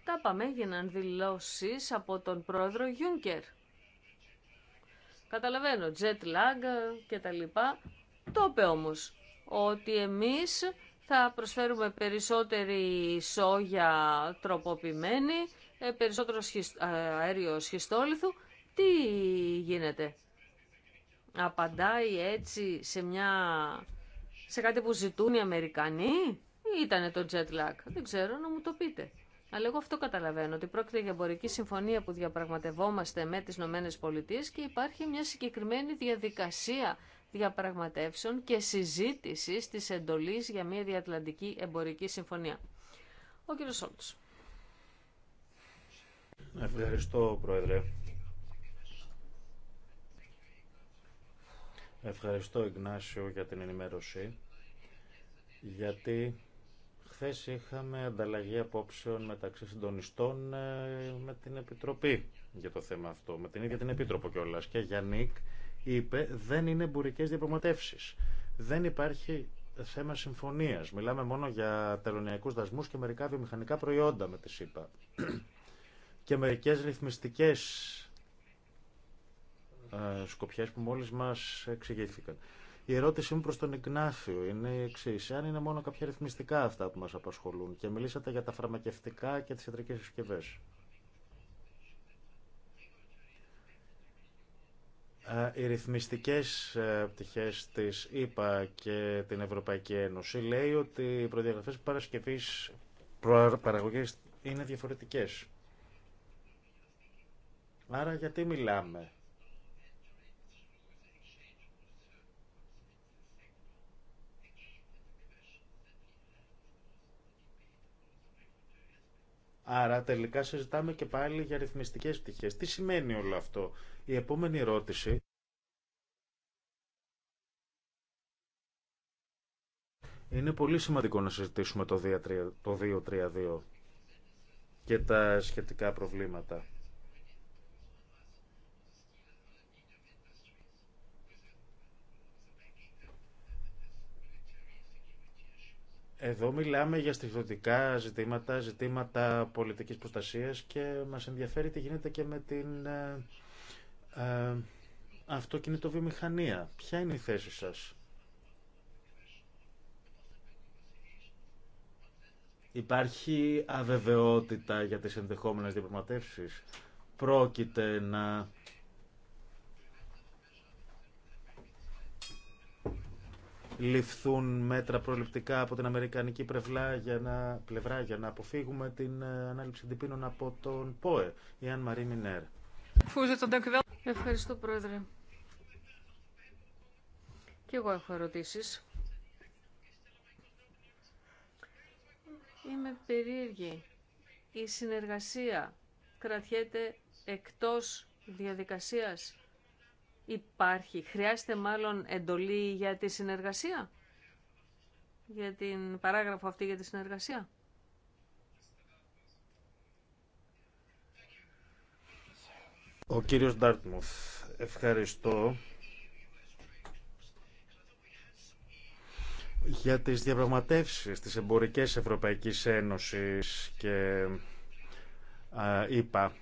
τα πάμε, έγιναν δηλώσεις από τον πρόεδρο Γιούνκερ. Καταλαβαίνω, jet lag και τα λοιπά. Το είπε όμως ότι εμείς θα προσφέρουμε περισσότερη σόγια τροποποιημένη, ε, περισσότερο αέριο σχιστόλιθου, τι γίνεται. Απαντάει έτσι σε, μια... σε κάτι που ζητούν οι Αμερικανοί ή ήταν το jet lag. Δεν ξέρω να μου το πείτε. Αλλά εγώ αυτό καταλαβαίνω, ότι πρόκειται για εμπορική συμφωνία που διαπραγματευόμαστε με τις Ηνωμένες Πολιτείες και υπάρχει μια συγκεκριμένη διαδικασία διαπραγματεύσεων και συζήτησης της εντολής για μια διατλαντική εμπορική συμφωνία. Ο κύριος Σόλτς. Ευχαριστώ, Πρόεδρε. Ευχαριστώ, Ιγνάσιο, για την ενημέρωση. Γιατί χθες είχαμε ανταλλαγή απόψεων μεταξύ συντονιστών ε, με την Επιτροπή για το θέμα αυτό, με την ίδια την Επίτροπο κιόλας. Και Γιάννικ είπε δεν είναι εμπορικέ διαπραγματεύσεις. Δεν υπάρχει θέμα συμφωνίας. Μιλάμε μόνο για τελωνιακούς δασμούς και μερικά βιομηχανικά προϊόντα με τη ΣΥΠΑ και μερικές ρυθμιστικές ε, σκοπιές που μόλις μας εξηγήθηκαν. Η ερώτησή μου προς τον Ιγνάθιο είναι η εξή. Αν είναι μόνο κάποια ρυθμιστικά αυτά που μας απασχολούν και μιλήσατε για τα φαρμακευτικά και τις ιατρικές συσκευέ. Ε, οι ρυθμιστικές ε, πτυχές της ΕΠΑ και την Ευρωπαϊκή Ένωση λέει ότι οι προδιαγραφές παρασκευής παραγωγής είναι διαφορετικές. Άρα γιατί μιλάμε. Άρα τελικά συζητάμε και πάλι για ρυθμιστικές πτυχές. Τι σημαίνει όλο αυτό. Η επόμενη ερώτηση είναι πολύ σημαντικό να συζητήσουμε το 232 και τα σχετικά προβλήματα. Εδώ μιλάμε για στοιχειωτικά ζητήματα, ζητήματα πολιτικής προστασίας και μας ενδιαφέρει τι γίνεται και με την ε, ε, αυτοκινητοβιομηχανία. Ποια είναι η θέση σας. Υπάρχει αβεβαιότητα για τις ενδεχόμενες διαπραγματεύσεις. Πρόκειται να ληφθούν μέτρα προληπτικά από την αμερικανική πλευρά για να, πλευρά για να αποφύγουμε την ε, ανάληψη αντιπίνων από τον ΠΟΕ, η Αν Μαρή Μινέρ. Ευχαριστώ, Πρόεδρε. Και εγώ έχω ερωτήσεις. Είμαι περίεργη. Η συνεργασία κρατιέται εκτός διαδικασίας υπάρχει, χρειάζεται μάλλον εντολή για τη συνεργασία, για την παράγραφο αυτή για τη συνεργασία. Ο κύριος Ντάρτμουθ, ευχαριστώ για τις διαπραγματεύσεις της εμπορικές Ευρωπαϊκής Ένωσης και είπα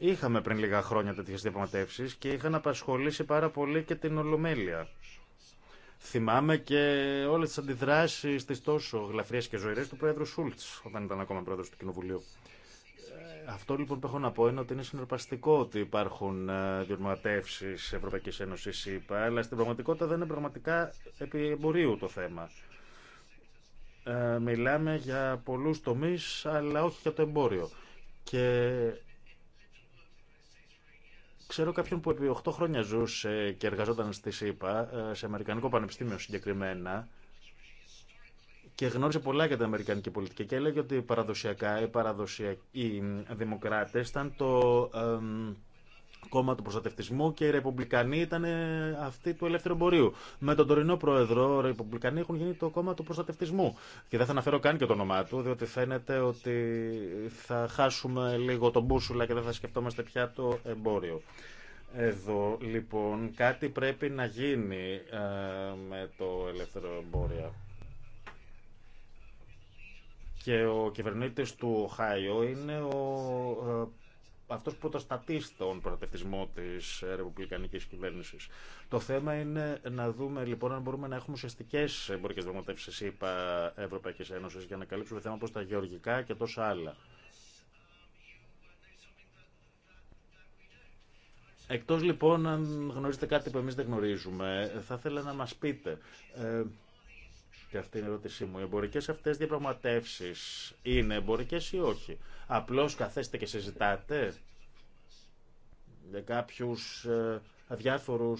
Είχαμε πριν λίγα χρόνια τέτοιες διαπραγματεύσει και είχαν απασχολήσει πάρα πολύ και την Ολομέλεια. Θυμάμαι και όλε τι αντιδράσει τη τόσο γλαφριές και ζωηρέ του Πρόεδρου Σούλτ όταν ήταν ακόμα πρόεδρο του Κοινοβουλίου. Ε, αυτό λοιπόν που έχω να πω είναι ότι είναι συναρπαστικό ότι υπάρχουν ε, διαπραγματεύσει Ευρωπαϊκή Ένωση ΣΥΠΑ, αλλά στην πραγματικότητα δεν είναι πραγματικά επί εμπορίου το θέμα. Ε, μιλάμε για πολλού τομεί, αλλά όχι για το εμπόριο. Και Ξέρω κάποιον που επί 8 χρόνια ζούσε και εργαζόταν στη ΣΥΠΑ, ε, σε Αμερικανικό Πανεπιστήμιο συγκεκριμένα, και γνώρισε πολλά για την Αμερικανική πολιτική και έλεγε ότι παραδοσιακά οι, παραδοσιακοί δημοκράτες ήταν το κόμμα του προστατευτισμού και οι ρεπουμπλικανοί ήταν ε, αυτοί του ελεύθερου εμπορίου. Με τον τωρινό πρόεδρο, οι ρεπουμπλικανοί έχουν γίνει το κόμμα του προστατευτισμού. Και δεν θα αναφέρω καν και το όνομά του, διότι φαίνεται ότι θα χάσουμε λίγο τον μπούσουλα και δεν θα σκεφτόμαστε πια το εμπόριο. Εδώ λοιπόν κάτι πρέπει να γίνει ε, με το ελεύθερο εμπόριο και ο κυβερνήτης του Χάιο είναι ο ε, αυτός πρωτοστατεί στον προστατευτισμό τη ε, ρεπουμπλικανικής κυβέρνησης. Το θέμα είναι να δούμε λοιπόν αν μπορούμε να έχουμε ουσιαστικέ εμπορικές δραματεύσεις είπα Ευρωπαϊκής Ένωσης για να καλύψουμε θέματα όπω τα γεωργικά και τόσα άλλα. Εκτός λοιπόν αν γνωρίζετε κάτι που εμείς δεν γνωρίζουμε, θα ήθελα να μας πείτε. Ε, και αυτή είναι η ερώτησή μου. Οι εμπορικέ αυτέ διαπραγματεύσει είναι εμπορικέ ή όχι. Απλώ καθέστε και συζητάτε για κάποιου ε, αδιάφορου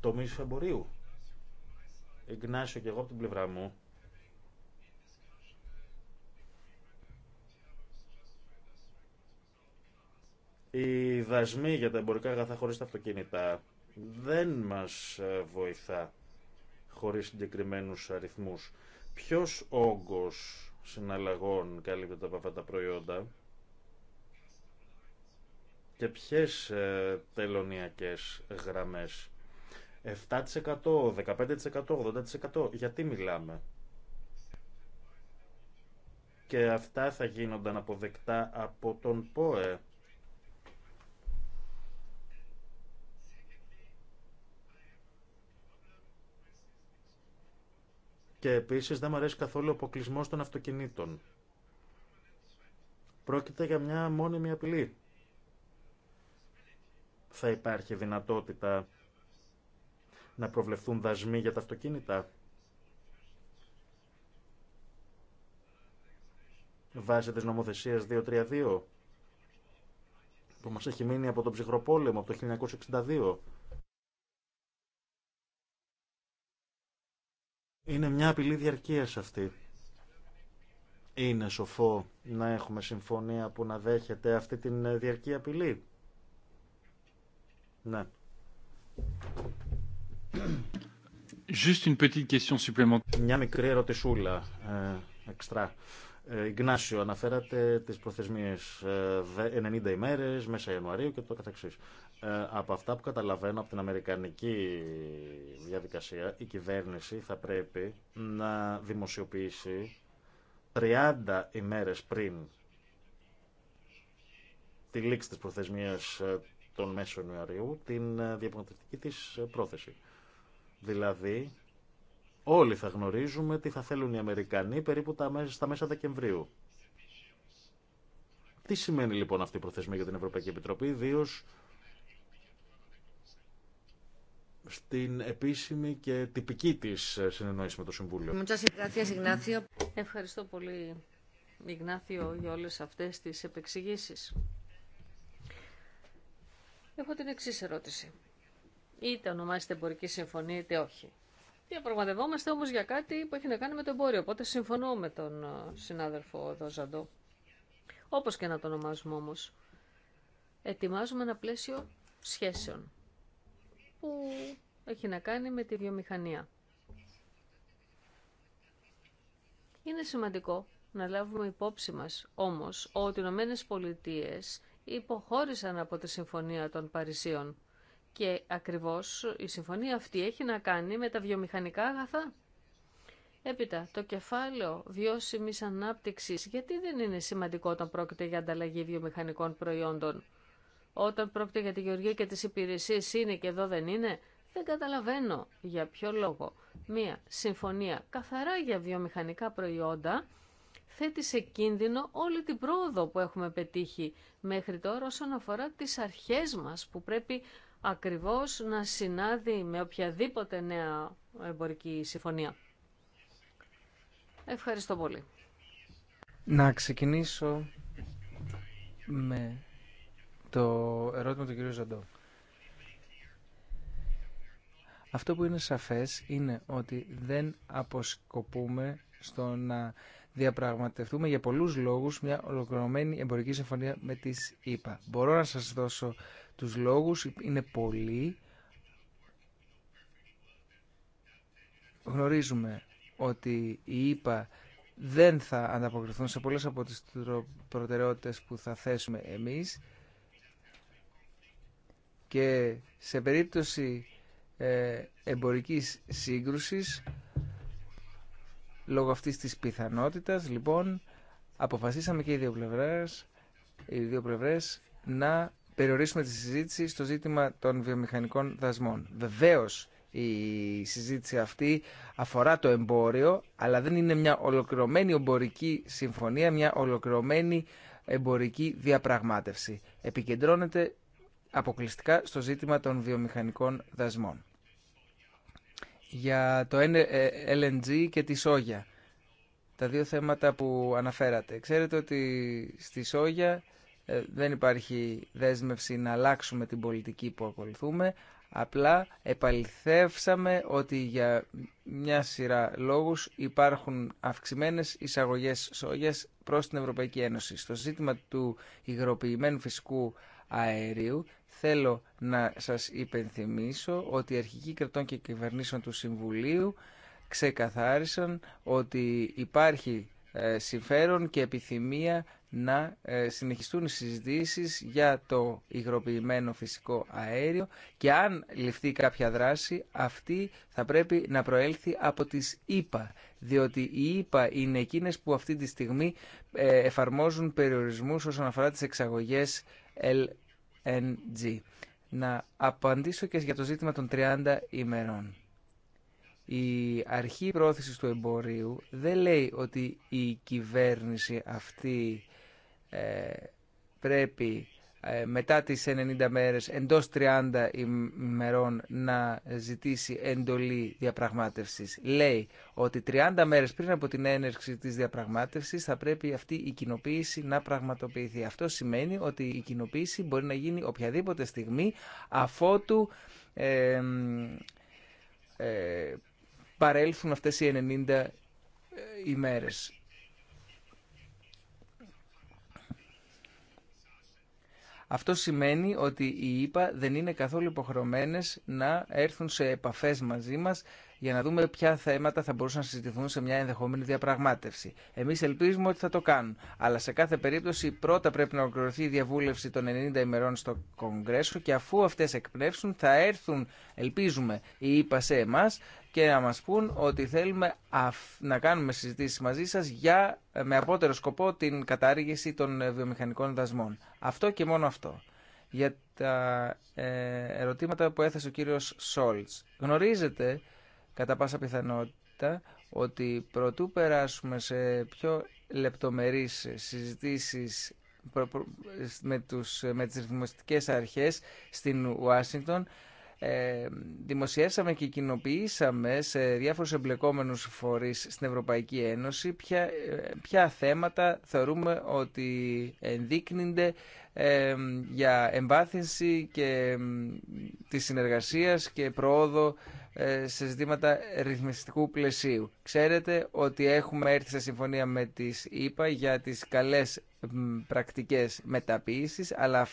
τομεί εμπορίου. Εγκνάσιο και εγώ από την πλευρά μου. Οι δασμοί για τα εμπορικά αγαθά χωρίς τα αυτοκίνητα δεν μας ε, βοηθά χωρίς συγκεκριμένους αριθμούς. Ποιος όγκος συναλλαγών καλύπτεται από αυτά τα προϊόντα και ποιες ε, τελωνιακές γραμμές. 7%, 15%, 80% γιατί μιλάμε. Και αυτά θα γίνονταν αποδεκτά από τον ΠΟΕ Και επίσης δεν μου αρέσει καθόλου ο αποκλεισμό των αυτοκινήτων. Πρόκειται για μια μόνιμη απειλή. Θα υπάρχει δυνατότητα να προβλεφθούν δασμοί για τα αυτοκίνητα. Βάσει της νομοθεσίας 232 που μας έχει μείνει από τον ψυχροπόλεμο από το 1962 Είναι μια απειλή διαρκείας αυτή. Είναι σοφό να έχουμε συμφωνία που να δέχεται αυτή την ε, διαρκή απειλή. Ναι. une petite question supplémentaire. Μια μικρή ερωτησούλα, εξτρά. Ε, Ιγνάσιο, αναφέρατε τις προθεσμίες 90 ε, ημέρες, μέσα Ιανουαρίου και το καθεξής. Ε, από αυτά που καταλαβαίνω από την Αμερικανική διαδικασία, η κυβέρνηση θα πρέπει να δημοσιοποιήσει 30 ημέρες πριν τη λήξη της προθεσμίας ε, των μέσων Ιανουαρίου την ε, διαπραγματευτική της πρόθεση. Δηλαδή, όλοι θα γνωρίζουμε τι θα θέλουν οι Αμερικανοί περίπου στα μέσα Δεκεμβρίου. Τι σημαίνει λοιπόν αυτή η προθεσμία για την Ευρωπαϊκή Επιτροπή, ιδίω στην επίσημη και τυπική της συνεννόηση με το Συμβούλιο. Ευχαριστώ πολύ, Ιγνάθιο, για όλες αυτές τις επεξηγήσεις. Έχω την εξή ερώτηση. Είτε ονομάζεται εμπορική συμφωνία, είτε όχι. Διαπραγματευόμαστε όμως για κάτι που έχει να κάνει με το εμπόριο, οπότε συμφωνώ με τον ε, συνάδελφο εδώ Ζαντό. Όπως και να το ονομάζουμε όμως. Ετοιμάζουμε ένα πλαίσιο σχέσεων που έχει να κάνει με τη βιομηχανία. Είναι σημαντικό να λάβουμε υπόψη μας όμως ότι οι Ηνωμένε Πολιτείε υποχώρησαν από τη Συμφωνία των Παρισίων και ακριβώς η συμφωνία αυτή έχει να κάνει με τα βιομηχανικά αγαθά. Έπειτα, το κεφάλαιο βιώσιμη ανάπτυξης. γιατί δεν είναι σημαντικό όταν πρόκειται για ανταλλαγή βιομηχανικών προϊόντων όταν πρόκειται για τη γεωργία και τις υπηρεσίες είναι και εδώ δεν είναι. Δεν καταλαβαίνω για ποιο λόγο μία συμφωνία καθαρά για βιομηχανικά προϊόντα θέτει σε κίνδυνο όλη την πρόοδο που έχουμε πετύχει μέχρι τώρα όσον αφορά τις αρχές μας που πρέπει ακριβώς να συνάδει με οποιαδήποτε νέα εμπορική συμφωνία. Ευχαριστώ πολύ. Να ξεκινήσω με το ερώτημα του κύριου Ζαντό. Αυτό που είναι σαφές είναι ότι δεν αποσκοπούμε στο να διαπραγματευτούμε για πολλούς λόγους μια ολοκληρωμένη εμπορική συμφωνία με τις ΗΠΑ. Μπορώ να σας δώσω τους λόγους, είναι πολλοί. Γνωρίζουμε ότι οι ΗΠΑ δεν θα ανταποκριθούν σε πολλές από τις προτεραιότητες που θα θέσουμε εμείς και σε περίπτωση ε, εμπορικής σύγκρουσης λόγω αυτής της πιθανότητας λοιπόν αποφασίσαμε και οι δύο πλευρές, οι δύο πλευρές να περιορίσουμε τη συζήτηση στο ζήτημα των βιομηχανικών δασμών. Βεβαίως η συζήτηση αυτή αφορά το εμπόριο, αλλά δεν είναι μια ολοκληρωμένη εμπορική συμφωνία, μια ολοκληρωμένη εμπορική διαπραγμάτευση. Επικεντρώνεται αποκλειστικά στο ζήτημα των βιομηχανικών δασμών. Για το ε, LNG και τη σόγια, τα δύο θέματα που αναφέρατε. Ξέρετε ότι στη σόγια ε, δεν υπάρχει δέσμευση να αλλάξουμε την πολιτική που ακολουθούμε, απλά επαληθεύσαμε ότι για μια σειρά λόγους υπάρχουν αυξημένες εισαγωγές σόγιας προς την Ευρωπαϊκή Ένωση. Στο ζήτημα του υγροποιημένου φυσικού αερίου, θέλω να σας υπενθυμίσω ότι οι αρχικοί κρατών και κυβερνήσεων του Συμβουλίου ξεκαθάρισαν ότι υπάρχει ε, συμφέρον και επιθυμία να ε, συνεχιστούν οι συζητήσεις για το υγροποιημένο φυσικό αέριο και αν ληφθεί κάποια δράση αυτή θα πρέπει να προέλθει από τις ΙΠΑ, διότι οι ΙΠΑ είναι εκείνες που αυτή τη στιγμή ε, εφαρμόζουν περιορισμούς όσον αφορά τις εξαγωγές LNG. Να απαντήσω και για το ζήτημα των 30 ημερών. Η αρχή πρόθεση του εμπορίου δεν λέει ότι η κυβέρνηση αυτή ε, πρέπει ε, μετά τις 90 μέρες εντός 30 ημερών να ζητήσει εντολή διαπραγμάτευσης. Λέει ότι 30 μέρες πριν από την έναρξη της διαπραγμάτευσης θα πρέπει αυτή η κοινοποίηση να πραγματοποιηθεί. Αυτό σημαίνει ότι η κοινοποίηση μπορεί να γίνει οποιαδήποτε στιγμή αφότου ε, παρέλθουν αυτές οι 90 ε, ημέρες. Αυτό σημαίνει ότι οι ΙΠΑ δεν είναι καθόλου υποχρεωμένε να έρθουν σε επαφέ μαζί μα για να δούμε ποια θέματα θα μπορούσαν να συζητηθούν σε μια ενδεχόμενη διαπραγμάτευση. Εμεί ελπίζουμε ότι θα το κάνουν. Αλλά σε κάθε περίπτωση πρώτα πρέπει να ολοκληρωθεί η διαβούλευση των 90 ημερών στο Κογκρέσο και αφού αυτέ εκπνεύσουν θα έρθουν, ελπίζουμε, οι ΙΠΑ σε εμά και να μας πούν ότι θέλουμε να κάνουμε συζητήσεις μαζί σας για, ε, με απότερο σκοπό την κατάργηση των ε, βιομηχανικών δασμών. Αυτό και μόνο αυτό. Για τα ε, ερωτήματα που έθεσε ο κύριος Σόλτς. Γνωρίζετε κατά πάσα πιθανότητα ότι προτού περάσουμε σε πιο λεπτομερείς συζητήσεις με, τους, με τις ρυθμιστικές αρχές στην Ουάσινγκτον... Ε, δημοσιεύσαμε και κοινοποιήσαμε σε διάφορους εμπλεκόμενους φορείς στην Ευρωπαϊκή Ένωση ποια, ε, ποια θέματα θεωρούμε ότι ενδείκνυνται ε, για εμβάθυνση και της συνεργασίας και προόδο σε ζητήματα ρυθμιστικού πλαισίου. Ξέρετε ότι έχουμε έρθει σε συμφωνία με τις ΗΠΑ για τις καλές πρακτικές μεταποίησης, αλλά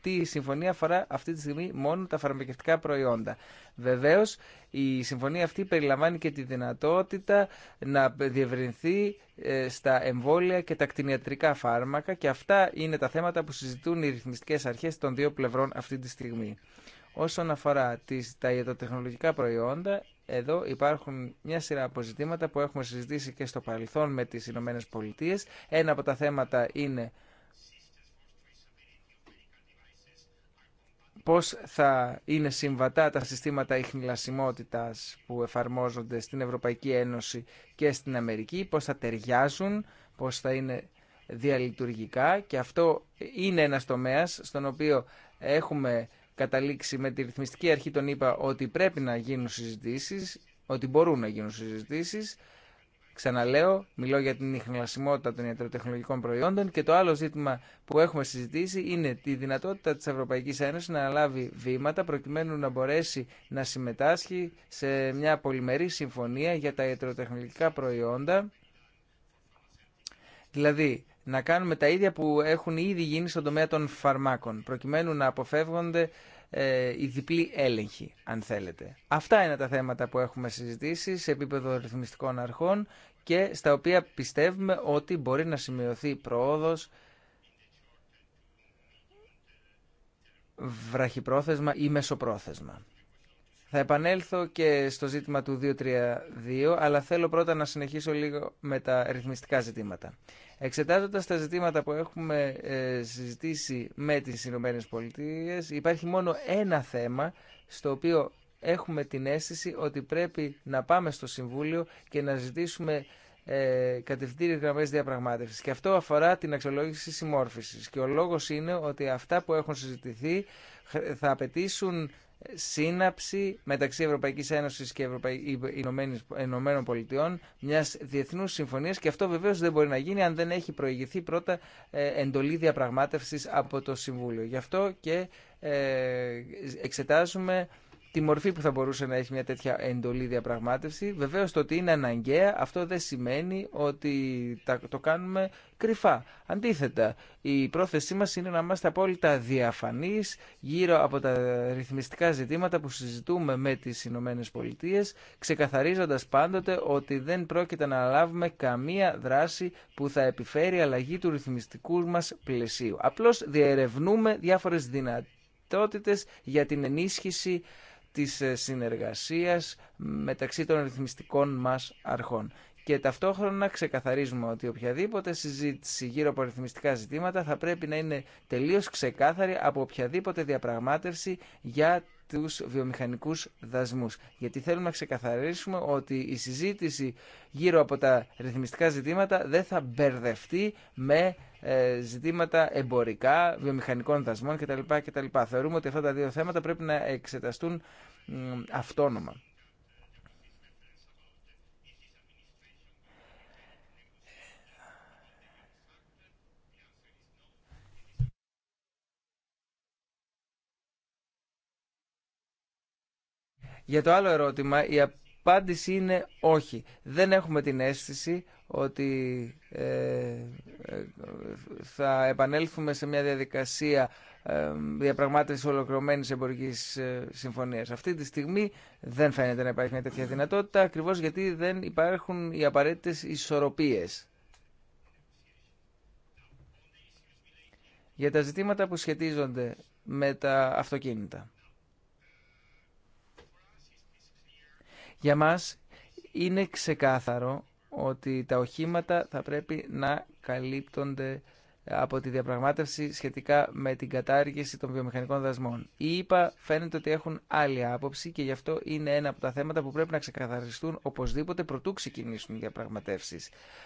τη συμφωνία αφορά αυτή τη στιγμή μόνο τα φαρμακευτικά προϊόντα. Βεβαίω, η συμφωνία αυτή περιλαμβάνει και τη δυνατότητα να διευρυνθεί ε, στα εμβόλια και τα κτηνιατρικά φάρμακα και αυτά είναι τα θέματα που συζητούν οι ρυθμιστικές αρχές των δύο πλευρών αυτή τη στιγμή. Όσον αφορά τις, τα ιατροτεχνολογικά προϊόντα, εδώ υπάρχουν μια σειρά αποζητήματα που έχουμε συζητήσει και στο παρελθόν με τις Ηνωμένε Πολιτείες. Ένα από τα θέματα είναι πώς θα είναι συμβατά τα συστήματα ιχνηλασιμότητας που εφαρμόζονται στην Ευρωπαϊκή Ένωση και στην Αμερική, πώς θα ταιριάζουν, πώς θα είναι διαλειτουργικά και αυτό είναι ένας τομέας στον οποίο έχουμε καταλήξει με τη ρυθμιστική αρχή τον είπα ότι πρέπει να γίνουν συζητήσεις, ότι μπορούν να γίνουν συζητήσεις Ξαναλέω, μιλώ για την ιχνηλασιμότητα των ιατροτεχνολογικών προϊόντων και το άλλο ζήτημα που έχουμε συζητήσει είναι τη δυνατότητα της Ευρωπαϊκής Ένωσης να λάβει βήματα προκειμένου να μπορέσει να συμμετάσχει σε μια πολυμερή συμφωνία για τα ιατροτεχνολογικά προϊόντα. Δηλαδή, να κάνουμε τα ίδια που έχουν ήδη γίνει στον τομέα των φαρμάκων, προκειμένου να αποφεύγονται ε, η διπλή έλεγχη, αν θέλετε. Αυτά είναι τα θέματα που έχουμε συζητήσει σε επίπεδο ρυθμιστικών αρχών και στα οποία πιστεύουμε ότι μπορεί να σημειωθεί προόδος βραχυπρόθεσμα ή μεσοπρόθεσμα. Θα επανέλθω και στο ζήτημα του 232, αλλά θέλω πρώτα να συνεχίσω λίγο με τα ρυθμιστικά ζητήματα. Εξετάζοντας τα ζητήματα που έχουμε ε, συζητήσει με τις Ηνωμένες Πολιτείες, υπάρχει μόνο ένα θέμα στο οποίο έχουμε την αίσθηση ότι πρέπει να πάμε στο Συμβούλιο και να ζητήσουμε ε, κατευθύνει γραμμέ διαπραγμάτευση. Και αυτό αφορά την αξιολόγηση συμμόρφωση. Και ο λόγο είναι ότι αυτά που έχουν συζητηθεί θα απαιτήσουν σύναψη μεταξύ Ευρωπαϊκής Ένωσης και Ηνωμένων Πολιτειών μιας διεθνούς συμφωνίας και αυτό βεβαίως δεν μπορεί να γίνει αν δεν έχει προηγηθεί πρώτα ε, εντολή διαπραγμάτευσης από το Συμβούλιο. Γι' αυτό και ε, εξετάζουμε τη μορφή που θα μπορούσε να έχει μια τέτοια εντολή διαπραγμάτευση. Βεβαίως το ότι είναι αναγκαία αυτό δεν σημαίνει ότι το κάνουμε κρυφά. Αντίθετα, η πρόθεσή μας είναι να είμαστε απόλυτα διαφανείς γύρω από τα ρυθμιστικά ζητήματα που συζητούμε με τις Ηνωμένε Πολιτείε, ξεκαθαρίζοντας πάντοτε ότι δεν πρόκειται να λάβουμε καμία δράση που θα επιφέρει αλλαγή του ρυθμιστικού μας πλαισίου. Απλώς διερευνούμε διάφορες δυνατότητες για την ενίσχυση της ε, συνεργασίας μεταξύ των ρυθμιστικών μας αρχών. Και ταυτόχρονα ξεκαθαρίζουμε ότι οποιαδήποτε συζήτηση γύρω από ρυθμιστικά ζητήματα θα πρέπει να είναι τελείως ξεκάθαρη από οποιαδήποτε διαπραγμάτευση για τους βιομηχανικούς δασμούς. Γιατί θέλουμε να ξεκαθαρίσουμε ότι η συζήτηση γύρω από τα ρυθμιστικά ζητήματα δεν θα μπερδευτεί με ε, ζητήματα εμπορικά, βιομηχανικών δασμών κτλ. κτλ. Θεωρούμε ότι αυτά τα δύο θέματα πρέπει να εξεταστούν αυτόνομα. Για το άλλο ερώτημα, η απάντηση είναι όχι. Δεν έχουμε την αίσθηση ότι ε, ε, θα επανέλθουμε σε μια διαδικασία ε, διαπραγμάτευση ολοκληρωμένη εμπορική ε, συμφωνία. Αυτή τη στιγμή δεν φαίνεται να υπάρχει μια τέτοια δυνατότητα, ακριβώ γιατί δεν υπάρχουν οι απαραίτητε ισορροπίε. Για τα ζητήματα που σχετίζονται με τα αυτοκίνητα. Για μας είναι ξεκάθαρο ότι τα οχήματα θα πρέπει να καλύπτονται από τη διαπραγμάτευση σχετικά με την κατάργηση των βιομηχανικών δασμών. Η ΙΠΑ φαίνεται ότι έχουν άλλη άποψη και γι' αυτό είναι ένα από τα θέματα που πρέπει να ξεκαθαριστούν οπωσδήποτε προτού ξεκινήσουν οι διαπραγματεύσει.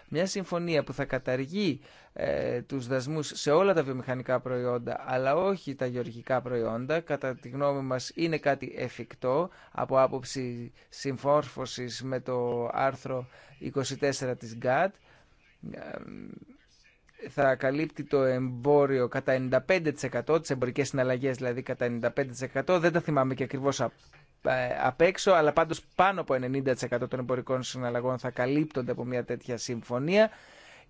Μια συμφωνία που θα καταργεί ε, του δασμού σε όλα τα βιομηχανικά προϊόντα, αλλά όχι τα γεωργικά προϊόντα, κατά τη γνώμη μα είναι κάτι εφικτό από άποψη συμφόρφωση με το άρθρο 24 της ΓΚΑΤ ε, θα καλύπτει το εμπόριο κατά 95%, τις εμπορικές συναλλαγές δηλαδή κατά 95%, δεν τα θυμάμαι και ακριβώς απ' ε, έξω, αλλά πάντως πάνω από 90% των εμπορικών συναλλαγών θα καλύπτονται από μια τέτοια συμφωνία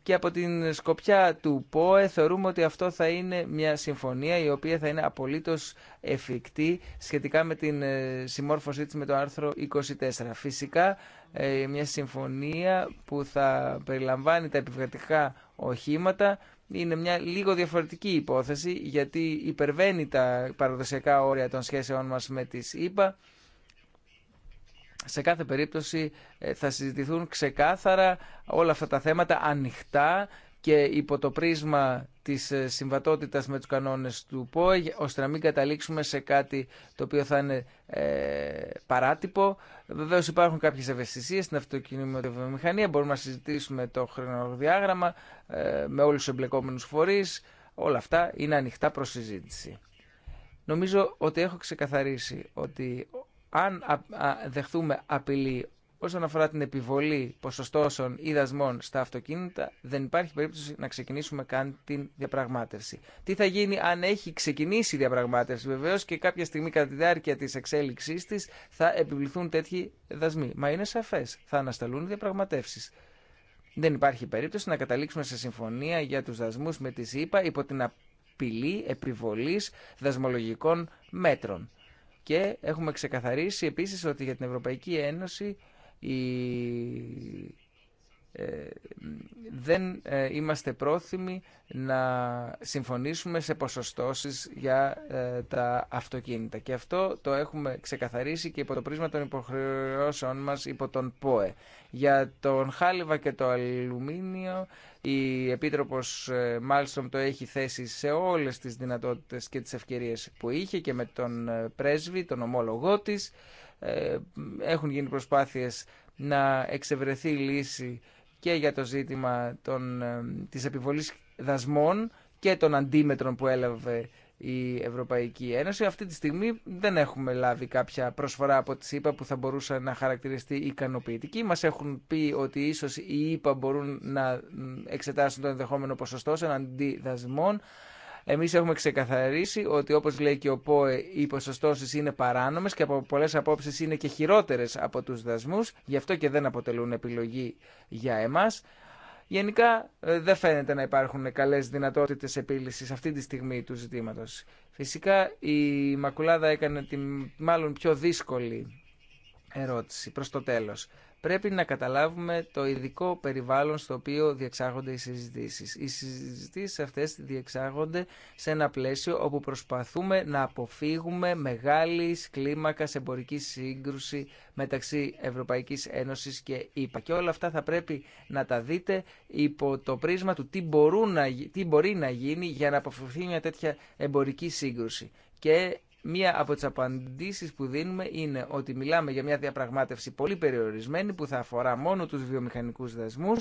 και από την σκοπιά του ΠΟΕ θεωρούμε ότι αυτό θα είναι μια συμφωνία η οποία θα είναι απολύτως εφικτή σχετικά με την ε, συμμόρφωσή της με το άρθρο 24. Φυσικά ε, μια συμφωνία που θα περιλαμβάνει τα επιβατικά οχήματα είναι μια λίγο διαφορετική υπόθεση γιατί υπερβαίνει τα παραδοσιακά όρια των σχέσεών μας με τις ΗΠΑ σε κάθε περίπτωση ε, θα συζητηθούν ξεκάθαρα όλα αυτά τα θέματα ανοιχτά και υπό το πρίσμα της ε, συμβατότητας με τους κανόνες του ΠΟΕ ώστε να μην καταλήξουμε σε κάτι το οποίο θα είναι ε, παράτυπο. Βεβαίως υπάρχουν κάποιες ευαισθησίες στην αυτοκινημιομηχανία. Μπορούμε να συζητήσουμε το χρονοδιάγραμμα ε, με όλους τους εμπλεκόμενους φορείς. Όλα αυτά είναι ανοιχτά προς συζήτηση. Νομίζω ότι έχω ξεκαθαρίσει ότι αν δεχθούμε απειλή όσον αφορά την επιβολή ποσοστώσεων ή δασμών στα αυτοκίνητα, δεν υπάρχει περίπτωση να ξεκινήσουμε καν την διαπραγμάτευση. Τι θα γίνει αν έχει ξεκινήσει η διαπραγμάτευση, βεβαίω και κάποια στιγμή κατά τη διάρκεια τη εξέλιξή τη θα επιβληθούν τέτοιοι δασμοί. Μα είναι σαφέ, θα ανασταλούν διαπραγματεύσει. Δεν υπάρχει περίπτωση να καταλήξουμε σε συμφωνία για του δασμού με τη ΣΥΠΑ υπό την απειλή επιβολή δασμολογικών μέτρων. Και έχουμε ξεκαθαρίσει επίσης ότι για την Ευρωπαϊκή Ένωση η ε, δεν ε, είμαστε πρόθυμοι να συμφωνήσουμε σε ποσοστώσεις για ε, τα αυτοκίνητα. Και αυτό το έχουμε ξεκαθαρίσει και υπό το πρίσμα των υποχρεώσεων μας υπό τον ΠΟΕ. Για τον χάλιβα και το αλουμίνιο η Επίτροπος Μάλστρομ το έχει θέσει σε όλες τις δυνατότητες και τις ευκαιρίες που είχε και με τον πρέσβη, τον ομόλογό της. Έχουν γίνει προσπάθειες να εξευρεθεί λύση και για το ζήτημα των, της επιβολής δασμών και των αντίμετρων που έλαβε η Ευρωπαϊκή Ένωση. Αυτή τη στιγμή δεν έχουμε λάβει κάποια προσφορά από τις ΗΠΑ που θα μπορούσε να χαρακτηριστεί ικανοποιητική. Μας έχουν πει ότι ίσως οι ΗΠΑ μπορούν να εξετάσουν το ενδεχόμενο ποσοστό σε αντίδασμών. Εμείς έχουμε ξεκαθαρίσει ότι όπως λέει και ο ΠΟΕ οι ποσοστώσει είναι παράνομες και από πολλέ απόψεις είναι και χειρότερες από τους δασμούς, γι' αυτό και δεν αποτελούν επιλογή για εμάς. Γενικά ε, δεν φαίνεται να υπάρχουν καλές δυνατότητες επίλυσης αυτή τη στιγμή του ζητήματος. Φυσικά η Μακουλάδα έκανε τη μάλλον πιο δύσκολη ερώτηση προς το τέλος πρέπει να καταλάβουμε το ειδικό περιβάλλον στο οποίο διεξάγονται οι συζητήσεις. Οι συζητήσεις αυτές διεξάγονται σε ένα πλαίσιο όπου προσπαθούμε να αποφύγουμε μεγάλη κλίμακα εμπορική σύγκρουση μεταξύ Ευρωπαϊκής Ένωσης και ΗΠΑ. Και όλα αυτά θα πρέπει να τα δείτε υπό το πρίσμα του τι, να, τι μπορεί να γίνει για να αποφευθεί μια τέτοια εμπορική σύγκρουση. Μία από τι απαντήσει που δίνουμε είναι ότι μιλάμε για μια διαπραγμάτευση πολύ περιορισμένη που θα αφορά μόνο τους βιομηχανικού δεσμού,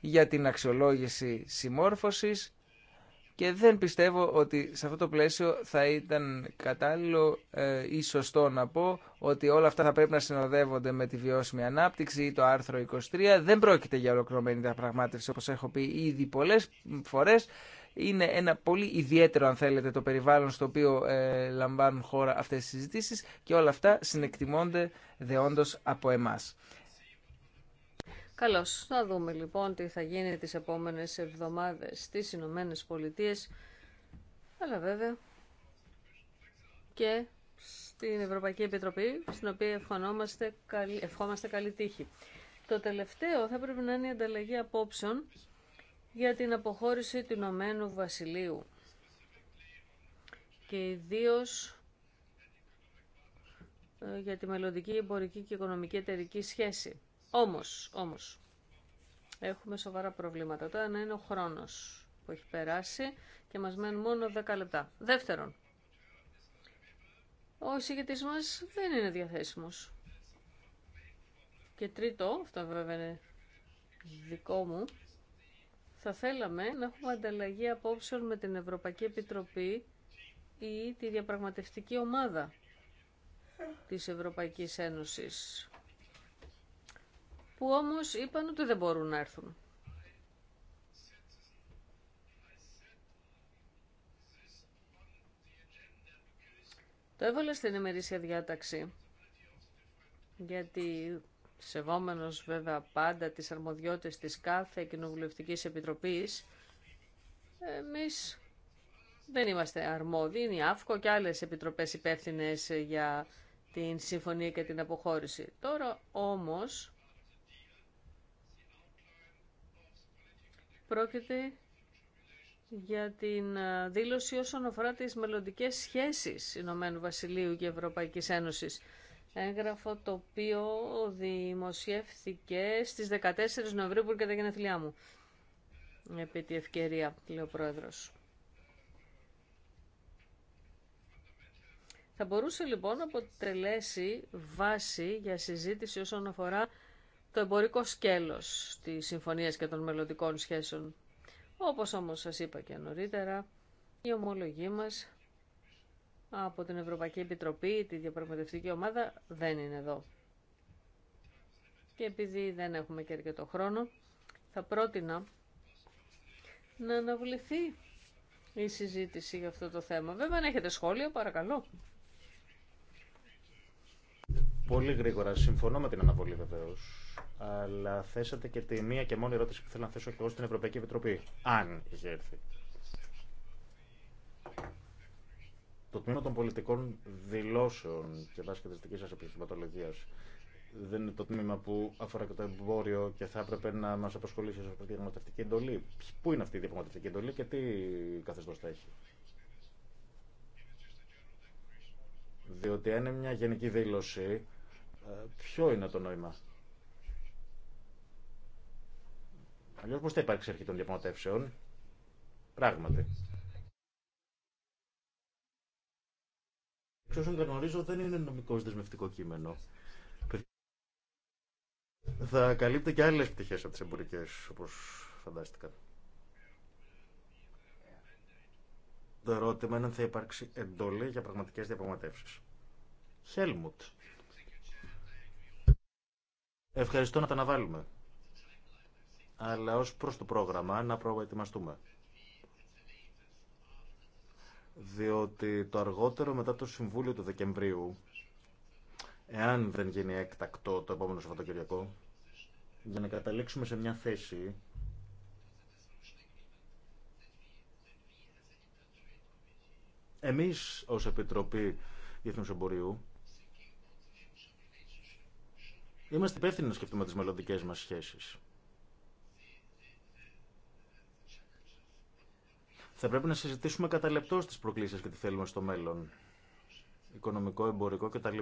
για την αξιολόγηση συμμόρφωσης και δεν πιστεύω ότι σε αυτό το πλαίσιο θα ήταν κατάλληλο ε, ή σωστό να πω ότι όλα αυτά θα πρέπει να συνοδεύονται με τη βιώσιμη ανάπτυξη ή το άρθρο 23. Δεν πρόκειται για ολοκληρωμένη διαπραγμάτευση όπως έχω πει ήδη πολλές φορές είναι ένα πολύ ιδιαίτερο αν θέλετε το περιβάλλον στο οποίο ε, λαμβάνουν χώρα αυτές οι συζητήσεις και όλα αυτά συνεκτιμώνται δεόντως από εμάς. Καλώς. Θα δούμε λοιπόν τι θα γίνει τις επόμενες εβδομάδες στις Ηνωμένε Πολιτείε, αλλά βέβαια και στην Ευρωπαϊκή Επιτροπή, στην οποία ευχόμαστε καλή, ευχόμαστε καλή τύχη. Το τελευταίο θα πρέπει να είναι η ανταλλαγή απόψεων για την αποχώρηση του Ηνωμένου Βασιλείου και ιδίω ε, για τη μελλοντική εμπορική και οικονομική εταιρική σχέση. Όμως, όμως, έχουμε σοβαρά προβλήματα. Το ένα είναι ο χρόνος που έχει περάσει και μας μένουν μόνο 10 λεπτά. Δεύτερον, ο εισηγητής μας δεν είναι διαθέσιμος. Και τρίτο, αυτό βέβαια είναι δικό μου, θα θέλαμε να έχουμε ανταλλαγή απόψεων με την Ευρωπαϊκή Επιτροπή ή τη διαπραγματευτική ομάδα της Ευρωπαϊκής Ένωσης που όμως είπαν ότι δεν μπορούν να έρθουν. Το έβαλα στην ημερήσια διάταξη γιατί σεβόμενος βέβαια πάντα τις αρμοδιότητες της κάθε κοινοβουλευτικής επιτροπής, εμείς δεν είμαστε αρμόδιοι, είναι η ΑΦΚΟ και άλλες επιτροπές υπεύθυνε για την συμφωνία και την αποχώρηση. Τώρα όμως πρόκειται για την δήλωση όσον αφορά τις μελλοντικές σχέσεις Ηνωμένου Βασιλείου και Ευρωπαϊκής Ένωσης έγγραφο το οποίο δημοσιεύθηκε στις 14 Νοεμβρίου που έρχεται τα γενεθλιά μου. Επί τη ευκαιρία, λέει ο Πρόεδρος. Θα μπορούσε λοιπόν να αποτελέσει βάση για συζήτηση όσον αφορά το εμπορικό σκέλος τη συμφωνίας και των μελλοντικών σχέσεων. Όπως όμως σας είπα και νωρίτερα, η ομολογή μας από την Ευρωπαϊκή Επιτροπή, τη διαπραγματευτική ομάδα, δεν είναι εδώ. Και επειδή δεν έχουμε και αρκετό χρόνο, θα πρότεινα να αναβληθεί η συζήτηση για αυτό το θέμα. Βέβαια, αν έχετε σχόλια, παρακαλώ. Πολύ γρήγορα. Συμφωνώ με την αναβολή βεβαίω. Αλλά θέσατε και τη μία και μόνη ερώτηση που θέλω να θέσω και εγώ στην Ευρωπαϊκή Επιτροπή. Αν είχε έρθει. Το τμήμα των πολιτικών δηλώσεων και βάσει και τη δική σα επιχειρηματολογία δεν είναι το τμήμα που αφορά και το εμπόριο και θα έπρεπε να μα απασχολήσει ω διαπραγματευτική εντολή. Πού είναι αυτή η διαπραγματευτική εντολή και τι καθεστώ θα έχει. Διότι αν είναι μια γενική δήλωση, ε, ποιο είναι το νόημα. Αλλιώ πώ θα υπάρξει αρχή των διαπραγματεύσεων. Πράγματι. εξ όσων γνωρίζω δεν είναι νομικό δεσμευτικό κείμενο. Θα καλύπτει και άλλες πτυχές από τις εμπορικές, όπως φαντάστηκα. Το ερώτημα είναι αν θα υπάρξει εντολή για πραγματικές διαπραγματεύσει. Χέλμουτ. Ευχαριστώ να τα αναβάλουμε. Αλλά ως προς το πρόγραμμα να προετοιμαστούμε διότι το αργότερο μετά το Συμβούλιο του Δεκεμβρίου, εάν δεν γίνει έκτακτο το επόμενο Σαββατοκυριακό, για να καταλήξουμε σε μια θέση εμείς ως Επιτροπή Διεθνούς Εμπορίου είμαστε υπεύθυνοι να σκεφτούμε τις μελλοντικές μας σχέσεις. Θα πρέπει να συζητήσουμε κατά λεπτό τι προκλήσει και τι θέλουμε στο μέλλον. Οικονομικό, εμπορικό κτλ.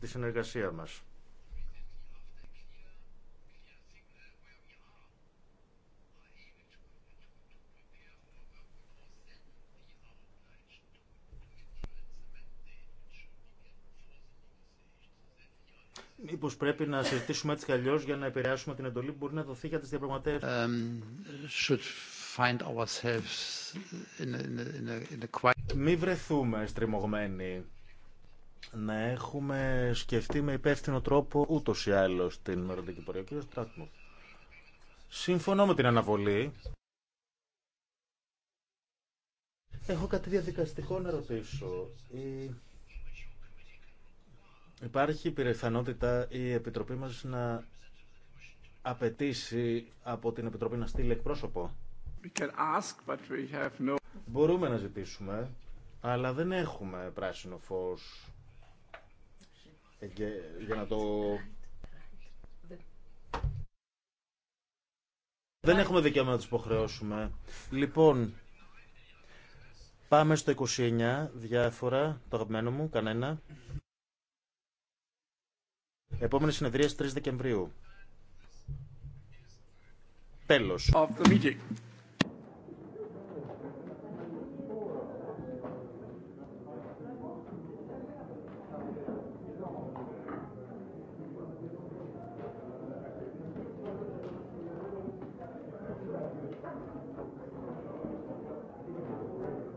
Τη συνεργασία μα. Μήπω πρέπει να συζητήσουμε έτσι κι αλλιώ για να επηρεάσουμε την εντολή που μπορεί να δοθεί για τι διαπραγματεύσει find Μη βρεθούμε στριμωγμένοι να έχουμε σκεφτεί με υπεύθυνο τρόπο ούτω ή άλλω την μελλοντική πορεία. Κύριο Συμφωνώ με την αναβολή. Έχω κάτι διαδικαστικό να ρωτήσω. Υπάρχει πιθανότητα η Επιτροπή μας να απαιτήσει από την Επιτροπή να στείλει εκπρόσωπο. Μπορούμε να ζητήσουμε, αλλά δεν έχουμε πράσινο φως για, για να το... Δεν έχουμε δικαίωμα να τους υποχρεώσουμε. Λοιπόν, πάμε στο 29, διάφορα, το αγαπημένο μου, κανένα. Επόμενη συνεδρία 3 Δεκεμβρίου. Τέλος.